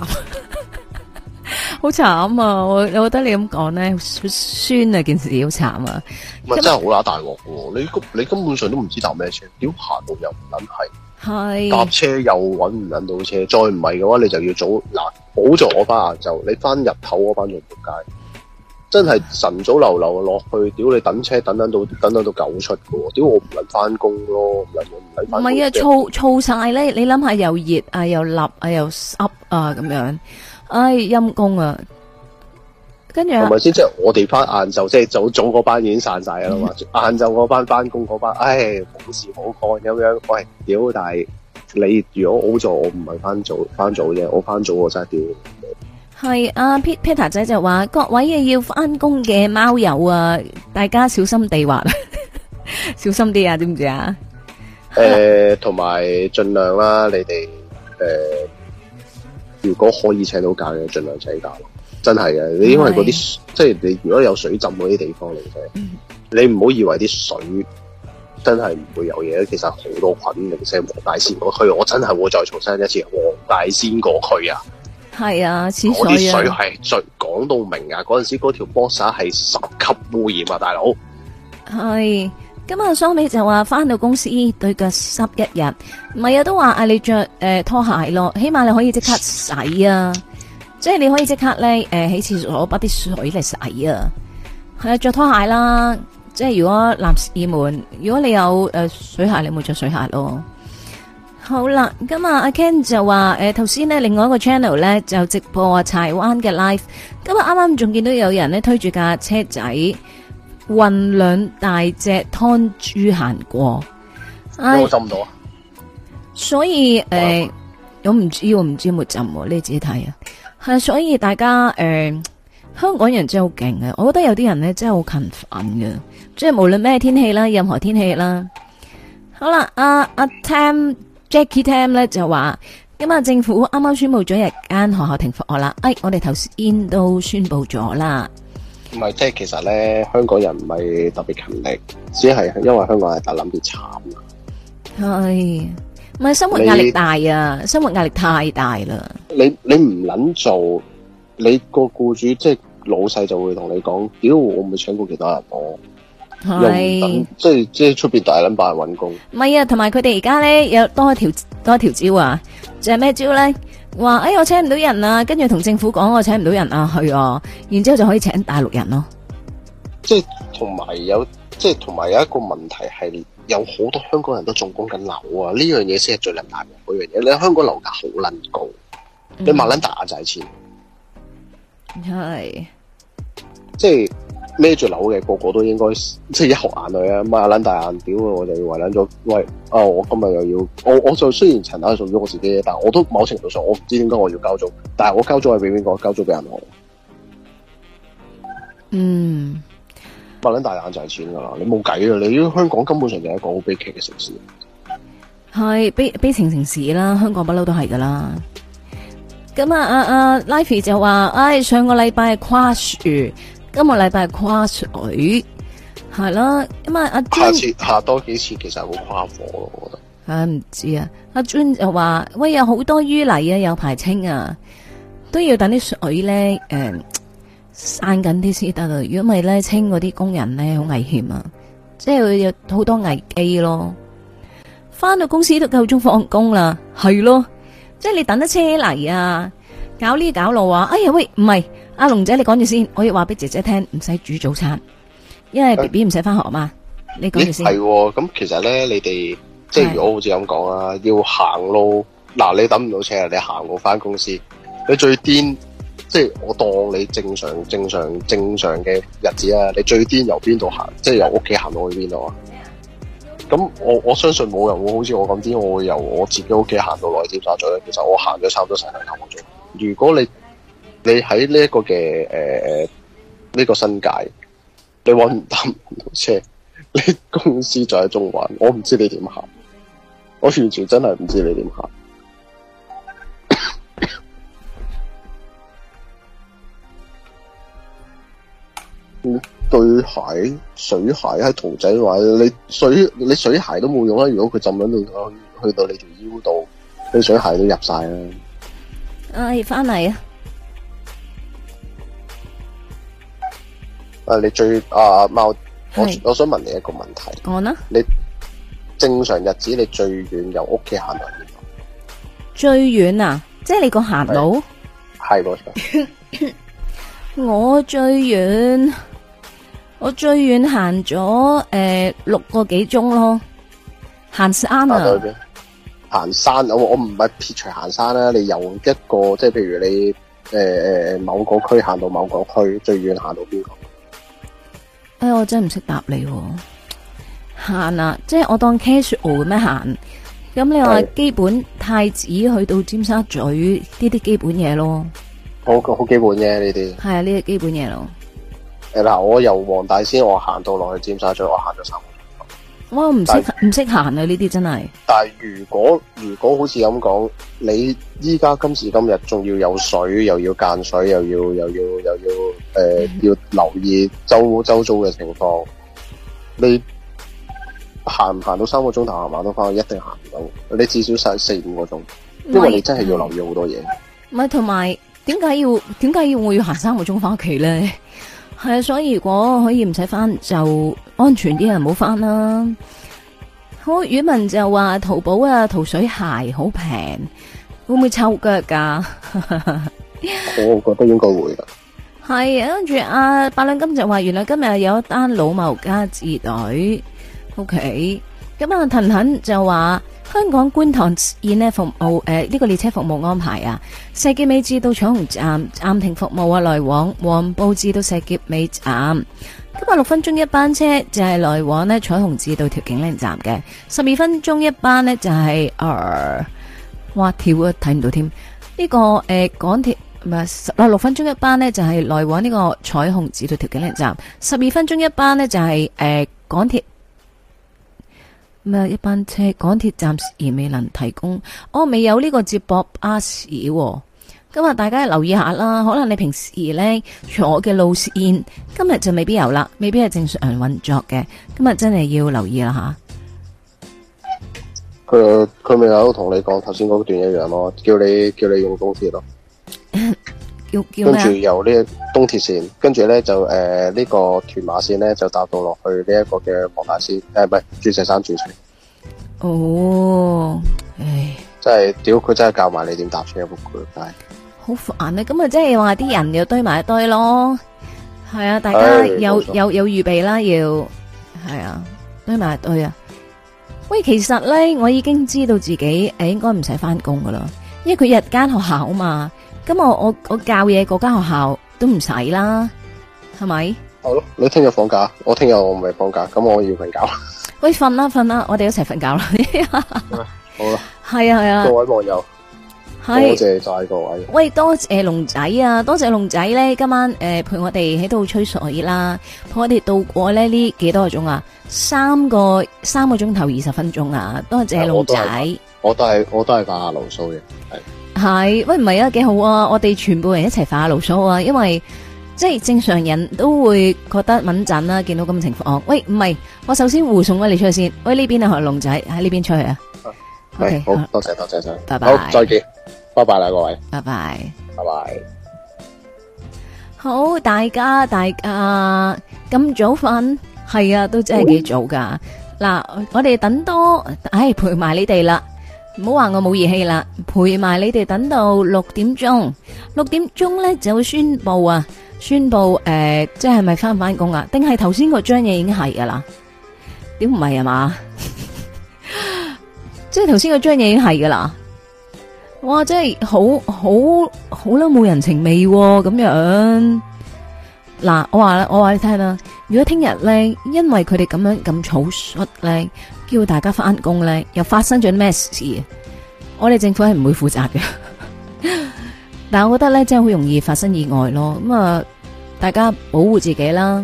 好慘啊！我我覺得你咁講咧，好酸啊，件事好慘啊！唔不天真係好乸大鑊，你你根本上都唔知搭咩車，屌行路又唔捻係。係搭是車又搵唔搵到車，再唔係嘅話你就要早嗱，好咗我翻晏晝，你翻入頭我班仲扑街，真係晨早流流落去，屌你等車等車等到等等到九出嘅，屌我唔能翻工咯，唔能唔使翻。唔係啊，燥燥晒咧，你諗下又熱啊，又立啊，又濕啊，咁樣，唉，陰公啊！跟住係咪先？即係我哋翻晏晝，即係早早嗰班已經散晒啦嘛。晏晝嗰班翻工嗰班，唉，冇事好幹咁樣。喂，屌！但係你如果好做，我唔係翻早翻早啫，我翻早真係屌。係阿、啊、Peter 仔就話：各位啊要翻工嘅貓友啊，大家小心地滑， 小心啲啊！知唔知啊？誒、呃，同埋盡量啦、啊，你哋誒、呃，如果可以請到假嘅，盡量請假。真係嘅，你因為嗰啲的即係你，如果你有水浸嗰啲地方嚟嘅，的你唔好以為啲水真係唔會有嘢，其實好多菌嚟嘅。黃大仙嗰區，我真係會再重新一次黃大仙嗰區啊！係啊，似啲水係最講到明啊！嗰陣時嗰條波莎係十級污染啊，大佬。係，今日桑美就話翻到公司對腳濕一日，唔係啊都話嗌你着誒、呃、拖鞋咯，起碼你可以即刻洗啊！即係你可以即刻咧，誒喺廁所把啲水嚟洗啊，係啊，着拖鞋啦。即係如果男士們，如果你有誒、呃、水鞋，你冇着水鞋咯。好啦，咁啊，阿 Ken 就話，誒頭先咧另外一個 channel 咧就直播啊，柴灣嘅 live。今日啱啱仲見到有人咧推住架車仔混兩大隻湯豬行過，浸唔到。所以誒、呃，我唔知我唔知有冇浸，你自己睇啊。係，所以大家誒、呃，香港人真係好勁嘅。我覺得有啲人咧真係好勤奮嘅，即係無論咩天氣啦，任何天氣啦。好啦，阿、啊、阿、啊、Tam、Jackie Tam 咧就話，今日政府啱啱宣布咗一間學校停課啦。哎，我哋頭先都宣布咗啦。唔係，即係其實咧，香港人唔係特別勤力，只係因為香港人大諗住慘。係。唔係生活壓力大啊，生活壓力太大啦。你你唔捻做，你個僱主即係老細就會同你講，屌，我唔會請過其他人，我又唔等，即係即係出邊大捻把人揾工。唔係啊，同埋佢哋而家咧有多一條多一條招啊，即係咩招咧？話誒，我請唔到人啊，跟住同政府講我請唔到人啊，去啊，然之後就可以請大陸人咯。即係同埋有，即係同埋有一個問題係。有好多香港人都仲供緊樓啊！呢樣嘢先係最難嘅嗰樣嘢。你香港樓價好撚高，mm hmm. 你麻撚大就係先，係 Yes. 即係孭住樓嘅個個都應該即係一殼眼淚啊！麻撚大眼屌啊！我就以為撚咗喂，啊、哦！我今日又要我我就雖然層樓係屬於我自己嘅，但我都某程度上我唔知點解我要交租，但係我交租係俾邊個？交租俾銀行。嗯、mm。Hmm. 擘大眼就係錢噶啦，你冇計啊！你因為香港根本上就係一個好悲劇嘅城市，係悲悲情城市啦，香港不嬲都係噶啦。咁啊啊啊，Livy 就話，哎，上個禮拜係跨樹，今個禮拜係跨水，係啦。咁啊，阿 Jun，下，下次下多幾次其實係會跨火咯，我覺得。唉、啊，唔知啊？阿 Jun 就話，喂，有好多淤泥啊，有排清啊，都要等啲水咧，誒、嗯。刪緊啲先得咯，如果唔係咧，清嗰啲工人咧好危險啊！即係會有好多危機咯。翻到公司都夠鐘放工啦，係咯，即係你等得車嚟啊，搞呢搞路啊！哎呀喂，唔係阿龍仔，你講住先，我要話俾姐姐聽，唔使煮早餐，因為 BB 唔使翻學嘛。你講住先係，咁其實咧，你哋即係如果好似咁講啦，要行路嗱，你等唔到車啊，你行路翻公司，你最癲。即係我當你正常、正常、正常嘅日子啊！你最癲由邊度行？即係由屋企行到去邊度啊？咁我我相信冇人會好似我咁癲，我會由我自己屋企行到尖沙咀。其實我行咗差唔多成兩個鐘頭。如果你你喺呢一個嘅誒呢個新界，你搵唔到車，你公司就喺中環，我唔知你點行，我完全真係唔知你點行。對，鞋、水鞋喺童仔話，你水、你水鞋都冇用啦，如果佢浸喺度，去到你條腰度，你水鞋都入晒啦。哎、啊，你翻嚟啊！啊，你最啊貓，我是我，我想問你一個問題。我啦呢。你正常日子你最遠由屋企行到邊度？最遠啊，即係你個行路係。是是的 我最遠，我最遠行咗誒六個幾鐘咯，行山啊！行山，我我唔係撇除行山啦。你由一個即係，譬如你誒、呃、某個區行到某個區，最遠行到邊個？誒、哎，我真唔識答你。行啊，即係我當 K 雪奧咁樣行。咁你話是基本太子去到尖沙咀呢啲基本嘢咯？好好基本嘅呢啲係啊，呢啲基本嘢咯。誒，嗱，我由黃大仙我行到落去尖沙咀，我行咗三個鐘頭。哇，唔識唔識行啊？呢啲真係。但係如果如果好似咁講，你依家今時今日仲要有水，又要間水，又要又要又要誒，呃嗯、要留意周周遭嘅情況。你行唔行到三個鐘頭行埋都返去？一定行唔到。你至少使四五個鐘，喂因為你真係要留意好多嘢。唔係同埋。點解要點解要我要行三個鐘翻屋企咧？係啊，所以如果可以唔使翻就安全啲人唔好翻啦。好，宇文就話淘寶啊，淘水鞋好平，會唔會臭腳噶、 哦？我覺得應該會噶。係啊，跟住阿八兩金就話，原來今日有一單老謀家子女屋企。Okay 咁啊，騰騰就話香港觀塘綫呢服務誒，呢、呃這個列車服務安排啊，石硖尾至到彩虹站暫停服務啊，來往黃埔至到石硖尾站，咁啊，六分鐘一班車，就係來往呢彩虹至到調景嶺站嘅，十二分鐘一班呢，就係、是、誒，哇、呃、跳啊睇唔到添，呢、這個誒、呃、港鐵唔係十六分鐘一班呢，就係、是、來往呢個彩虹至到調景嶺站，十二分鐘一班呢，就係、是、誒、呃、港鐵。一班車港鐵暫時未能提供，我、哦、未有呢個接駁巴士。今日大家留意一下啦，可能你平時呢，坐嘅路線，今日就未必有啦，未必係正常運作嘅。今日真係要留意啦吓。佢佢未有同你講，頭先嗰段一樣咯，叫你叫你用公司咯。 跟住由呢東鐵線，跟住咧就誒呢、呃這個屯馬線咧就搭到落去呢一個嘅黃大仙誒，唔係鑽石山鑽石。哦，是唉，真係屌佢真係教埋你點搭車，好煩啊！咁啊，即係話啲人要堆埋一堆咯，係啊，大家有有有預備啦，要係啊，堆埋一堆啊。喂，其實咧，我已經知道自己誒應該唔使翻工噶啦，因為佢日間學校啊嘛。咁我我我教嘢嗰間學校都唔使啦，係咪？好咯，你聽日放假，我聽日我唔係放假，咁我要瞓覺。喂， 瞓啦瞓啦，我哋一齊瞓覺啦、 啊。好啦，係啊係啊，啊各位網友，是多謝晒各位。喂，多謝龍仔啊，多謝龍仔咧，今晚誒、呃、陪我哋喺度吹水啦，陪我哋度過咧呢幾多個鐘啊，三個三個鐘頭二十分鐘啊，多謝龍仔、啊。我都係我都係打下牢騷嘅，係。係，喂唔係啊，幾好啊！我哋全部人一齊發下牢騷啊！因為即係正常人都會覺得敏感啦、啊，見到咁嘅情況。喂，唔係，我首先護送你哋出去先。喂，呢邊啊，龍仔喺呢邊出去啊。啊 OK，好多謝多謝晒，拜拜，bye bye 好再見，拜拜啦各位，拜拜 bye，拜拜 bye。好，大家大家咁早瞓，係啊，都真係幾早噶。嗱喂，我哋等多，唉，陪埋你哋啦。唔好話我冇義氣啦，陪埋你哋等到六點鐘，六點鐘咧就會宣布啊，宣布誒、呃，即係咪翻唔翻工啊？定係頭先個張嘢已經係噶啦？點唔係啊嘛？ 即係頭先個張嘢已經係噶啦？哇，即係好好好啦，冇人情味咁、啊、樣。嗱，我話我話你聽啦。如果聽日咧，因為佢哋咁樣咁草率咧，叫大家翻工咧，又發生咗咩事？我哋政府係唔會負責嘅。 但係我覺得咧，真係好容易發生意外咯。咁啊，大家保護自己啦。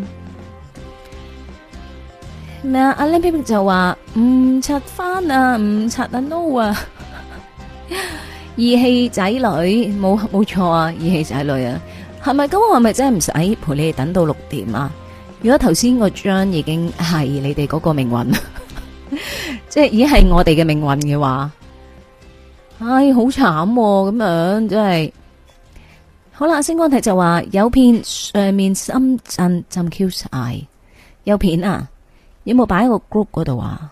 咩啊？阿 Link 就話唔插翻啊，唔插啊，no 啊！義氣仔女，冇冇錯啊！義氣仔女啊！係咪咁？我係咪真係唔使陪你哋等到六點啊！如果頭先個章已經係你哋嗰個命運，即係已經係我哋嘅命運嘅話，唉，好慘咁樣，真係。好啦，星光題就話有片上面深圳浸 Q 晒，有片啊？有冇擺喺個 group 嗰度啊？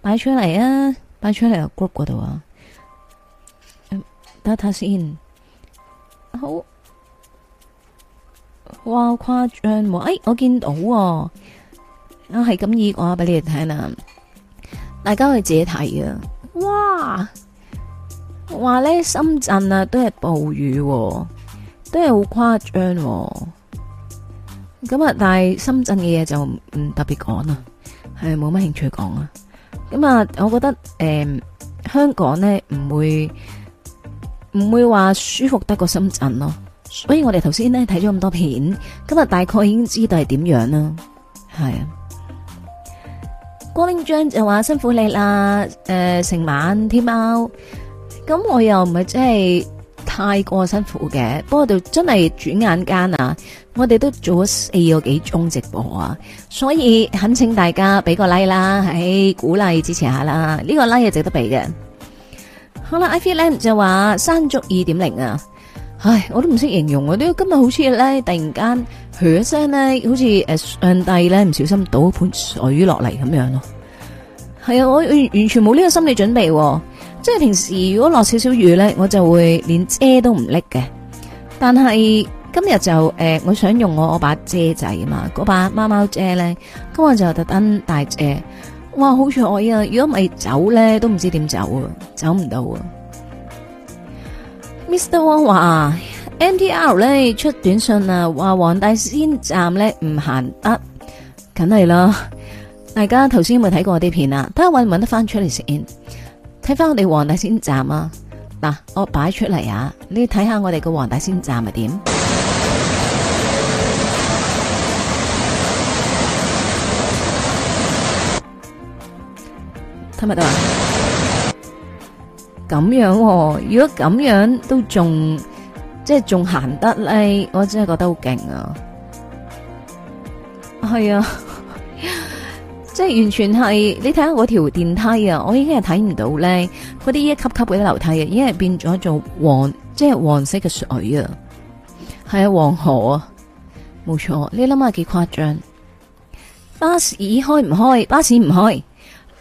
擺出嚟啊！擺出嚟啊！group 嗰度啊！等一睇先，好。哇，誇張喎！誒、哎，我見到啊，係咁意講俾你哋聽啦，大家可以自己睇啊。哇，話咧深圳啊都係暴雨，都係好誇張。咁啊，但係深圳嘅嘢就唔特別講啦，係冇乜興趣講啊。咁啊，我覺得誒、呃，香港咧唔會唔會話舒服得過深圳咯。所以我哋頭先咧睇咗咁多片，今日大概已經知道係點樣啦，係啊。郭永章就話，辛苦你啦，誒、呃、成晚天喵，咁我又唔係真係太過辛苦嘅，不過就真係轉眼間啊，我哋都做咗四個幾鐘直播啊，所以懇請大家俾個 like 啦，喺、哎、鼓勵支持下啦，呢、這個 like 係值得俾嘅。好啦，I feel V、like、M 就話山竹二點零啊。唉，我都唔識形容，我都今日好似咧，突然間噓一聲咧，好似誒上帝咧，唔小心倒盆水落嚟咁樣咯。係、嗯、啊，我完完全冇呢個心理準備、哦，即係平時如果落少少雨咧，我就會連遮都唔拎嘅。但係今日就誒、呃，我想用我我把遮仔啊嘛，嗰把貓貓遮咧，今日就特登帶遮。哇，好彩啊！如果唔係走咧，都唔知點走啊，走唔到啊！Mr. Wang 話 MTR 咧，出短信啊，話黃大仙站咧唔行得，梗係啦。大家頭先有冇睇過我啲片啊？睇下搵唔搵得翻出嚟先，睇翻我哋黃大仙站啊！嗱、啊，我擺出嚟啊，你睇下我哋個黃大仙站係點？睇唔睇到啊？ 咁樣、哦，如果咁樣都仲即係仲行得咧，我真係覺得好勁啊！係啊， 即係完全係你睇下嗰條電梯啊，我已經係睇唔到咧。嗰啲一級級嗰啲樓梯啊，已經係變咗做黃，即係黃色嘅水啊，係啊，黃河啊，冇錯，你諗下幾誇張。巴士開唔開？巴士唔開。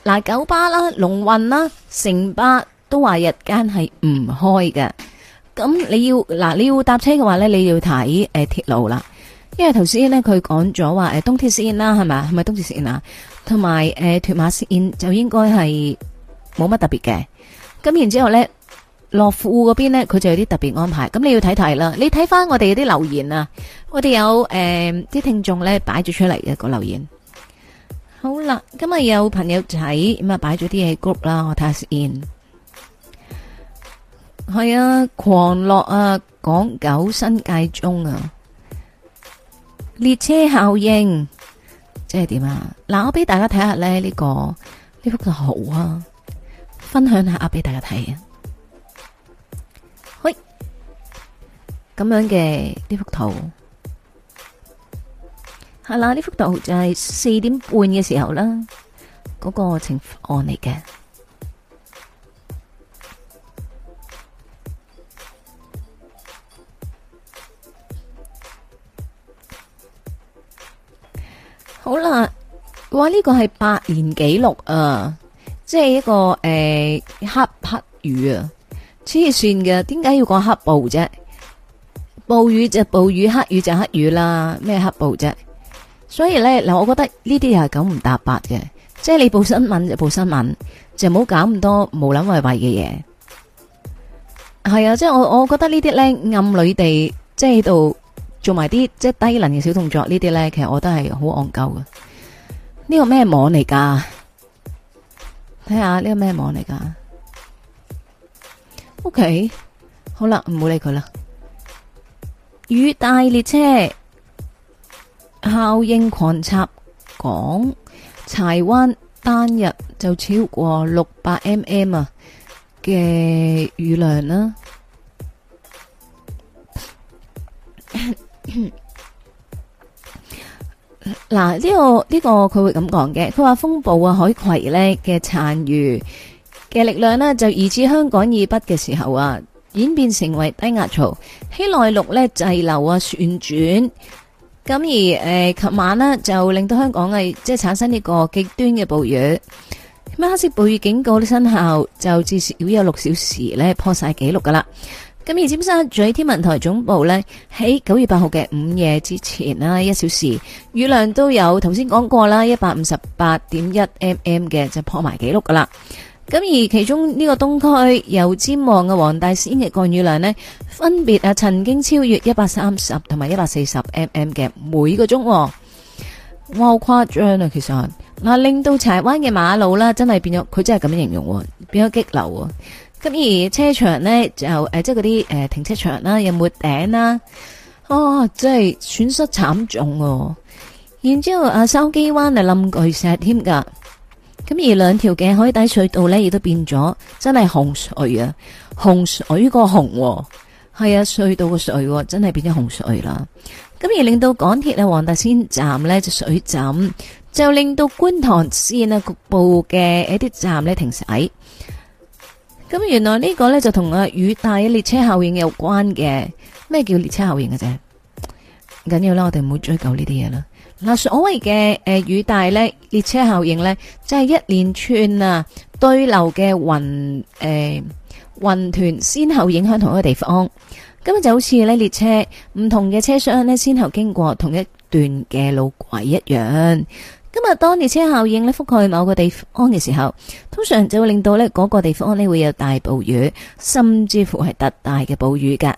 嗱，九巴啦，龍運啦，城巴。都話日間係唔開嘅，咁你要嗱，你要搭車嘅話咧，你要睇誒鐵路啦。因為頭先咧佢講咗話，誒東鐵線啦，係咪係咪東鐵線啊？同埋誒屯馬線就應該係冇乜特別嘅。咁然之後咧，樂富嗰邊咧佢就有啲特別安排。咁你要睇睇啦。你睇翻我哋啲留言啊，我哋有誒啲聽眾咧擺咗出嚟一個留言。好啦，今日有朋友仔咁啊，擺咗啲嘢 group 啦，我睇下先。係啊，狂落啊，港九新界中啊，列車效應，即係點啊？嗱，我俾大家睇下咧，呢、這個呢幅嘅圖啊，分享一下啊，俾大家睇啊。喂，咁樣嘅呢幅圖，係啦、啊，呢、這、幅、個、圖、圖就係四點半嘅時候啦，嗰、那個情況嚟嘅。好啦，話呢個係百年紀錄啊，即係一個誒、欸、黑黑雨啊，黐線嘅，點解要講黑暴啫？暴雨就暴雨，黑雨就黑雨啦，咩黑暴啫？所以咧，嗱，我覺得呢啲又係九唔搭八嘅，即係你報新聞就報新聞，就唔好搞咁多無腦為為嘅嘢。係啊，即係我我覺得呢啲咧暗裏地即係喺度。做埋啲即係低能嘅小動作呢啲呢，其實我都係好戇鳩嘅。呢個咩網嚟噶？睇下呢個咩網嚟噶？OK，好啦，唔好理佢啦。雨大列車效應狂插港，柴灣單日就超過六百 mm 啊嘅雨量啦，啊。 嗱，呢、 這個呢、這個佢會咁講嘅，佢話風暴啊，海葵咧嘅殘餘嘅力量呢，就移至香港以北嘅時候啊，演變成為低壓槽喺內陸呢滯留啊旋轉，咁而誒琴、呃、晚呢，就令到香港嘅即係產生呢個極端嘅暴雨，咩黑色暴雨警告啲生效就至少有六小時呢破晒紀錄噶啦。咁而尖沙咀天文台總部咧，喺九月八號嘅午夜之前啦，一小時雨量都有，頭先講過啦，一百五十八點一 mm 嘅就破埋紀錄噶啦。咁而其中呢個東區由尖旺嘅黃大仙嘅降雨量呢，分別啊曾經超越一百三十同埋一百四十 mm 嘅每個鐘、哦，哇，好誇張啊！其實嗱、啊，令到柴灣嘅馬路啦，真係變咗，佢真係咁樣形容，變咗激流。咁而車場呢，就誒、呃，即係嗰啲誒停車場啦、啊，有冇頂啦？哦、啊，真係損失慘重喎、啊。然之後啊，筲箕灣啊冧巨石添㗎。咁而兩條嘅海底隧道呢，亦都變咗真係洪水啊！洪水個洪、啊，係啊，隧道個水、啊、真係變咗洪水啦。咁而令到港鐵啊，黃大仙站呢，就水浸，就令到觀塘綫啊局部嘅一啲站呢停駛。咁原來呢個呢，就同阿雨帶列車效應有關嘅，咩叫列車效應嘅啫？唔緊要啦，我哋唔好追究呢啲嘢啦。嗱，所謂嘅誒雨帶列車效應呢，就係一連串啊對流嘅雲誒、呃、雲團先後影響同一個地方，咁就好似呢列車唔同嘅車廂呢先後經過同一段嘅路軌一樣。今日當列車效應咧覆蓋某個地方嘅時候，通常就會令到呢嗰個地方呢會有大暴雨，甚至乎係特大嘅暴雨噶。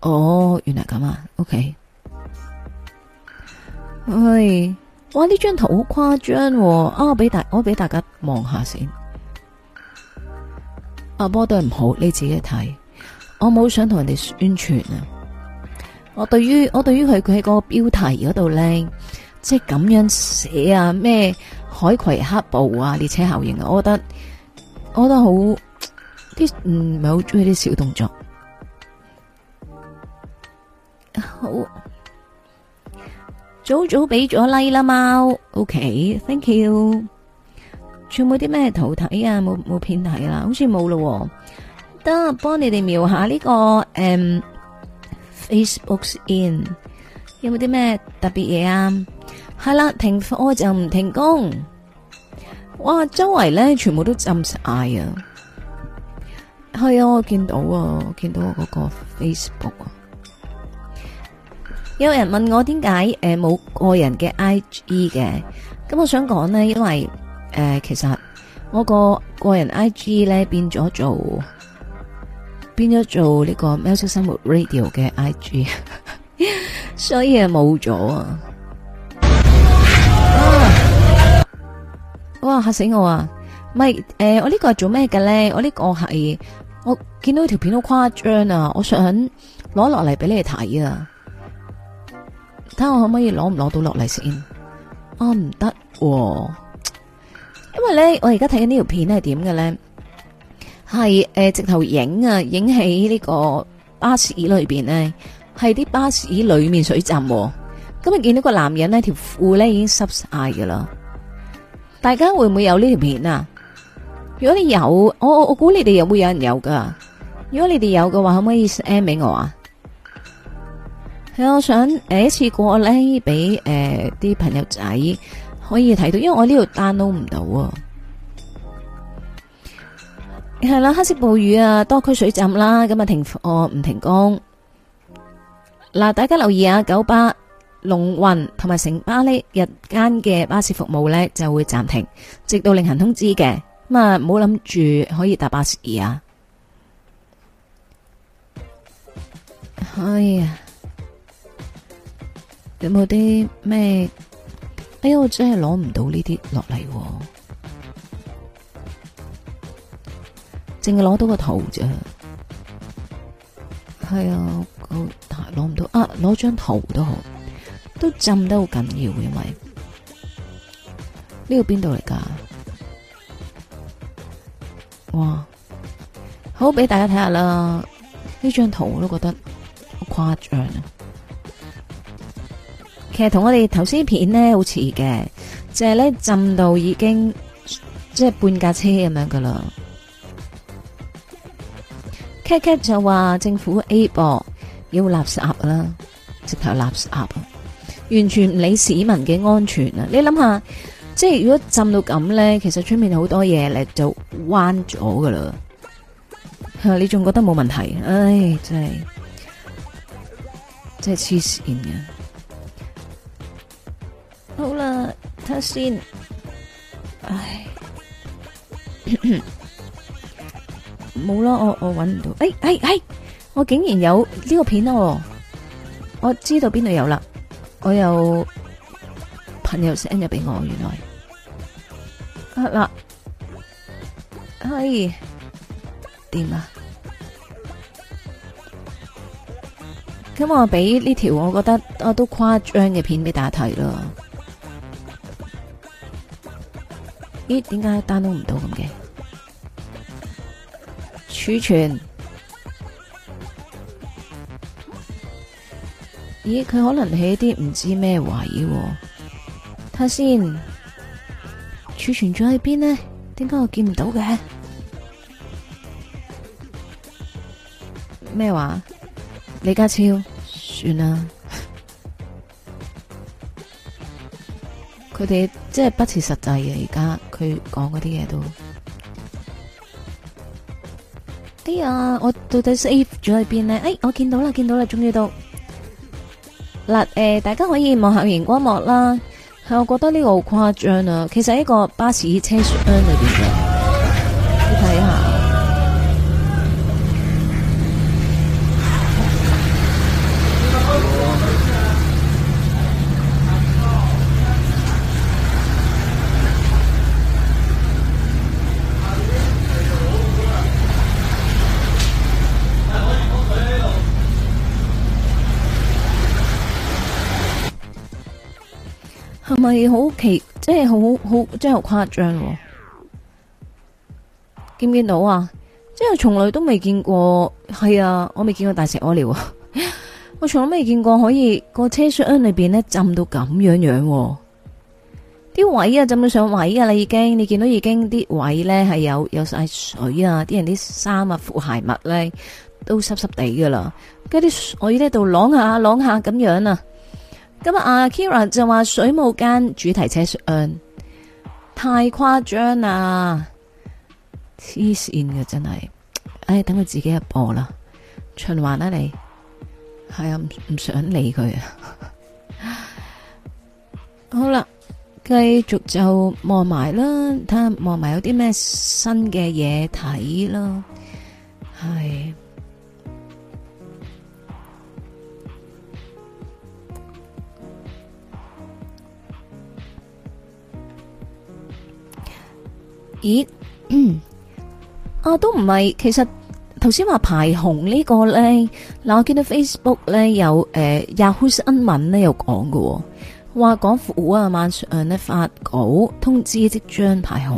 哦，原來咁啊，OK。唉，哇！呢張圖好誇張，我俾大我俾大家望下先。阿波對唔好，你自己睇。我冇想同人哋宣傳啊。我對於我對於佢佢喺個標題嗰度呢即係咁樣寫啊，咩海葵黑暴啊，列車效應啊，我覺得，我覺得好啲，唔係好中意啲小動作。好，早早俾咗 like 啦，貓，OK，thank、okay, you。仲冇啲咩圖睇啊？冇冇片睇啦？好似冇咯。得，幫你哋瞄下呢、這個誒、嗯、，Facebook in。有冇啲咩特別嘢啊？係啦，停課就唔停工。哇，周圍咧全部都浸晒啊！係啊，我見到啊，我見到我嗰個 Facebook 啊，有人問我點解誒冇個人嘅 IG 嘅？咁我想講咧，因為誒其實我個個人 IG 咧變咗做變咗做呢個喵式生活 Radio 嘅 IG。 所以係冇咗啊！哇嚇死我啊唔係！咪、呃、誒，我呢個係呢個係做咩嘅咧？我呢個係我見到條片好誇張啊！我想攞落嚟俾你哋睇啊，啊，啊，睇下、啊、我可唔可以攞唔攞到落嚟先。呃、啊，唔得，因為咧我而家睇緊呢條片係點嘅咧，係誒直頭影啊，影喺呢個巴士裏邊咧。係啲巴士裏面水浸，哦，咁啊見到個男人呢條褲呢已經濕晒㗎啦。大家會唔會有呢條片啊？如果你有，我我估你哋有冇有，有人有噶。如果你哋有嘅話，可唔可以 send 俾我啊？係我想誒一次過呢俾誒啲朋友仔可以睇到，因為我呢度 download 唔到，哦。係啦，黑色暴雨啊，多區水浸啦，咁啊停課唔停工。嗱，大家留意啊！九巴、龍運同埋城巴呢日間嘅巴士服務呢就會暫停，直到另行通知嘅。咁啊，唔好諗住可以搭巴士啊！可以呀，有冇啲咩？哎我真係攞唔到呢啲落嚟，淨係攞到個圖咋。係啊，我拿攞唔到啊，攞張圖都好，都浸得好緊要，因為呢個邊度嚟噶？哇，好，俾大家睇下啦，呢張圖我都覺得好誇張啊！其實同我哋頭先片咧好似嘅，淨係咧浸到已經即係半架車咁樣噶啦。Cat Cat 就話政府 A 噃要垃圾啦，直頭垃圾，完全唔理市民嘅安全啊！你諗下，即係如果浸到咁咧，其實出面好多嘢，咧就彎咗噶啦。吓，你仲覺得冇問題？唉，真係真係黐線嘅。好啦，睇下先。唉。冇啦，我我搵唔到。誒誒誒，我竟然有呢個片哦！我知道邊度有啦，我有朋友 send 入俾我，原來得啦。係點啊？咁、哎啊、我俾呢條我覺得我都誇張嘅片俾大家睇咯。咦？點解 download 唔到咁嘅？儲存？咦，佢可能喺啲唔知咩位、啊？睇下先，儲存在邊呢？點解我見唔到嘅？咩話？李家超，算啦了。佢哋即係不切實際啊！而家佢講嗰啲嘢都。啲啊、哎，我到底 save 咗喺邊咧？哎，我見到啦，見到啦，終於到。嗱，誒、呃，大家可以望下熒光幕啦。係，我覺得呢個好誇張啊。其實喺個巴士車廂裏邊嘅。咪好奇，即係好好，真係誇張喎！見唔見到啊？即係從來都未見過，係啊，我未見過大石屙尿啊！ 我從來未見過可以個車廂裏邊呢浸到咁樣樣，啲位啊浸到上位噶啦已經，你見到已經啲位置呢係有有晒水啊！啲人啲衫啊、褲鞋襪呢都濕濕地噶啦，跟住啲水喺度晾下晾下咁樣啊！今日阿 Kira 就話水舞間主題車、e，案，太誇張啦，黐線嘅真係，唉，等佢自己入播啦，循環啦、啊、你，係啊，唔唔想理佢， 好啦，繼續就望埋啦，睇下望埋有啲咩新嘅嘢睇啦，係。咦、嗯？啊，都唔係。其實頭先話排紅呢個呢。嗱，我見到 Facebook 咧有誒 Yahoo 新聞咧有講嘅，話港府啊晚上誒發稿通知即將排紅。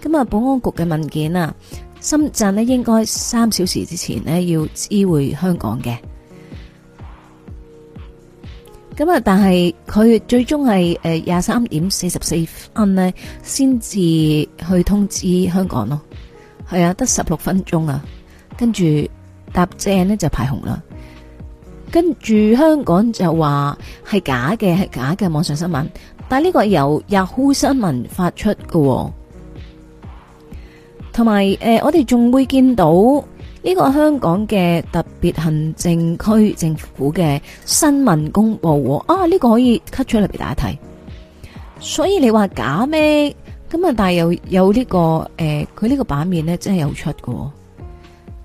咁、嗯、啊，保安局嘅文件啊，深圳咧應該三小時之前咧要知會香港嘅。咁啊！但係佢最終係誒廿三點四十四分呢，先至去通知香港咯。係啊，得十六分鐘啊，跟住搭正呢就排紅啦。跟住香港就話係假嘅，係假嘅網上新聞。但係呢個係由 Yahoo 新聞發出㗎，同埋誒，我哋仲會見到。呢個香港嘅特別行政區政府嘅新聞公布，啊，啊，呢、呢個可以 cut 出嚟俾大家睇。所以你話假咩？咁啊，但係又有呢、呢個誒，佢、呃、呢個版面咧真係有出㗎、哦，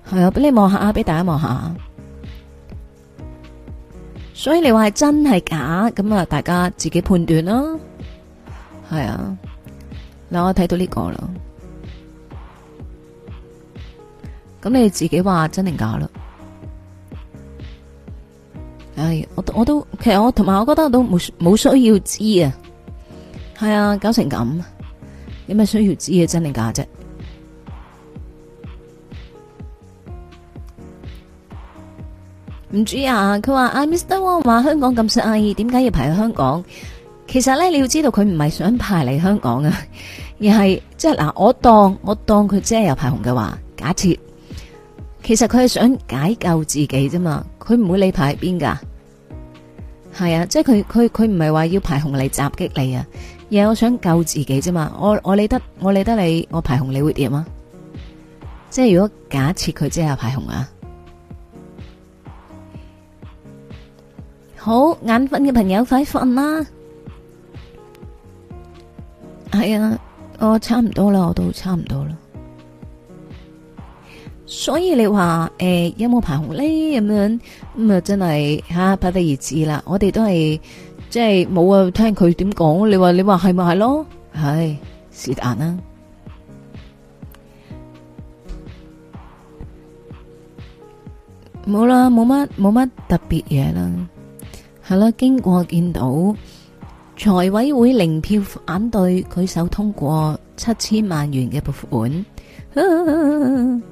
係啊，俾你望下啊，俾大家望下。所以你話係真係假？咁啊，大家自己判斷啦。係啊，嗱，我睇到呢個啦。咁你自己話真定假咯？唉、哎，我我都其實我同埋，我覺得都冇冇需要知啊。係啊，搞成咁，有咩需要知啊？真定假啫？唔知啊，佢話阿 Mr. Wang 話香港咁衰，點解要排去香港？其實咧，你要知道佢唔係想排嚟香港啊，而係即係嗱，我當我當佢真係有排紅嘅話，假設。其實佢係想解救自己啫嘛，佢唔會理排喺邊噶，係啊，即係佢佢佢唔係話要排紅嚟襲擊你啊，而係我想救自己啫嘛，我我理得我理得你，我排紅你會點啊？即係如果假設佢即係排紅啊，好眼瞓嘅朋友快瞓啦，係啊，我差唔多啦，我都差唔多啦。所以你話誒、呃、有冇排洪呢？咁樣咁啊？真係吓，是不得而知啦。我哋都係即係冇啊，聽佢點講。你話你話係咪係咯？係是但啦，冇啦，冇乜冇乜特別嘢啦。係啦，啦，啦，經過見到財委會零票反對，舉手通過七千萬元嘅撥款。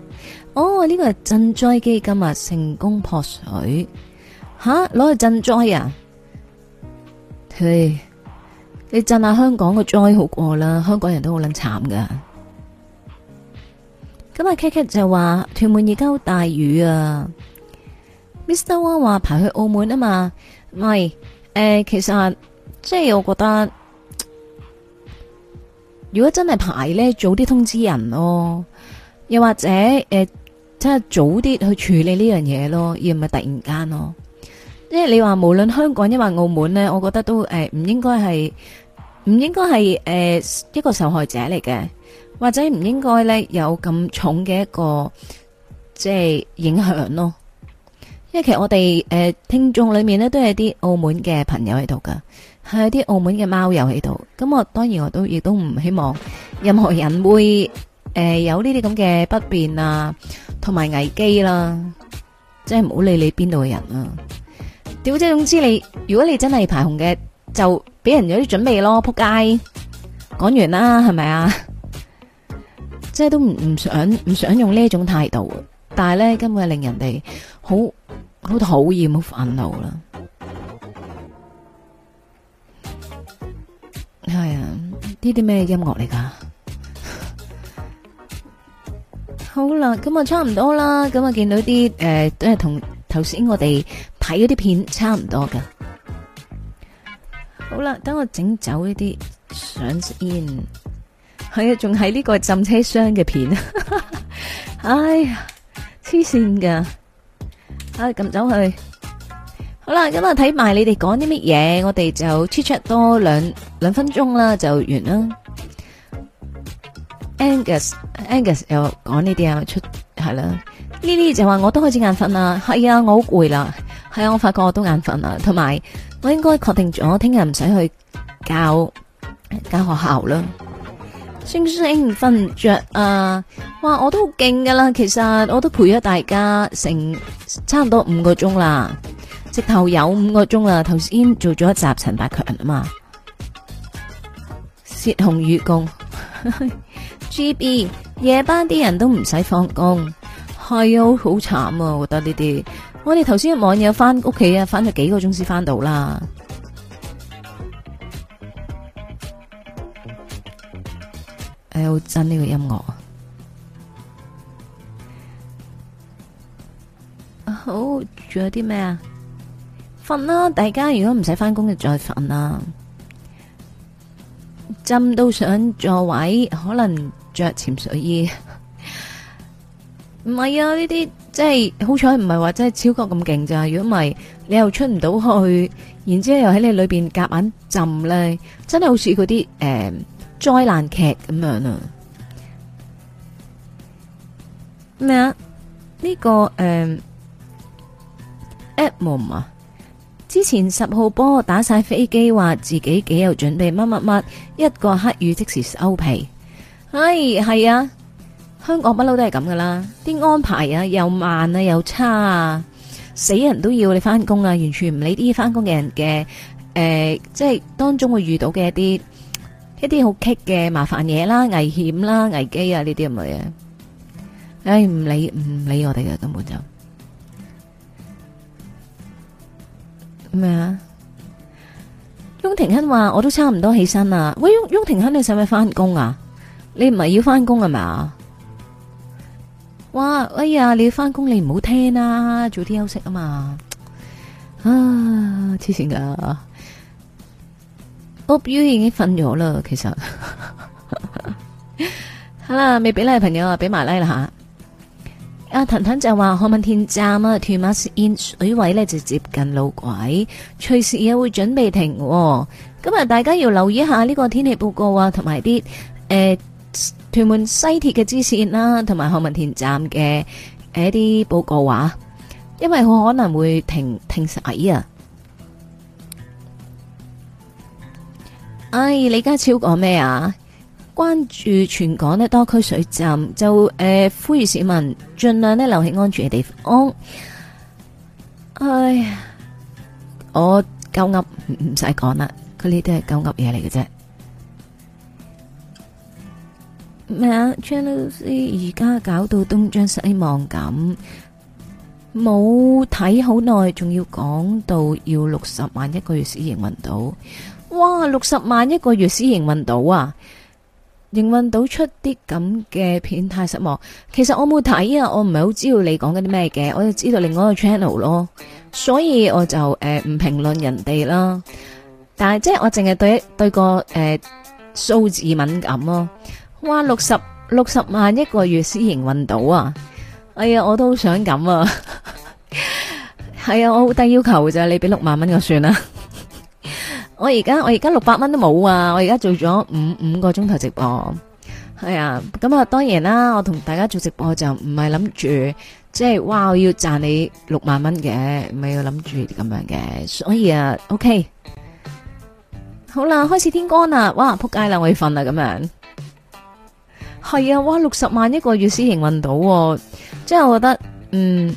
哦，呢個係賑災基金啊，成功撲水吓，攞去賑災啊？嘿，你震下香港個災好過啦，香港人都好捻慘噶。咁阿 K K 就話，屯門而家好大雨啊。Mr. Wong 話排去澳門啊嘛，唔係，誒、呃，其實即係我覺得，如果真係排呢，早啲通知人咯、哦，又或者誒。呃即係早啲去處理呢樣嘢咯，而唔係突然間咯。因為你話無論香港亦或澳門呢，我覺得都呃、唔應該係唔應該係誒一個受害者嚟嘅，或者唔應該呢，有咁重嘅一個即係、呃、影響咯。因為其實我哋誒、呃、聽眾裏面呢，都係啲澳門嘅朋友喺度噶，係啲澳門嘅貓友喺度。咁我當然我都亦都唔希望任何人會。誒，有呢啲咁嘅不便啊，同埋危機啦，即係唔好理你邊度嘅人啊。屌，即係總之你，如果你真係排紅嘅，就俾人有啲準備咯，扑街。講完啦，係咪啊？即係都唔唔想唔想用呢種態度，但係咧根本係令人哋好好討厭、好憤怒啦。係啊，呢啲咩音樂嚟噶？好啦，咁啊差唔多啦，咁啊見到啲誒都係同頭先我哋睇嗰啲片差唔多噶。好啦，等我整走一啲相先，係啊，仲喺呢個浸車箱嘅片，哎呀，黐線噶，啊撳走去。好啦，咁啊睇埋你哋講啲乜嘢，我哋就出出多兩兩分鐘啦，就完啦。Angus，Angus 又講呢啲啊出係啦，呢啲就話我都開始眼瞓啦，係啊我好攰啦，係啊我發覺我都眼瞓啦，同埋我應該確定咗聽日唔使去教間學校啦。星星瞓唔着啊！哇，我都好勁噶啦，其實我都陪咗大家成差唔多五個鐘啦，直頭有五個鐘啦，頭先做咗一集陳百強啊嘛，薛紅雨共。 G B 夜班啲人都唔使放工，係哦好慘啊！我覺得呢啲，我哋頭先網友翻屋企啊，翻咗幾個鐘先翻到啦。誒、嗯，好、嗯哎、憎呢個音樂啊，好仲、哦、有啲咩啊？瞓啦，大家如果唔使翻工嘅再瞓啦。浸到上座位，可能。着潛水衣，唔 係啊！呢啲即係好彩，唔係話真係超級咁勁咋。如果唔係，你又出唔到去，然之後又喺你裏邊夾硬浸咧，真係好似嗰啲誒災難劇咁樣啊！咩啊？呢、這個誒 a t o 啊，呃、之前十號波打晒飛機，話自己幾有準備，乜乜乜，一個黑雨即時收皮。唉，係啊，香港不嬲都係咁㗎啦，啲安排啊又慢啊又差啊，死人都要你翻工啊，完全唔理啲翻工嘅人嘅，誒、呃，即係當中會遇到嘅一啲一啲好棘嘅麻煩嘢啦、危險啦、危機啊呢啲咁嘅嘢，唉，唔、哎、理唔理我哋嘅根本就咩啊？翁庭亨話：我都差唔多起身啦，喂，翁庭亨你使唔使翻工啊？你唔係要翻工係嘛？哇！哎呀，你翻工你唔好聽啦，早啲休息啊嘛！啊，黐線噶 hope you 已經瞓咗啦，其實。 好啦，未俾啦嘅朋友啊，俾埋拉啦吓。阿騰騰就話何文田站啊，屯馬綫水位呢就接近路軌，隨時也會準備停。今日大家要留意一下呢個天氣報告啊，同埋啲誒。欸屯門西鐵嘅支線啦，同埋何文田站嘅誒一啲報告話，因為好可能會停停晒啊！唉，李家超講咩啊？關注全港咧多區水浸，就誒、呃、呼籲市民盡量呢留喺安全嘅地方。唉，我夠噏唔使講啦，佢呢啲係夠噏嘢嚟嘅啫。咩啊？channel C 而家搞到東張西望咁，冇睇好耐，仲要講到要六十萬一個月先盈運到哇！六十萬一個月先營運到啊！營運到出啲咁嘅片，太失望。其實我冇睇啊，我唔係好知道你講緊啲咩嘅，我就知道另外一個 channel 咯，所以我就誒唔評論人哋啦。但係即係我淨係對對個誒數、呃、字敏感咯。哇，六十六十萬一個月私營運到啊！哎呀我都好想咁啊、 哎呀，係啊，我好低要求，就係你俾六萬蚊就算啦。 我而家我而家六百蚊都冇啊！我而家做咗五五個鐘頭直播，係啊。咁啊當然啦，我同大家做直播就唔係諗住即係哇我要賺你六萬蚊嘅，唔係要諗住咁樣嘅，所以啊，OK，好啦，開始天光啦，哇，扑街啦，我要瞓啦咁樣。係啊，哇！六十萬一個月先營運到、啊，真係我覺得，嗯，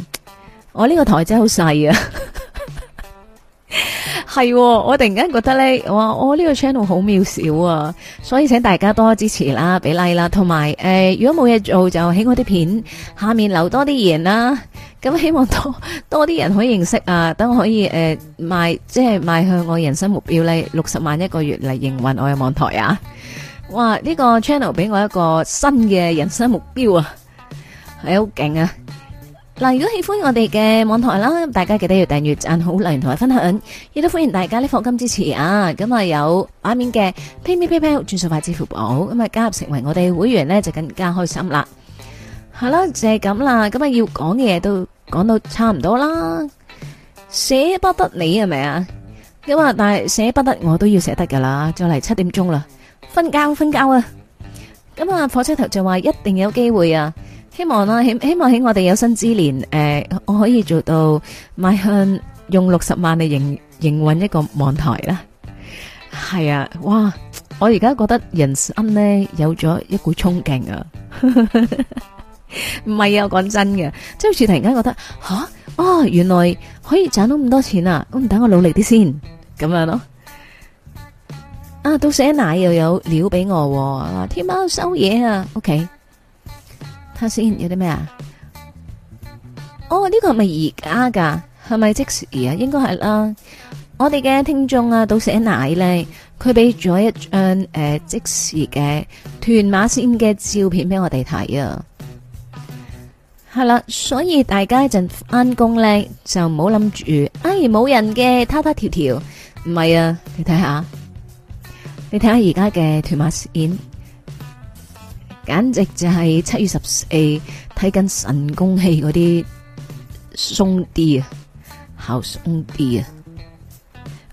我呢個台真係好細啊。係、 啊，我突然間覺得呢，哇！我呢個 channel 好渺小啊，所以請大家多支持啦，俾、like、啦，同埋誒，如果冇嘢做就喺我啲片下面留多啲言啦、啊。咁、嗯、希望多多啲人可以認識啊，等我可以誒、呃、邁，即係邁向我人生目標呢，六十萬一個月嚟營運我嘅網台啊！哇！呢、這個 channel 俾我一個新嘅人生目標啊，係好勁啊！嗱，如果喜歡我哋嘅網台啦，大家記得要訂閱、讚好、留言同埋分享，亦都歡迎大家呢課金支持啊！咁、嗯、啊有畫面嘅 PayMe PayPal 轉數快支付寶，咁、嗯、啊加入成為我哋會員呢，就更加開心啦！係、嗯、啦，就係咁啦，咁、嗯、啊要講嘅嘢都講到差唔多啦，捨不得你係咪啊？咁啊、嗯，但係捨不得我都要捨得噶啦，就嚟七點鐘啦。瞓覺瞓覺啊！咁啊，火車頭就話一定有機會啊！希望啦，希希望喺我哋有生之年，誒，我可以做到邁向用六十萬嚟營營運一個網台啦。係啊，哇！我而家覺得人生咧有咗一股衝勁啊！唔係啊，我講真嘅，即係好似突然間覺得，吓哦，原來可以賺到咁多錢啊！咁唔等我努力啲先，咁樣咯。啊！到寫奶又有料俾我，天、啊、喵、啊啊啊、收嘢啊。OK，睇下先，有啲咩啊？哦，呢個係咪而家噶？係咪即時啊？應該係啦。我哋嘅聽眾啊，到寫奶咧，佢俾咗一張誒、呃、即時嘅屯馬綫嘅照片俾我哋睇啊。係、啊、啦，所以大家一陣翻工咧，就唔好諗住哎冇人嘅，他他條條唔係啊。你睇下。你睇下而家嘅屯馬線，簡直就係七月十四睇緊神功戲嗰啲鬆啲啊，好鬆啲啊！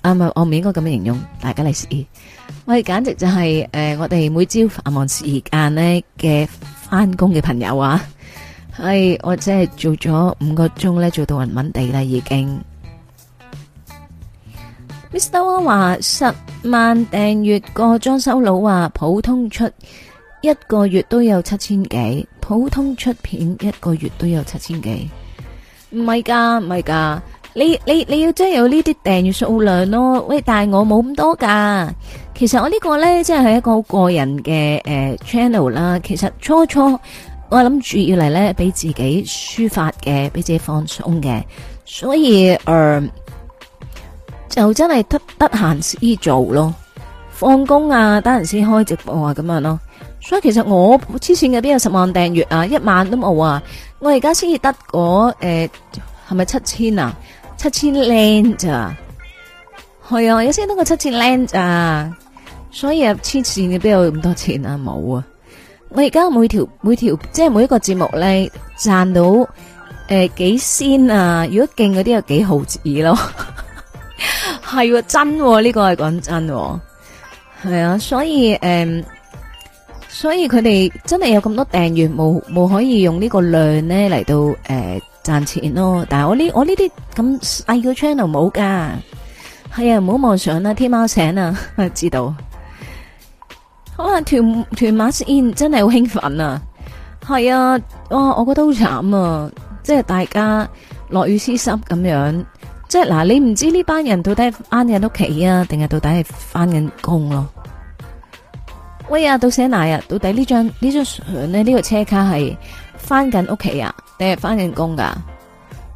啊唔係，我唔應該咁樣形容，大家嚟試。我哋簡直就係誒，我哋每朝繁忙時間咧嘅翻工嘅朋友啊，係我真係做咗五個鐘咧，做到暈暈地，啦已經。Mr. One 話十萬訂閱個裝修佬話，普通出一個月都有七千幾，普通出片一個月都有七千幾。唔係噶，唔係噶，你你你要真係有呢啲訂閱數量咯。喂，但係我冇咁多噶。其實我這個呢個咧，真係一個個人嘅誒、呃、channel 啦。其實初初我諗住要嚟咧，俾自己抒發嘅，俾自己放鬆嘅，所以嗯。呃又真係得得閒先做咯，放工啊，得閒先開直播啊咁樣咯、啊。所以其實我黐綫嘅邊有十萬訂閱啊，一萬都冇啊。我而家先至得嗰誒係咪七千啊？七千 land 咋？係啊，而家先得個七千 land 咋？所以啊，黐綫嘅邊有咁多錢啊？冇啊！我而家每條每條即係每一個節目咧賺到誒幾仙啊？如果勁嗰啲又幾毫子咯。係喎、 啊、真喎、哦，呢、這個係講真喎、哦，係啊，所以誒、嗯，所以佢哋真係有咁多訂閱，冇冇可以用呢個量呢嚟到誒賺、呃、錢咯。但係我呢我呢啲咁細個 channel 冇噶，係啊，唔好妄想啦，天喵醒啊，知道。好啊，屯屯馬綫真係好興奮啊！係啊，我我覺得好慘啊，即係大家落雨絲濕咁樣。即係嗱，你唔知呢班人到底翻緊屋企啊，定係到底係翻緊工咯、啊？喂啊，到寫哪日？到底呢張呢張相咧？呢、這個車卡係翻緊屋企啊，定係翻緊工噶、啊？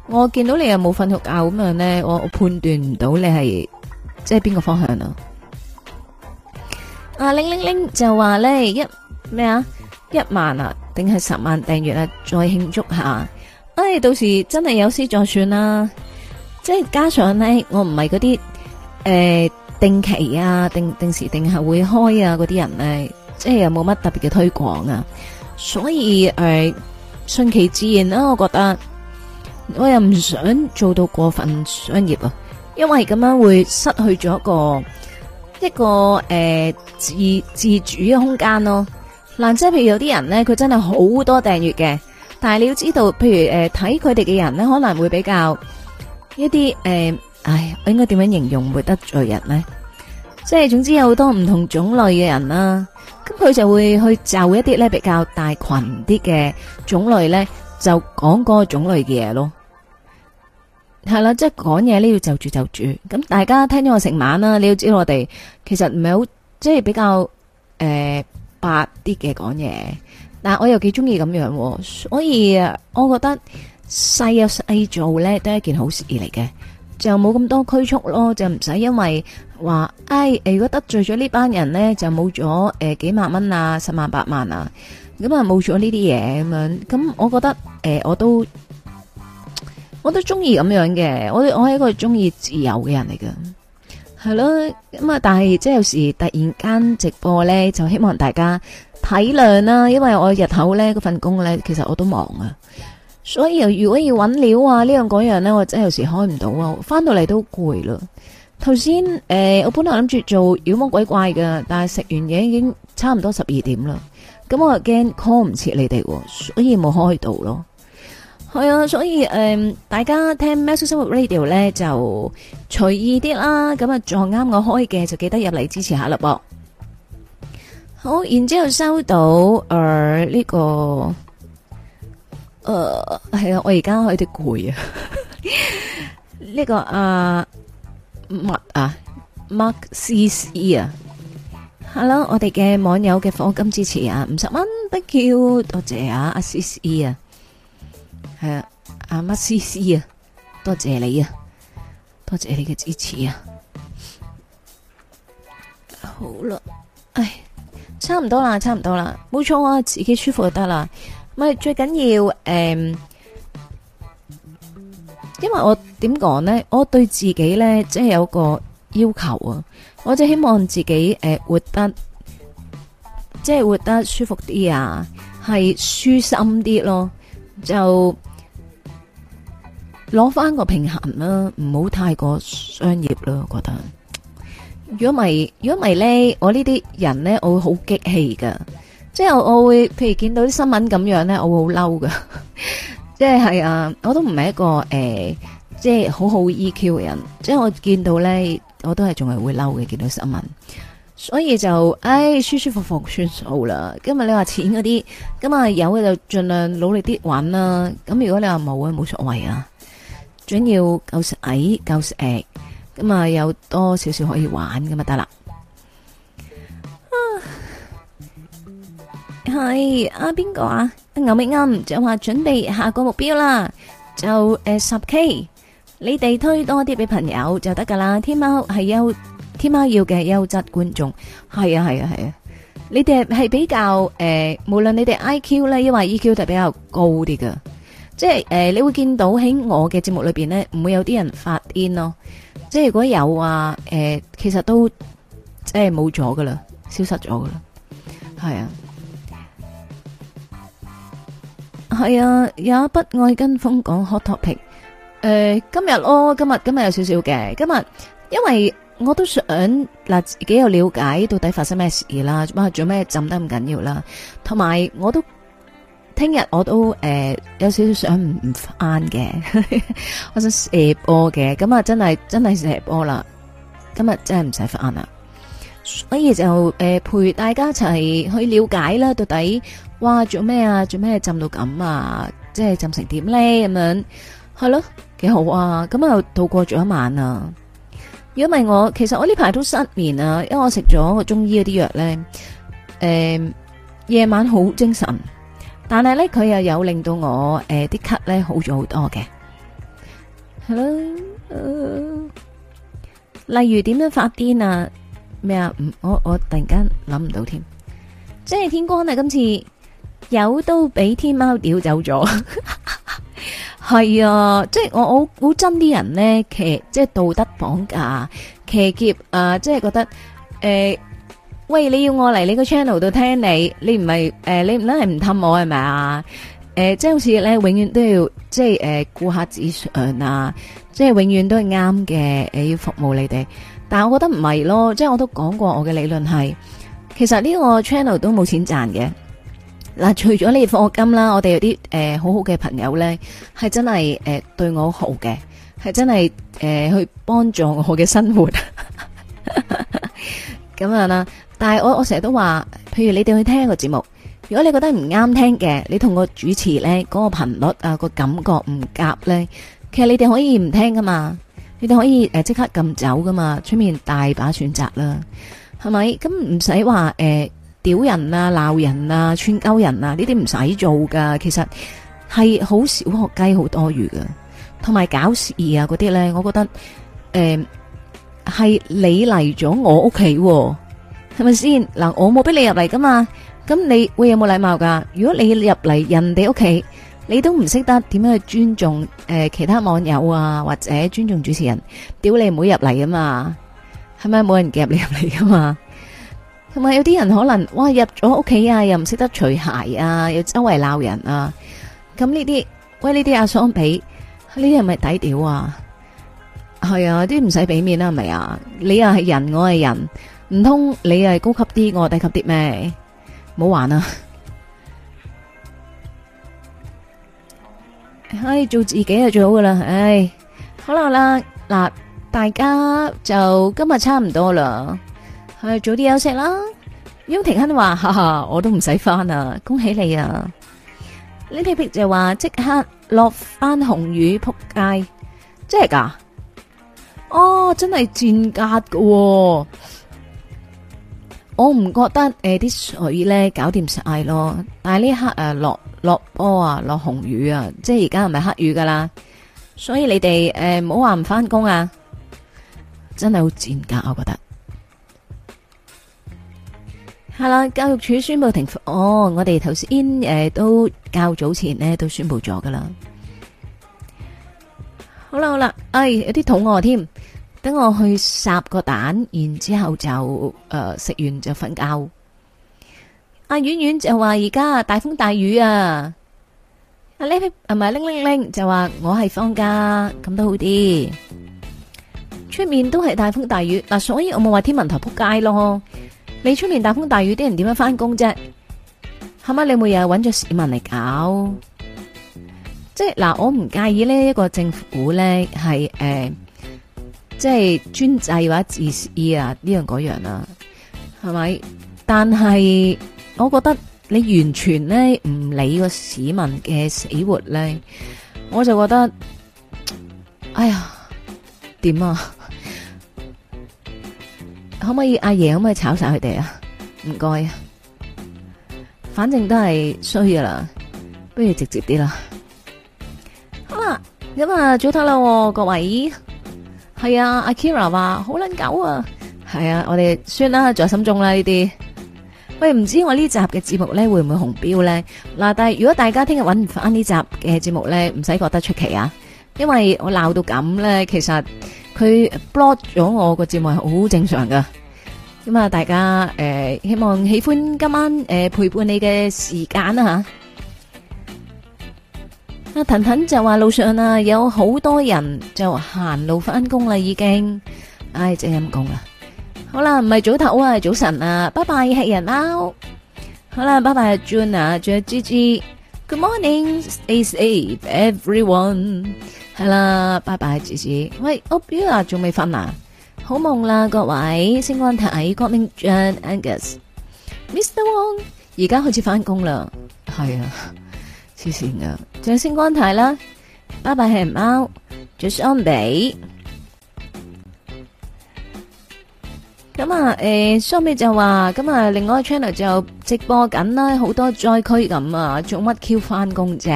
我見到你又冇瞓到覺咁樣咧，我我判斷唔到你係即係邊個方向啊？啊，鈴鈴鈴就話咧一咩啊一萬啊，定係十萬訂閱啊，再慶祝下！哎，到時真係有事再算啦～即係加上咧，我唔係嗰啲誒定期啊、定定時定係會開啊嗰啲人咧，即係又冇乜特別嘅推廣啊，所以誒、呃、順其自然啦、啊，我覺得我又唔想做到過分商業啊，因為咁樣會失去咗一個一個誒、呃、自自主嘅空間咯。嗱、呃，即係譬如有啲人咧，佢真係好多訂閱嘅，但係你要知道，譬如誒睇佢哋嘅人咧，可能會比較。一啲誒，唉，我應該點樣形容會得罪人呢？即係總之有好多唔同種類嘅人啦，咁佢就會去就一啲咧比較大群啲嘅種類咧，就講嗰個種類嘅嘢咯。係啦，即係講嘢呢，要就住就住，咁大家聽咗我成晚啦，你要知道我哋其實唔係好即係比較誒、呃、白啲嘅講嘢，但係我又幾中意咁樣，所以我覺得。細有細做咧，都係一件好事嚟嘅，就冇咁多拘束咯，就唔使因為話，唉，如果得罪咗呢班人呢，就冇咗誒幾萬蚊啊，十萬八萬啊，咁啊冇咗呢啲嘢咁樣，咁、嗯、我覺得誒、呃，我都我都中意咁樣嘅，我我係一個中意自由嘅人嚟嘅，係咯，咁、嗯、啊，但係即係有時突然間直播呢，就希望大家體諒啦、啊，因為我日頭呢，嗰份工呢，其實我都忙啊。所以如果要揾料啊呢樣嗰樣呢，我真係有時開唔到啊，翻到嚟都攰啦。頭先誒，我本來諗住做妖魔鬼怪噶，但係食完嘢已經差唔多十二點啦，咁我又驚 call 唔切你哋，所以冇開到咯。係 啊，所以誒、呃，大家聽喵式生活 Radio 呢就隨意啲啦。咁啊，撞啱我開嘅就記得入嚟支持下啦噃。好，然之後收到誒呢、呃這個。誒，係啊，啊！我而家 有啲攰 啊！呢個阿麥啊，Mark C C 啊，Hello、哎、我哋嘅網友嘅課金支持啊，五十蚊不叫，多謝啊，阿 C C 啊，係啊，阿 Mark C C 啊，多謝你啊，多謝，謝你嘅支持啊！好啦，唉，差唔多啦，差唔多啦，冇錯啊，自己舒服就得啦。唔係最緊要，誒、嗯，因為我點講咧？我對自己咧，即係有個要求啊！我就希望自己誒、呃、活得，即係活得舒服啲啊，係舒心啲咯。就攞翻個平衡啦、啊，唔好太過商業咯。我覺得如果唔係，如果唔係咧，我這些呢啲人咧，我會好激氣噶。即係我會，譬如見到啲新聞咁樣呢，我會好嬲噶。 即係係啊，我都唔係一個誒、呃，即係好好 EQ 嘅人。即係我見到呢，我都係仲係會嬲嘅。見到新聞，所以就誒舒舒服服算數啦。今日你話錢嗰啲，咁啊有嘅就盡量努力啲玩啦。咁如果你話冇啊，冇所謂啊，仲要夠實矮，夠食誒，咁啊有多少少可以玩咁啊得啦。係阿邊個啊？牛美安就話準備下個目標啦，就誒十 K。你哋推多啲俾朋友就得噶啦。天貓係優，天貓要嘅優質觀眾，係啊係啊係啊。你哋係比較誒，無論你哋 IQ 咧，抑或，EQ 就比較高啲噶。即係誒，你會見到喺我嘅節目裏邊咧，唔會有啲人發癲咯。即係如果有啊，誒，其實都即係冇咗噶啦，消失咗噶啦，係啊。係啊，也不愛跟風講 hot topic。誒，今日咯，今日今日有少少嘅，今日因為我都想嗱，自己有了解到底發生咩事啦，做咩做咩浸得咁緊要啦，同埋我都聽日我都誒有少少想唔唔返嘅，我想射波嘅，咁啊真係真係射波啦，今日真係唔使返啦，所以就誒陪大家一齊去了解啦，到底。哇！做咩啊？做咩浸到咁啊？即係浸成點呢？咁樣係咯，幾好啊！咁又度過咗一晚啊。如果唔係我，其實我呢排都失眠啊，因為我食咗中醫嗰啲藥呢。誒、呃，夜晚好精神，但係呢，佢又有令到我誒啲、呃、咳呢好咗好多嘅係咯。例如點樣發癲啊？咩啊？唔，我我突然間諗唔到添，即係天光啊！今次。有都俾天貓屌走咗，係啊，即係我我好憎啲人呢，騎即係道德綁架，騎劫啊，即係覺得誒、欸，喂，你要我嚟你個 channel 度聽你，你唔係誒，你唔係唔氹我係咪啊？誒、欸，即係好似咧，永遠都要即係誒，顧客至上啊，即係永遠都係啱嘅，誒要服務你哋。但係我覺得唔係咯，即係我都講過我嘅理論係，其實呢個 channel 都冇錢賺嘅。嗱，除咗你哋課金啦，我哋有啲、呃、好好嘅朋友呢，係真係、呃、對我好嘅，係真係、呃、去幫助我嘅生活。咁 樣啦、啊，但係我我成日都話，譬如你哋去聽一個節目，如果你覺得唔啱聽嘅，你同個主持呢嗰、嗰個頻率啊、嗰個感覺唔夾呢，其實你哋可以唔聽噶嘛，你哋可以即、呃、刻撳走噶嘛，出面大把選擇啦，係咪？咁唔使話屌人啊，鬧人啊，串鳩人啊，呢啲唔使做噶。其實係好少學雞很魚的，好多餘噶。同埋搞事啊，嗰啲呢，我覺得誒係、呃、你嚟咗我屋企、啊，係咪先嗱？我冇逼你入嚟噶嘛，咁你會有冇禮貌噶？如果你入嚟人哋屋企，你都唔識得點樣去尊重誒、呃、其他網友啊，或者尊重主持人，屌你唔好入嚟啊嘛，係咪冇人夾你入嚟噶嘛？同埋有啲人可能，哇，入咗屋企啊，又唔識得除鞋啊，又周圍鬧人啊，咁呢啲，喂呢啲阿桑比呢啲係咪抵屌啊？係啊，啲唔使俾面啦，係咪啊？你又係人，我係人，唔通你係高級啲，我低級啲咩？唔好玩啦！唉，做自己係最好噶啦，唉，好啦啦，嗱，大家就今日差唔多啦。係早啲休息啦。邱婷欣話：哈哈，我都唔使翻啊，恭喜你啊！李佩佩就話：即刻落返紅雨撲街，真係噶？哦，真係賤格喎，哦！我唔覺得誒，啲、呃、水咧搞掂晒咯。但係呢刻誒落落波啊，落紅雨啊，即係而家唔係黑雨噶啦。所以你哋誒，唔好話唔翻工啊！真係好賤格，我覺得。係啦，教育署宣布停課。哦，我哋頭先誒都較早前咧都宣布咗噶啦。好啦好啦，哎，有啲肚餓添，等我去烚個蛋，然之後就誒食完就瞓覺。阿婉婉就話而家大風大雨啊，阿玲阿唔係玲玲玲就話我係放假，咁都好啲。出面都係大風大雨，嗱，所以我冇話天文台仆街咯。你出面大風大雨啲人點樣翻工啫？係咪你每日揾咗市民嚟搞？即係嗱，我唔介意呢一個政府咧係誒，即係專制或者自私啊呢樣嗰樣啊，係咪？但係我覺得你完全咧唔理個市民嘅死活咧，我就覺得，哎呀，點啊！可唔可以，阿爺可唔可以炒晒佢哋啊？唔該啊，反正都係衰噶啦，不如直接啲啦。好啦，咁啊，早唞啦喎，各位。係啊，Akira 話好撚狗啊。係啊，我哋算啦，在心中啦呢啲。喂，唔知我呢集嘅節目咧會唔會紅標咧？嗱，但係如果大家聽日搵唔翻呢集嘅節目咧，唔使覺得出奇啊，因為我鬧到咁咧，其實。佢 block 咗我個節目係好正常噶，咁啊大家誒希望喜歡今晚誒陪伴你嘅時間啊吓，阿騰騰就話路上啊有好多人就行路翻工啦已經，唉真陰功啊！好啦，唔係早唞啊，係早晨啊，拜拜吃人貓，好啦，拜拜阿 June 啊，仲有 Gigi，Good morning, stay safe, everyone. 啦、嗯，拜拜，姐姐。喂，歐宇啊，仲未瞓啊？好夢啦，各位。星光太，國明 John Angus，Mr Wang 而家開始翻工啦。係啊，黐線噶。仲星光太啦，拜拜，係貓。再雙美。咁啊，誒、欸，雙美就話咁啊，另外 channel 就直播緊啦，好多災區咁啊，做乜 Q 翻工啫？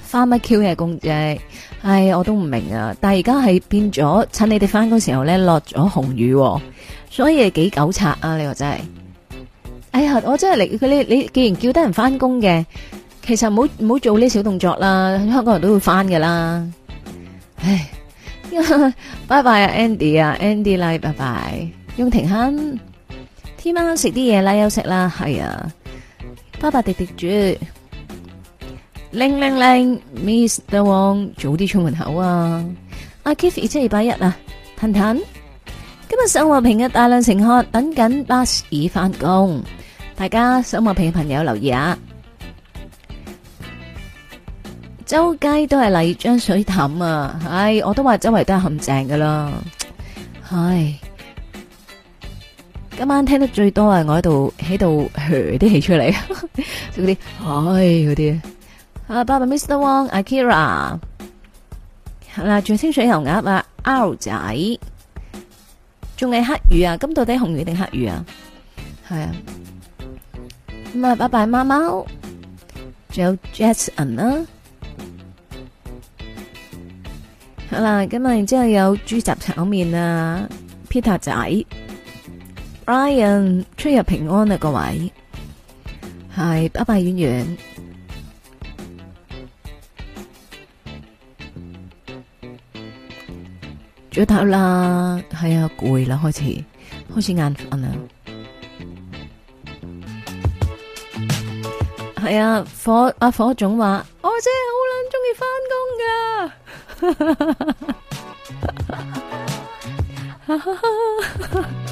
翻乜 Q 嘅工啫？唉，我都唔明啊！但係而家係變咗，趁你哋翻工時候咧落咗紅雨，所以幾狗賊啊！你話真係，哎呀，我真係嚟佢你你，既然叫得人翻工嘅，其實唔好唔好做呢小動作啦，香港人都會翻噶啦。唉，拜拜啊，Andy 啊，Andy 啦，拜拜，雍庭欣，聽晚食啲嘢啦，休息啦，係啊，拜拜，迪迪主。零零零，Mr. Wong 早啲出門口啊！阿 Kif 二七二八一啊，坦坦，今日生活平日大量乘客等緊巴士翻工，大家生活平嘅朋友留意下，周街都係泥漿水氹啊！唉，我都話周圍都係陷阱噶啦，唉，今晚聽得最多係，我喺度喺度噓啲氣出嚟，嗰啲唉嗰啲。啊，拜拜，Mr. Wong，Akira，係啦，仲有清水牛鴨啊 o 仔，仲係黑魚啊，咁到底紅魚定黑魚啊？係啊，咁啊，拜拜，貓貓，仲有 Jackson 啦，好啦，咁啊，然之後有豬雜炒麵啊，Peter 仔，Brian 出入平安啊，各位，係拜拜，遠遠。着頭啦，係啊，攰啦，開始開始眼瞓啦，係啊， 火阿、啊、火總話，我真係好撚中意返工㗎。